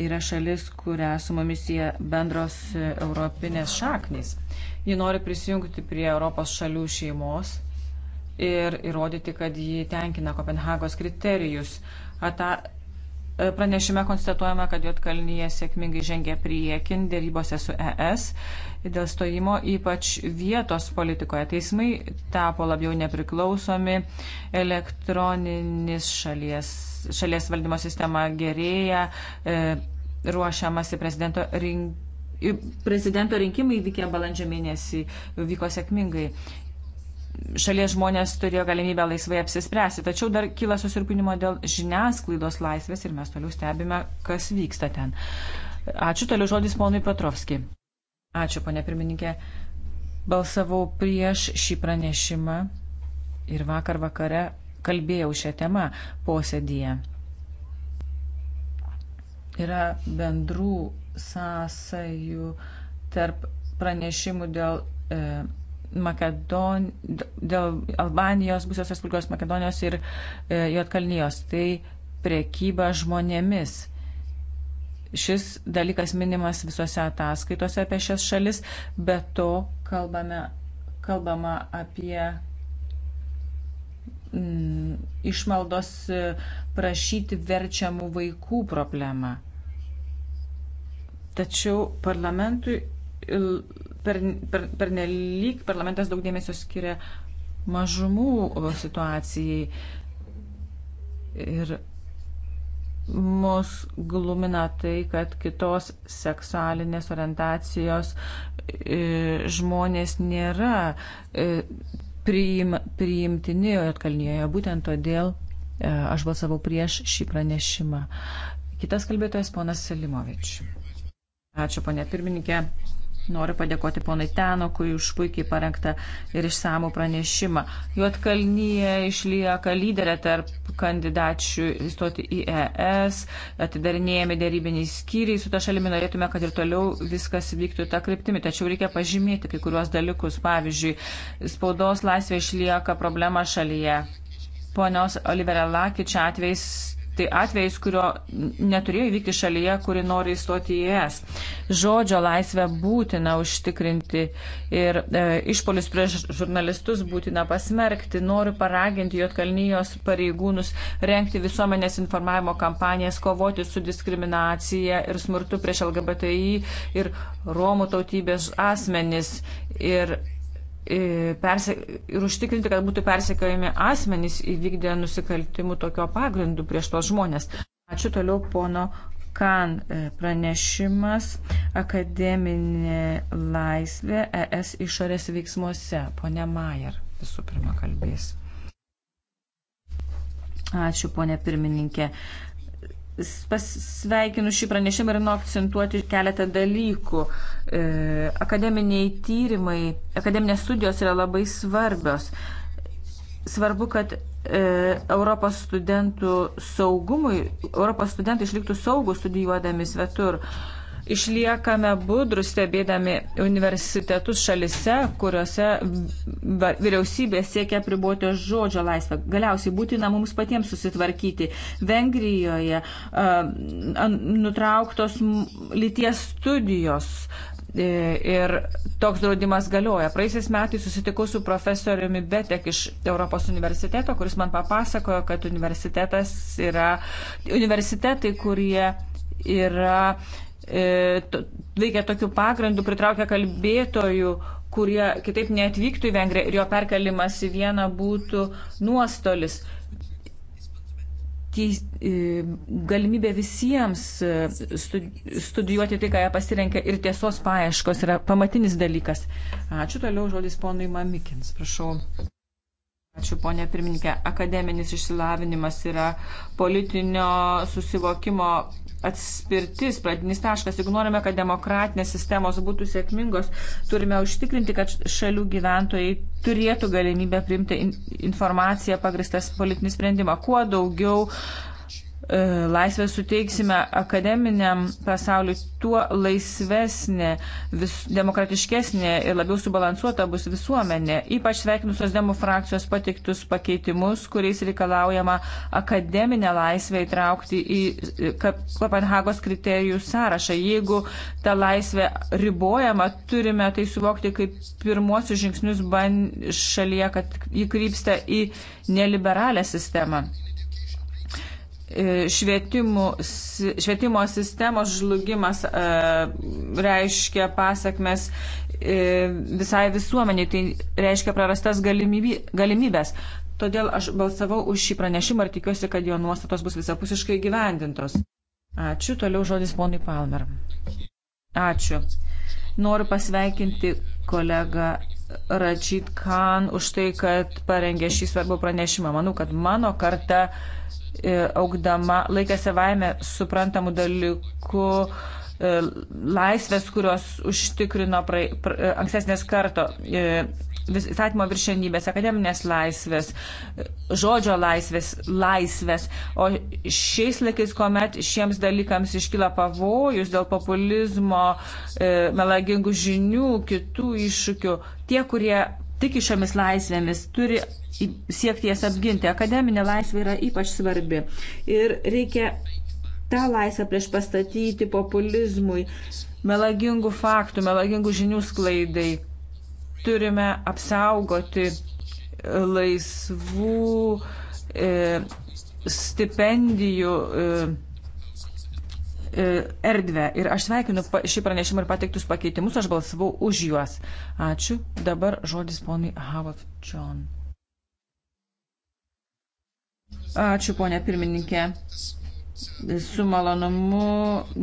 yra šalis, kurią su mumis jie bendros europinės šaknys. Ji nori prisijungti prie Europos šalių šeimos ir įrodyti, kad ji tenkina Kopenhagos kriterijus. Ata, Pranešime konstatuojama, kad Jotkalnyje sėkmingai žengė priekin dėrybose su ES dėl stojimo, ypač vietos politikoje. Teismai tapo labiau nepriklausomi, elektroninis šalies, šalies valdymo sistema gerėja, e, ruošiamasi prezidento rinkimų. Prezidento rinkimai vykę balandžio mėnesį vyko sėkmingai šalies žmonės turėjo galimybę laisvai apsispręsti. Tačiau dar kyla susirūpinimo dėl žiniasklaidos laisvės ir mes toliau stebime, kas vyksta ten. Ačiū toliau žodis ponui Petrovski. Ačiū, ponė pirmininkė. Balsavau prieš šį pranešimą ir vakar vakare kalbėjau šią temą posėdyje. Yra bendrų sąsajų tarp pranešimų dėl e, Makedon, dėl Albanijos, Busios Respublikos Makedonijos ir e, Jotkalnijos. Tai priekyba žmonėmis. Šis dalykas minimas visose ataskaitose apie šias šalis, bet to kalbame, kalbama apie mm, išmaldos e, prašyti verčiamų vaikų problemą. Tačiau parlamentui per, per, per nelik parlamentas daug dėmesio skiria mažumų situacijai. Ir mus glumina tai, kad kitos seksualinės orientacijos e, žmonės nėra e, priim, priimtini atkalnyje. Būtent todėl e, aš balsavau prieš šį pranešimą. Kitas kalbėtojas ponas Selimovič. Ačiū, ponė pirmininkė. Noriu padėkoti ponai Tenokui už puikiai parengtą ir išsamų pranešimą. Juotkalnyje išlieka lyderė tarp kandidačių įstoti į ES, atidarinėjami dėrybiniai skyriai su ta šalimi, norėtume, kad ir toliau viskas vyktų tą kryptimį. Tačiau reikia pažymėti kai kuriuos dalykus. Pavyzdžiui, spaudos laisvė išlieka problema šalyje. Ponios Oliverė Lakičia atvejs tai atvejais, kurio neturėjo įvykti šalyje, kuri nori įstoti į ES. Žodžio laisvę būtina užtikrinti ir e, išpolius prieš žurnalistus būtina pasmerkti. Noriu paraginti Jotkalnyjos pareigūnus renkti visuomenės informavimo kampanijas, kovoti su diskriminacija ir smurtu prieš LGBTI ir Romų tautybės asmenis. Ir ir užtikrinti, kad būtų persekiojami asmenys įvykdę nusikaltimų tokio pagrindų prieš tos žmonės. Ačiū toliau pono Kan e, pranešimas akademinė laisvė ES išorės veiksmuose. Pone Majer visų pirma kalbės. Ačiū, ponė pirmininkė. Uh, pasveikinu šį pranešimą ir noriu akcentuoti keletą dalykų. E, akademiniai tyrimai, akademinės studijos yra labai svarbios. Svarbu, kad e, Europos studentų saugumui, Europos studentai išliktų saugus studijuodami svetur. E, išliekame budrus stebėdami universitetus šalise, kuriuose vyriausybė siekia priboti žodžio laisvę. Galiausiai būtina mums patiems susitvarkyti. Vengrijoje uh, nutrauktos lyties studijos. E, ir toks draudimas galioja. Praeisiais metais susitikau su profesoriumi Betek iš Europos universiteto, kuris man papasakojo, kad universitetas yra universitetai, kurie yra E, veikia tokiu pagrindu, pritraukia kalbėtojų, kurie kitaip neatvyktų į Vengriją ir jo perkelimas į vieną būtų nuostolis. Teis, e, galimybė visiems e, studijuoti tai, ką jie pasirenka ir tiesos paieškos yra pamatinis dalykas. Ačiū toliau žodis ponui Mamikins, prašau. Ačiū, ponė pirmininkė. Akademinis išsilavinimas yra politinio susivokimo atspirtis, pradinis taškas. Jeigu norime, kad demokratinės sistemos būtų sėkmingos, turime užtikrinti, kad šalių gyventojai turėtų galimybę priimti informaciją pagristęs politinį sprendimą. Kuo daugiau uh, E, laisvę suteiksime akademiniam pasauliu, tuo laisvesnė, vis, demokratiškesnė ir labiau subalansuota bus visuomenė. Ypač sveikinusios demų frakcijos pateiktus pakeitimus, kuriais reikalaujama akademinę laisvę įtraukti į e, Kopenhagos kriterijų sąrašą. Jeigu ta laisvė ribojama, turime tai suvokti kaip pirmosius žingsnius šalyje, kad įkrypsta į neliberalę sistemą. E, švietimų, švietimo sistemos žlugimas e, reiškia pasiekmes e, visai visuomeniai, tai reiškia prarastas galimybė, galimybės. Todėl aš balsavau už šį pranešimą ir tikiuosi, kad jo nuostatos bus visapusiškai gyvendintos. Ačiū. Toliau žodis ponui Palmer. Ačiū. Noriu pasveikinti kolegą Račyt Khan už tai, kad parengė šį svarbų pranešimą. Manau, kad mano karta E, augdama laikė savaime suprantamų dalykų e, laisvės, kurios užtikrino pra, pra, e, ankstesnės karto įstatymo viršenybės, akademinės laisvės, žodžio laisvės, laisvės. O šiais laikais, kuomet šiems dalykams iškyla pavojus dėl populizmo, melagingų žinių, kitų iššūkių, tie, kurie tiki šiomis laisvėmis, turi siekti jas apginti. Akademinė laisvė yra ypač svarbi. Ir reikia tą laisvę prieš pastatyti populizmui, melagingų faktų, melagingų žinių sklaidai. Turime apsaugoti e, laisvų e, stipendijų. E, E, erdvę. Ir aš sveikinu šį pranešimą ir pateiktus pakeitimus, aš balsavau už juos. Ačiū. Dabar žodis ponui Howard John. Ačiū, ponė pirmininkė. Su malonumu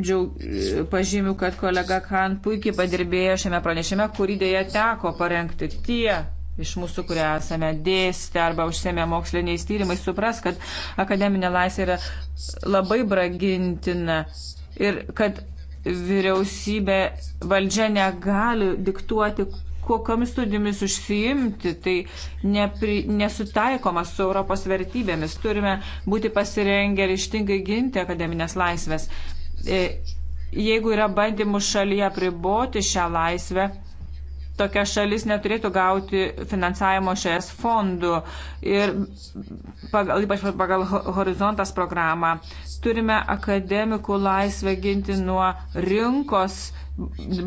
džiaug, e, pažymiu, kad kolega Khan puikiai padirbėjo šiame pranešime, kurį dėja teko parengti tie iš mūsų, kurie esame dėstę arba užsėmė moksliniais tyrimais, supras, kad akademinė laisvė yra labai bragintina ir kad vyriausybė valdžia negali diktuoti, kokiamis studijomis užsiimti, tai nepri, nesutaikoma su Europos vertybėmis. Turime būti pasirengę ryštingai ginti akademinės laisvės. E, jeigu yra bandymų šalyje priboti šią laisvę, tokia šalis neturėtų gauti finansavimo šias fondų ir pagal, ypač pagal horizontas programą. Turime akademikų laisvę ginti nuo rinkos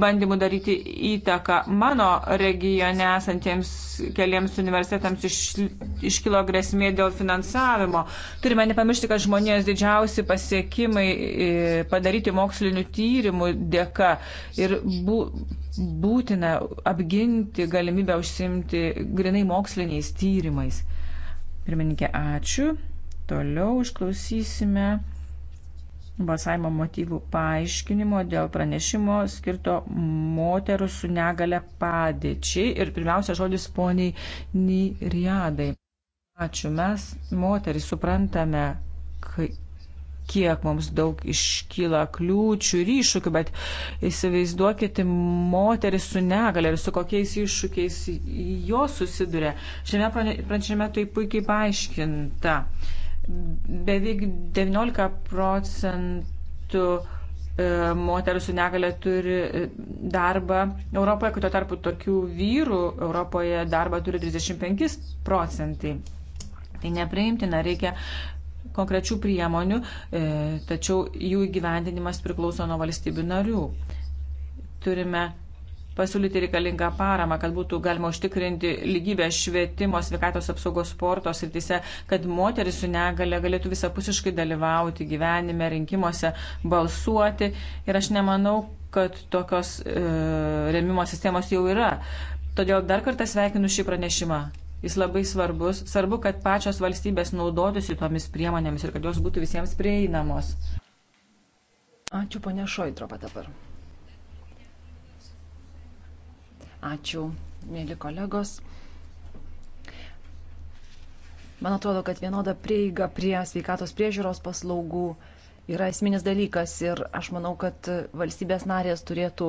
bandymų daryti įtaką mano regione esantiems keliems universitetams iš, iškilo grėsmė dėl finansavimo. Turime nepamiršti, kad žmonijos didžiausi pasiekimai e, padaryti mokslinių tyrimų dėka ir bū, būtina apginti galimybę užsimti grinai moksliniais tyrimais. Pirmininkė, ačiū. Toliau išklausysime balsavimo motyvų paaiškinimo dėl pranešimo skirto moterų su negale padėčiai. Ir pirmiausia žodis poniai Niriadai. Ačiū. Mes, moteris, suprantame, kiek mums daug iškyla kliūčių ir iššūkių, bet įsivaizduokite moteris su negale ir su kokiais iššūkiais jo susiduria. Šiame pranešime tai puikiai paaiškinta. Uh, Beveik 19 procentų e, moterų su negale turi e, darbą Europoje, kai tuo tarpu tokių vyrų Europoje darbą turi 35 procentai. Tai nepriimtina, reikia konkrečių priemonių, e, tačiau jų įgyvendinimas priklauso nuo valstybių narių. Turime pasiūlyti reikalingą paramą, kad būtų galima užtikrinti lygybę švietimo, sveikatos apsaugos sporto srityse, kad moteris su negale galėtų visapusiškai dalyvauti gyvenime, rinkimuose, balsuoti. Ir aš nemanau, kad tokios e, remimo sistemos jau yra. Todėl dar kartą sveikinu šį pranešimą. Jis labai svarbus. Svarbu, kad pačios valstybės naudotųsi tomis priemonėmis ir kad jos būtų visiems prieinamos. Ačiū, ponia Šoitrova dabar. Ačiū, mėly kolegos. Man atrodo, kad vienoda prieiga prie sveikatos priežiūros paslaugų yra esminis dalykas ir aš manau, kad valstybės narės turėtų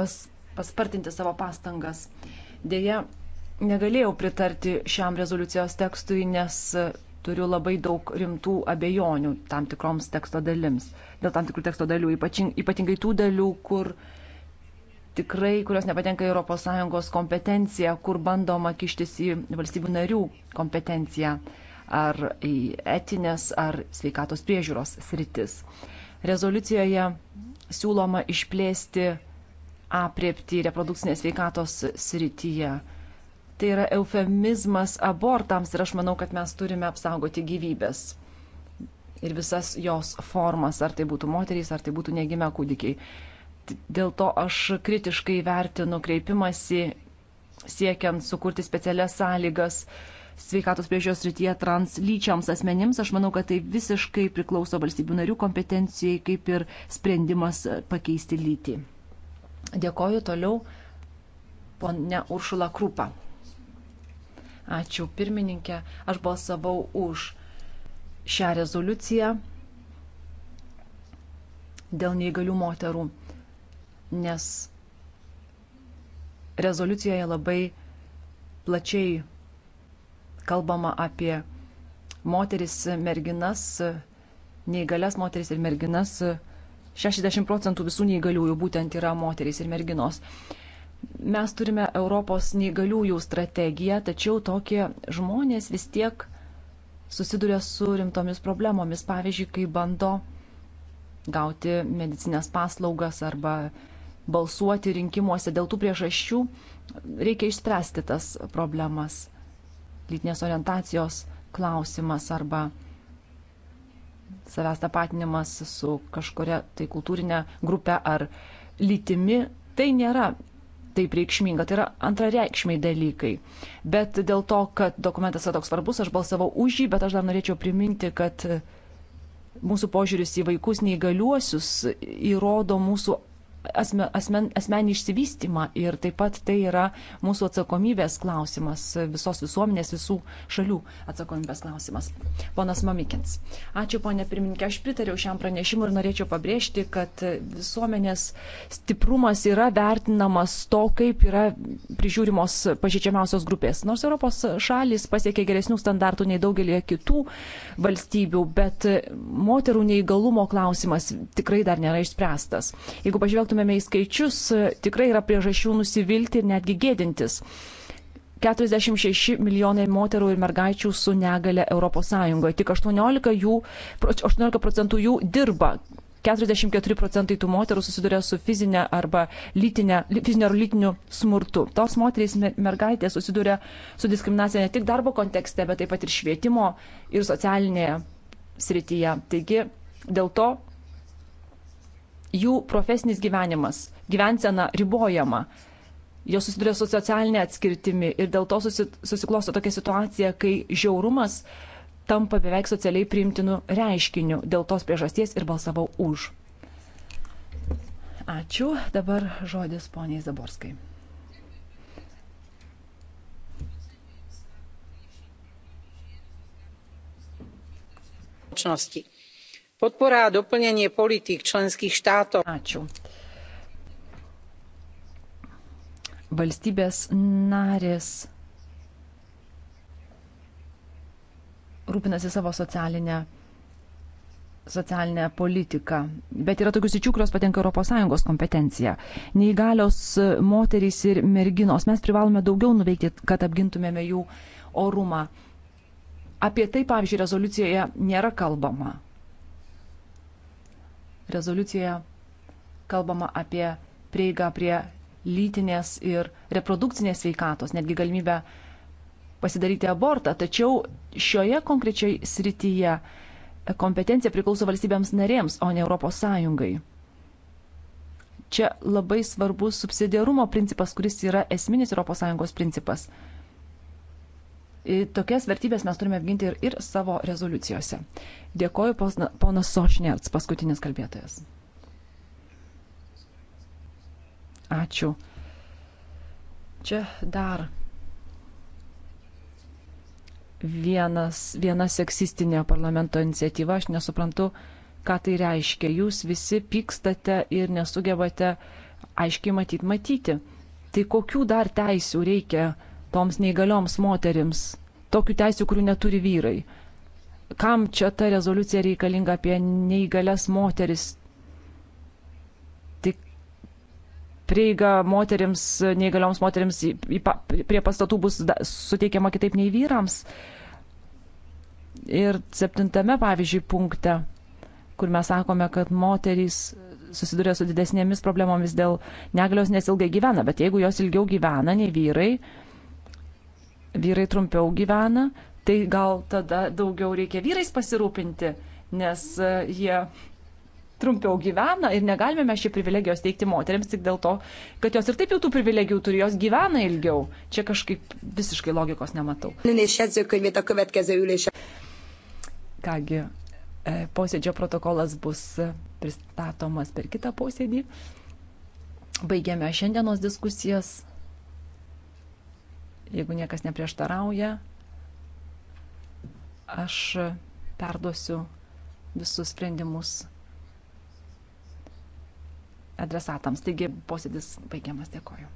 pas, paspartinti savo pastangas. Deja, negalėjau pritarti šiam rezoliucijos tekstui, nes turiu labai daug rimtų abejonių tam tikroms teksto dalims, dėl tam tikrų teksto dalių, ypatingai tų dalių, kur uh, tikrai, kurios nepatenka į ES kompetenciją, kur bandoma kištis į valstybių narių kompetenciją ar į etinės ar sveikatos priežiūros sritis. Rezoliucijoje siūloma išplėsti apriepti reprodukcinės sveikatos srityje. Tai yra eufemizmas abortams ir aš manau, kad mes turime apsaugoti gyvybės ir visas jos formas, ar tai būtų moterys, ar tai būtų negime kūdikiai. Dėl to aš kritiškai vertinu kreipimąsi siekiant sukurti specialias sąlygas sveikatos priežiūros rytyje translyčiams asmenims. Aš manau, kad tai visiškai priklauso valstybių narių kompetencijai, kaip ir sprendimas pakeisti lytį. Dėkoju toliau ponia Uršula Krupa. Ačiū pirmininkė, aš balsavau už šią rezoliuciją dėl neįgalių moterų nes rezoliucijoje labai plačiai kalbama apie moteris, merginas, neįgalias moteris ir merginas. 60 procentų visų neįgaliųjų būtent yra moterys ir merginos. Mes turime Europos neįgaliųjų strategiją, tačiau tokie žmonės vis tiek susiduria su rimtomis problemomis. Pavyzdžiui, kai bando gauti medicinės paslaugas arba balsuoti rinkimuose. Dėl tų priežasčių reikia išspręsti tas problemas. Lytinės orientacijos klausimas arba savęs tapatinimas su kažkuria tai kultūrinė grupė ar lytimi, tai nėra taip reikšminga, tai yra antrareikšmiai dalykai. Bet dėl to, kad dokumentas yra toks svarbus, aš balsavau už jį, bet aš dar norėčiau priminti, kad mūsų požiūris į vaikus neįgaliuosius įrodo mūsų asmen, asmen, asmenį išsivystimą ir taip pat tai yra mūsų atsakomybės klausimas, visos visuomenės, visų šalių atsakomybės klausimas. Ponas Mamikins. Ačiū, ponė pirmininkė, aš pritariau šiam pranešimui ir norėčiau pabrėžti, kad visuomenės stiprumas yra vertinamas to, kaip yra prižiūrimos pažydžiamiausios grupės. Nors Europos šalis pasiekė geresnių standartų nei daugelį kitų valstybių, bet moterų neįgalumo klausimas tikrai dar nėra išspręstas. Jeigu pažvelgtume pažvelgtumėme į skaičius, tikrai yra priežasčių nusivilti ir netgi gėdintis. 46 milijonai moterų ir mergaičių su negale ES. Tik 18, jų, 18 procentų jų dirba. 44 procentai tų moterų susiduria su fizinė arba lytinė, fizinio ar lytiniu smurtu. Tos moterys mergaitės susiduria su diskriminacija ne tik darbo kontekste, bet taip pat ir švietimo ir socialinėje srityje. Taigi dėl to jų profesinis gyvenimas, gyvensena ribojama. Jos susiduria su socialinė atskirtimi ir dėl to susi, susiklosto tokia situacija, kai žiaurumas tampa beveik socialiai priimtinu reiškiniu. Dėl tos priežasties ir balsavau už. Ačiū. Dabar žodis poniai Zaborskai. společnosti podpora a doplnenie politík členských štátov. Ačiū. Valstybės narės rūpinasi savo socialinę, socialinę politiką. Bet yra tokių sičių, kurios patenka ES kompetencija. Neįgalios moterys ir merginos. Mes privalome daugiau nuveikti, kad apgintumėme jų orumą. Apie tai, pavyzdžiui, rezoliucijoje nėra kalbama. Rezoliucijoje kalbama apie prieigą prie lytinės ir reprodukcinės veikatos, netgi galimybę pasidaryti abortą. Tačiau šioje konkrečiai srityje kompetencija priklauso valstybėms narėms, o ne Europos Sąjungai. Čia labai svarbus subsidiarumo principas, kuris yra esminis ES principas. Tokias vertybės mes turime apginti ir, ir savo rezoliucijose. Dėkoju, ponas Sošnėts, paskutinis kalbėtojas. Ačiū. Čia dar vienas, viena seksistinė parlamento iniciatyva, aš nesuprantu, ką tai reiškia. Jūs visi pykstate ir nesugebate aiškiai matyti, matyti. Tai kokių dar teisių reikia toms neįgalioms moterims, tokių teisių, kurių neturi vyrai. Kam čia ta rezoliucija reikalinga apie neįgalias moteris? Tik prieiga moteriams, neįgalioms moteriams prie pastatų bus suteikiama kitaip nei vyrams. Ir septintame, pavyzdžiui, punkte, kur mes sakome, kad moterys susiduria su didesnėmis problemomis dėl negalios, nes ilgai gyvena, bet jeigu jos ilgiau gyvena nei vyrai, vyrai trumpiau gyvena, tai gal tada daugiau reikia vyrais pasirūpinti, nes e, jie trumpiau gyvena ir negalime mes šį privilegijos teikti moteriams tik dėl to, kad jos ir taip jau tų privilegijų turi, jos gyvena ilgiau. Čia kažkaip visiškai logikos nematau. Kągi, e, posėdžio protokolas bus e, pristatomas per kitą posėdį. Baigėme šiandienos diskusijas. Jeigu niekas neprieštarauja, aš perduosiu visus sprendimus adresatams. Taigi posėdis baigiamas. Dėkoju.